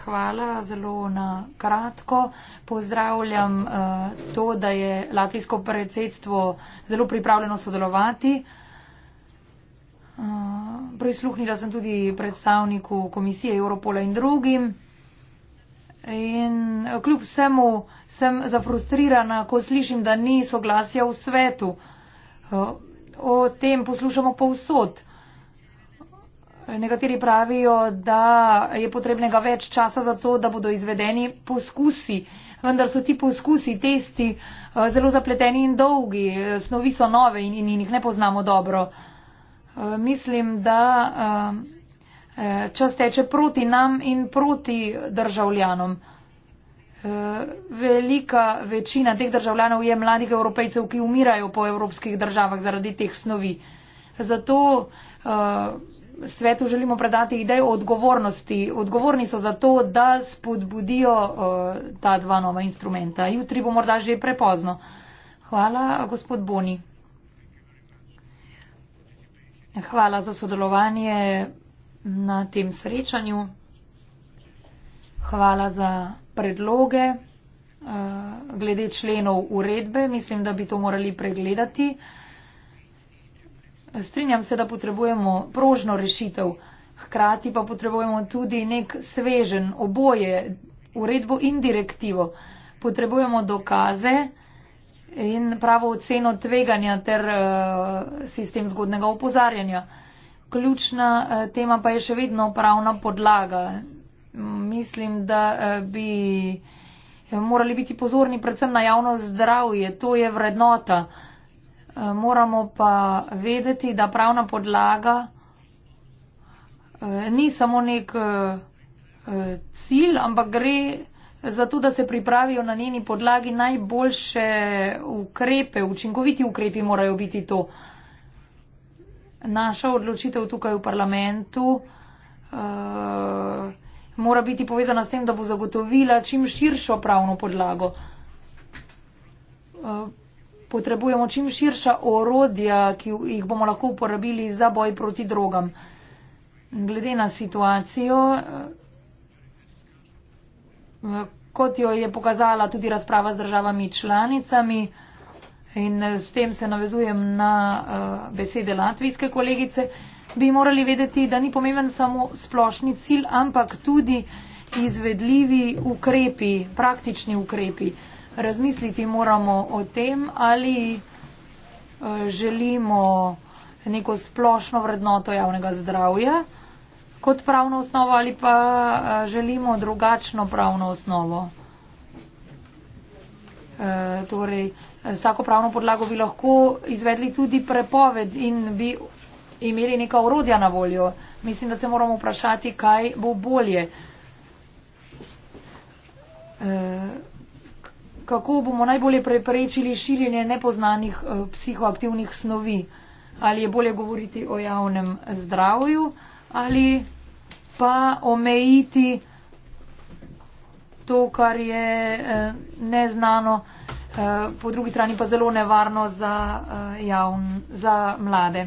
hvala, zelo na kratko. Pozdravljam to, da je latvijsko predsedstvo zelo pripravljeno sodelovati. Prisluhnila sem tudi predstavniku komisije Europola in drugim. In eh, kljub vsemu sem zafrustrirana, ko slišim, da ni soglasja v svetu. Eh, o tem poslušamo povsod. Nekateri pravijo, da je potrebnega več časa za to, da bodo izvedeni poskusi. Vendar so ti poskusi, testi eh, zelo zapleteni in dolgi. Snovi so nove in, in jih ne poznamo dobro. Mislim, da. Eh, čas teče proti nam in proti državljanom. Eh, velika večina teh državljanov je mladih evropejcev, ki umirajo po evropskih državah zaradi teh snovi. Zato eh, svetu želimo predati idejo o odgovornosti. Odgovorni so za to, da spodbudijo ta dva nova instrumenta. Jutri bo morda že prepozno. Hvala, gospod Boni. Hvala za sodelovanje na tem srečanju. Hvala za predloge. Eh, glede členov uredbe, mislim, da bi to morali pregledati. Strinjam se, da potrebujemo prožno rešitev, hkrati pa potrebujemo tudi nek svežen oboje, uredbo in direktivo. Potrebujemo dokaze in pravo oceno tveganja ter eh, sistem zgodnega opozarjanja. Ključna eh, tema pa je še vedno pravna podlaga. Mislim, da eh, bi eh, morali biti pozorni predvsem na javno zdravje, to je vrednota. Moramo pa vedeti, da pravna podlaga ni samo nek cilj, ampak gre za to, da se pripravijo na njeni podlagi najboljše ukrepe, učinkoviti ukrepi morajo biti to naša odločitev tukaj v parlamentu uh, mora biti povezana s tem, da bo zagotovila čim širšo pravno podlago. Uh, potrebujemo čim širša orodja, ki jih bomo lahko uporabili za boj proti drogam. Glede na situacijo, eh, kot jo je pokazala tudi razprava z državami članicami, in eh, s tem se navezujem na eh, besede latvijske kolegice, bi morali vedeti, da ni pomemben samo splošni cilj, ampak tudi izvedljivi ukrepi, praktični ukrepi. Razmisliti moramo o tem, ali eh, želimo neko splošno vrednoto javnega zdravja kot pravno osnovo ali pa želimo drugačno pravno osnovo. Eh, torej z tako pravno podlago bi lahko izvedli tudi prepoved in bi imeli neka urodja na voljo. Mislim, da se moramo vprašati, kaj bo bolje. Eh, kako bomo najbolje preprečili širjenje nepoznanih eh, psihoaktivnih snovi? Ali je bolje govoriti o javnem zdravju ali pa omejiti to, kar je eh, neznano, eh, po drugi strani pa zelo nevarno za, eh, javn, za mlade.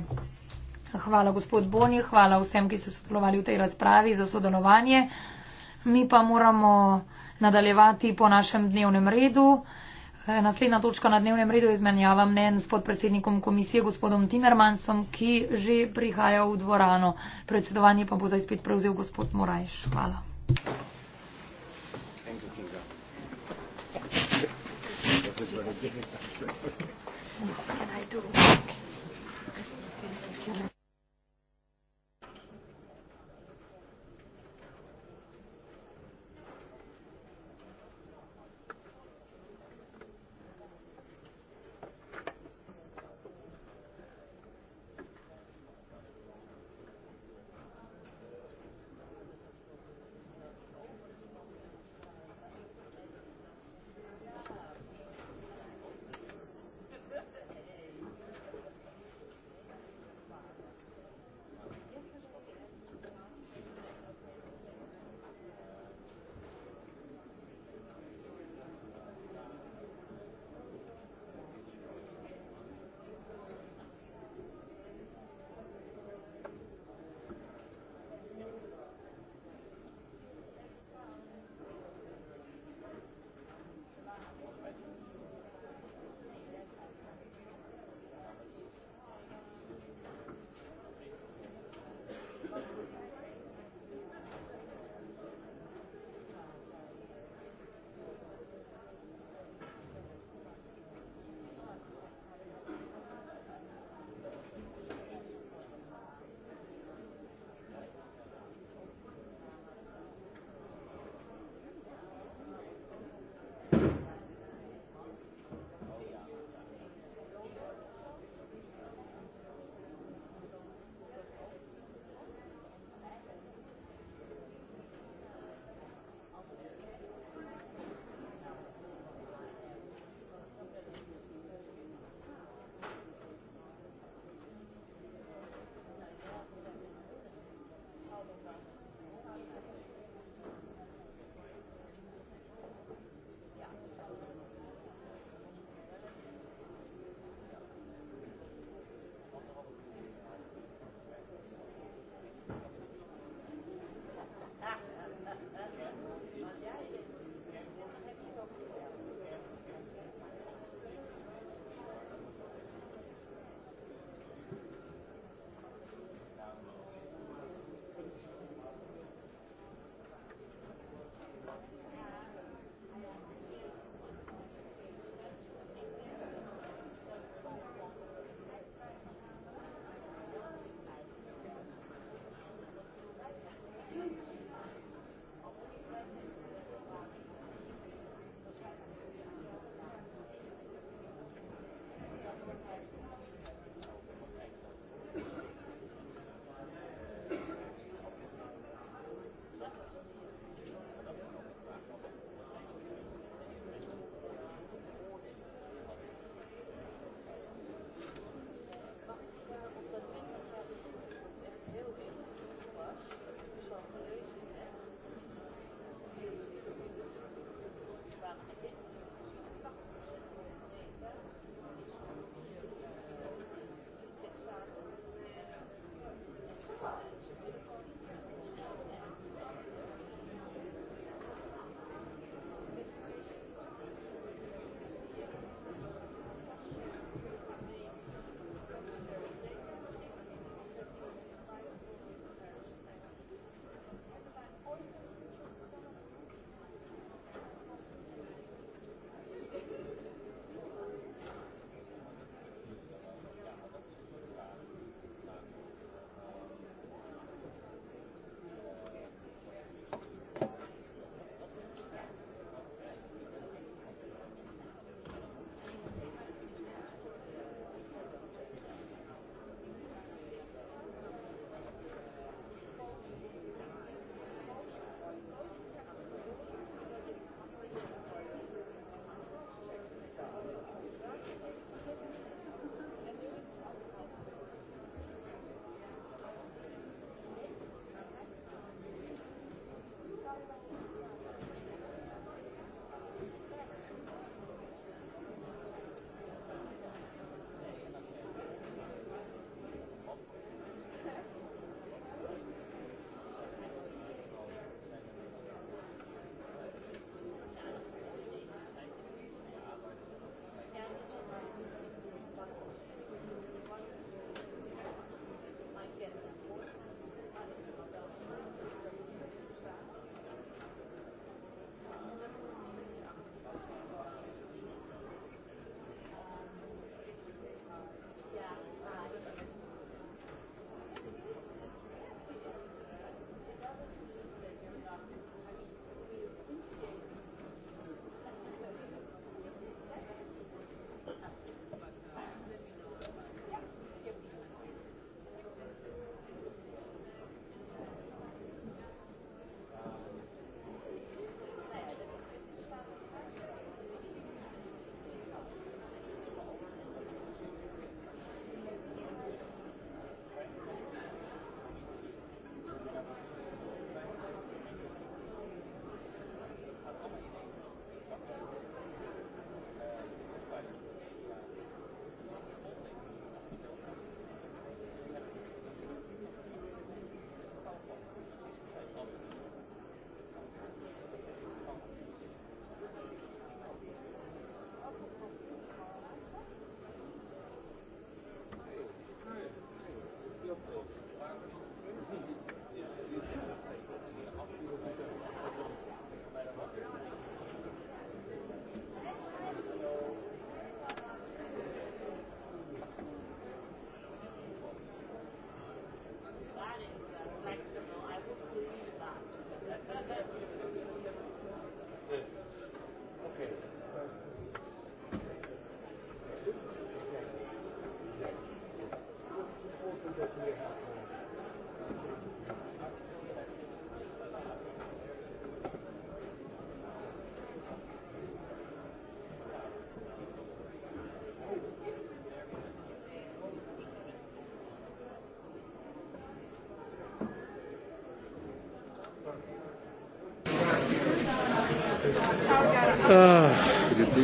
Hvala gospod Boni, hvala vsem, ki ste sodelovali v tej razpravi za sodelovanje. Mi pa moramo nadaljevati po našem dnevnem redu. Naslednja točka na dnevnem redu je izmenjava mnen s podpredsednikom komisije gospodom Timermansom, ki že prihaja v dvorano. Predsedovanje pa bo zdaj spet prevzel gospod Morajš. Hvala. Can I do?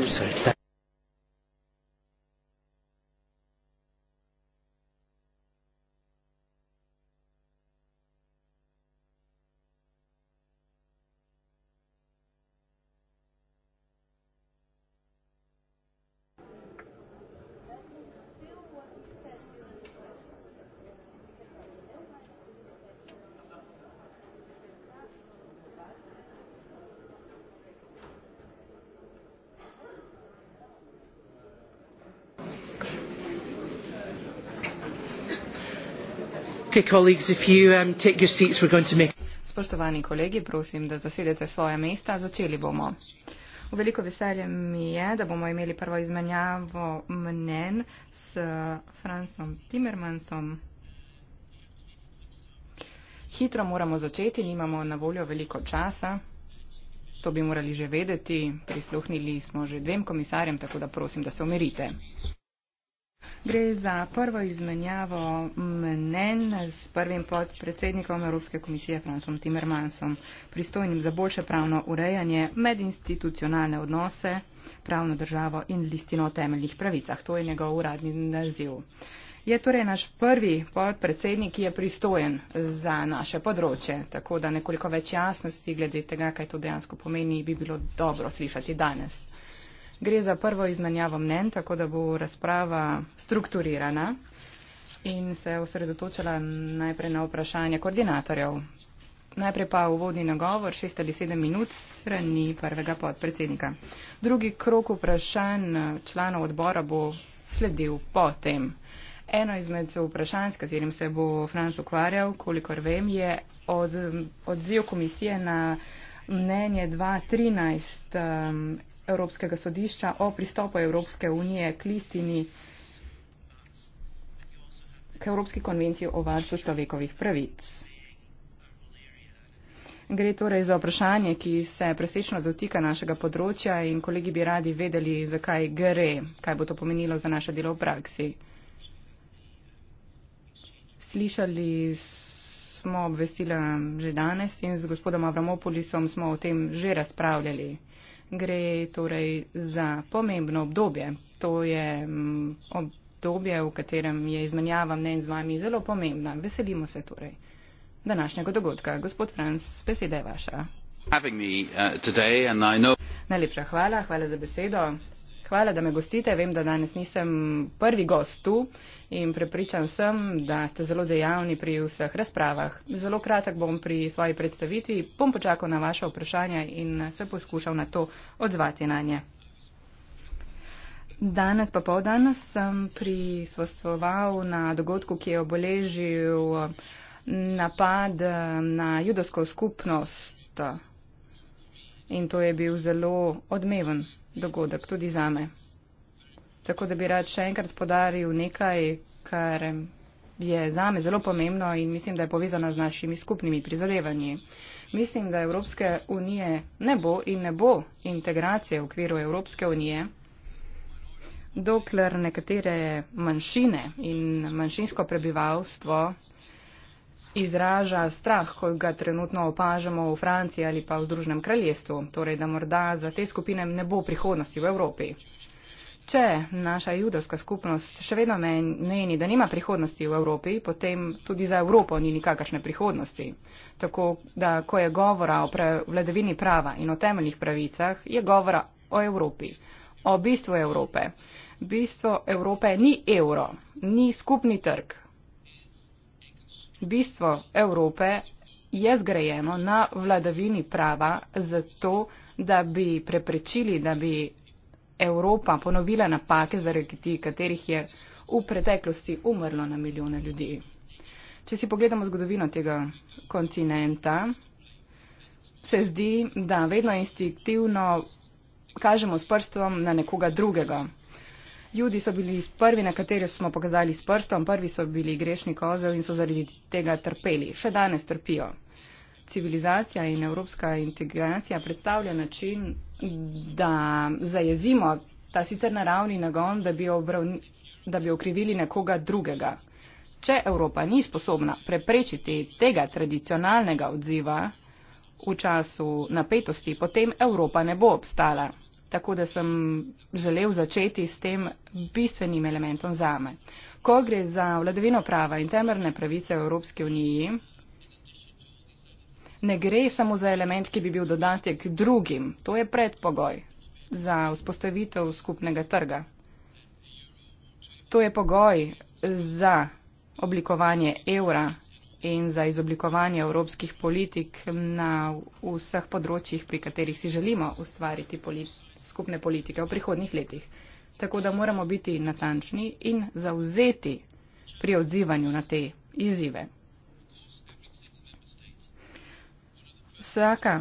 bruxelles. Um, spoštovani kolegi prosim da zasedete svoja mesta začeli bomo v veliko veselje mi je da bomo imeli prvo izmenjavo mnen s francom timmermansom hitro moramo začeti nimamo na voljo veliko časa to bi morali že vedeti prisluhnili smo že dvem komisarjem tako da prosim da se umirite Gre za prvo izmenjavo mnen s prvim podpredsednikom Evropske komisije Francom Timmermansom, pristojnim za boljše pravno urejanje medinstitucionalne odnose, pravno državo in listino o temeljnih pravicah. To je njegov uradni naziv. Je torej naš prvi podpredsednik, ki je pristojen za naše področje, tako da nekoliko več jasnosti glede tega, kaj to dejansko pomeni, bi bilo dobro slišati danes. Gre za prvo izmenjavo mnen, tako da bo razprava strukturirana in se osredotočila najprej na vprašanje koordinatorjev. Najprej pa uvodni nagovor, šest ali sedem minut, strani prvega podpredsednika. Drugi krok vprašanj članov odbora bo sledil potem. Eno izmed vprašanj, s katerim se bo Franc ukvarjal, kolikor vem, je od, odziv komisije na mnenje 2013 um, Evropskega sodišča o pristopu Evropske unije k listini k Evropski konvenciji o varstvu človekovih pravic. Gre torej za vprašanje, ki se presečno dotika našega področja in kolegi bi radi vedeli, zakaj gre, kaj bo to pomenilo za naše delo v praksi. Slišali smo obvestila že danes in z gospodom Avramopolisom smo o tem že razpravljali gre torej za pomembno obdobje. To je mm, obdobje, v katerem je izmenjava mnen z vami zelo pomembna. Veselimo se torej današnjega dogodka. Gospod Franc, beseda je vaša. Me, uh, know... Najlepša hvala, hvala za besedo. Hvala, da me gostite. Vem, da danes nisem prvi gost tu in prepričan sem, da ste zelo dejavni pri vseh razpravah. Zelo kratek bom pri svoji predstavitvi, bom počakal na vaše vprašanje in se poskušal na to odzvati na nje. Danes pa pol danes sem prisvostoval na dogodku, ki je obeležil eh, napad eh, na judovsko skupnost. In to je bil zelo odmeven dogodek tudi za me. Tako da bi rad še enkrat podaril nekaj, kar je za me zelo pomembno in mislim, da je povezano z našimi skupnimi prizadevanji. Mislim, da Evropske unije ne bo in ne bo integracije v okviru Evropske unije, dokler nekatere manjšine in manjšinsko prebivalstvo izraža strah, kot ga trenutno opažamo v Franciji ali pa v Združenem kraljestvu, torej da morda za te skupine ne bo prihodnosti v Evropi. Če naša judovska skupnost še vedno meni, da nima prihodnosti v Evropi, potem tudi za Evropo ni nikakršne prihodnosti. Tako da, ko je govora o vladavini prava in o temeljnih pravicah, je govora o Evropi, o bistvu Evrope. Bistvo Evrope ni evro, ni skupni trg, bistvo Evrope je zgrajeno na vladavini prava, zato da bi preprečili, da bi Evropa ponovila napake, zaradi katerih je v preteklosti umrlo na milijone ljudi. Če si pogledamo zgodovino tega kontinenta, se zdi, da vedno instinktivno kažemo s prstom na nekoga drugega. Judi so bili prvi, na katere smo pokazali s prstom, prvi so bili grešni kozel in so zaradi tega trpeli. Še danes trpijo. Civilizacija in evropska integracija predstavlja način, da zajezimo ta sicer naravni nagon, da bi, obravni, da bi okrivili nekoga drugega. Če Evropa ni sposobna preprečiti tega tradicionalnega odziva v času napetosti, potem Evropa ne bo obstala tako da sem želel začeti s tem bistvenim elementom zame. Ko gre za vladavino prava in temeljne pravice v Evropski uniji, ne gre samo za element, ki bi bil dodatek drugim. To je predpogoj za vzpostavitev skupnega trga. To je pogoj za oblikovanje evra in za izoblikovanje evropskih politik na vseh področjih, pri katerih si želimo ustvariti politiko skupne politike v prihodnih letih. Tako da moramo biti natančni in zauzeti pri odzivanju na te izzive. Vsaka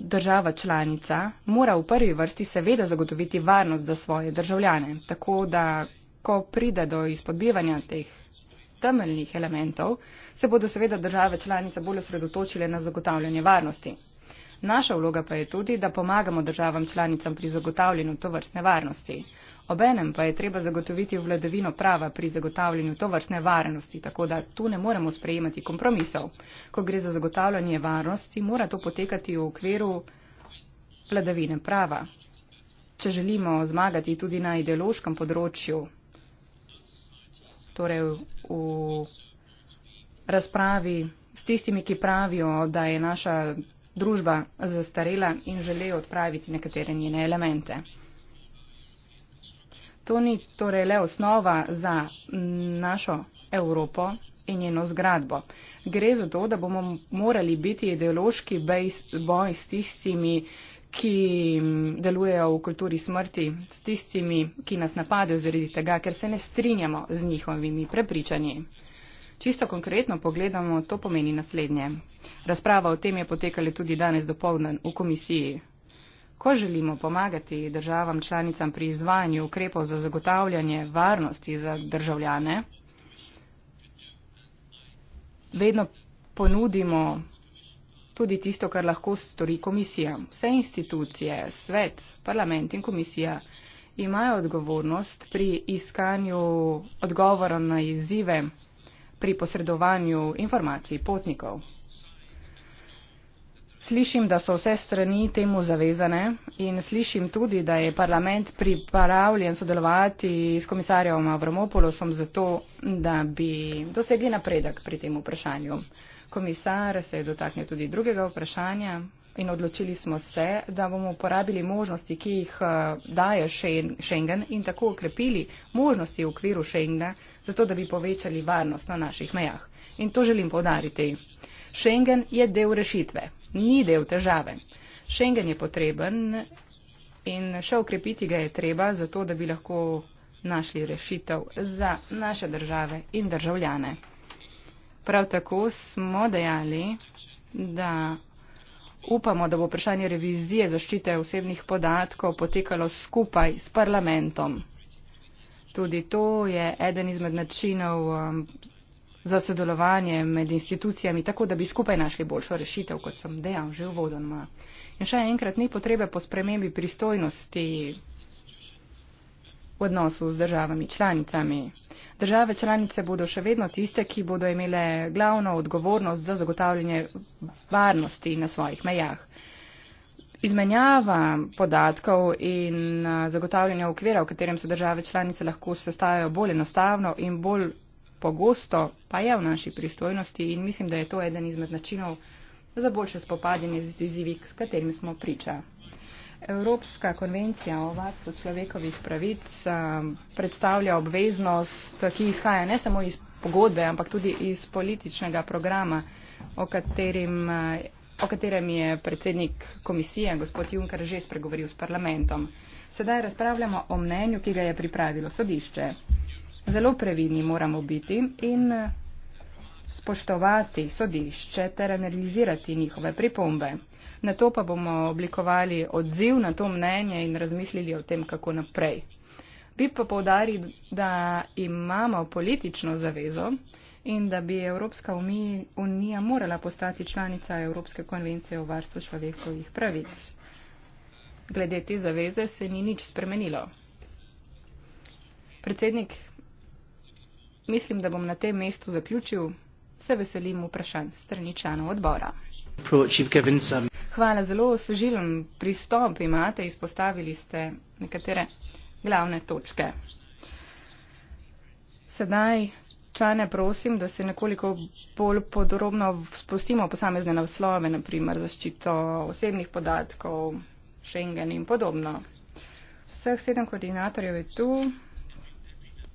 država članica mora v prvi vrsti seveda zagotoviti varnost za svoje državljane, tako da ko pride do izpodbivanja teh temeljnih elementov, se bodo seveda države članice bolj osredotočile na zagotavljanje varnosti. Naša vloga pa je tudi, da pomagamo državam članicam pri zagotavljanju tovrstne varnosti. Obenem pa je treba zagotoviti vladavino prava pri zagotavljanju tovrstne varnosti, tako da tu ne moremo sprejemati kompromisov. Ko gre za zagotavljanje varnosti, mora to potekati v okviru vladavine prava. Če želimo zmagati tudi na ideološkem področju, torej v razpravi s tistimi, ki pravijo, da je naša družba zastarela in želijo odpraviti nekatere njene elemente. To ni torej le osnova za našo Evropo in njeno zgradbo. Gre za to, da bomo morali biti ideološki boj s tistimi, ki delujejo v kulturi smrti, s tistimi, ki nas napadajo zaradi tega, ker se ne strinjamo z njihovimi prepričanji. Čisto konkretno pogledamo, to pomeni naslednje. Razprava o tem je potekala tudi danes dopolnen v komisiji. Ko želimo pomagati državam članicam pri izvajanju ukrepov za zagotavljanje varnosti za državljane, vedno ponudimo tudi tisto, kar lahko stori komisija. Vse institucije, svet, parlament in komisija imajo odgovornost pri iskanju odgovora na izzive pri posredovanju informacij potnikov. Slišim, da so vse strani temu zavezane in slišim tudi, da je parlament pripravljen sodelovati s komisarjem Avromopolosom zato, da bi dosegli napredek pri tem vprašanju. Komisar se je dotaknil tudi drugega vprašanja, in odločili smo se, da bomo uporabili možnosti, ki jih eh, daje Schengen in tako okrepili možnosti v okviru Schengena, zato da bi povečali varnost na naših mejah. In to želim podariti. Schengen je del rešitve, ni del težave. Schengen je potreben in še okrepiti ga je treba, zato da bi lahko našli rešitev za naše države in državljane. Prav tako smo dejali, da upamo, da bo vprašanje revizije zaščite osebnih podatkov potekalo skupaj s parlamentom. Tudi to je eden izmed načinov um, za sodelovanje med institucijami, tako da bi skupaj našli boljšo rešitev, kot sem dejal že v vodoma. In še enkrat ni potrebe po spremembi pristojnosti v odnosu z državami članicami. Države članice bodo še vedno tiste, ki bodo imele glavno odgovornost za zagotavljanje varnosti na svojih mejah. Izmenjava podatkov in zagotavljanje okvira, v katerem se države članice lahko sestavljajo bolj enostavno in bolj pogosto, pa je v naši pristojnosti in mislim, da je to eden izmed načinov za boljše spopadanje z izzivi, s katerimi smo priča. Evropska konvencija o varstvu človekovih pravic um, predstavlja obveznost, ki izhaja ne samo iz pogodbe, ampak tudi iz političnega programa, o, katerim, uh, o katerem je predsednik komisije, gospod Juncker, že spregovoril s parlamentom. Sedaj razpravljamo o mnenju, ki ga je pripravilo sodišče. Zelo previdni moramo biti in uh, spoštovati sodišče ter analizirati njihove pripombe na to pa bomo oblikovali odziv na to mnenje in razmislili o tem, kako naprej. Bi pa povdari, da imamo politično zavezo in da bi Evropska unija morala postati članica Evropske konvencije o varstvu človekovih pravic. Glede te zaveze se ni nič spremenilo. Predsednik, mislim, da bom na tem mestu zaključil. Se veselim vprašanj strani članov odbora. Hvala, zelo osvežilen pristop imate, izpostavili ste nekatere glavne točke. Sedaj, čane, prosim, da se nekoliko bolj podrobno spustimo posamezne naslove, naprimer zaščito osebnih podatkov, Schengen in podobno. Vseh sedem koordinatorjev je tu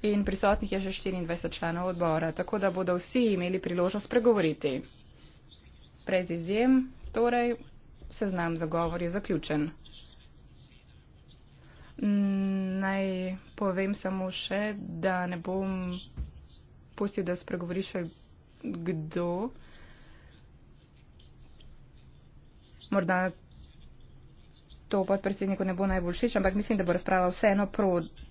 in prisotnih je še 24 članov odbora, tako da bodo vsi imeli priložnost pregovoriti. Brez izjem, torej seznam zagovor je zaključen. Mm, naj povem samo še, da ne bom pustil, da spregovori še kdo. Morda to podpredsedniku ne bo najbolj všeč, ampak mislim, da bo razprava vseeno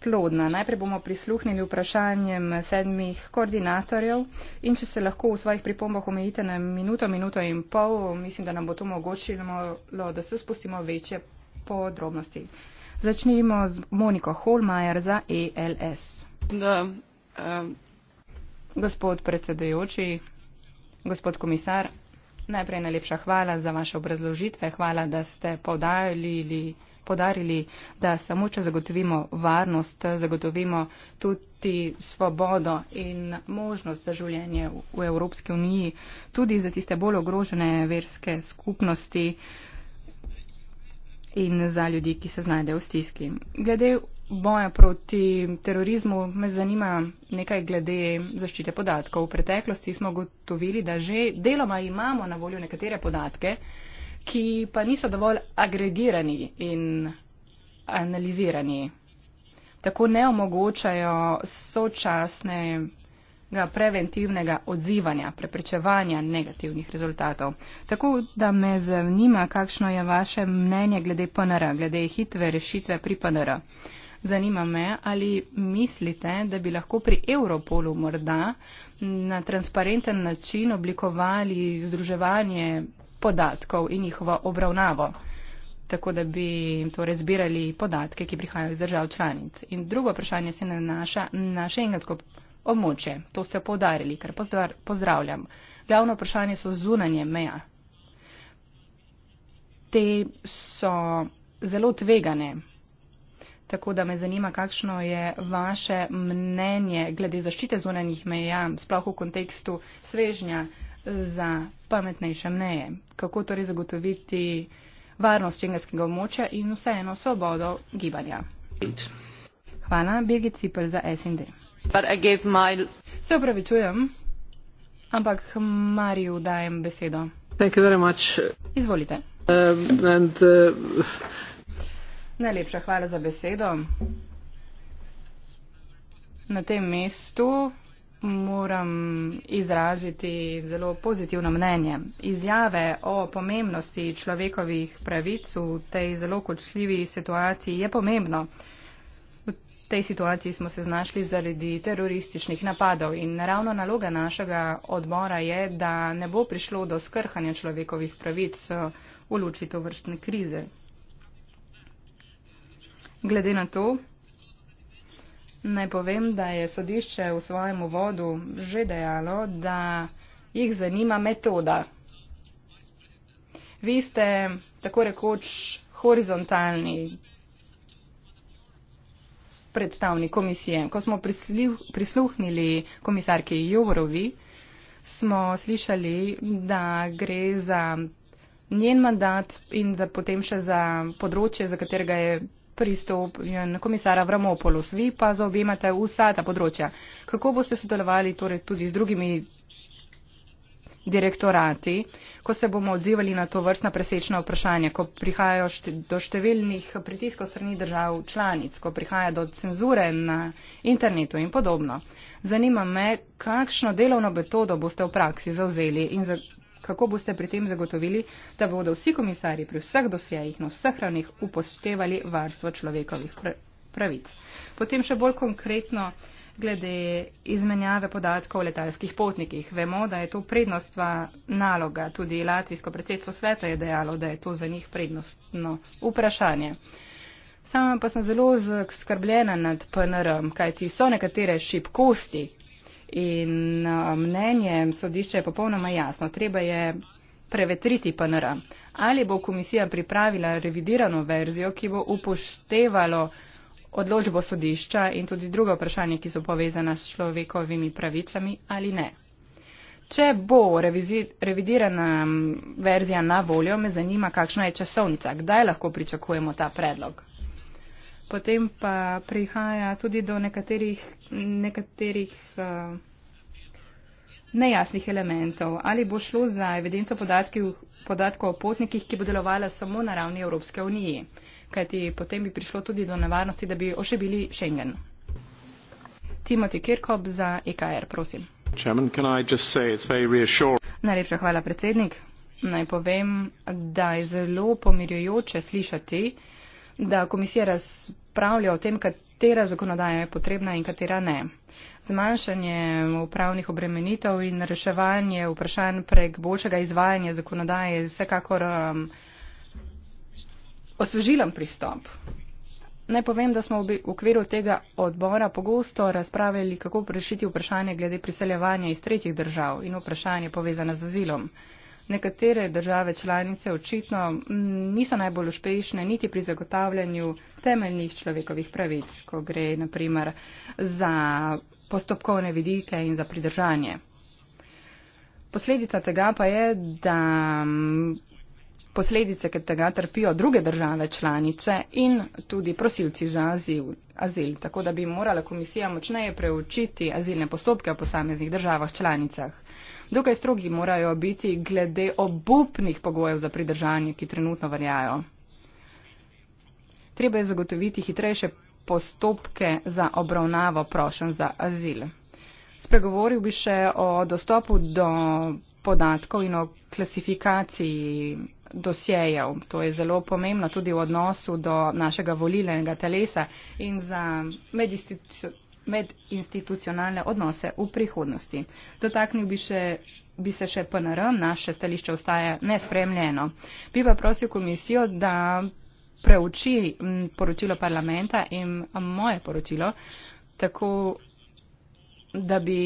plodna. Najprej bomo prisluhnili vprašanjem sedmih koordinatorjev in če se lahko v svojih pripombah omejite na minuto, minuto in pol, mislim, da nam bo to omogočilo, da se spustimo večje podrobnosti. Začnimo z Moniko Holmajer za ELS. Da, um. Gospod predsedujoči, gospod komisar. Najprej najlepša hvala za vaše obrazložitve. Hvala, da ste podarili. Podarili, da samo če zagotovimo varnost, zagotovimo tudi svobodo in možnost za življenje v Evropski uniji, tudi za tiste bolj ogrožene verske skupnosti in za ljudi, ki se znajdejo v stiski. Glede boja proti terorizmu, me zanima nekaj glede zaščite podatkov. V preteklosti smo gotovili, da že deloma imamo na voljo nekatere podatke, ki pa niso dovolj agregirani in analizirani. Tako ne omogočajo sočasne preventivnega odzivanja, preprečevanja negativnih rezultatov. Tako da me zanima, kakšno je vaše mnenje glede PNR, glede hitve rešitve pri PNR. Zanima me, ali mislite, da bi lahko pri Europolu morda na transparenten način oblikovali združevanje podatkov in njihovo obravnavo, tako da bi torej zbirali podatke, ki prihajajo iz držav članic. In drugo vprašanje se nanaša na šengensko območje. To ste povdarili, kar pozdravljam. Glavno vprašanje so zunanje meja. Te so zelo tvegane, Tako da me zanima, kakšno je vaše mnenje glede zaščite zunanjih meja, sploh v kontekstu svežnja za pametnejše meje. Kako torej zagotoviti varnost čengenskega območja in vseeno svobodo gibanja. Hvala, Birgit Cipr za SND. My... Se upravičujem, ampak Mariju dajem besedo. Izvolite. Um, and, uh... Najlepša hvala za besedo. Na tem mestu moram izraziti zelo pozitivno mnenje. Izjave o pomembnosti človekovih pravic v tej zelo kočljivi situaciji je pomembno. V tej situaciji smo se znašli zaradi terorističnih napadov in ravno naloga našega odbora je, da ne bo prišlo do skrhanja človekovih pravic v luči to vrstne krize. Glede na to, naj povem, da je sodišče v svojem uvodu že dejalo, da jih zanima metoda. Vi ste tako rekoč horizontalni predstavnik komisije. Ko smo prisluhnili komisarki Jovorovi, smo slišali, da gre za njen mandat in da potem še za področje, za katerega je pristopljen komisar Avramopoulos. Vi pa zaobjemate vsa ta področja. Kako boste sodelovali torej tudi z drugimi direktorati, ko se bomo odzivali na to vrstna presečna vprašanja, ko prihajajo do številnih pritiskov strani držav članic, ko prihaja do cenzure na internetu in podobno. Zanima me, kakšno delovno metodo boste v praksi zauzeli in za, Kako boste pri tem zagotovili, da bodo vsi komisari pri vseh dosjejih na vseh ravnih upoštevali varstvo človekovih pravic? Potem še bolj konkretno. Glede izmenjave podatkov o letalskih potnikih, vemo, da je to prednostva naloga. Tudi Latvijsko predsedstvo sveta je dejalo, da je to za njih prednostno vprašanje. Sama pa sem zelo skrbljena nad PNR, kajti so nekatere šibkosti, In mnenje sodišča je popolnoma jasno. Treba je prevetriti PNR. Ali bo komisija pripravila revidirano verzijo, ki bo upoštevalo odločbo sodišča in tudi druga vprašanja, ki so povezana s človekovimi pravicami ali ne. Če bo revidirana verzija na voljo, me zanima, kakšna je časovnica, kdaj lahko pričakujemo ta predlog potem pa prihaja tudi do nekaterih, nekaterih eh, nejasnih elementov. Ali bo šlo za evidenco podatkov o potnikih, ki bo delovala samo na ravni Evropske unije, kajti potem bi prišlo tudi do nevarnosti, da bi ošebili Schengen. Timothy Kirkob za EKR, prosim. Najlepša hvala, predsednik. Naj povem, da je zelo pomirjujoče slišati, da komisija razpravlja o tem, katera zakonodaja je potrebna in katera ne. Zmanjšanje upravnih obremenitev in reševanje vprašanj prek boljšega izvajanja zakonodaje je vsekakor um, osvežilen pristop. Naj povem, da smo v okviru tega odbora pogosto razpravljali, kako rešiti vprašanje glede priseljevanja iz tretjih držav in vprašanje povezane z azilom nekatere države članice očitno mm, niso najbolj uspešne niti pri zagotavljanju temeljnih človekovih pravic, ko gre naprimer za postopkovne vidike in za pridržanje. Posledica tega pa je, da mm, posledice, ker tega trpijo druge države članice in tudi prosilci za azil, azil. Tako da bi morala komisija močneje preučiti azilne postopke v posameznih državah članicah dokaj strogi morajo biti glede obupnih pogojev za pridržanje, ki trenutno verjajo. Treba je zagotoviti hitrejše postopke za obravnavo prošen za azil. Spregovoril bi še o dostopu do podatkov in o klasifikaciji dosjejev. To je zelo pomembno tudi v odnosu do našega volilnega telesa in za medistitucijo medinstitucionalne odnose v prihodnosti. Dotaknil bi, še, bi se še PNR, naše stališče ostaje nespremljeno. Bi pa prosil komisijo, da preuči poročilo parlamenta in moje poročilo, tako da bi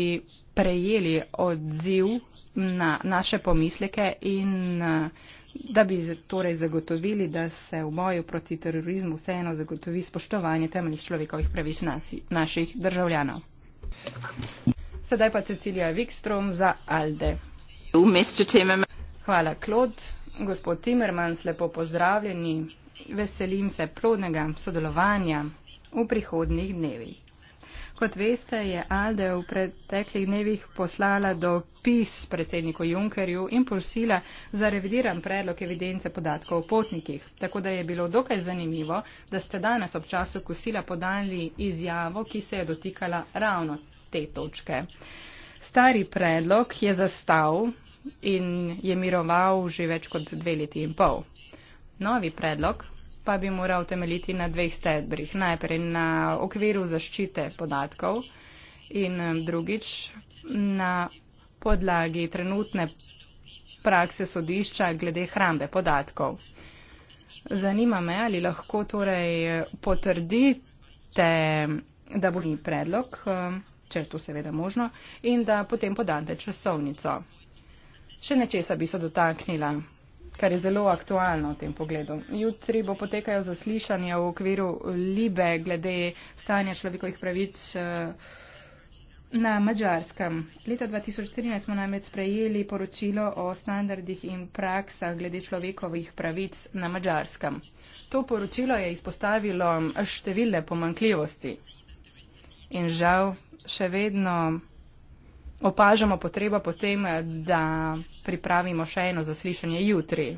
prejeli odziv na naše pomisleke in uh, da bi torej zagotovili, da se v boju proti terorizmu vseeno zagotovi spoštovanje temeljnih človekovih pravic nasi, naših državljanov. Sedaj pa Cecilija Wikstrom za Alde. Hvala, Klod. Gospod Timmermans, lepo pozdravljeni. Veselim se plodnega sodelovanja v prihodnih dnevih. Kot veste, je Alde v preteklih dnevih poslala dopis predsedniku Junkerju in prosila za revidiran predlog evidence podatkov o potnikih. Tako da je bilo dokaj zanimivo, da ste danes ob času kosila podali izjavo, ki se je dotikala ravno te točke. Stari predlog je zastav in je miroval že več kot dve leti in pol. Novi predlog pa bi moral temeljiti na dveh stebrih. Najprej na okviru zaščite podatkov in eh, drugič na podlagi trenutne prakse sodišča glede hrambe podatkov. Zanima me, ali lahko torej eh, potrdite, da bo ni predlog, eh, če je to seveda možno, in da potem podate časovnico. Še nečesa bi se dotaknila kar je zelo aktualno v tem pogledu. Jutri bo potekajo zaslišanja v okviru Libe glede stanja človekovih pravic eh, na Mačarskem. Leta 2013 smo namreč sprejeli poročilo o standardih in praksah glede človekovih pravic na Mačarskem. To poročilo je izpostavilo številne pomankljivosti in žal še vedno opažamo potrebo potem, da pripravimo še eno zaslišanje jutri.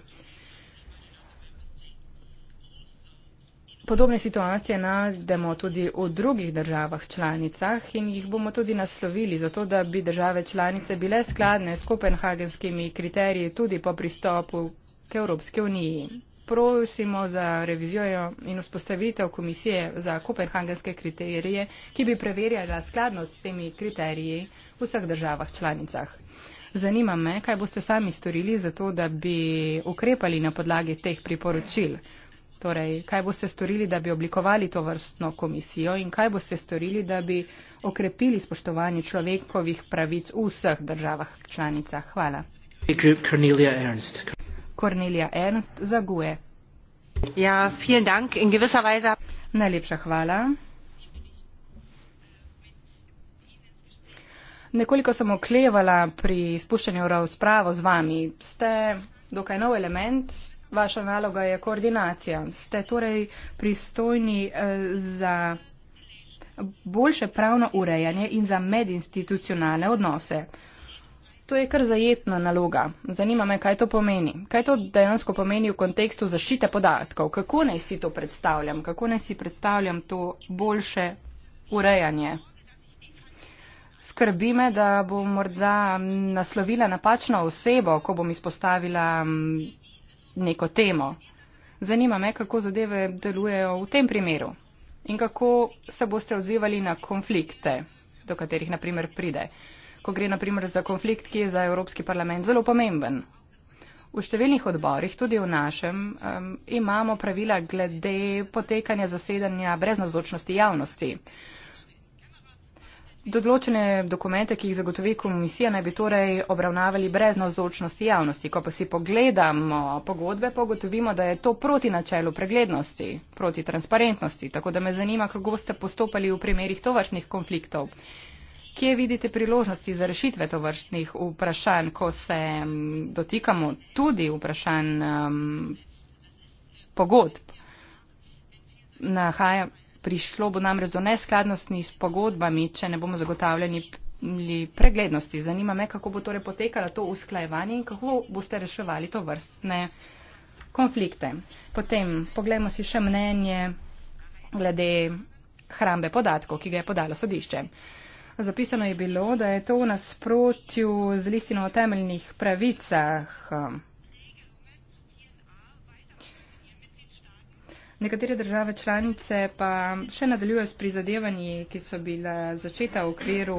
Podobne situacije najdemo tudi v drugih državah članicah in jih bomo tudi naslovili, zato da bi države članice bile skladne s kopenhagenskimi kriteriji tudi po pristopu k Evropski uniji. Prosimo za revizijo in vzpostavitev komisije za kopenhagenske kriterije, ki bi preverjala skladnost s temi kriteriji v vseh državah članicah. Zanima me, kaj boste sami storili za to, da bi ukrepali na podlagi teh priporočil. Torej, kaj boste storili, da bi oblikovali to vrstno komisijo in kaj boste storili, da bi okrepili spoštovanje človekovih pravic v vseh državah članicah. Hvala. Cornelia Ernst, Cornelia Ernst za GUE. Ja, Najlepša hvala. Nekoliko sem oklevala pri spuščanju razpravo z vami. Ste dokaj nov element, vaša naloga je koordinacija. Ste torej pristojni eh, za boljše pravno urejanje in za medinstitucionalne odnose. To je kar zajetna naloga. Zanima me, kaj to pomeni. Kaj to dejansko pomeni v kontekstu zašite podatkov? Kako naj si to predstavljam? Kako naj si predstavljam to boljše urejanje? skrbi me, da bom morda naslovila napačno osebo, ko bom izpostavila mm, neko temo. Zanima me, kako zadeve delujejo v tem primeru in kako se boste odzivali na konflikte, do katerih naprimer pride. Ko gre naprimer za konflikt, ki je za Evropski parlament zelo pomemben. V številnih odborih, tudi v našem, um, imamo pravila glede potekanja zasedanja brez nazočnosti javnosti. Dodločene dokumente, ki jih zagotovi komisija, naj bi torej obravnavali brez nazočnosti javnosti. Ko pa si pogledamo pogodbe, pogotovimo, da je to proti načelu preglednosti, proti transparentnosti. Tako da me zanima, kako ste postopali v primerih tovršnih konfliktov. Kje vidite priložnosti za rešitve tovršnih vprašanj, ko se dotikamo tudi vprašanj um, pogodb? Nahajam. Prišlo bo namreč do neskladnosti s pogodbami, če ne bomo zagotavljeni preglednosti. Zanima me, kako bo torej potekalo to usklajevanje in kako boste reševali to vrstne konflikte. Potem pogledamo si še mnenje glede hrambe podatkov, ki ga je podalo sodišče. Zapisano je bilo, da je to v nasprotju z listino o temeljnih pravicah Nekatere države članice pa še nadaljujejo s prizadevanji, ki so bile začeta v okviru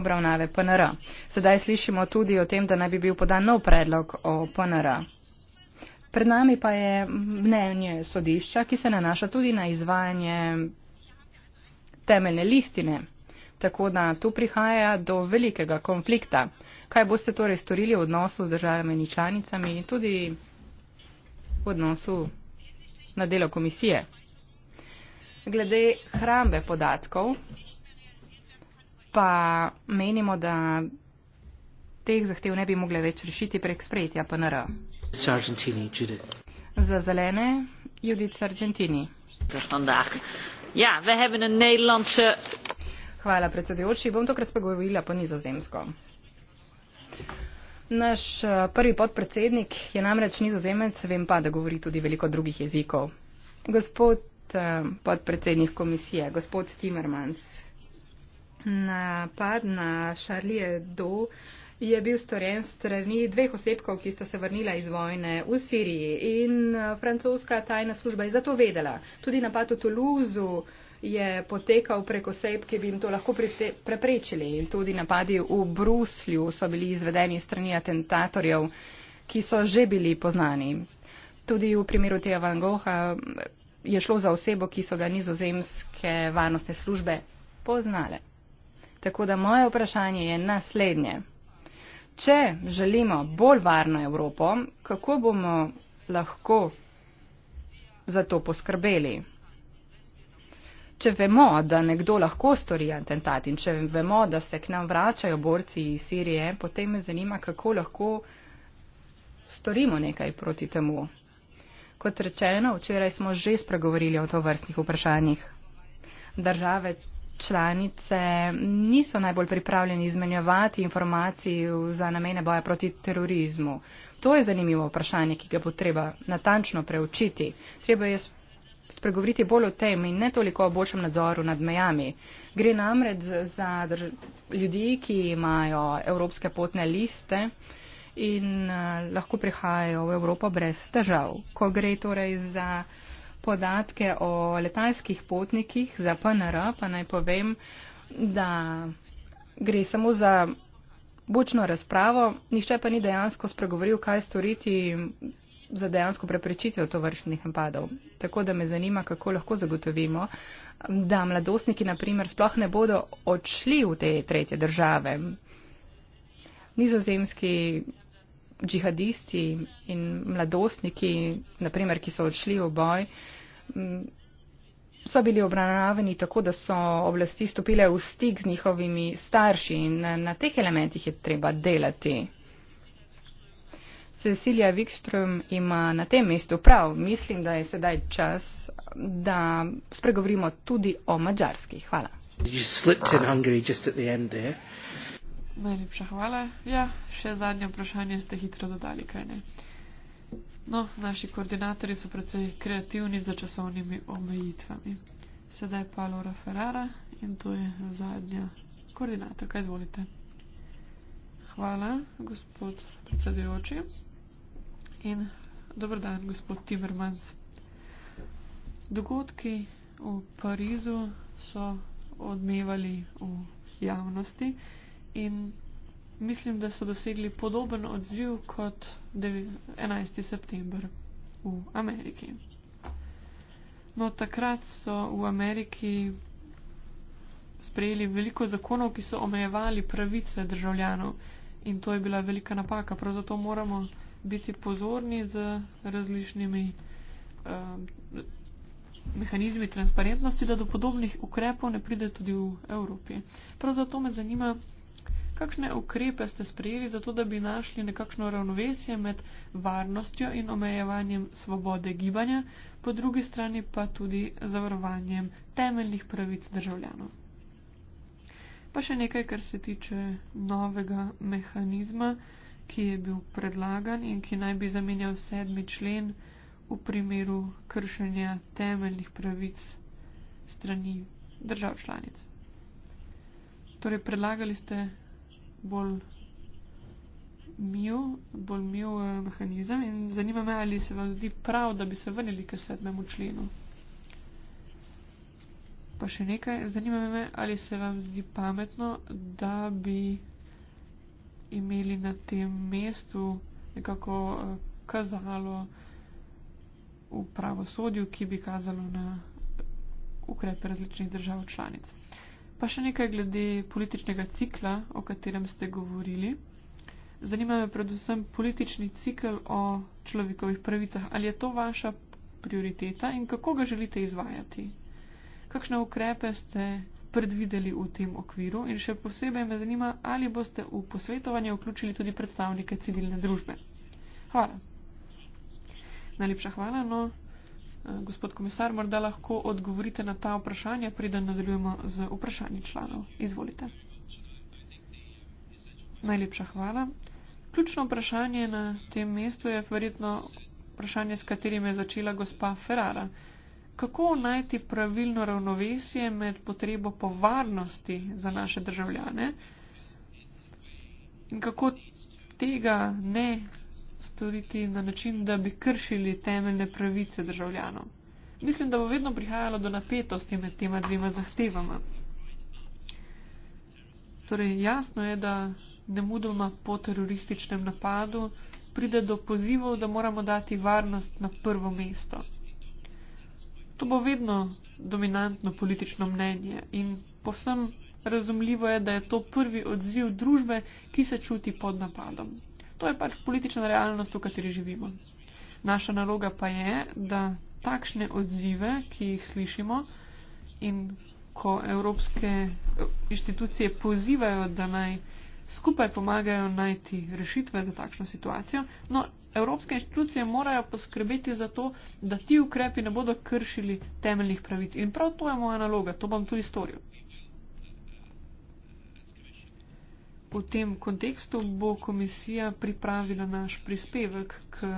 obravnave PNR. Sedaj slišimo tudi o tem, da naj bi bil podan nov predlog o PNR. Pred nami pa je mnenje sodišča, ki se nanaša tudi na izvajanje temeljne listine. Tako da tu prihaja do velikega konflikta. Kaj boste torej storili v odnosu z državami in članicami in tudi v odnosu na delo komisije. Glede hrambe podatkov pa menimo, da teh zahtev ne bi mogle več rešiti prek sprejetja PNR. Za zelene Judith Argentini. Ja, we hebben een Nederlandse. Hvala predsedujoči, bom tokrat spregovorila po nizozemsko. Naš eh, prvi podpredsednik je namreč nizozemec, vem pa, da govori tudi veliko drugih jezikov. Gospod eh, podpredsednik komisije, gospod Timmermans, napad na Charlie Hebdo je bil storjen strani dveh osebkov, ki sta se vrnila iz vojne v Siriji in eh, francoska tajna služba je zato vedela. Tudi napad v Toulouseu je potekal prek oseb, ki bi jim to lahko preprečili. In tudi napadi v Bruslju so bili izvedeni strani atentatorjev, ki so že bili poznani. Tudi v primeru tega Van Goha eh, je šlo za osebo, ki so ga nizozemske varnostne službe poznale. Tako da moje vprašanje je naslednje. Če želimo bolj varno Evropo, kako bomo lahko za to poskrbeli? če vemo, da nekdo lahko stori atentat in če vemo, da se k nam vračajo borci iz Sirije, potem me zanima, kako lahko storimo nekaj proti temu. Kot rečeno, včeraj smo že spregovorili o to vrstnih vprašanjih. Države članice niso najbolj pripravljeni izmenjevati informacij za namene boja proti terorizmu. To je zanimivo vprašanje, ki ga bo treba natančno preučiti. Treba je spregovoriti bolj o tem in ne toliko o boljšem nadzoru nad mejami. Gre namreč za drž ljudi, ki imajo evropske potne liste in eh, lahko prihajajo v Evropo brez težav. Ko gre torej za podatke o letalskih potnikih za PNR, pa naj povem, da gre samo za bučno razpravo, nišče pa ni dejansko spregovoril, kaj storiti za dejansko preprečitev to vršnih napadov. Tako da me zanima, kako lahko zagotovimo, da mladostniki naprimer sploh ne bodo odšli v te tretje države. Nizozemski džihadisti in mladostniki, naprimer, ki so odšli v boj, so bili obravnavani tako, da so oblasti stopile v stik z njihovimi starši in na teh elementih je treba delati. Cecilija Wikström ima na tem mestu prav. Mislim, da je sedaj čas, da spregovorimo tudi o mačarski. Hvala. Najlepša hvala. Ja, še zadnje vprašanje ste hitro dodali, kaj ne. No, naši koordinatori so precej kreativni za časovnimi omejitvami. Sedaj pa Laura Ferrara in to je zadnja koordinatorka. Izvolite. Hvala, gospod predsedujoči in dobro dan, gospod Timmermans. Dogodki v Parizu so odmevali v javnosti in mislim, da so dosegli podoben odziv kot 11. september v Ameriki. No, takrat so v Ameriki sprejeli veliko zakonov, ki so omejevali pravice državljanov in to je bila velika napaka. Prav zato moramo biti pozorni z različnimi um, mehanizmi transparentnosti, da do podobnih ukrepov ne pride tudi v Evropi. Prav zato me zanima, kakšne ukrepe ste sprejeli zato, da bi našli nekakšno ravnovesje med varnostjo in omejevanjem svobode gibanja, po drugi strani pa tudi zavarovanjem temeljnih pravic državljanov. Pa še nekaj, kar se tiče novega mehanizma ki je bil predlagan in ki naj bi zamenjal sedmi člen v primeru kršenja temeljnih pravic strani držav članic. Torej, predlagali ste bolj mil, bolj mil eh, mehanizem in zanima me, ali se vam zdi prav, da bi se vrnili k sedmemu členu. Pa še nekaj, zanima me, ali se vam zdi pametno, da bi imeli na tem mestu nekako eh, kazalo v pravosodju, ki bi kazalo na ukrepe različnih držav članic. Pa še nekaj glede političnega cikla, o katerem ste govorili. Zanima me predvsem politični cikl o človekovih pravicah. Ali je to vaša prioriteta in kako ga želite izvajati? Kakšne ukrepe ste predvideli v tem okviru in še posebej me zanima, ali boste v posvetovanje vključili tudi predstavnike civilne družbe. Hvala. Najlepša hvala. No, eh, gospod komisar, morda lahko odgovorite na ta vprašanja, preden nadaljujemo z vprašanji članov. Izvolite. Najlepša hvala. Ključno vprašanje na tem mestu je verjetno vprašanje, s katerim je začela gospa Ferrara kako najti pravilno ravnovesje med potrebo po varnosti za naše državljane in kako tega ne storiti na način, da bi kršili temeljne pravice državljanov. Mislim, da bo vedno prihajalo do napetosti med tema dvema zahtevama. Torej, jasno je, da ne mudoma po terorističnem napadu pride do pozivov, da moramo dati varnost na prvo mesto. To bo vedno dominantno politično mnenje in povsem razumljivo je, da je to prvi odziv družbe, ki se čuti pod napadom. To je pač politična realnost, v kateri živimo. Naša naloga pa je, da takšne odzive, ki jih slišimo in ko evropske eh, inštitucije pozivajo, da naj skupaj pomagajo najti rešitve za takšno situacijo. No, evropske inštitucije morajo poskrbeti za to, da ti ukrepi ne bodo kršili temeljnih pravic. In prav to je moja naloga, to bom tudi storil. V tem kontekstu bo komisija pripravila naš prispevek k,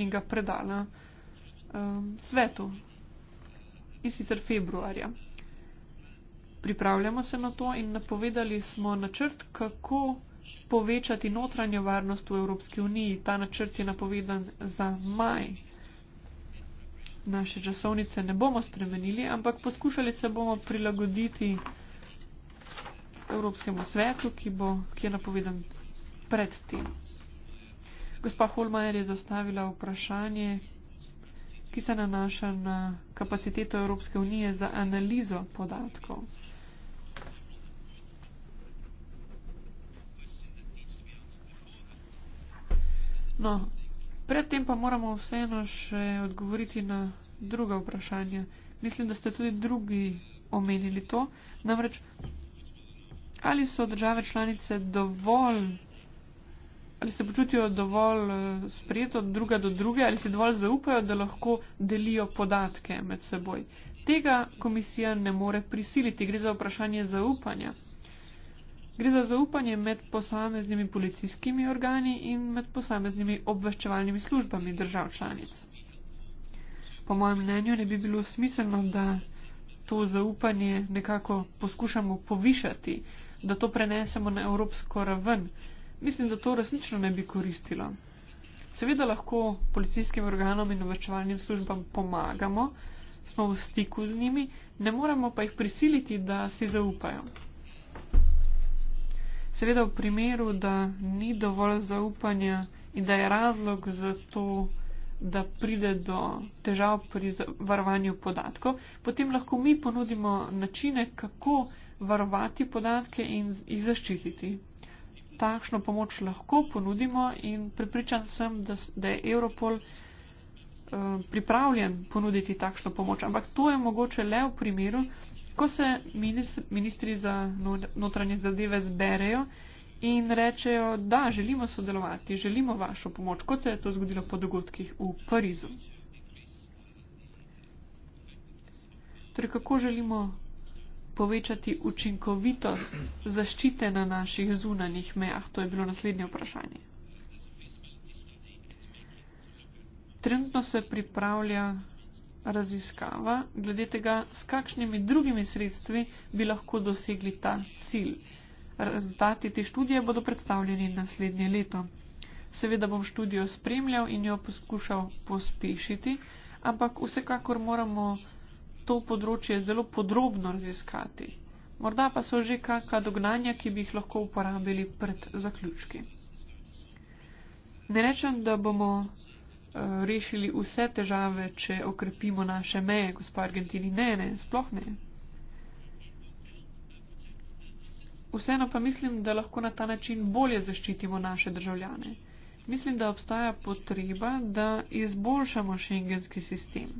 in ga predala um, svetu. In sicer februarja. Pripravljamo se na to in napovedali smo načrt, kako povečati notranjo varnost v Evropski uniji. Ta načrt je napovedan za maj. Naše časovnice ne bomo spremenili, ampak poskušali se bomo prilagoditi Evropskemu svetu, ki, bo, ki je napovedan predtem. Gospa Holmajer je zastavila vprašanje, ki se nanaša na kapaciteto Evropske unije za analizo podatkov. No, predtem pa moramo vseeno še odgovoriti na druga vprašanja. Mislim, da ste tudi drugi omenili to. Namreč, ali so države članice dovolj, ali se počutijo dovolj eh, sprijeto druga do druge, ali si dovolj zaupajo, da lahko delijo podatke med seboj. Tega komisija ne more prisiliti, gre za vprašanje zaupanja. Gre za zaupanje med posameznimi policijskimi organi in med posameznimi obveščevalnimi službami držav članic. Po mojem mnenju ne bi bilo smiselno, da to zaupanje nekako poskušamo povišati, da to prenesemo na evropsko raven. Mislim, da to resnično ne bi koristilo. Seveda lahko policijskim organom in obveščevalnim službam pomagamo, smo v stiku z njimi, ne moremo pa jih prisiliti, da si zaupajo. Seveda v primeru, da ni dovolj zaupanja in da je razlog za to, da pride do težav pri varovanju podatkov, potem lahko mi ponudimo načine, kako varovati podatke in jih zaščititi. Takšno pomoč lahko ponudimo in pripričan sem, da, da je Europol eh, pripravljen ponuditi takšno pomoč, ampak to je mogoče le v primeru, Ko se ministri za notranje zadeve zberejo in rečejo, da želimo sodelovati, želimo vašo pomoč, kot se je to zgodilo po dogodkih v Parizu. Torej, kako želimo povečati učinkovitost zaščite na naših zunanjih mejah? To je bilo naslednje vprašanje. Trenutno se pripravlja raziskava glede tega, s kakšnimi drugimi sredstvi bi lahko dosegli ta cilj. Rezultati te študije bodo predstavljeni naslednje leto. Seveda bom študijo spremljal in jo poskušal pospešiti, ampak vsekakor moramo to področje zelo podrobno raziskati. Morda pa so že kakšna dognanja, ki bi jih lahko uporabili pred zaključki. Ne rečem, da bomo Eh, rešili vse težave, če okrepimo naše meje, gospa Argentini. Ne, ne, sploh ne. Vseeno pa mislim, da lahko na ta način bolje zaščitimo naše državljane. Mislim, da obstaja potreba, da izboljšamo šengenski sistem.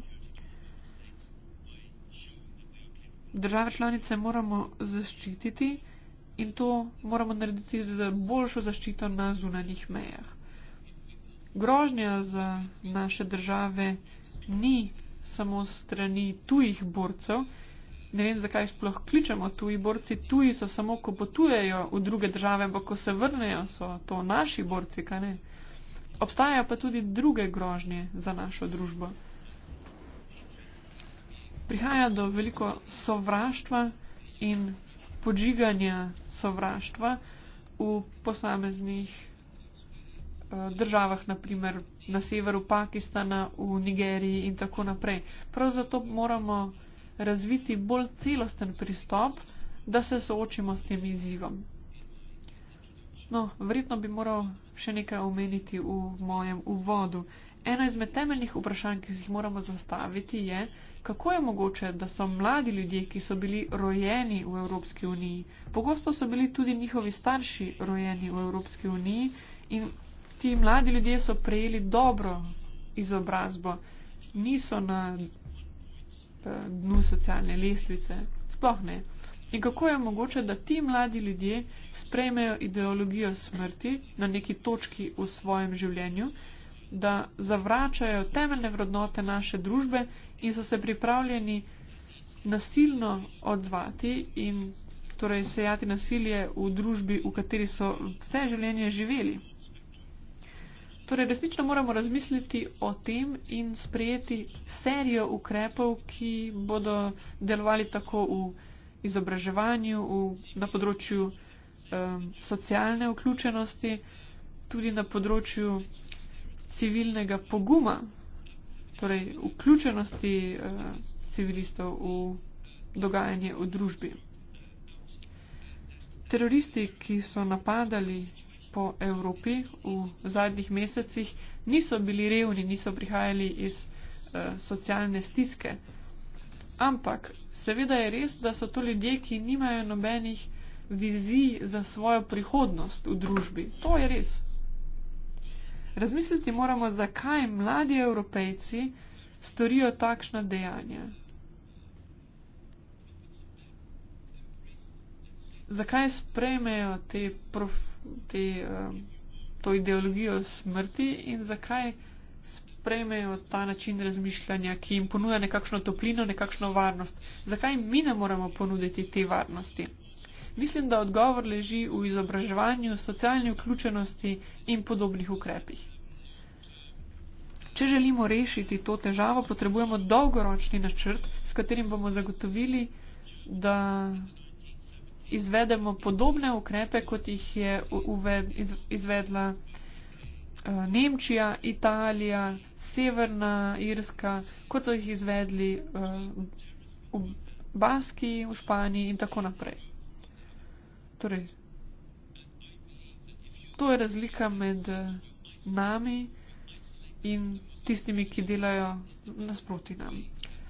Države članice moramo zaščititi in to moramo narediti z boljšo zaščito na zunanjih mejah grožnja za naše države ni samo strani tujih borcev. Ne vem, zakaj sploh kličemo tuji borci. Tuji so samo, ko potujejo v druge države, ampak ko se vrnejo, so to naši borci, kaj ne. Obstajajo pa tudi druge grožnje za našo družbo. Prihaja do veliko sovraštva in podžiganja sovraštva v posameznih Eh, državah, naprimer na severu Pakistana, v Nigeriji in tako naprej. Prav zato moramo razviti bolj celosten pristop, da se soočimo s tem izzivom. No, verjetno bi moral še nekaj omeniti v mojem uvodu. Eno izmed temeljnih vprašanj, ki jih moramo zastaviti, je, kako je mogoče, da so mladi ljudje, ki so bili rojeni v Evropski uniji, pogosto so bili tudi njihovi starši rojeni v Evropski uniji in ti mladi ljudje so prejeli dobro izobrazbo, niso na eh, dnu socialne lestvice, sploh ne. In kako je mogoče, da ti mladi ljudje sprejmejo ideologijo smrti na neki točki v svojem življenju, da zavračajo temeljne vrednote naše družbe in so se pripravljeni nasilno odzvati in torej sejati nasilje v družbi, v kateri so vse življenje živeli. Torej, resnično moramo razmisliti o tem in sprejeti serijo ukrepov, ki bodo delovali tako v izobraževanju, v, na področju um, socialne vključenosti, tudi na področju civilnega poguma, torej vključenosti uh, civilistov v dogajanje v družbi. Teroristi, ki so napadali po Evropi v zadnjih mesecih niso bili revni, niso prihajali iz eh, socialne stiske. Ampak seveda je res, da so to ljudje, ki nimajo nobenih vizij za svojo prihodnost v družbi. To je res. Razmisliti moramo, zakaj mladi evropejci storijo takšna dejanja. Zakaj sprejmejo te profesije? te, eh, to ideologijo smrti in zakaj sprejmejo ta način razmišljanja, ki jim ponuja nekakšno toplino, nekakšno varnost. Zakaj mi ne moremo ponuditi te varnosti? Mislim, da odgovor leži v izobraževanju, socialni vključenosti in podobnih ukrepih. Če želimo rešiti to težavo, potrebujemo dolgoročni načrt, s katerim bomo zagotovili, da izvedemo podobne ukrepe, kot jih je uved, iz, izvedla uh, Nemčija, Italija, Severna Irska, kot so jih izvedli uh, v Baski, v Španiji in tako naprej. Torej, to je razlika med uh, nami in tistimi, ki delajo nasproti nam.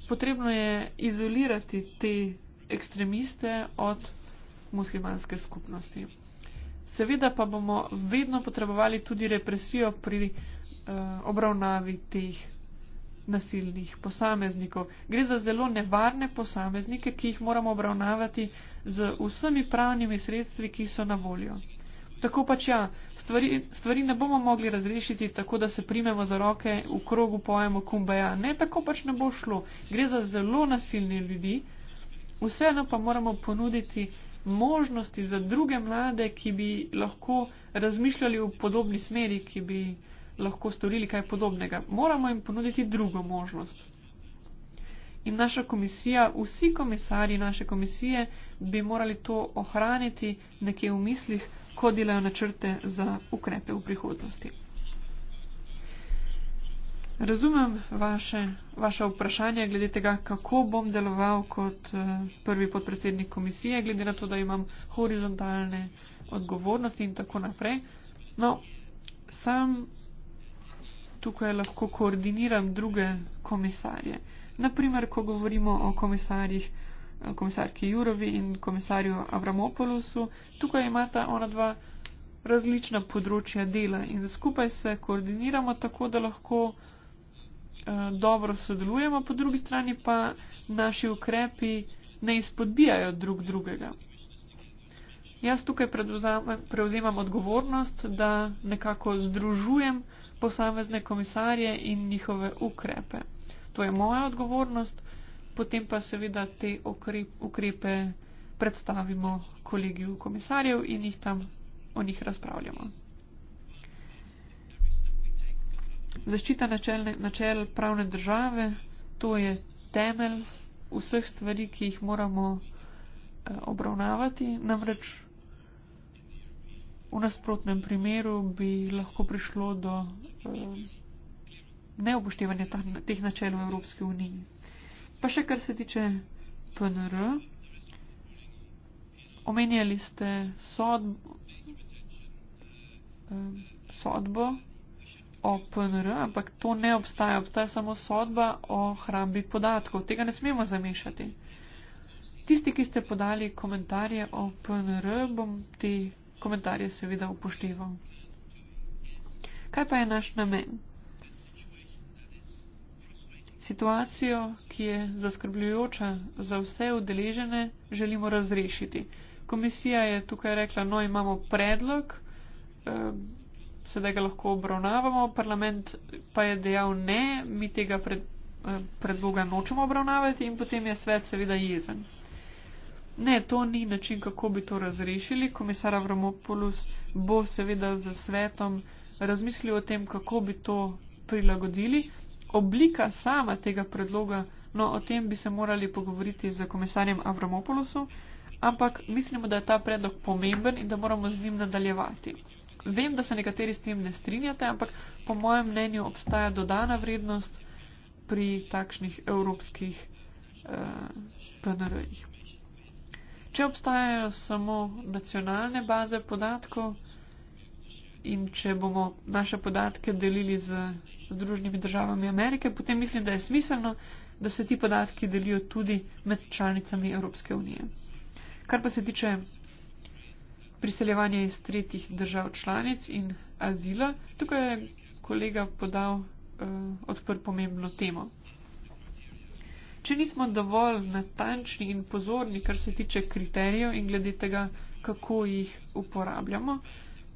Potrebno je izolirati te ekstremiste od muslimanske skupnosti. Seveda pa bomo vedno potrebovali tudi represijo pri eh, obravnavi teh nasilnih posameznikov. Gre za zelo nevarne posameznike, ki jih moramo obravnavati z vsemi pravnimi sredstvi, ki so na voljo. Tako pač ja, stvari, stvari ne bomo mogli razrešiti tako, da se primemo za roke v krogu pojemo kumbaja. Ne, tako pač ne bo šlo. Gre za zelo nasilne ljudi, vseeno pa moramo ponuditi možnosti za druge mlade, ki bi lahko razmišljali v podobni smeri, ki bi lahko storili kaj podobnega. Moramo jim ponuditi drugo možnost. In naša komisija, vsi komisarji naše komisije bi morali to ohraniti nekje v mislih, ko delajo načrte za ukrepe v prihodnosti. Razumem vaše, vaše vprašanje glede tega, kako bom deloval kot eh, prvi podpredsednik komisije, glede na to, da imam horizontalne odgovornosti in tako naprej. No, sam tukaj lahko koordiniram druge komisarje. Naprimer, ko govorimo o komisarjih, eh, komisarki Jurovi in komisarju Avramopolusu, tukaj imata ona dva različna področja dela in skupaj se koordiniramo tako, da lahko Eh, dobro sodelujemo, po drugi strani pa naši ukrepi ne izpodbijajo drug drugega. Jaz tukaj prevzemam odgovornost, da nekako združujem posamezne komisarje in njihove ukrepe. To je moja odgovornost, potem pa seveda te ukrepe predstavimo kolegiju komisarjev in jih tam o njih razpravljamo. zaščita načel, načel pravne države, to je temelj vseh stvari, ki jih moramo eh, obravnavati. Namreč v nasprotnem primeru bi lahko prišlo do eh, neupoštevanja teh načel v Evropski uniji. Pa še kar se tiče PNR. Omenjali ste sodb, eh, sodbo o PNR, ampak to ne obstaja, obstaja samo sodba o hrambi podatkov. Tega ne smemo zamišati. Tisti, ki ste podali komentarje o PNR, bom te komentarje seveda upošteval. Kaj pa je naš namen? Situacijo, ki je zaskrbljujoča za vse udeležene, želimo razrešiti. Komisija je tukaj rekla, no imamo predlog. Eh, sedaj ga lahko obravnavamo, parlament pa je dejal ne, mi tega pred, eh, predloga nočemo obravnavati in potem je svet seveda jezen. Ne, to ni način, kako bi to razrešili. Komisar Avramopoulos bo seveda z svetom razmislil o tem, kako bi to prilagodili. Oblika sama tega predloga, no o tem bi se morali pogovoriti z komisarjem Avramopoulosom, ampak mislimo, da je ta predlog pomemben in da moramo z njim nadaljevati vem, da se nekateri s tem ne strinjate, ampak po mojem mnenju obstaja dodana vrednost pri takšnih evropskih eh, PNR-jih. Če obstajajo samo nacionalne baze podatkov in če bomo naše podatke delili z Združenimi državami Amerike, potem mislim, da je smiselno, da se ti podatki delijo tudi med članicami Evropske unije. Kar pa se tiče priseljevanje iz tretjih držav članic in azila. Tukaj je kolega podal uh, odprt pomembno temo. Če nismo dovolj natančni in pozorni, kar se tiče kriterijev in glede tega, kako jih uporabljamo,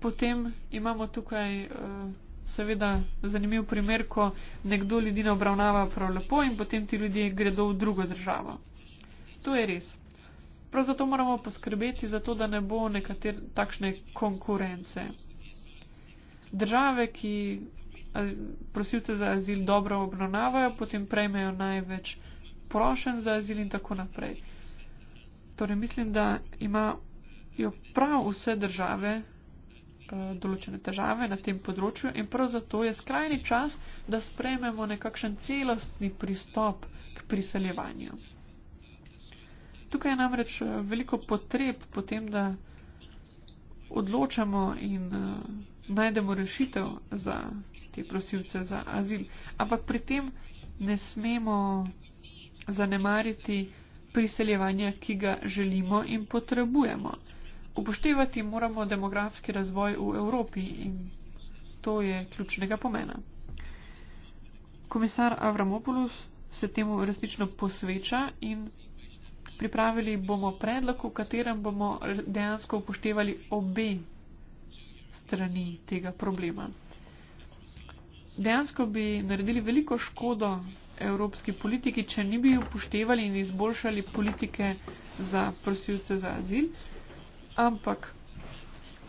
potem imamo tukaj. Uh, Seveda, zanimiv primer, ko nekdo ljudi ne obravnava prav lepo in potem ti ljudje gredo v drugo državo. To je res prav zato moramo poskrbeti za to, da ne bo nekatere takšne konkurence. Države, ki prosilce za azil dobro obravnavajo, potem prejmejo največ prošen za azil in tako naprej. Torej, mislim, da imajo prav vse države eh, določene težave na tem področju in prav zato je skrajni čas, da sprejmemo nekakšen celostni pristop k priseljevanju. Tukaj je namreč eh, veliko potreb potem, da odločamo in uh, najdemo rešitev za te prosilce za azil. Ampak pri tem ne smemo zanemariti priseljevanja, ki ga želimo in potrebujemo. Upoštevati moramo demografski razvoj v Evropi in to je ključnega pomena. Komisar Avramopoulos se temu resnično posveča in Pripravili bomo predlog, v katerem bomo dejansko upoštevali obe strani tega problema. Dejansko bi naredili veliko škodo evropski politiki, če ni bi upoštevali in izboljšali politike za prosilce za azil. Ampak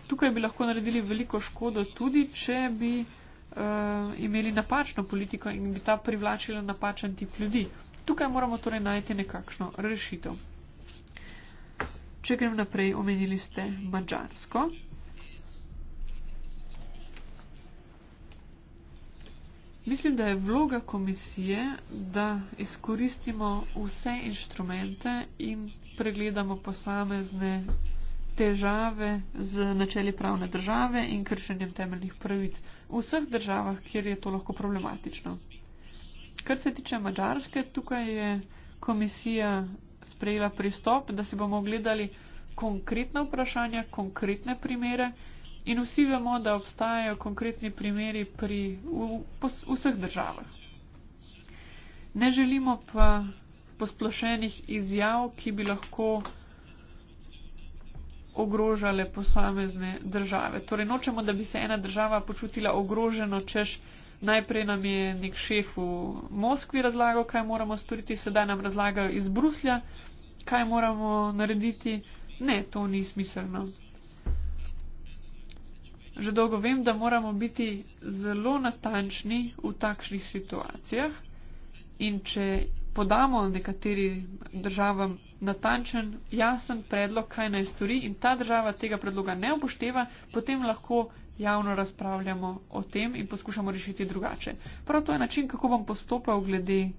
tukaj bi lahko naredili veliko škodo tudi, če bi uh, imeli napačno politiko in bi ta privlačila napačen tip ljudi. Uh, Tukaj moramo torej najti nekakšno rešitev. Če grem naprej, omenili ste Mačarsko. Mislim, da je vloga komisije, da izkoristimo vse inštrumente in pregledamo posamezne težave z načeli pravne države in kršenjem temeljnih pravic v vseh državah, kjer je to lahko problematično kar se tiče Mačarske, tukaj je komisija sprejela pristop, da si bomo ogledali konkretna vprašanja, konkretne primere in vsi vemo, da obstajajo konkretni primeri pri vseh državah. Ne želimo pa posplošenih izjav, ki bi lahko ogrožale posamezne države. Torej, nočemo, da bi se ena država počutila ogroženo, češ, Najprej nam je nek šef v Moskvi razlagal, kaj moramo storiti, sedaj nam razlagajo iz Bruslja, kaj moramo narediti. Ne, to ni smiselno. Že dolgo vem, da moramo biti zelo natančni v takšnih situacijah in če podamo nekateri državam natančen, jasen predlog, kaj naj stori in ta država tega predloga ne upošteva, potem lahko javno razpravljamo o tem in poskušamo rešiti drugače. Prav to je način, kako bom postopal glede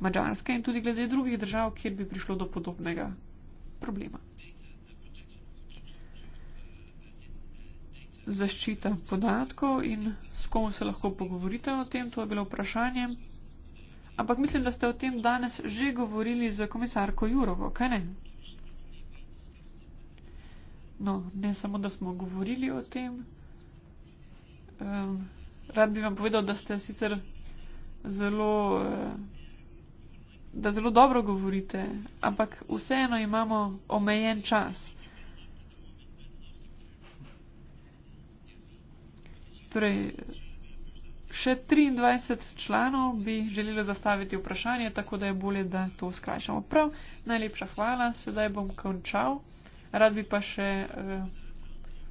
Mačarske in tudi glede drugih držav, kjer bi prišlo do podobnega problema. Zaščita podatkov in s kom se lahko pogovorite o tem, to je bilo vprašanje. Ampak mislim, da ste o tem danes že govorili z komisarko Jurovo, kaj ne? No, ne samo, da smo govorili o tem, Um, rad bi vam povedal, da ste sicer zelo, eh, da zelo dobro govorite, ampak vseeno imamo omejen čas. Torej, še 23 članov bi želeli zastaviti vprašanje, tako da je bolje, da to skrajšamo. Prav, najlepša hvala, sedaj bom končal. Rad bi pa še uh,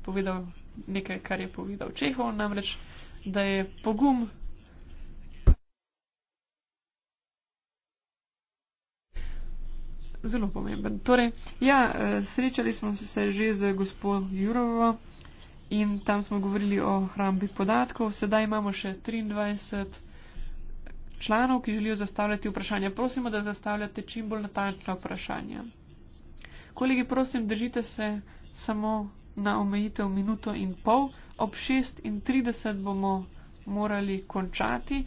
povedal nekaj, kar je povedal Čehov, namreč, da je pogum zelo pomemben. Torej, ja, eh, srečali smo se že z gospod Jurovo in tam smo govorili o hrambi podatkov. Sedaj imamo še 23 članov, ki želijo zastavljati vprašanja. Prosimo, da zastavljate čim bolj natančna vprašanja. Kolegi, prosim, držite se samo na omejitev minuto in pol. Ob 6.30 bomo morali končati.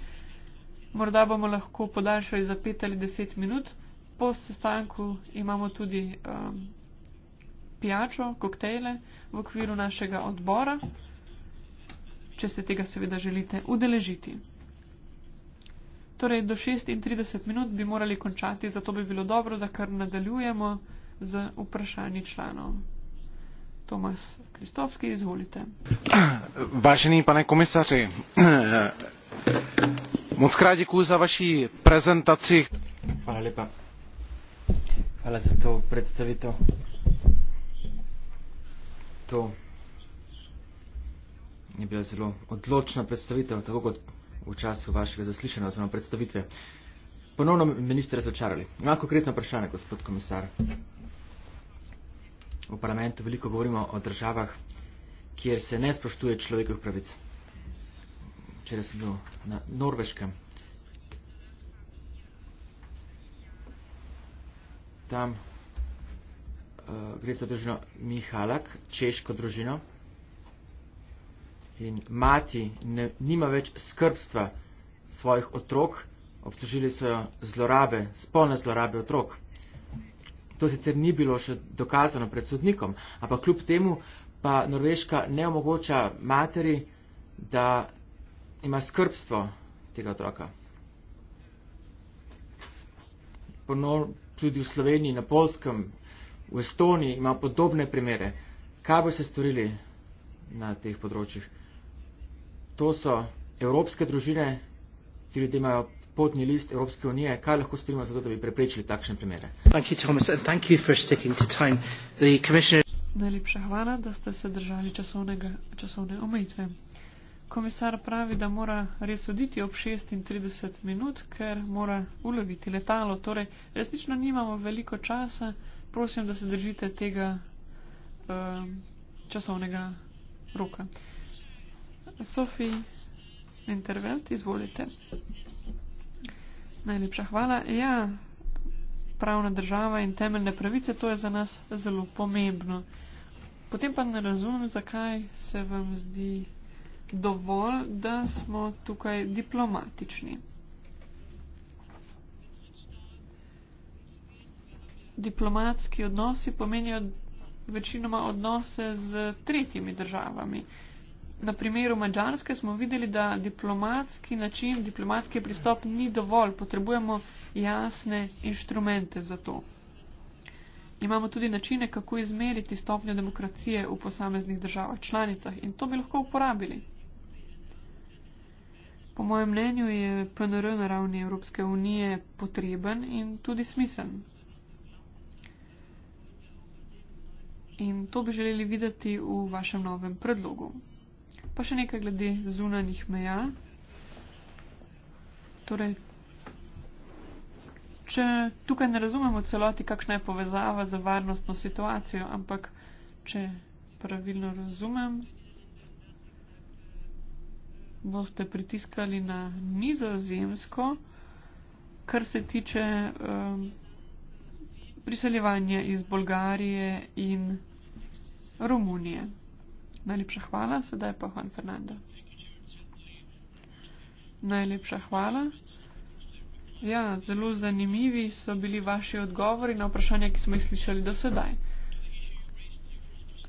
Morda bomo lahko podaljšali za 5 ali 10 minut. Po sestanku imamo tudi um, pijačo, koktejle v okviru našega odbora, če se tega seveda želite udeležiti. Torej, do 36 minut bi morali končati, zato bi bilo dobro, da kar nadaljujemo z vprašanji članov. Tomas Kristovski, izvolite. Vážený pane komisaři, moc krát děkuji za vaši prezentaci. Hvala lepa. Hvala za to predstavito. To je bila zelo odločna predstavitev, tako kot v času vašega zaslišanja oziroma predstavitve. Ponovno me niste razočarali. Imam konkretno vprašanje, gospod komisar v parlamentu veliko govorimo o državah, kjer se ne spoštuje človekovih pravic. Včeraj sem bil na Norveškem. Tam uh, gre za družino Mihalak, češko družino. In mati ne, nima več skrbstva svojih otrok, obtožili so jo zlorabe, spolne zlorabe otrok. To sicer ni bilo še dokazano pred sodnikom, ampak kljub temu pa Norveška ne omogoča materi, da ima skrbstvo tega otroka. Ponov, tudi v Sloveniji, na Polskem, v Estoniji ima podobne primere. Kaj bo se storili na teh področjih? To so evropske družine, ti ljudje imajo potni list Evropske unije, kaj lahko storimo za to, da bi preprečili takšne primere. Najlepša hvala, da ste se držali časovne omejitve. Komisar pravi, da mora res oditi ob 36 minut, ker mora uloviti letalo. Torej, resnično nimamo veliko časa. Prosim, da se držite tega uh, časovnega roka. Sofi, intervent, izvolite. Najlepša hvala. Ja, pravna država in temeljne pravice, to je za nas zelo pomembno. Potem pa ne razumem, zakaj se vam zdi dovolj, da smo tukaj diplomatični. Diplomatski odnosi pomenijo večinoma odnose z tretjimi državami na primeru Mačarske smo videli, da diplomatski način, diplomatski pristop ni dovolj, potrebujemo jasne inštrumente za to. Imamo tudi načine, kako izmeriti stopnjo demokracije v posameznih državah članicah in to bi lahko uporabili. Po mojem mnenju je PNR na ravni Evropske unije potreben in tudi smisen. In to bi želeli videti v vašem novem predlogu. Pa še nekaj glede zunanjih meja. Torej, če tukaj ne razumemo celoti, kakšna je povezava za varnostno situacijo, ampak če pravilno razumem, boste pritiskali na nizozemsko, kar se tiče um, priseljevanja iz Bolgarije in Romunije. Najlepša hvala, sedaj pa Juan Fernando. Najlepša hvala. Ja, zelo zanimivi so bili vaši odgovori na vprašanja, ki smo jih slišali do sedaj.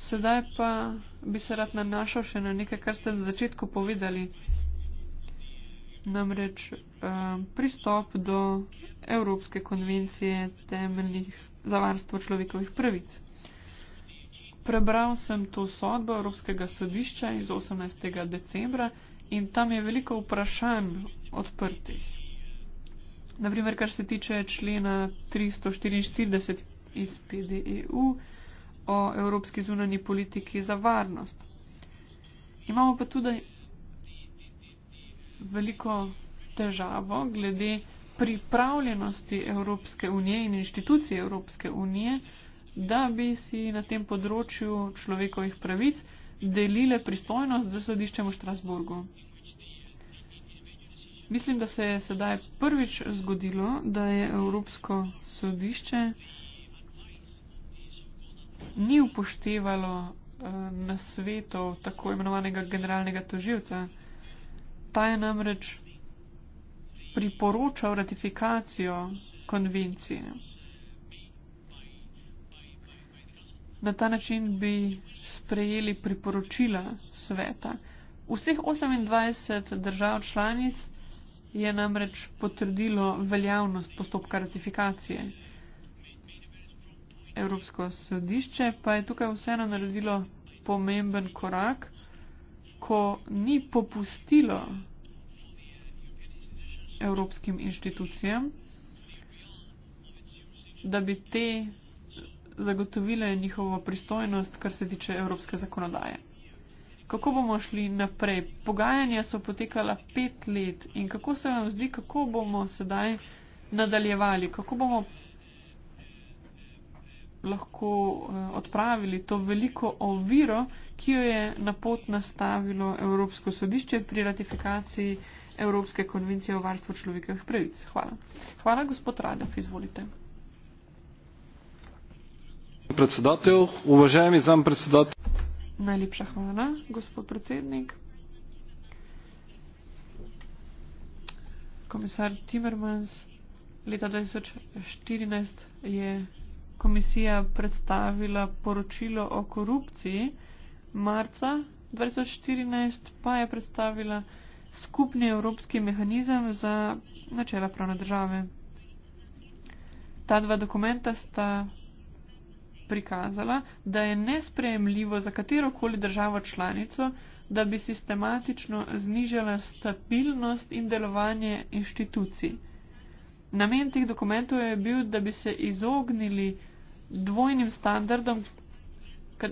Sedaj pa bi se rad nanašal še na nekaj, kar ste na začetku povedali. Namreč eh, pristop do Evropske konvencije temeljnih za varstvo človekovih pravic prebral sem to sodbo Evropskega sodišča iz 18. decembra in tam je veliko vprašanj odprtih. Naprimer, kar se tiče člena 344 iz PDEU o Evropski zunani politiki za varnost. Imamo pa tudi veliko težavo glede pripravljenosti Evropske unije in inštitucije Evropske unije, da bi si na tem področju človekovih pravic delile pristojnost z sodiščem v Štrasburgu. Mislim, da se je sedaj prvič zgodilo, da je Evropsko sodišče ni upoštevalo eh, nasvetov tako imenovanega generalnega toživca. Ta je namreč priporočal ratifikacijo konvencije. Na ta način bi sprejeli priporočila sveta. Vseh 28 držav članic je namreč potrdilo veljavnost postopka ratifikacije. Evropsko sodišče pa je tukaj vseeno naredilo pomemben korak, ko ni popustilo evropskim inštitucijam, da bi te zagotovile njihovo pristojnost, kar se tiče evropske zakonodaje. Kako bomo šli naprej? Pogajanja so potekala pet let in kako se vam zdi, kako bomo sedaj nadaljevali, kako bomo lahko eh, odpravili to veliko oviro, ki jo je na pot nastavilo Evropsko sodišče pri ratifikaciji Evropske konvencije o varstvu človekovih pravic. Hvala. Hvala, gospod Radov, izvolite predsedatelj, uvaženi zam predsedatelj. Najlepša hvala, gospod predsednik. Komisar Timmermans, leta 2014 je komisija predstavila poročilo o korupciji, marca 2014 pa je predstavila skupni evropski mehanizem za načela pravne države. Ta dva dokumenta sta prikazala, da je nespremljivo za katero koli državo članico, da bi sistematično znižala stabilnost in delovanje inštitucij. Namen teh dokumentov je bil, da bi se izognili dvojnim standardom,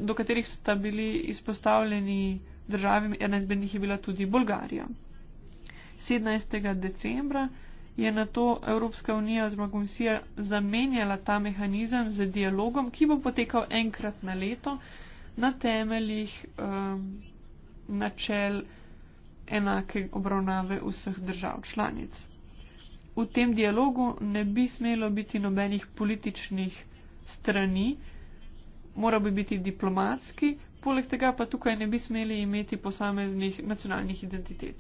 do katerih so bili izpostavljeni državi, ena izmed njih je bila tudi Bolgarija. 17. decembra je na to Evropska unija z Magomsija zamenjala ta mehanizem z dialogom, ki bo potekal enkrat na leto na temeljih um, načel enake obravnave vseh držav članic. V tem dialogu ne bi smelo biti nobenih političnih strani, mora bi biti diplomatski, poleg tega pa tukaj ne bi smeli imeti posameznih nacionalnih identitet.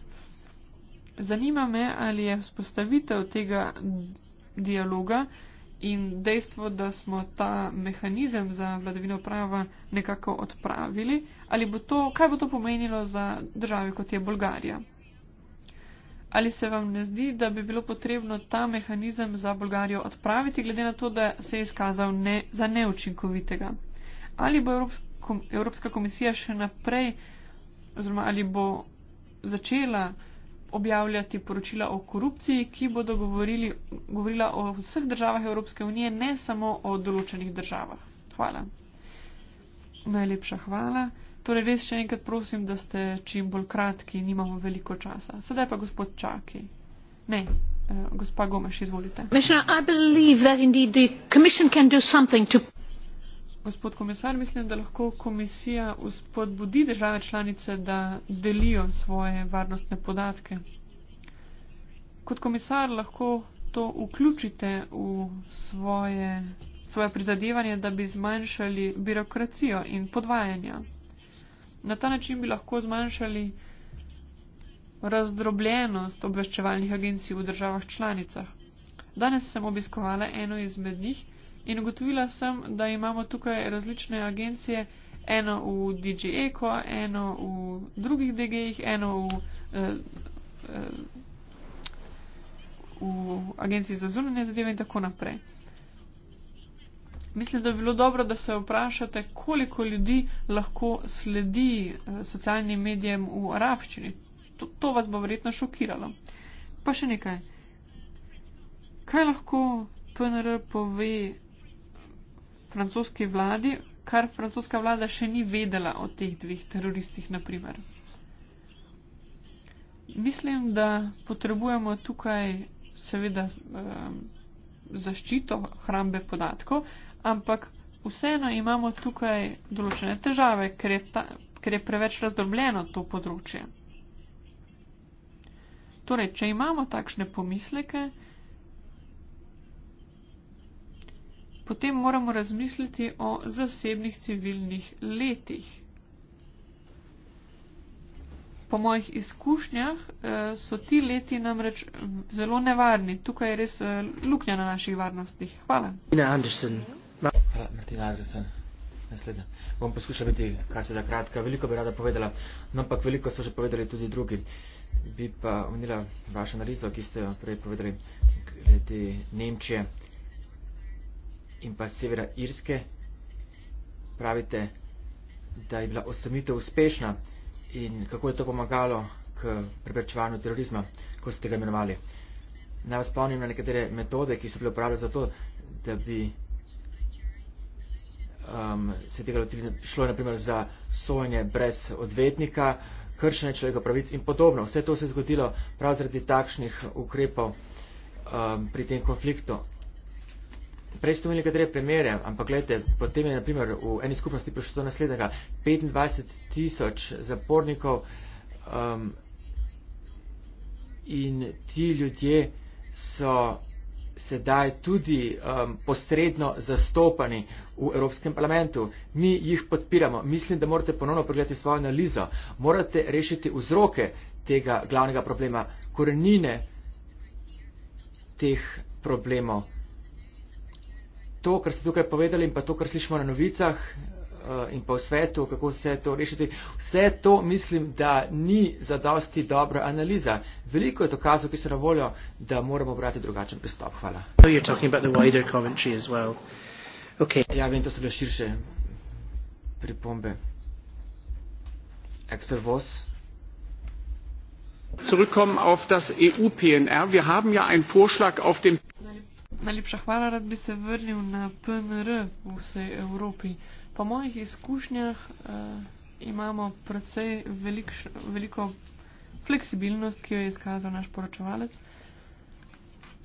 Zanima me, ali je vzpostavitev tega dialoga in dejstvo, da smo ta mehanizem za vladavino prava nekako odpravili, ali bo to, kaj bo to pomenilo za države, kot je Bolgarija. Ali se vam ne zdi, da bi bilo potrebno ta mehanizem za Bolgarijo odpraviti, glede na to, da se je izkazal ne, za neučinkovitega? Ali bo Evropska komisija še naprej, oziroma ali bo začela objavljati poročila o korupciji, ki bodo govorili, govorila o vseh državah Evropske unije, ne samo o določenih državah. Hvala. Najlepša hvala. Torej, res še enkrat prosim, da ste čim bolj kratki, nimamo veliko časa. Sedaj pa gospod Čaki. Ne. Uh, gospa Gomeš, izvolite. Commissioner, I believe that indeed the Commission can do something to gospod komisar, mislim, da lahko komisija uspodbudi države članice, da delijo svoje varnostne podatke. Kot komisar lahko to vključite v svoje, svoje prizadevanje, da bi zmanjšali birokracijo in podvajanja. Na ta način bi lahko zmanjšali razdrobljenost obveščevalnih agencij v državah članicah. Danes sem obiskovala eno izmed njih in ugotovila sem, da imamo tukaj različne agencije, eno v DJ Eko, eno v drugih DG-jih, eno v, eh, eh, v agenciji za zunanje zadeve in tako naprej. Mislim, da bi bilo dobro, da se vprašate, koliko ljudi lahko sledi eh, socialnim medijem v arabščini. To, to vas bo verjetno šokiralo. Pa še nekaj. Kaj lahko PNR pove francoski vladi, kar francoska vlada še ni vedela o teh dveh teroristih, naprimer. Mislim, da potrebujemo tukaj seveda ehm, zaščito hrambe podatkov, ampak vseeno imamo tukaj določene težave, ker je, ta, ker je preveč razdrobljeno to področje. Torej, če imamo takšne pomisleke, potem moramo razmisliti o zasebnih civilnih letih. Po mojih izkušnjah eh, so ti leti namreč zelo nevarni. Tukaj je res eh, luknja na naših varnostih. Hvala. Martina Andersen. Hvala, Martina Andersen. Naslednja. Bom poskušala biti kar se da kratka. Veliko bi rada povedala, no ampak veliko so že povedali tudi drugi. Bi pa omenila vašo analizo, ki ste jo prej povedali, glede Nemčije in pa severa Irske, pravite, da je bila osamitev uspešna in kako je to pomagalo k preprečevanju terorizma, ko ste ga imenovali. Naj vas spomnim na nekatere metode, ki so bile uporabljene za to, da bi um, se tega lotili. Šlo je naprimer za sojenje brez odvetnika, kršenje človeka pravic in podobno. Vse to se je zgodilo prav zaradi takšnih ukrepov um, pri tem konfliktu. Prej ste imeli nekatere primere, ampak gledajte, potem je naprimer v eni skupnosti prišlo do naslednjega. 25 tisoč zapornikov um, in ti ljudje so sedaj tudi um, posredno zastopani v Evropskem parlamentu. Mi jih podpiramo. Mislim, da morate ponovno pogledati svojo analizo. Morate rešiti vzroke tega glavnega problema, korenine teh problemov to, kar ste tukaj povedali in pa to, kar slišimo na novicah eh, in pa v svetu, kako se to rešiti. Vse to mislim, da ni za dosti dobra analiza. Veliko je dokazov, ki so na voljo, da moramo brati drugačen pristop. Hvala. Well. Okay. Ja, vem, to so bile širše pripombe. Exervos. Zurückkommen auf das EU-PNR. Wir haben ja einen Vorschlag auf dem. Najlepša hvala, rad bi se vrnil na PNR v vsej Evropi. Po mojih izkušnjah eh, imamo precej velik, veliko fleksibilnost, ki jo je izkazal naš poročevalec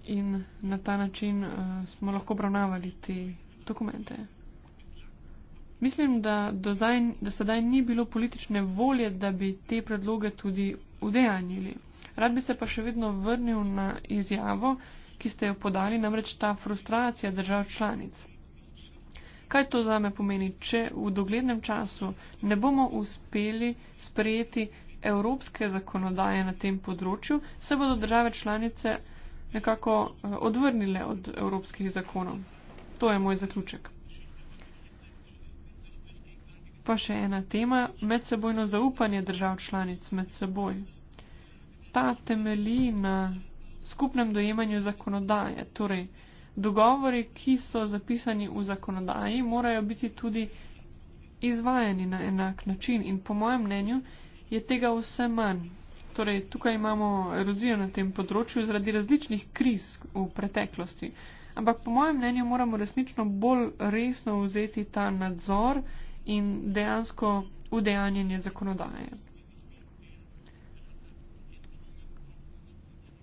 in na ta način eh, smo lahko obravnavali te dokumente. Mislim, da do, zdaj, do sedaj ni bilo politične volje, da bi te predloge tudi udejanjili. Rad bi se pa še vedno vrnil na izjavo, ki ste jo podali, namreč ta frustracija držav članic. Kaj to zame pomeni, če v doglednem času ne bomo uspeli sprejeti evropske zakonodaje na tem področju, se bodo države članice nekako eh, odvrnile od evropskih zakonov. To je moj zaključek. Pa še ena tema, medsebojno zaupanje držav članic med seboj. Ta temelji na skupnem dojemanju zakonodaje. Torej, dogovori, ki so zapisani v zakonodaji, morajo biti tudi izvajani na enak način in po mojem mnenju je tega vse manj. Torej, tukaj imamo erozijo na tem področju zaradi različnih kriz v preteklosti. Ampak po mojem mnenju moramo resnično bolj resno vzeti ta nadzor in dejansko udejanjenje zakonodaje.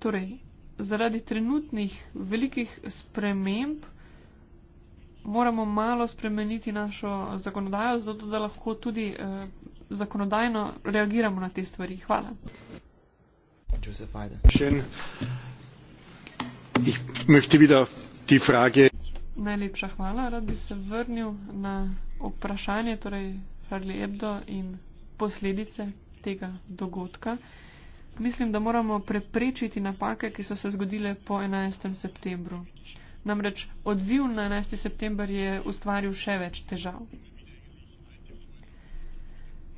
Torej, zaradi trenutnih velikih sprememb moramo malo spremeniti našo zakonodajo, zato da lahko tudi eh, zakonodajno reagiramo na te stvari. Hvala. Najlepša hvala. Rad bi se vrnil na vprašanje, torej Harli Ebdo in posledice tega dogodka. Mislim, da moramo preprečiti napake, ki so se zgodile po 11. septembru. Namreč odziv na 11. september je ustvaril še več težav.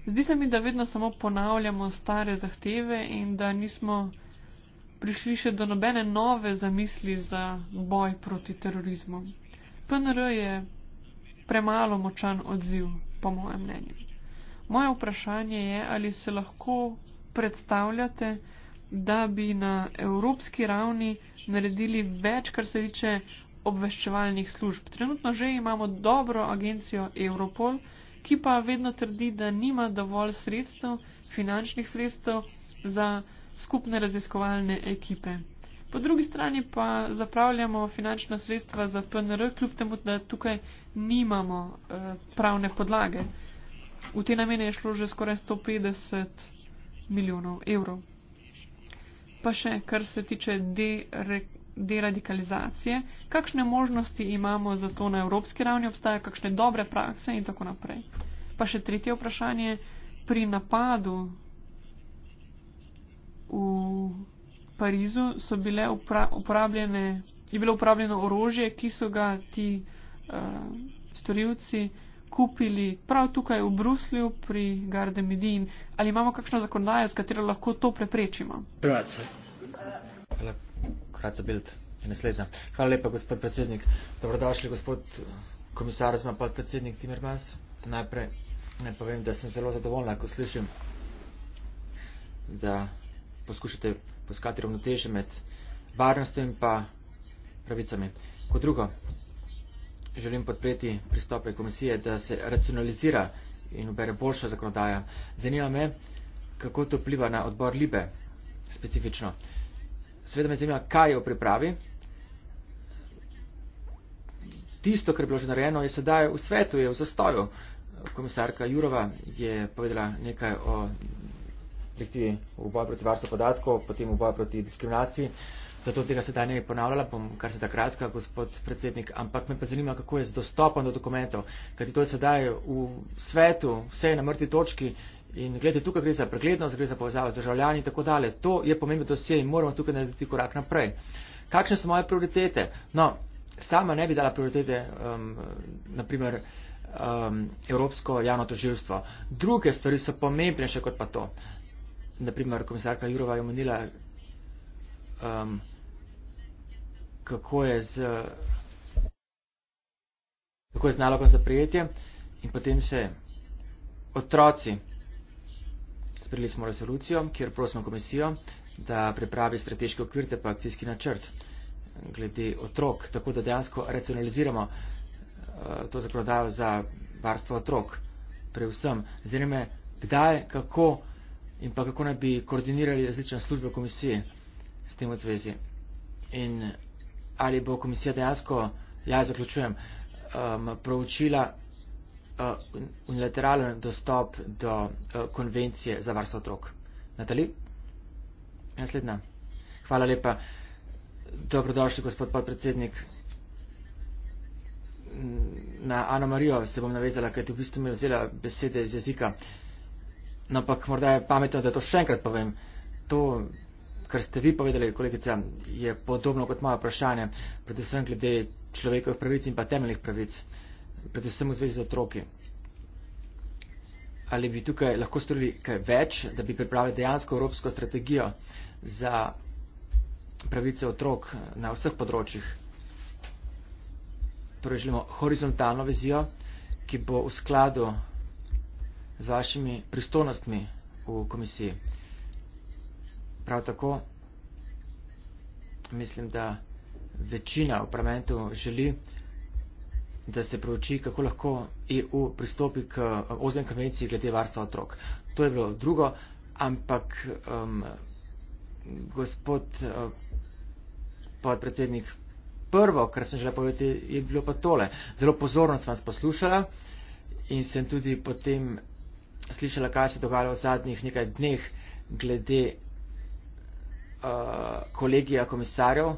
Zdi se mi, da vedno samo ponavljamo stare zahteve in da nismo prišli še do nobene nove zamisli za boj proti terorizmu. PNR je premalo močan odziv, po mojem mnenju. Moje vprašanje je, ali se lahko predstavljate, da bi na evropski ravni naredili več, kar se tiče obveščevalnih služb? Trenutno že imamo dobro agencijo Europol, ki pa vedno trdi, da nima dovolj sredstev, finančnih sredstev za skupne raziskovalne ekipe. Po drugi strani pa zapravljamo finančna sredstva za PNR, kljub temu, da tukaj nimamo eh, pravne podlage. V te namene je šlo že skoraj 150 milijonov evrov. Pa še, kar se tiče deradikalizacije, de kakšne možnosti imamo za to na evropski ravni, obstajajo kakšne dobre prakse in tako naprej. Pa še tretje vprašanje, pri napadu v Parizu so bile uporabljene, je bilo uporabljeno orožje, ki so ga ti uh, storilci kupili prav tukaj v Bruslju pri Garde Medin. Ali imamo kakšno zakonodajo, s katero lahko to preprečimo? Hvala. Hvala lepa, gospod predsednik. Dobrodošli, gospod komisar, oziroma podpredsednik Timermans. Najprej naj povem, da sem zelo zadovoljna, ko slišim, da poskušate poskati ravnoteže med varnostjo in pa pravicami. Kot drugo, želim podpreti pristope komisije, da se racionalizira in ubere boljša zakonodaja. Zanima me, kako to pliva na odbor Libe specifično. Sveda me zanima, kaj je v pripravi. Tisto, kar je bilo že narejeno, je sedaj v svetu, je v zastoju. Komisarka Jurova je povedala nekaj o direktivi v boju proti varstvu podatkov, potem v boju proti diskriminaciji. Uh, zato tega sedaj ne bi ponavljala, bom kar se da kratka, gospod predsednik, ampak me pa zanima, kako je z dostopom do dokumentov, kajti to je sedaj v svetu, vse je na mrti točki in gledajte, tukaj gre za preglednost, gre za povezavo z državljani in tako dalje. To je pomembno dosje in moramo tukaj narediti korak naprej. Kakšne so moje prioritete? No, sama ne bi dala prioritete, um, naprimer, um, Evropsko javno toživstvo. Druge stvari so pomembnejše kot pa to. Naprimer, komisarka Jurova je omenila, um, kako, je z, kako je z nalogom za prijetje in potem še otroci. Sprili smo resolucijo, kjer prosimo komisijo, da pripravi strateški okvir te pa akcijski načrt glede otrok, tako da dejansko racionaliziramo uh, to zakonodajo za varstvo otrok. Predvsem, zanima me, kdaj, kako in pa kako naj bi koordinirali različne službe komisije s tem v zvezi. In ali bo komisija dejansko, ja, zaključujem, um, proučila uh, unilateralen dostop do uh, konvencije za varstvo otrok. Natali? Naslednja. Hvala lepa. Dobrodošli, gospod podpredsednik. Na Ana Marijo se bom navezala, ker ti v bistvu mi je vzela besede iz jezika. No, ampak morda je pametno, da to še enkrat povem. To kar ste vi povedali, kolegica, je podobno kot moje vprašanje, predvsem glede človekovih pravic in pa temeljnih pravic, predvsem v zvezi z otroki. Ali bi tukaj lahko storili kaj več, da bi pripravili dejansko evropsko strategijo za pravice otrok na vseh področjih? Torej želimo horizontalno vizijo, ki bo v skladu z vašimi pristojnostmi v komisiji. Prav tako mislim, da večina v parlamentu želi, da se prouči, kako lahko EU pristopi k ozem konvenciji glede varstva otrok. To je bilo drugo, ampak um, gospod uh, podpredsednik, prvo, kar sem želel povedati, je bilo pa tole. Zelo pozorno sem vas poslušala in sem tudi potem slišala, kaj se je dogajalo v zadnjih nekaj dneh glede uh, kolegija komisarjev,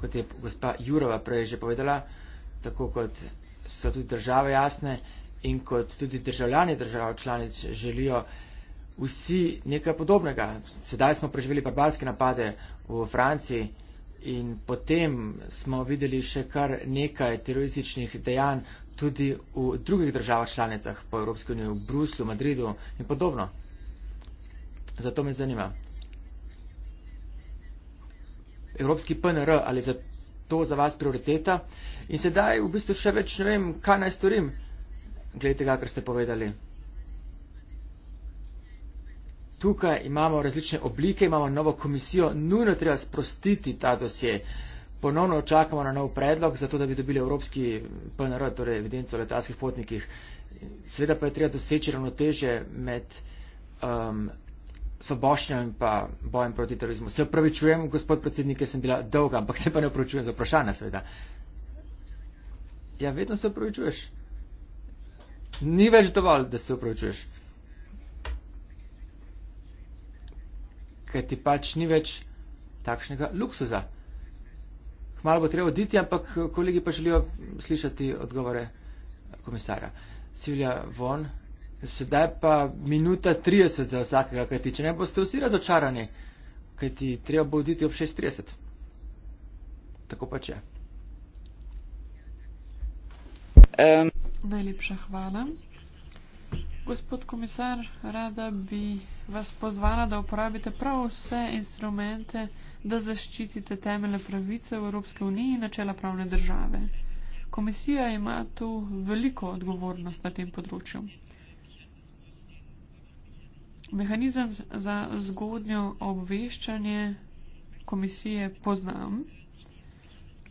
kot je gospa Jurova prej že povedala, tako kot so tudi države jasne in kot tudi državljani držav članic želijo vsi nekaj podobnega. Sedaj smo preživeli barbarske napade v Franciji. In potem smo videli še kar nekaj terorističnih dejanj tudi v drugih državah članicah po Evropski uniji, v Bruslu, Madridu in podobno. Zato me zanima. Evropski PNR ali za to za vas prioriteta? In sedaj v bistvu še več ne vem, kaj naj storim. Glede tega, kar ste povedali tukaj imamo različne oblike, imamo novo komisijo, nujno treba sprostiti ta dosje. Ponovno čakamo na nov predlog, zato da bi dobili evropski PNR, torej evidenco o letalskih potnikih. Sveda pa je treba doseči ravnoteže med um, svoboščinami in bojem proti terorizmu. Se upravičujem, gospod predsednik, ker sem bila dolga, ampak se pa ne upravičujem za vprašanje, seveda. Ja, vedno se upravičuješ. Ni več dovolj, da se upravičuješ. ker ti pač ni več takšnega luksuza. Hmalo bo treba oditi, ampak eh, kolegi pa želijo slišati odgovore eh, komisarja. Silja von, sedaj pa minuta 30 za vsakega, kaj ti, če ne boste vsi razočarani, kaj ti treba bo oditi ob 6.30. Tako pa če. Um. Najlepša hvala. Gospod komisar, rada bi vas pozvala, da uporabite prav vse instrumente, da zaščitite temeljne pravice v Evropske unije in načela pravne države. Komisija ima tu veliko odgovornost na tem področju. Mehanizem za zgodnjo obveščanje komisije poznam.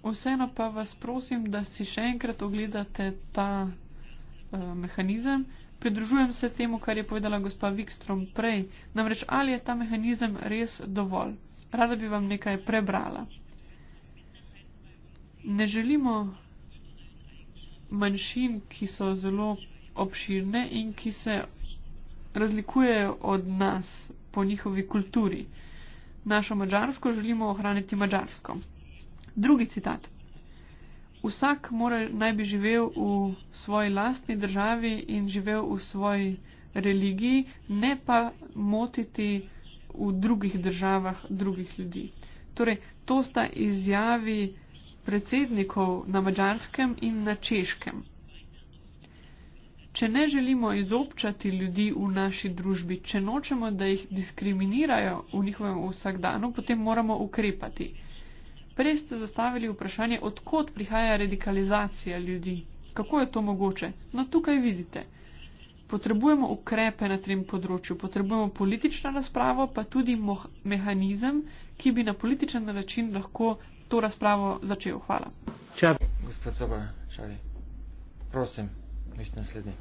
Vseeno pa vas prosim, da si še enkrat ogledate ta uh, mehanizem, Pridružujem se temu, kar je povedala gospa Wikstrom prej, namreč ali je ta mehanizem res dovolj. Rada bi vam nekaj prebrala. Ne želimo manjšin, ki so zelo obširne in ki se razlikujejo od nas po njihovi kulturi. Našo mačarsko želimo ohraniti mačarsko. Drugi citat. Vsak mora naj bi živel v svoji lastni državi in živel v svoji religiji, ne pa motiti v drugih državah drugih ljudi. Torej, to sta izjavi predsednikov na mačarskem in na češkem. Če ne želimo izobčati ljudi v naši družbi, če nočemo, da jih diskriminirajo v njihovem vsakdanu, potem moramo ukrepati. Prej ste zastavili vprašanje, odkot prihaja radikalizacija ljudi, kako je to mogoče. No, tukaj vidite. Potrebujemo ukrepe na tem področju, potrebujemo politično razpravo, pa tudi mehanizem, ki bi na političen način lahko to razpravo začel. Hvala. Čep. Gospod Zabar, šali. Prosim, mislim, sledi.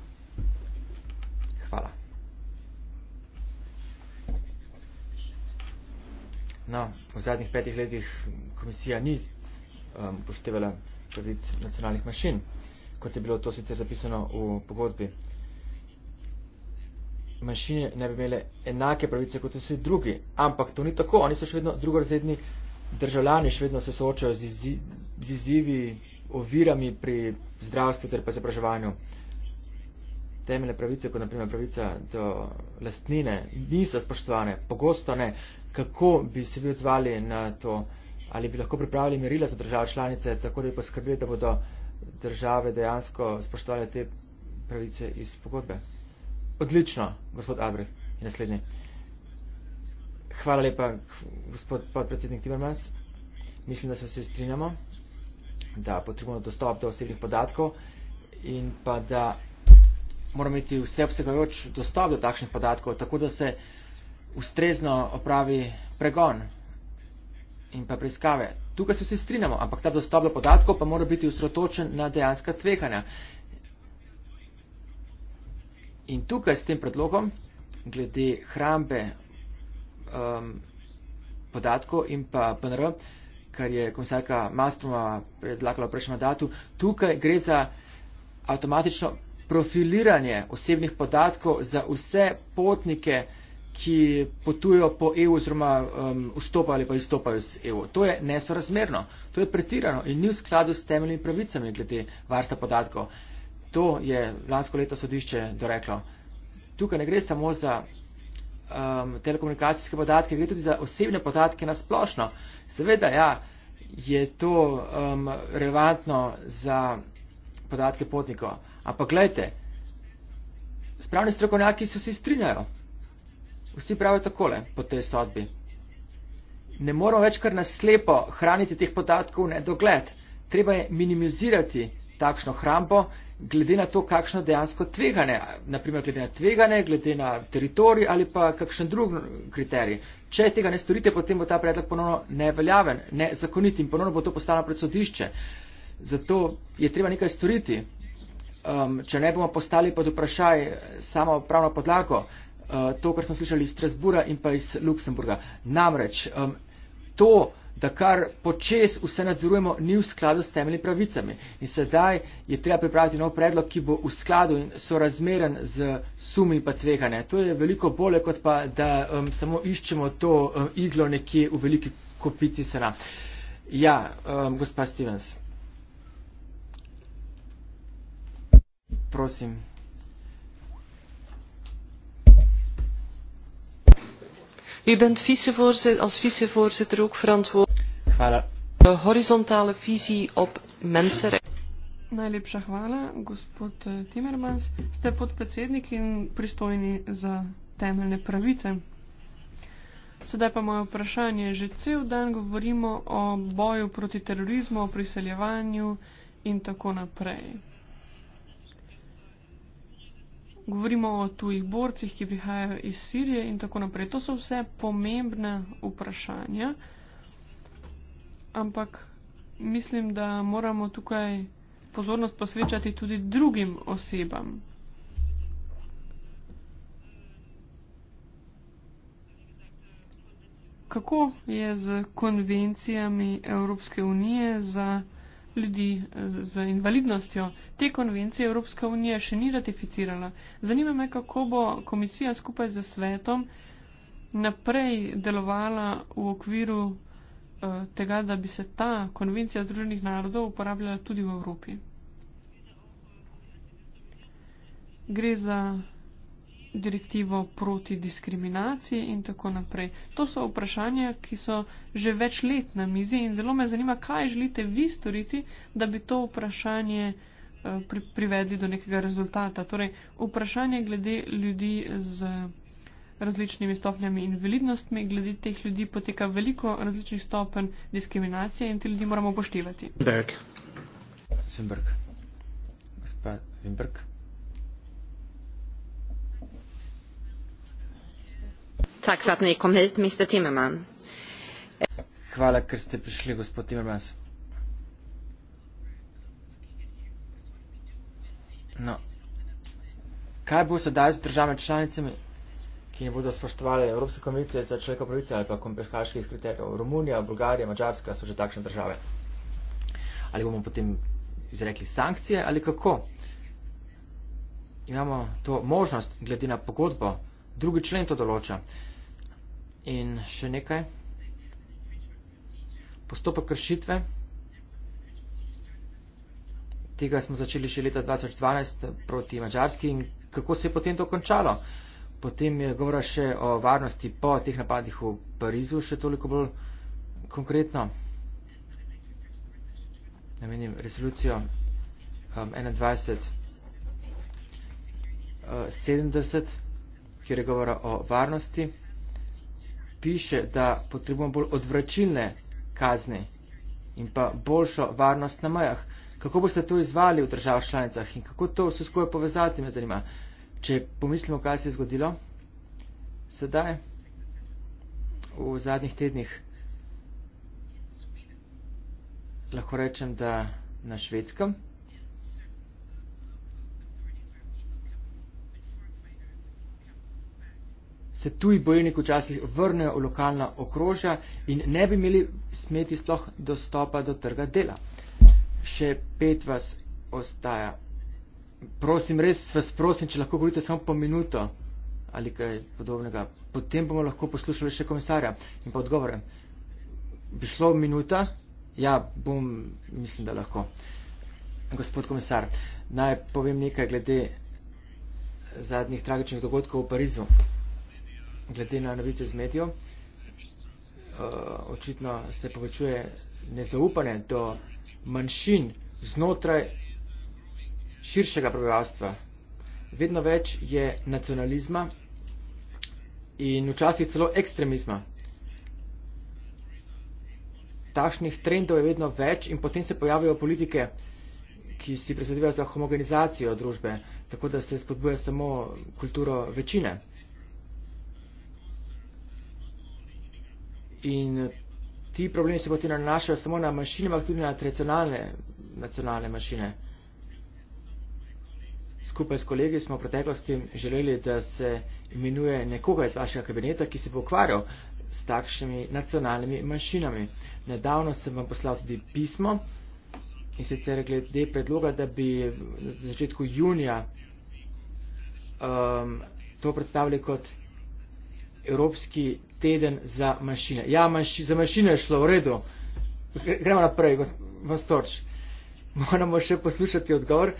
Hvala. No, v zadnjih petih letih komisija ni um, poštevala pravic nacionalnih mašin, kot je bilo to sicer zapisano v pogodbi. Mašine ne bi imele enake pravice kot vsi drugi, ampak to ni tako. Oni so še vedno drugorazredni državljani, še vedno se soočajo z, izi, z izzivi, ovirami pri zdravstvu ter pa izobraževanju. Temeljne pravice, kot naprimer pravica do lastnine, niso spoštovane, pogosto ne kako bi se vi odzvali na to, ali bi lahko pripravili merila za države članice, tako da bi poskrbeli, da bodo države dejansko spoštovali te pravice iz pogodbe. Odlično, gospod Albrecht in naslednji. Hvala lepa, gospod podpredsednik Timmermans. Mislim, da se vsi strinjamo, da potrebujemo dostop do osebnih podatkov in pa da moramo imeti vse obsegajoč dostop do takšnih podatkov, tako da se ustrezno opravi pregon in pa preiskave. Tukaj se vsi strinjamo, ampak ta dostop do podatkov pa mora biti usrotočen na dejanska tvekanja. In tukaj s tem predlogom, glede hrambe um, podatkov in pa PNR, kar je komisarka Mastroma predlagala v prejšnjem mandatu, tukaj gre za avtomatično profiliranje osebnih podatkov za vse potnike, ki potujejo po EU oziroma um, vstopajo ali pa izstopajo iz EU. To je nesorazmerno, to je pretirano in ni v skladu s temeljnimi pravicami glede varstva podatkov. To je lansko leto sodišče doreklo. Tukaj ne gre samo za um, telekomunikacijske podatke, gre tudi za osebne podatke na splošno. Seveda, ja, je to um, relevantno za podatke potnikov, ampak gledajte, spravni strokovnjaki se vsi strinjajo. Vsi pravijo takole po tej sodbi. Ne moramo več kar naslepo hraniti teh podatkov v nedogled. Treba je minimizirati takšno hrambo, glede na to, kakšno dejansko tveganje, naprimer glede na tveganje, glede na teritorij ali pa kakšen drug kriterij. Če tega ne storite, potem bo ta predlog ponovno neveljaven, nezakonit in ponovno bo to postalo predsodišče. Zato je treba nekaj storiti. Um, če ne bomo postali pod vprašaj samo pravno podlago, Eh, to, kar smo slišali iz Strasbura in pa iz Luksemburga. Namreč um, to, da kar počes vse nadzorujemo, ni v skladu s temeljnimi pravicami. In sedaj je treba pripraviti nov predlog, ki bo v skladu in sorazmeren z sumi in pa tvegane. To je veliko bolje, kot pa, da um, samo iščemo to um, iglo nekje v veliki kopici sena. Ja, um, gospa Stevens. Prosim. U bent vicevoorzitter, als vicevoorzitter ook verantwoordelijk voor de horizontale visie op mensenrechten. Najlepša hvala, gospod eh, Timmermans. Ste podpredsednik in pristojni za temeljne pravice. Sedaj pa moje vprašanje. Že cel dan govorimo o boju proti terorizmu, o priseljevanju in tako naprej. Govorimo o tujih borcih, ki prihajajo iz Sirije in tako naprej. To so vse pomembne vprašanja, ampak mislim, da moramo tukaj pozornost posvečati tudi drugim osebam. Kako je z konvencijami Evropske unije za ljudi eh, z, z invalidnostjo. Te konvencije Evropska unija še ni ratificirala. Zanima me, kako bo komisija skupaj z svetom naprej delovala v okviru eh, tega, da bi se ta konvencija Združenih narodov uporabljala tudi v Evropi. Gre za direktivo proti diskriminaciji in tako naprej. To so vprašanja, ki so že več let na mizi in zelo me zanima, kaj želite vi storiti, da bi to vprašanje eh, pri, privedli do nekega rezultata. Torej, vprašanje glede ljudi z različnimi stopnjami invalidnostmi, glede teh ljudi poteka veliko različnih stopen diskriminacije in te ljudi moramo poštivati. Berg. Simbrg. Gospod Simbrg. tack för att ni kom hit, mr Timmerman. Hvala, ker ste prišli, gospod Timmermans. No. Kaj bo sedaj z državami članicami, ki ne bodo spoštovali Evropske komisije za človekove pravice ali pa kompeškaških kriterijev? Romunija, Bulgarija, Mačarska so že takšne države. Ali bomo potem izrekli sankcije ali kako? Imamo to možnost, glede na pogodbo, drugi člen to določa. In še nekaj. Postopek kršitve. Tega smo začeli še leta 2012 proti Mačarski in kako se je potem to končalo. Potem je govora še o varnosti po teh napadih v Parizu, še toliko bolj konkretno. Namenim resolucijo um, 21. 70, uh, kjer je govora o varnosti piše, da potrebujemo bolj odvračilne kazni in pa boljšo varnost na mejah. Kako boste to izvali v državah članicah in kako to vse skupaj povezati, me zanima. Če pomislimo, kaj se je zgodilo sedaj, v zadnjih tednih, lahko rečem, da na švedskem. se tuji bojniki včasih vrnejo v lokalna okrožja in ne bi imeli smeti sploh dostopa do trga dela. Še pet vas ostaja. Prosim, res vas prosim, če lahko govorite samo po minuto ali kaj podobnega. Potem bomo lahko poslušali še komisarja in pa odgovore. Bi šlo minuta? Ja, bom, mislim, da lahko. Gospod komisar, naj povem nekaj glede zadnjih tragičnih dogodkov v Parizu glede na novice z medijo, eh, očitno se povečuje nezaupanje do manjšin znotraj širšega prebivalstva. Vedno več je nacionalizma in včasih celo ekstremizma. Takšnih trendov je vedno več in potem se pojavijo politike, ki si prizadevajo za homogenizacijo družbe, tako da se spodbuja samo kulturo večine. In ti problemi se potem nanašajo samo na mašine, ampak tudi na tradicionalne nacionalne mašine. Skupaj s kolegi smo v preteklosti želeli, da se imenuje nekoga iz vašega kabineta, ki se bo ukvarjal s takšnimi nacionalnimi mašinami. Nedavno sem vam poslal tudi pismo in sicer glede predloga, da bi na začetku junija um, to predstavili kot Evropski teden za manjšine. Ja, manjši, za manjšine je šlo v redu. Gremo naprej, Vostorč. Moramo še poslušati odgovor,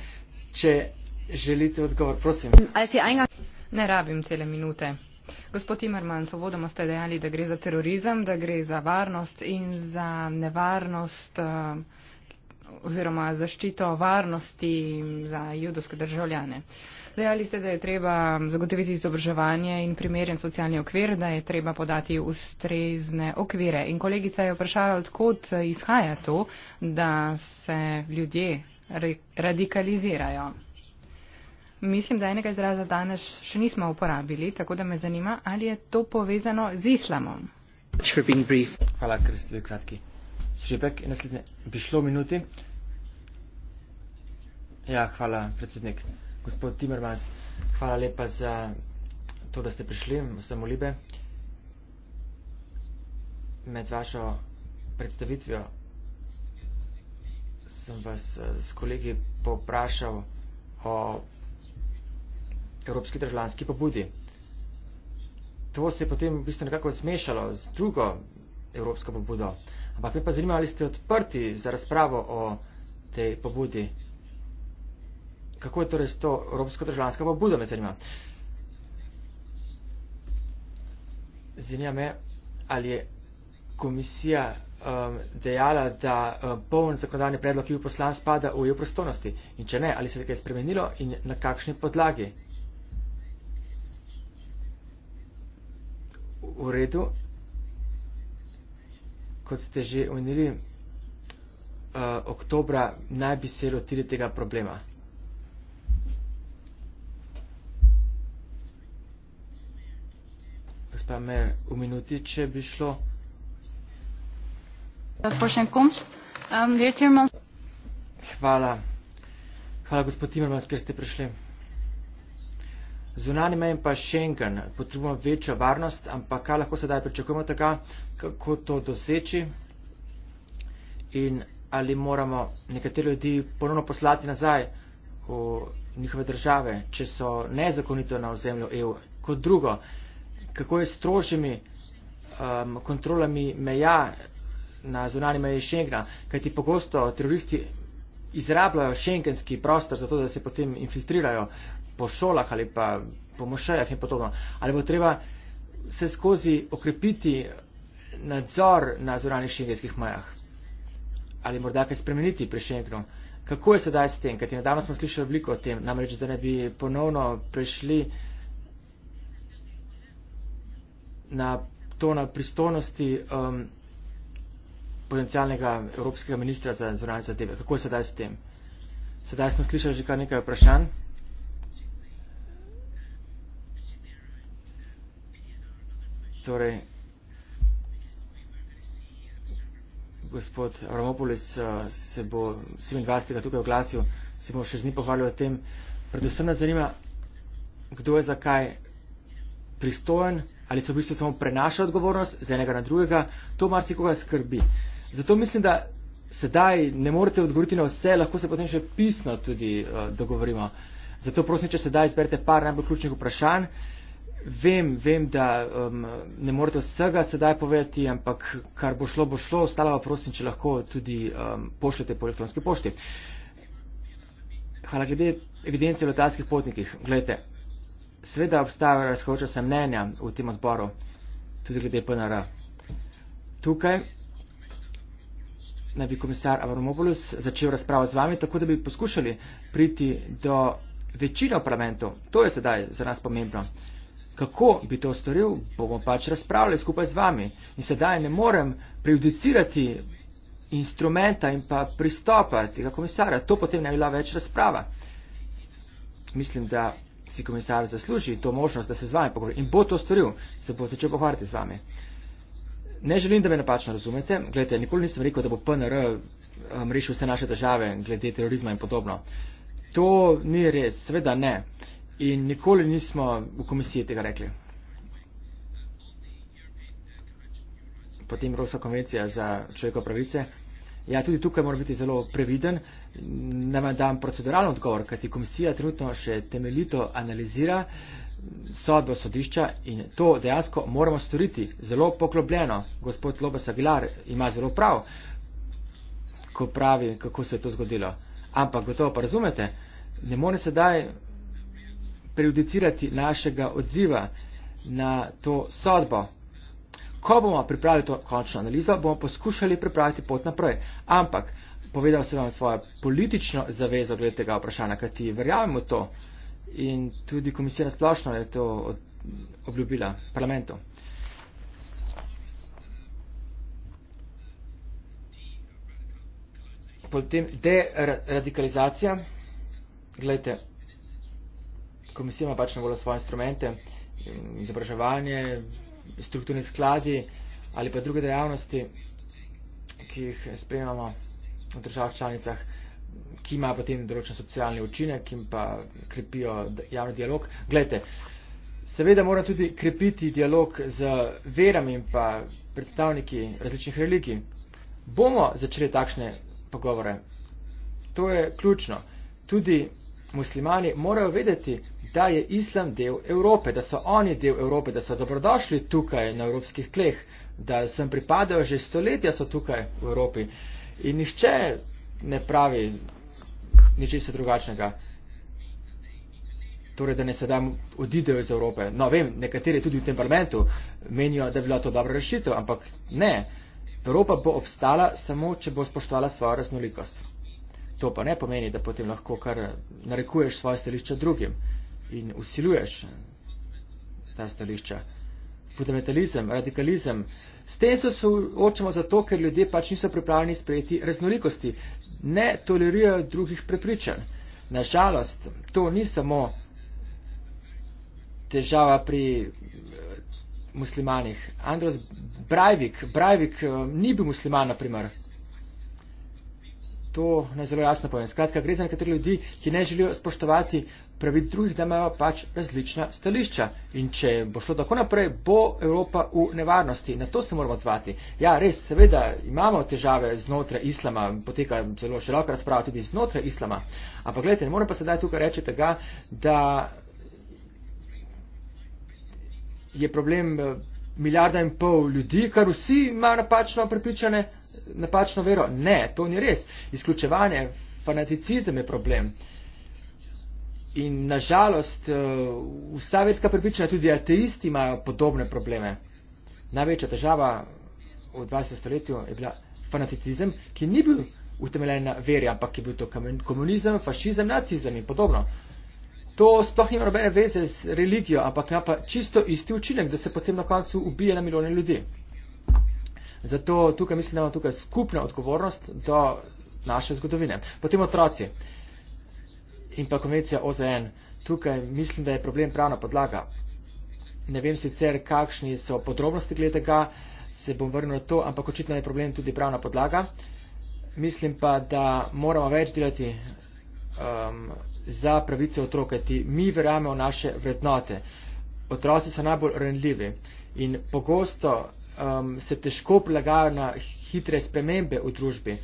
če želite odgovor. Prosim. Ne rabim cele minute. Gospod Timerman, sovodoma ste dejali, da gre za terorizem, da gre za varnost in za nevarnost eh, oziroma zaščito varnosti za judovske državljane. Dejali ste, da je treba zagotoviti izobraževanje in primeren socialni okvir, da je treba podati ustrezne okvire. In kolegica je vprašala, odkot izhaja to, da se ljudje radikalizirajo. Mislim, da enega izraza danes še nismo uporabili, tako da me zanima, ali je to povezano z islamom. Hvala, ker ste bili kratki. Žebek, naslednje, bi šlo minuti. Ja, hvala, predsednik. Gospod Timmermans, hvala lepa za to, da ste prišli vsem v Libe. Med vašo predstavitvijo sem vas eh, s kolegi poprašal o evropski državljanski pobudi. To se je potem v bistvu nekako zmešalo z drugo evropsko pobudo. Ampak me pa zanima, ali ste odprti za razpravo o tej pobudi kako je torej s to evropsko državljanska pobudo, me zanima. Zanima me, ali je komisija um, dejala, da um, poln zakonodajni predlog EU poslan spada v EU prostornosti in če ne, ali se je kaj spremenilo in na kakšni podlagi. V redu, kot ste že omenili, uh, oktobra naj bi se lotili tega problema. pa me v minuti, če bi šlo. Um, Hvala. Hvala, gospod Timmermans, ker ste prišli. Zunani meji pa Schengen potrebujemo večjo varnost, ampak kaj lahko sedaj pričakujemo tega, kako to doseči in ali moramo nekatere ljudi ponovno poslati nazaj v njihove države, če so nezakonito na ozemlju EU. Kot drugo, kako je s strožjimi um, kontrolami meja na zunanji meji Schengna, kajti pogosto teroristi izrabljajo šengenski prostor, zato da se potem infiltrirajo po šolah ali pa po mošejah in podobno. Ali bo treba se skozi okrepiti nadzor na zunanjih šengenskih mejah? Ali morda kaj spremeniti pri Schengenu? Kako je sedaj s tem? Kajti nedavno smo slišali veliko o tem, namreč da ne bi ponovno prišli na to na pristojnosti um, potencijalnega evropskega ministra za zvonanje zadeve. Kako je sedaj s tem? Sedaj smo slišali že kar nekaj vprašanj. Torej, gospod Romopolis uh, se bo 27. tukaj oglasil, se bo še z njim pohvalil o tem. Predvsem nas zanima, kdo je zakaj pristojen ali se v bistvu samo prenaša odgovornost z enega na drugega, to marsikoga skrbi. Zato mislim, da sedaj ne morete odgovoriti na vse, lahko se potem še pisno tudi uh, dogovorimo. Zato prosim, če sedaj izberete par najbolj ključnih vprašanj. Vem, vem, da um, ne morete vsega sedaj povedati, ampak kar bo šlo, bo šlo. Ostalo pa prosim, če lahko tudi um, pošljete po elektronski pošti. Hvala glede evidence o letalskih potnikih. Gledajte, Sveda obstajajo razhoča se mnenja v tem odboru, tudi glede PNR. Tukaj naj bi komisar Avramopoulos začel razpravo z vami, tako da bi poskušali priti do večine v parlamentu. To je sedaj za nas pomembno. Kako bi to storil, bomo pač razpravljali skupaj z vami. In sedaj ne morem prejudicirati instrumenta in pa pristopa tega komisarja. To potem ne bi bila več razprava. Mislim, da si komisar zasluži to možnost, da se z vami pogovori in bo to storil, se bo začel pogovarjati z vami. Ne želim, da me napačno razumete. Gledajte, nikoli nisem rekel, da bo PNR um, rešil vse naše države glede terorizma in podobno. To ni res, sveda ne. In nikoli nismo v komisiji tega rekli. Potem Evropska konvencija za človekove pravice. Ja, tudi tukaj moram biti zelo previden, ne vam dam proceduralno odgovor, kajti komisija trenutno še temeljito analizira sodbo sodišča in to dejansko moramo storiti zelo poklobljeno. Gospod Lobas Aguilar ima zelo prav, ko pravi, kako se je to zgodilo. Ampak gotovo pa razumete, ne more se daj prejudicirati našega odziva na to sodbo. Ko bomo pripravili to končno analizo, bomo poskušali pripraviti pot naprej. Ampak povedal sem vam svojo politično zavezo glede tega vprašanja, kaj ti verjamemo to in tudi komisija splošno je to obljubila parlamentu. Potem deradikalizacija. Glejte, komisija ima pač na voljo svoje instrumente, izobraževanje, strukturni skladi ali pa druge dejavnosti, ki jih spremljamo v državah članicah, ki imajo potem določen socialni učinek in pa krepijo javni dialog. Glejte, seveda mora tudi krepiti dialog z verami in pa predstavniki različnih religij. Bomo začeli takšne pogovore. To je ključno. Tudi muslimani morajo vedeti, da je islam del Evrope, da so oni del Evrope, da so dobrodošli tukaj na evropskih tleh, da sem pripadajo že stoletja so tukaj v Evropi in nihče ne pravi ničesar drugačnega. Torej, da ne sedaj odidejo iz Evrope. No, vem, nekateri tudi v tem parlamentu menijo, da bi bila to dobra rešitev, ampak ne. Evropa bo obstala samo, če bo spoštovala svojo raznolikost to pa ne pomeni, da potem lahko kar narekuješ svoje stališče drugim in usiljuješ eh, ta stališča. Fundamentalizem, radikalizem. S tem se soočamo zato, ker ljudje pač niso pripravljeni sprejeti raznolikosti, ne tolerirajo drugih prepričanj. Nažalost, to ni samo težava pri eh, muslimanih. Andros Brajvik, Brajvik eh, ni bil musliman, naprimer to naj zelo jasno povem. Skratka, gre za nekatere ljudi, ki ne želijo spoštovati pravic drugih, da imajo pač različna stališča. In če bo šlo tako naprej, bo Evropa v nevarnosti. Na to se moramo odzvati. Ja, res, seveda imamo težave znotraj islama, poteka zelo široka razprava tudi znotraj islama. Ampak gledajte, ne morem pa sedaj tukaj reči tega, da je problem eh, milijarda in pol ljudi, kar vsi imajo napačno prepričane, napačno vero. Ne, to ni res. Izključevanje, fanaticizem je problem. In nažalost, eh, vsa verska prepričanja, tudi ateisti imajo podobne probleme. Največja težava v 20. stoletju je bila fanaticizem, ki ni bil utemeljen na veri, ampak je bil to komunizem, fašizem, nacizem in podobno. To sploh nima nobene veze z religijo, ampak ima pa čisto isti učinek, da se potem na koncu ubije na milijone ljudi. Zato tukaj mislim, da imamo tukaj skupno odgovornost do naše zgodovine. Potem otroci in pa konvencija OZN. Tukaj mislim, da je problem pravna podlaga. Ne vem sicer, kakšni so podrobnosti glede tega, se bom vrnil na to, ampak očitno je problem tudi pravna podlaga. Mislim pa, da moramo več delati um, za pravice otroka, ti mi verjamemo v naše vrednote. Otroci so najbolj renljivi in pogosto um, se težko prilagajajo na hitre spremembe v družbi.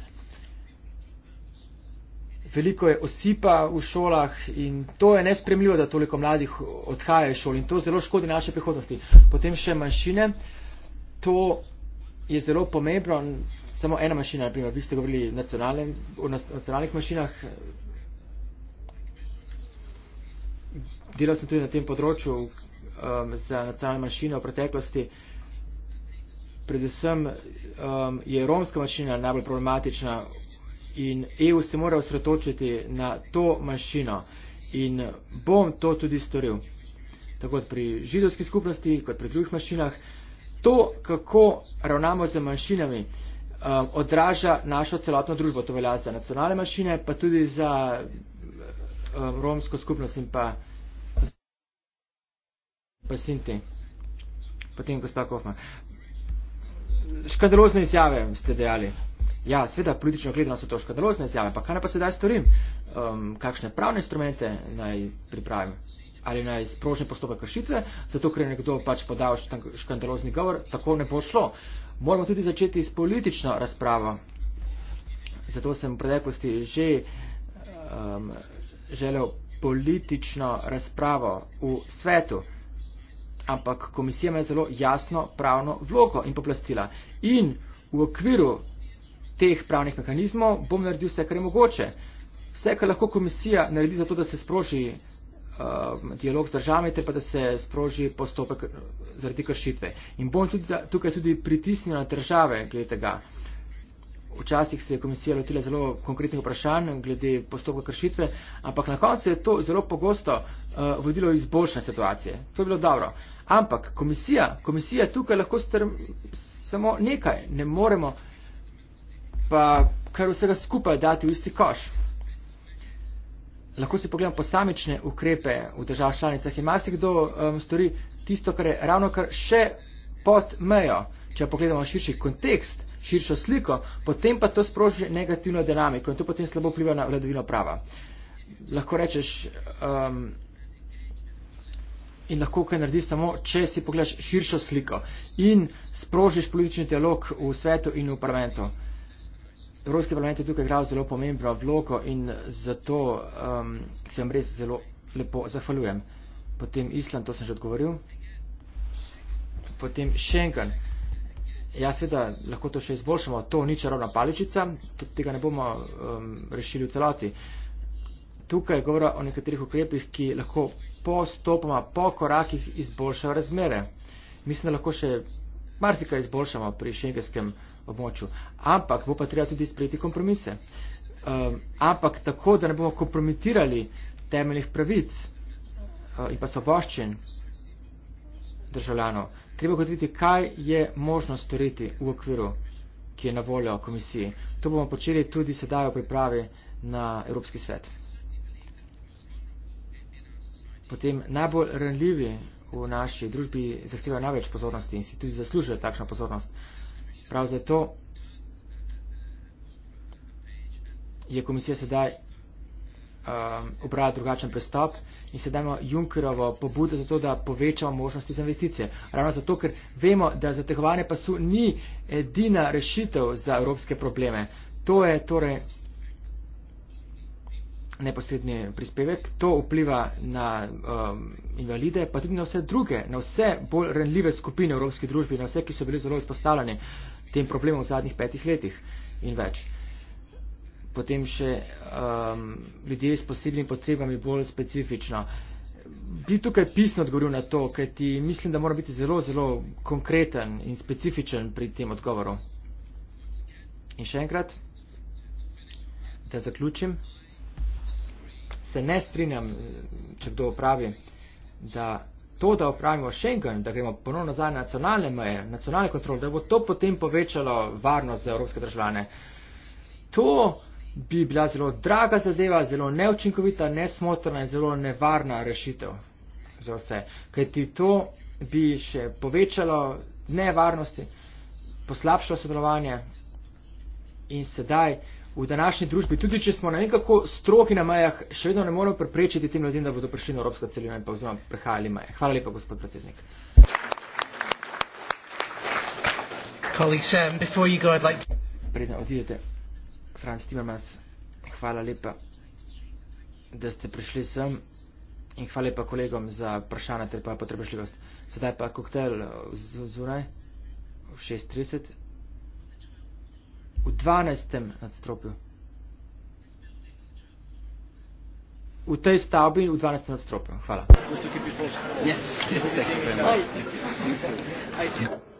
Veliko je osipa v šolah in to je nespremljivo, da toliko mladih odhaja iz šol in to zelo škodi naše prihodnosti. Potem še manjšine, to je zelo pomembno, samo ena manjšina, naprimer, vi ste govorili o nacionalnih manjšinah. Delal sem tudi na tem področju um, za nacionalne manjšine v preteklosti. Uh, predvsem um, je romska manjšina najbolj problematična in EU se mora osredotočiti na to manjšino in bom to tudi storil. Tako pri židovski skupnosti, kot pri drugih manjšinah. To, kako ravnamo z manjšinami, um, odraža našo celotno družbo. To velja za nacionalne manjšine, pa tudi za um, romsko skupnost in pa pa sinti. Potem gospa Kofman škandalozne izjave ste dejali. Ja, sveda, politično gledano so to škandalozne izjave, pa kaj ne pa sedaj storim? Um, kakšne pravne instrumente naj pripravim? Ali naj sprožim postopek kršitve, zato ker je nekdo pač podal škandalozni govor, tako ne bo šlo. Moramo tudi začeti s politično razpravo. Zato sem v preteklosti že um, želel politično razpravo v svetu ampak komisija ima zelo jasno pravno vlogo in poplastila. In v okviru teh pravnih mehanizmov bom naredil vse, kar je mogoče. Vse, kar lahko komisija naredi za to, da se sproži uh, dialog z državami, te pa da se sproži postopek uh, zaradi kršitve. In bom tudi, tukaj tudi pritisnil na države, gledaj tega. Včasih se je komisija lotila zelo konkretnih vprašanj glede postopka kršitve, ampak na koncu je to zelo pogosto uh, vodilo izboljšanje situacije. To je bilo dobro. Ampak komisija, komisija tukaj lahko strm samo nekaj, ne moremo pa kar vsega skupaj dati v isti koš. Lahko si pogledamo posamične ukrepe v državah članicah in marsikdo um, stori tisto, kar je ravno kar še pod mejo, če pogledamo širši kontekst širšo sliko, potem pa to sproži negativno dinamiko in to potem slabo vpliva na vladavino prava. Lahko rečeš um, in lahko kaj naredi samo, če si pogledaš širšo sliko in sprožiš politični dialog v svetu in v parlamentu. Evropski parlament je tukaj igral zelo pomembno vlogo in zato um, se vam res zelo lepo zahvaljujem. Potem Islam, to sem že odgovoril. Potem Schengen. Ja, seveda, lahko to še izboljšamo. To ni čarobna paličica, tudi tega ne bomo um, rešili v celoti. Tukaj govora o nekaterih ukrepih, ki lahko postopoma, po korakih izboljšajo razmere. Mislim, da lahko še marsikaj izboljšamo pri šengenskem območju. Ampak bo pa treba tudi sprejeti kompromise. Um, ampak tako, da ne bomo kompromitirali temeljnih pravic uh, in pa svoboščin državljanov treba ugotoviti, kaj je možno storiti v okviru, ki je na voljo komisiji. To bomo počeli tudi sedaj v pripravi na Evropski svet. Potem najbolj ranljivi v naši družbi zahtevajo največ pozornosti in si tudi zaslužijo takšno pozornost. Prav zato je komisija sedaj um, uporabljati drugačen pristop in se dajmo Junkerovo pobudo za to, da povečamo možnosti za investicije. Ravno zato, ker vemo, da zategovanje pasu ni edina rešitev za evropske probleme. To je torej neposredni prispevek, to vpliva na um, invalide, pa tudi na vse druge, na vse bolj renljive skupine evropske družbe, na vse, ki so bili zelo izpostavljeni tem problemom v zadnjih petih letih in več potem še um, ljudje s posebnimi potrebami bolj specifično. Bi tukaj pisno odgovoril na to, ker ti mislim, da mora biti zelo, zelo konkreten in specifičen pri tem odgovoru. In še enkrat, da zaključim. Se ne strinjam, če kdo upravi, da to, da upravimo Schengen, da gremo ponovno nazaj na nacionalne meje, nacionalne kontrole, da bo to potem povečalo varnost za evropske državljane. To bi bila zelo draga zadeva, zelo neučinkovita, nesmotrna in zelo nevarna rešitev za vse. Ker ti to bi še povečalo nevarnosti, poslabšalo sodelovanje in sedaj v današnji družbi, tudi če smo na nekako strogi na mejah, še vedno ne moremo preprečiti tem ljudem, da bodo prišli na Evropsko celino in pa vzoma prehajali meje. Hvala lepa, gospod predsednik. Colleagues, um, before you go, I'd like to. Franz Timmermans, hvala lepa, da ste prišli sem in hvala lepa kolegom za vprašanje ter pa potrebešljivost. Sedaj pa koktel eh, zunaj v 6.30 v 12. nadstropju. V tej stavbi v 12. nadstropju. Hvala. Yes, yes, thank you very much.